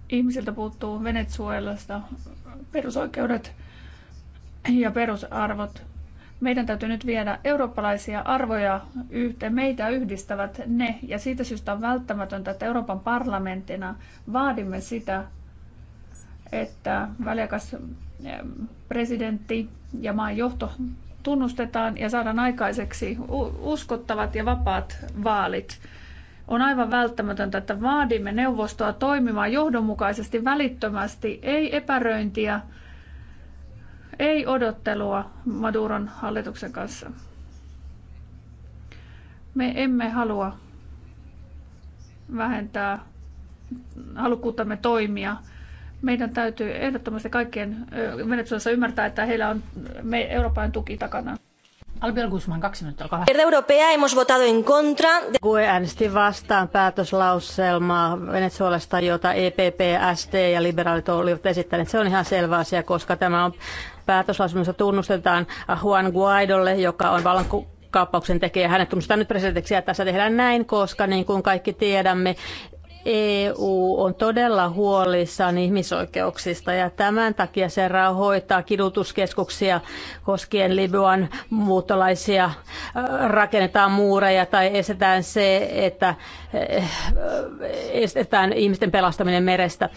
ihmisiltä puuttuu Venezuelasta perusoikeudet ja perusarvot. Meidän täytyy nyt viedä eurooppalaisia arvoja yhteen. Meitä yhdistävät ne, ja siitä syystä on välttämätöntä, että Euroopan parlamenttina vaadimme sitä, että väliakas presidentti ja maan johto tunnustetaan ja saadaan aikaiseksi uskottavat ja vapaat vaalit. On aivan välttämätöntä, että vaadimme neuvostoa toimimaan johdonmukaisesti välittömästi, ei epäröintiä, ei odottelua Maduron hallituksen kanssa. Me emme halua vähentää halukkuuttamme toimia. Meidän täytyy ehdottomasti kaikkien Venezuelassa ymmärtää, että heillä on me Euroopan tuki takana. Albiol Guzman, kaksi minuuttia, olkaa hyvä. Europea hemos votado en contra. Kue äänesti vastaan päätöslauselmaa Venezuelasta, jota EPP, ST ja liberaalit olivat esittäneet. Se on ihan selvä asia, koska tämä on Päätöslausunnossa tunnustetaan Juan Guaidolle, joka on vallanku- kaappauksen tekee Hänet tunnustetaan nyt presidentiksi ja tässä tehdään näin, koska niin kuin kaikki tiedämme, EU on todella huolissaan ihmisoikeuksista ja tämän takia se rahoittaa kidutuskeskuksia koskien Libyan muutolaisia, äh, rakennetaan muureja tai estetään se, että äh, estetään ihmisten pelastaminen merestä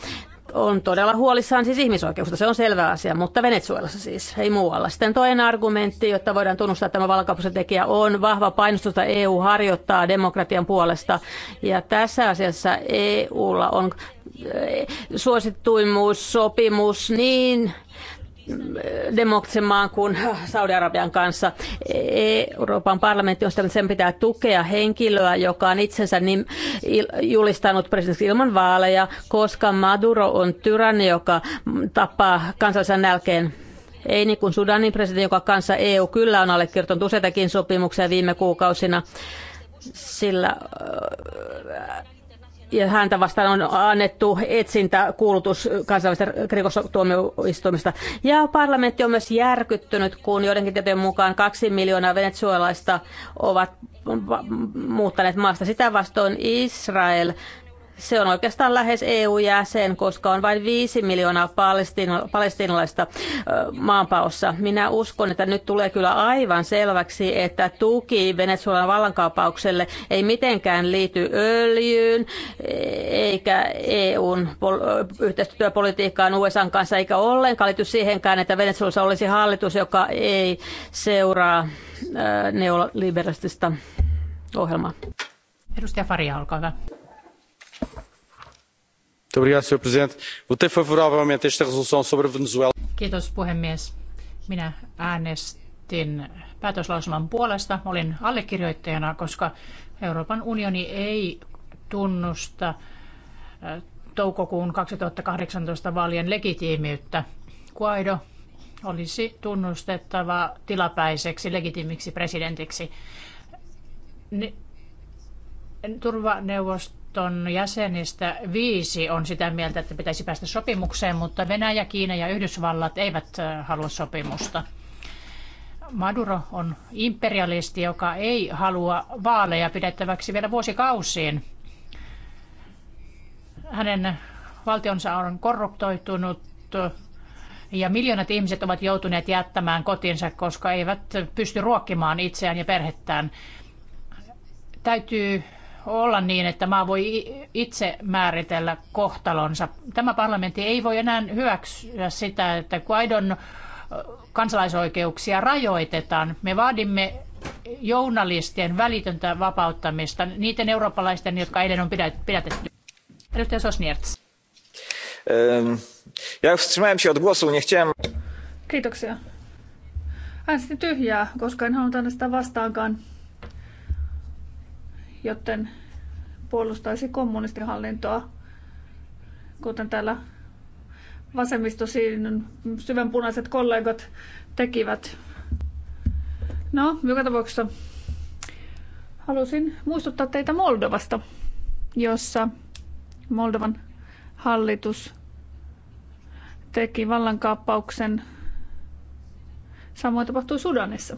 on todella huolissaan siis ihmisoikeusta, se on selvä asia, mutta Venezuelassa siis, ei muualla. Sitten toinen argumentti, jotta voidaan tunnustaa, että tämä valkapallon tekijä on vahva painostus, jota EU e harjoittaa demokratian puolesta. Ja tässä asiassa EUlla on eh, suosittuimmuussopimus niin Demoksemaan kuin Saudi-Arabian kanssa. Euroopan parlamentti on sitä, että sen pitää tukea henkilöä, joka on itsensä niin julistanut presidentiksi ilman vaaleja, koska Maduro on tyranni, joka tappaa kansallisen nälkeen ei niin kuin Sudanin presidentti, joka kanssa EU kyllä on allekirjoittanut useitakin sopimuksia viime kuukausina, sillä ja häntä vastaan on annettu etsintä kuulutus kansainvälistä rikostuomioistuimesta. Ja parlamentti on myös järkyttynyt, kun joidenkin tietojen mukaan kaksi miljoonaa venezuelaista ovat muuttaneet maasta. Sitä vastoin Israel se on oikeastaan lähes EU-jäsen, koska on vain 5 miljoonaa palestinalaista maanpaossa. Minä uskon, että nyt tulee kyllä aivan selväksi, että tuki Venezuelan vallankaappaukselle ei mitenkään liity öljyyn eikä EUn yhteistyöpolitiikkaan USA kanssa, eikä ollenkaan liity siihenkään, että Venezuelassa olisi hallitus, joka ei seuraa neoliberalistista ohjelmaa. Edustaja Faria, olkaa hyvä. Senhor Presidente. Votei favoravelmente esta resolução sobre Venezuela. Kiitos puhemies. Minä äänestin päätöslauselman puolesta. Olin allekirjoittajana, koska Euroopan unioni ei tunnusta toukokuun 2018 vaalien legitiimiyttä. Guaido olisi tunnustettava tilapäiseksi legitiimiksi presidentiksi. Turvaneuvosto neuvoston jäsenistä viisi on sitä mieltä, että pitäisi päästä sopimukseen, mutta Venäjä, Kiina ja Yhdysvallat eivät halua sopimusta. Maduro on imperialisti, joka ei halua vaaleja pidettäväksi vielä vuosikausiin. Hänen valtionsa on korruptoitunut ja miljoonat ihmiset ovat joutuneet jättämään kotinsa, koska eivät pysty ruokkimaan itseään ja perhettään. Täytyy olla niin, että maa voi itse määritellä kohtalonsa. Tämä parlamentti ei voi enää hyväksyä sitä, että Guaidon kansalaisoikeuksia rajoitetaan. Me vaadimme journalistien välitöntä vapauttamista, niiden eurooppalaisten, jotka eilen on pidätetty. Edustaja Sosniertz. Ja wstrzymałem się od głosu, nie chciałem... Kiitoksia. Äänestin tyhjää, koska en halunnut äänestää vastaankaan joten puolustaisi kommunistihallintoa, kuten täällä vasemmistosiin syvänpunaiset kollegat tekivät. No, joka tapauksessa halusin muistuttaa teitä Moldovasta, jossa Moldovan hallitus teki vallankaappauksen. Samoin tapahtui Sudanissa.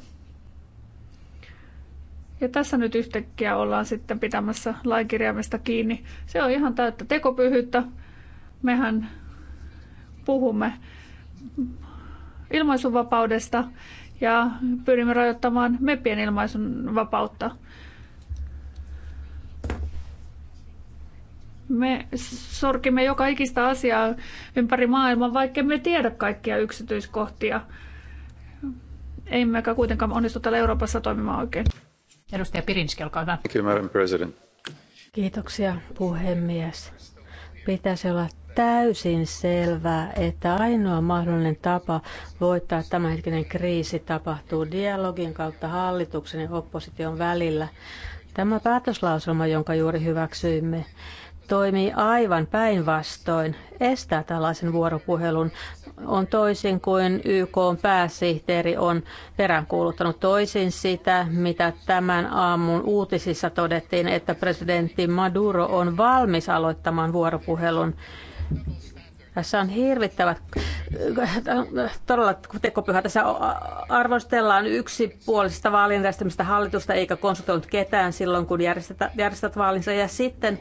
Ja tässä nyt yhtäkkiä ollaan sitten pitämässä lainkirjaimesta kiinni. Se on ihan täyttä tekopyhyyttä. Mehän puhumme ilmaisunvapaudesta ja pyrimme rajoittamaan meppien ilmaisunvapautta. Me sorkimme joka ikistä asiaa ympäri maailmaa, vaikka me tiedä kaikkia yksityiskohtia. Emmekä kuitenkaan onnistu täällä Euroopassa toimimaan oikein. Edustaja Pirinski, olkaa hyvä. Kiitoksia, puhemies. Pitäisi olla täysin selvää, että ainoa mahdollinen tapa voittaa tämänhetkinen kriisi tapahtuu dialogin kautta hallituksen ja opposition välillä. Tämä päätöslauselma, jonka juuri hyväksyimme, toimii aivan päinvastoin, estää tällaisen vuoropuhelun on toisin kuin YK pääsihteeri on peräänkuuluttanut toisin sitä, mitä tämän aamun uutisissa todettiin, että presidentti Maduro on valmis aloittamaan vuoropuhelun. Tässä on hirvittävät, todella tekopyhä. Tässä arvostellaan yksipuolisesta vaalien hallitusta eikä konsultoinut ketään silloin, kun järjestät, järjestät vaalinsa. Ja sitten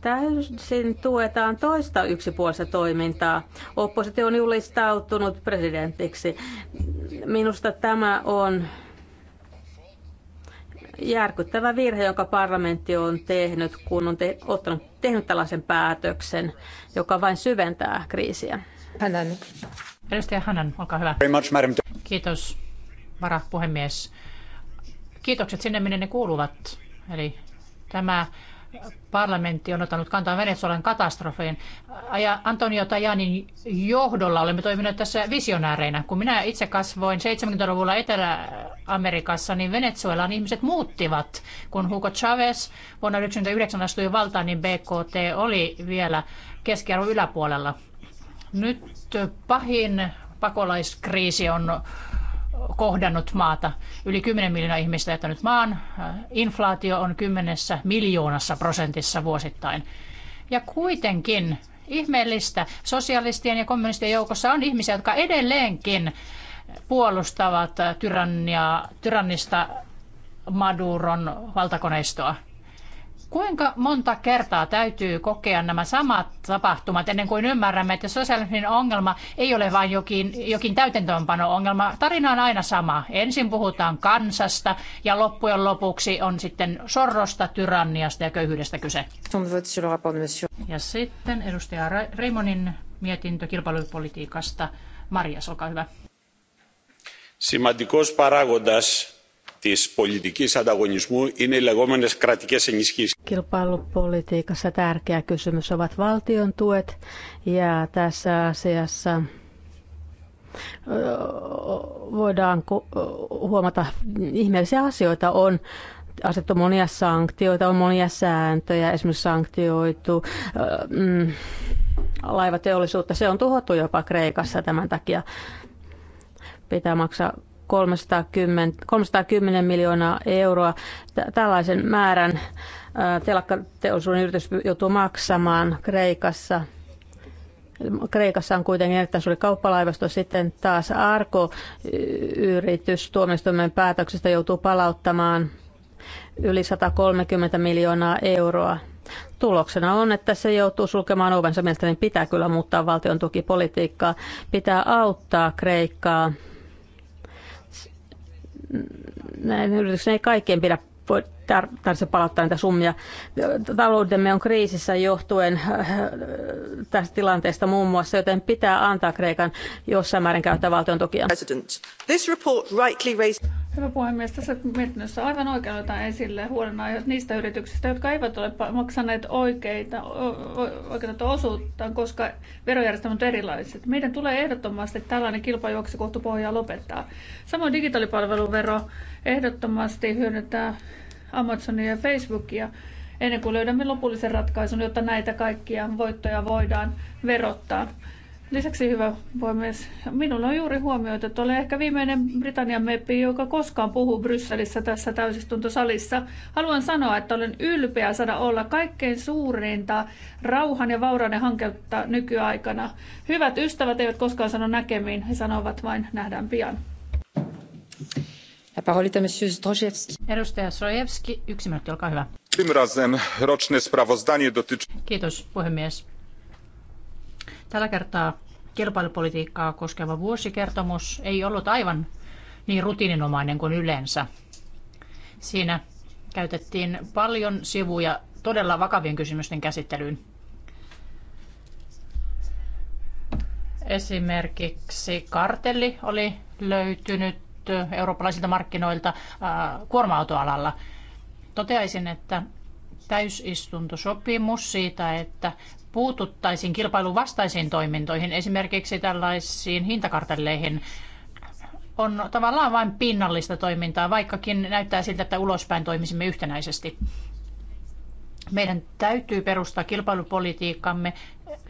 täysin tuetaan toista yksipuolista toimintaa. Oppositio on julistautunut presidentiksi. Minusta tämä on järkyttävä virhe, jonka parlamentti on tehnyt, kun on te- ottanut, tehnyt tällaisen päätöksen, joka vain syventää kriisiä. Hänen. Edustaja Hannan, olkaa hyvä. Very much, madam. Kiitos, varapuhemies. Kiitokset sinne, minne ne kuuluvat. Eli tämä parlamentti on ottanut kantaa Venezuelan ja Antonio Tajanin johdolla olemme toimineet tässä visionääreinä. Kun minä itse kasvoin 70-luvulla Etelä-Amerikassa, niin Venezuelan ihmiset muuttivat. Kun Hugo Chavez vuonna 1999 astui valtaan, niin BKT oli vielä keskiarvon yläpuolella. Nyt pahin pakolaiskriisi on kohdannut maata. Yli 10 miljoonaa ihmistä jättänyt maan. Inflaatio on kymmenessä miljoonassa prosentissa vuosittain. Ja kuitenkin ihmeellistä sosialistien ja kommunistien joukossa on ihmisiä, jotka edelleenkin puolustavat tyrannia, tyrannista Maduron valtakoneistoa. Kuinka monta kertaa täytyy kokea nämä samat tapahtumat ennen kuin ymmärrämme, että sosiaalinen ongelma ei ole vain jokin, jokin täytäntöönpano-ongelma. Tarina on aina sama. Ensin puhutaan kansasta ja loppujen lopuksi on sitten sorrosta, tyranniasta ja köyhyydestä kyse. Ja sitten edustaja Reimonin mietintö kilpailupolitiikasta. Marias, olkaa hyvä. Σημαντικός παράγοντας της πολιτικής ανταγωνισμού είναι οι λεγόμενες κρατικές ενισχύσεις. Kilpailupolitiikassa tärkeä kysymys ovat valtion tuet ja tässä asiassa voidaan huomata ihmeellisiä asioita on asettu monia sanktioita, on monia sääntöjä, esimerkiksi sanktioitu mm, laivateollisuutta. Se on tuhottu jopa Kreikassa tämän takia. Pitää maksaa 310, 310 miljoonaa euroa. Tällaisen määrän telakkateollisuuden yritys joutuu maksamaan Kreikassa. Kreikassa on kuitenkin erittäin suuri kauppalaivasto, sitten taas Arko-yritys tuomioistuimen päätöksestä joutuu palauttamaan yli 130 miljoonaa euroa. Tuloksena on, että se joutuu sulkemaan ovensa. Mielestäni pitää kyllä muuttaa valtion tukipolitiikkaa. Pitää auttaa Kreikkaa näin yrityksen ei kaikkien pidä voi tarvitse palauttaa näitä summia. Taloudemme on kriisissä johtuen äh, äh, tästä tilanteesta muun muassa, joten pitää antaa Kreikan jossain määrin käyttää valtion tukia. Hyvä puhemies, tässä mietinnössä aivan oikein otetaan esille huolenaiheet niistä yrityksistä, jotka eivät ole maksaneet oikeita, oikeita osuutta, koska verojärjestelmät ovat erilaiset. Meidän tulee ehdottomasti tällainen kilpajuoksu pohjaa lopettaa. Samoin digitaalipalveluvero ehdottomasti hyödyntää Amazonia ja Facebookia ennen kuin löydämme lopullisen ratkaisun, jotta näitä kaikkia voittoja voidaan verottaa. Lisäksi hyvä puhemies, minulla on juuri huomioitu, että olen ehkä viimeinen Britannian meppi, joka koskaan puhuu Brysselissä tässä täysistuntosalissa. Haluan sanoa, että olen ylpeä saada olla kaikkein suurinta rauhan ja vaurauden hanketta nykyaikana. Hyvät ystävät eivät koskaan sano näkemiin, he sanovat vain nähdään pian. Edustaja Zdrojewski, yksi minuutti, olkaa hyvä. roczne sprawozdanie Kiitos puhemies Tällä kertaa kilpailupolitiikkaa koskeva vuosikertomus ei ollut aivan niin rutiininomainen kuin yleensä. Siinä käytettiin paljon sivuja todella vakavien kysymysten käsittelyyn. Esimerkiksi kartelli oli löytynyt eurooppalaisilta markkinoilta äh, kuorma-autoalalla. Toteaisin, että täysistuntosopimus siitä, että puututtaisiin kilpailun vastaisiin toimintoihin, esimerkiksi tällaisiin hintakartelleihin, on tavallaan vain pinnallista toimintaa, vaikkakin näyttää siltä, että ulospäin toimisimme yhtenäisesti. Meidän täytyy perustaa kilpailupolitiikkamme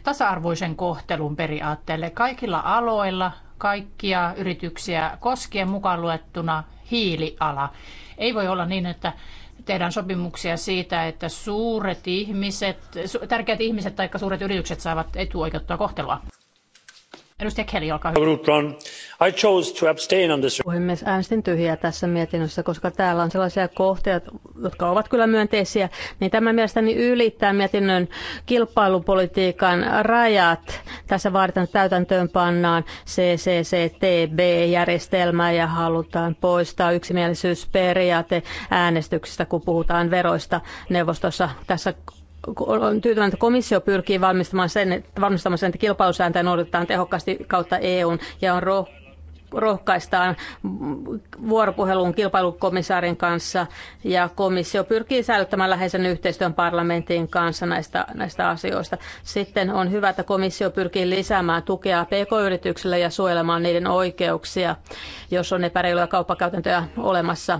tasa-arvoisen kohtelun periaatteelle kaikilla aloilla, kaikkia yrityksiä koskien mukaan luettuna hiiliala. Ei voi olla niin, että tehdään sopimuksia siitä, että suuret ihmiset, tärkeät ihmiset tai suuret yritykset saavat etuoikeuttua kohtelua. Edustaja I chose to abstain on this. Puhemies, äänestin tyhjää tässä mietinnössä, koska täällä on sellaisia kohteita, jotka ovat kyllä myönteisiä, niin tämä mielestäni ylittää mietinnön kilpailupolitiikan rajat. Tässä vaaditaan täytäntöönpannaan CCCTB-järjestelmää ja halutaan poistaa yksimielisyysperiaate äänestyksistä, kun puhutaan veroista neuvostossa. Tässä on tyytyväinen, että komissio pyrkii valmistamaan sen, että, valmistamaan sen, että kilpailusääntöjä noudatetaan tehokkaasti kautta EUn ja on roh- rohkaistaan vuoropuheluun kilpailukomissaarin kanssa ja komissio pyrkii säilyttämään läheisen yhteistyön parlamentin kanssa näistä, näistä asioista. Sitten on hyvä, että komissio pyrkii lisäämään tukea pk-yrityksille ja suojelemaan niiden oikeuksia, jos on epäreiluja kauppakäytäntöjä olemassa.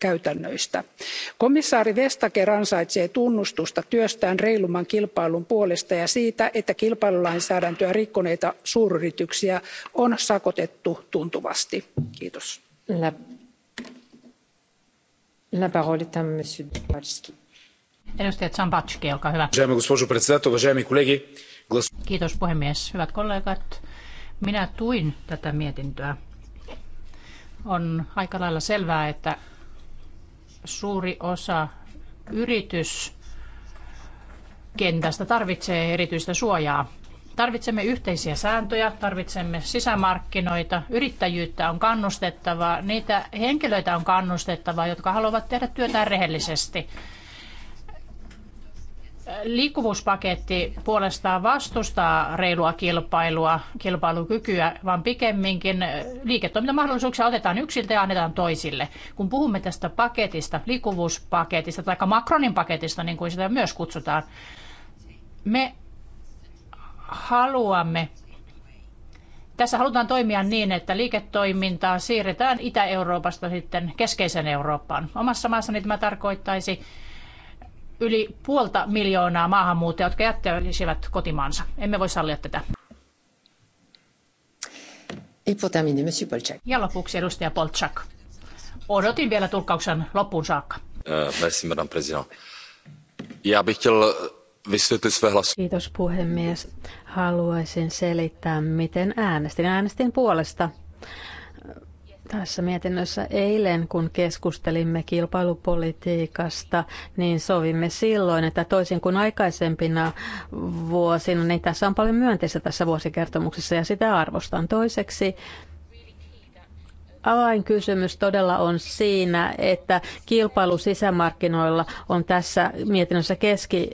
käytännöistä. komissaari vestager ansaitsee tunnustusta työstään reilumman kilpailun puolesta ja siitä että kilpailulainsäädäntöä rikkoneita suuryrityksiä on sakotettu tuntuvasti. kiitos. hyvä. Kiitos puhemies. Hyvät kollegat, minä tuin tätä mietintöä. On aika lailla selvää, että suuri osa yrityskentästä tarvitsee erityistä suojaa. Tarvitsemme yhteisiä sääntöjä, tarvitsemme sisämarkkinoita, yrittäjyyttä on kannustettava, niitä henkilöitä on kannustettava, jotka haluavat tehdä työtään rehellisesti. Liikkuvuuspaketti puolestaan vastustaa reilua kilpailua, kilpailukykyä, vaan pikemminkin liiketoimintamahdollisuuksia otetaan yksiltä ja annetaan toisille. Kun puhumme tästä paketista, liikkuvuuspaketista tai Macronin paketista, niin kuin sitä myös kutsutaan, me haluamme tässä halutaan toimia niin, että liiketoimintaa siirretään Itä-Euroopasta sitten keskeisen Eurooppaan. Omassa maassani tämä tarkoittaisi yli puolta miljoonaa maahanmuuttajaa, jotka jättäisivät kotimaansa. Emme voi sallia tätä. Ja lopuksi edustaja Polchak. Odotin vielä tulkkauksen loppuun saakka. Merci, Madame President. Ja Kiitos puhemies. Haluaisin selittää, miten äänestin. Äänestin puolesta tässä mietinnössä eilen, kun keskustelimme kilpailupolitiikasta, niin sovimme silloin, että toisin kuin aikaisempina vuosina, niin tässä on paljon myönteistä tässä vuosikertomuksessa ja sitä arvostan. Toiseksi avainkysymys todella on siinä, että kilpailu sisämarkkinoilla on tässä mietinnössä keski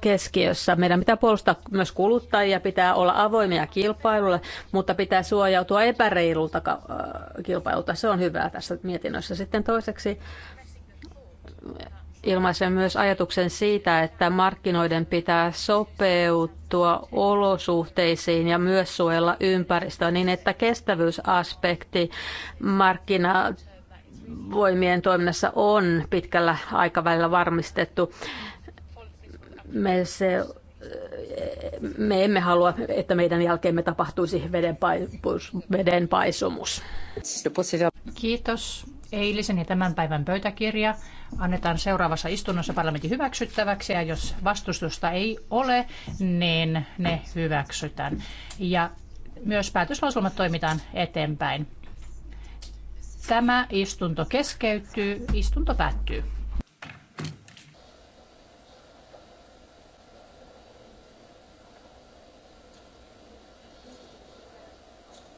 keskiössä. Meidän pitää puolustaa myös kuluttajia, pitää olla avoimia kilpailulle, mutta pitää suojautua epäreilulta äh, kilpailulta. Se on hyvää tässä mietinnössä. Sitten toiseksi ilmaisen myös ajatuksen siitä, että markkinoiden pitää sopeutua olosuhteisiin ja myös suojella ympäristöä niin, että kestävyysaspekti markkina voimien toiminnassa on pitkällä aikavälillä varmistettu me, se, me emme halua, että meidän jälkeemme tapahtuisi vedenpaisumus. Kiitos. Eilisen ja tämän päivän pöytäkirja annetaan seuraavassa istunnossa parlamentin hyväksyttäväksi ja jos vastustusta ei ole, niin ne hyväksytään. Ja myös päätöslauselmat toimitaan eteenpäin. Tämä istunto keskeytyy, istunto päättyy.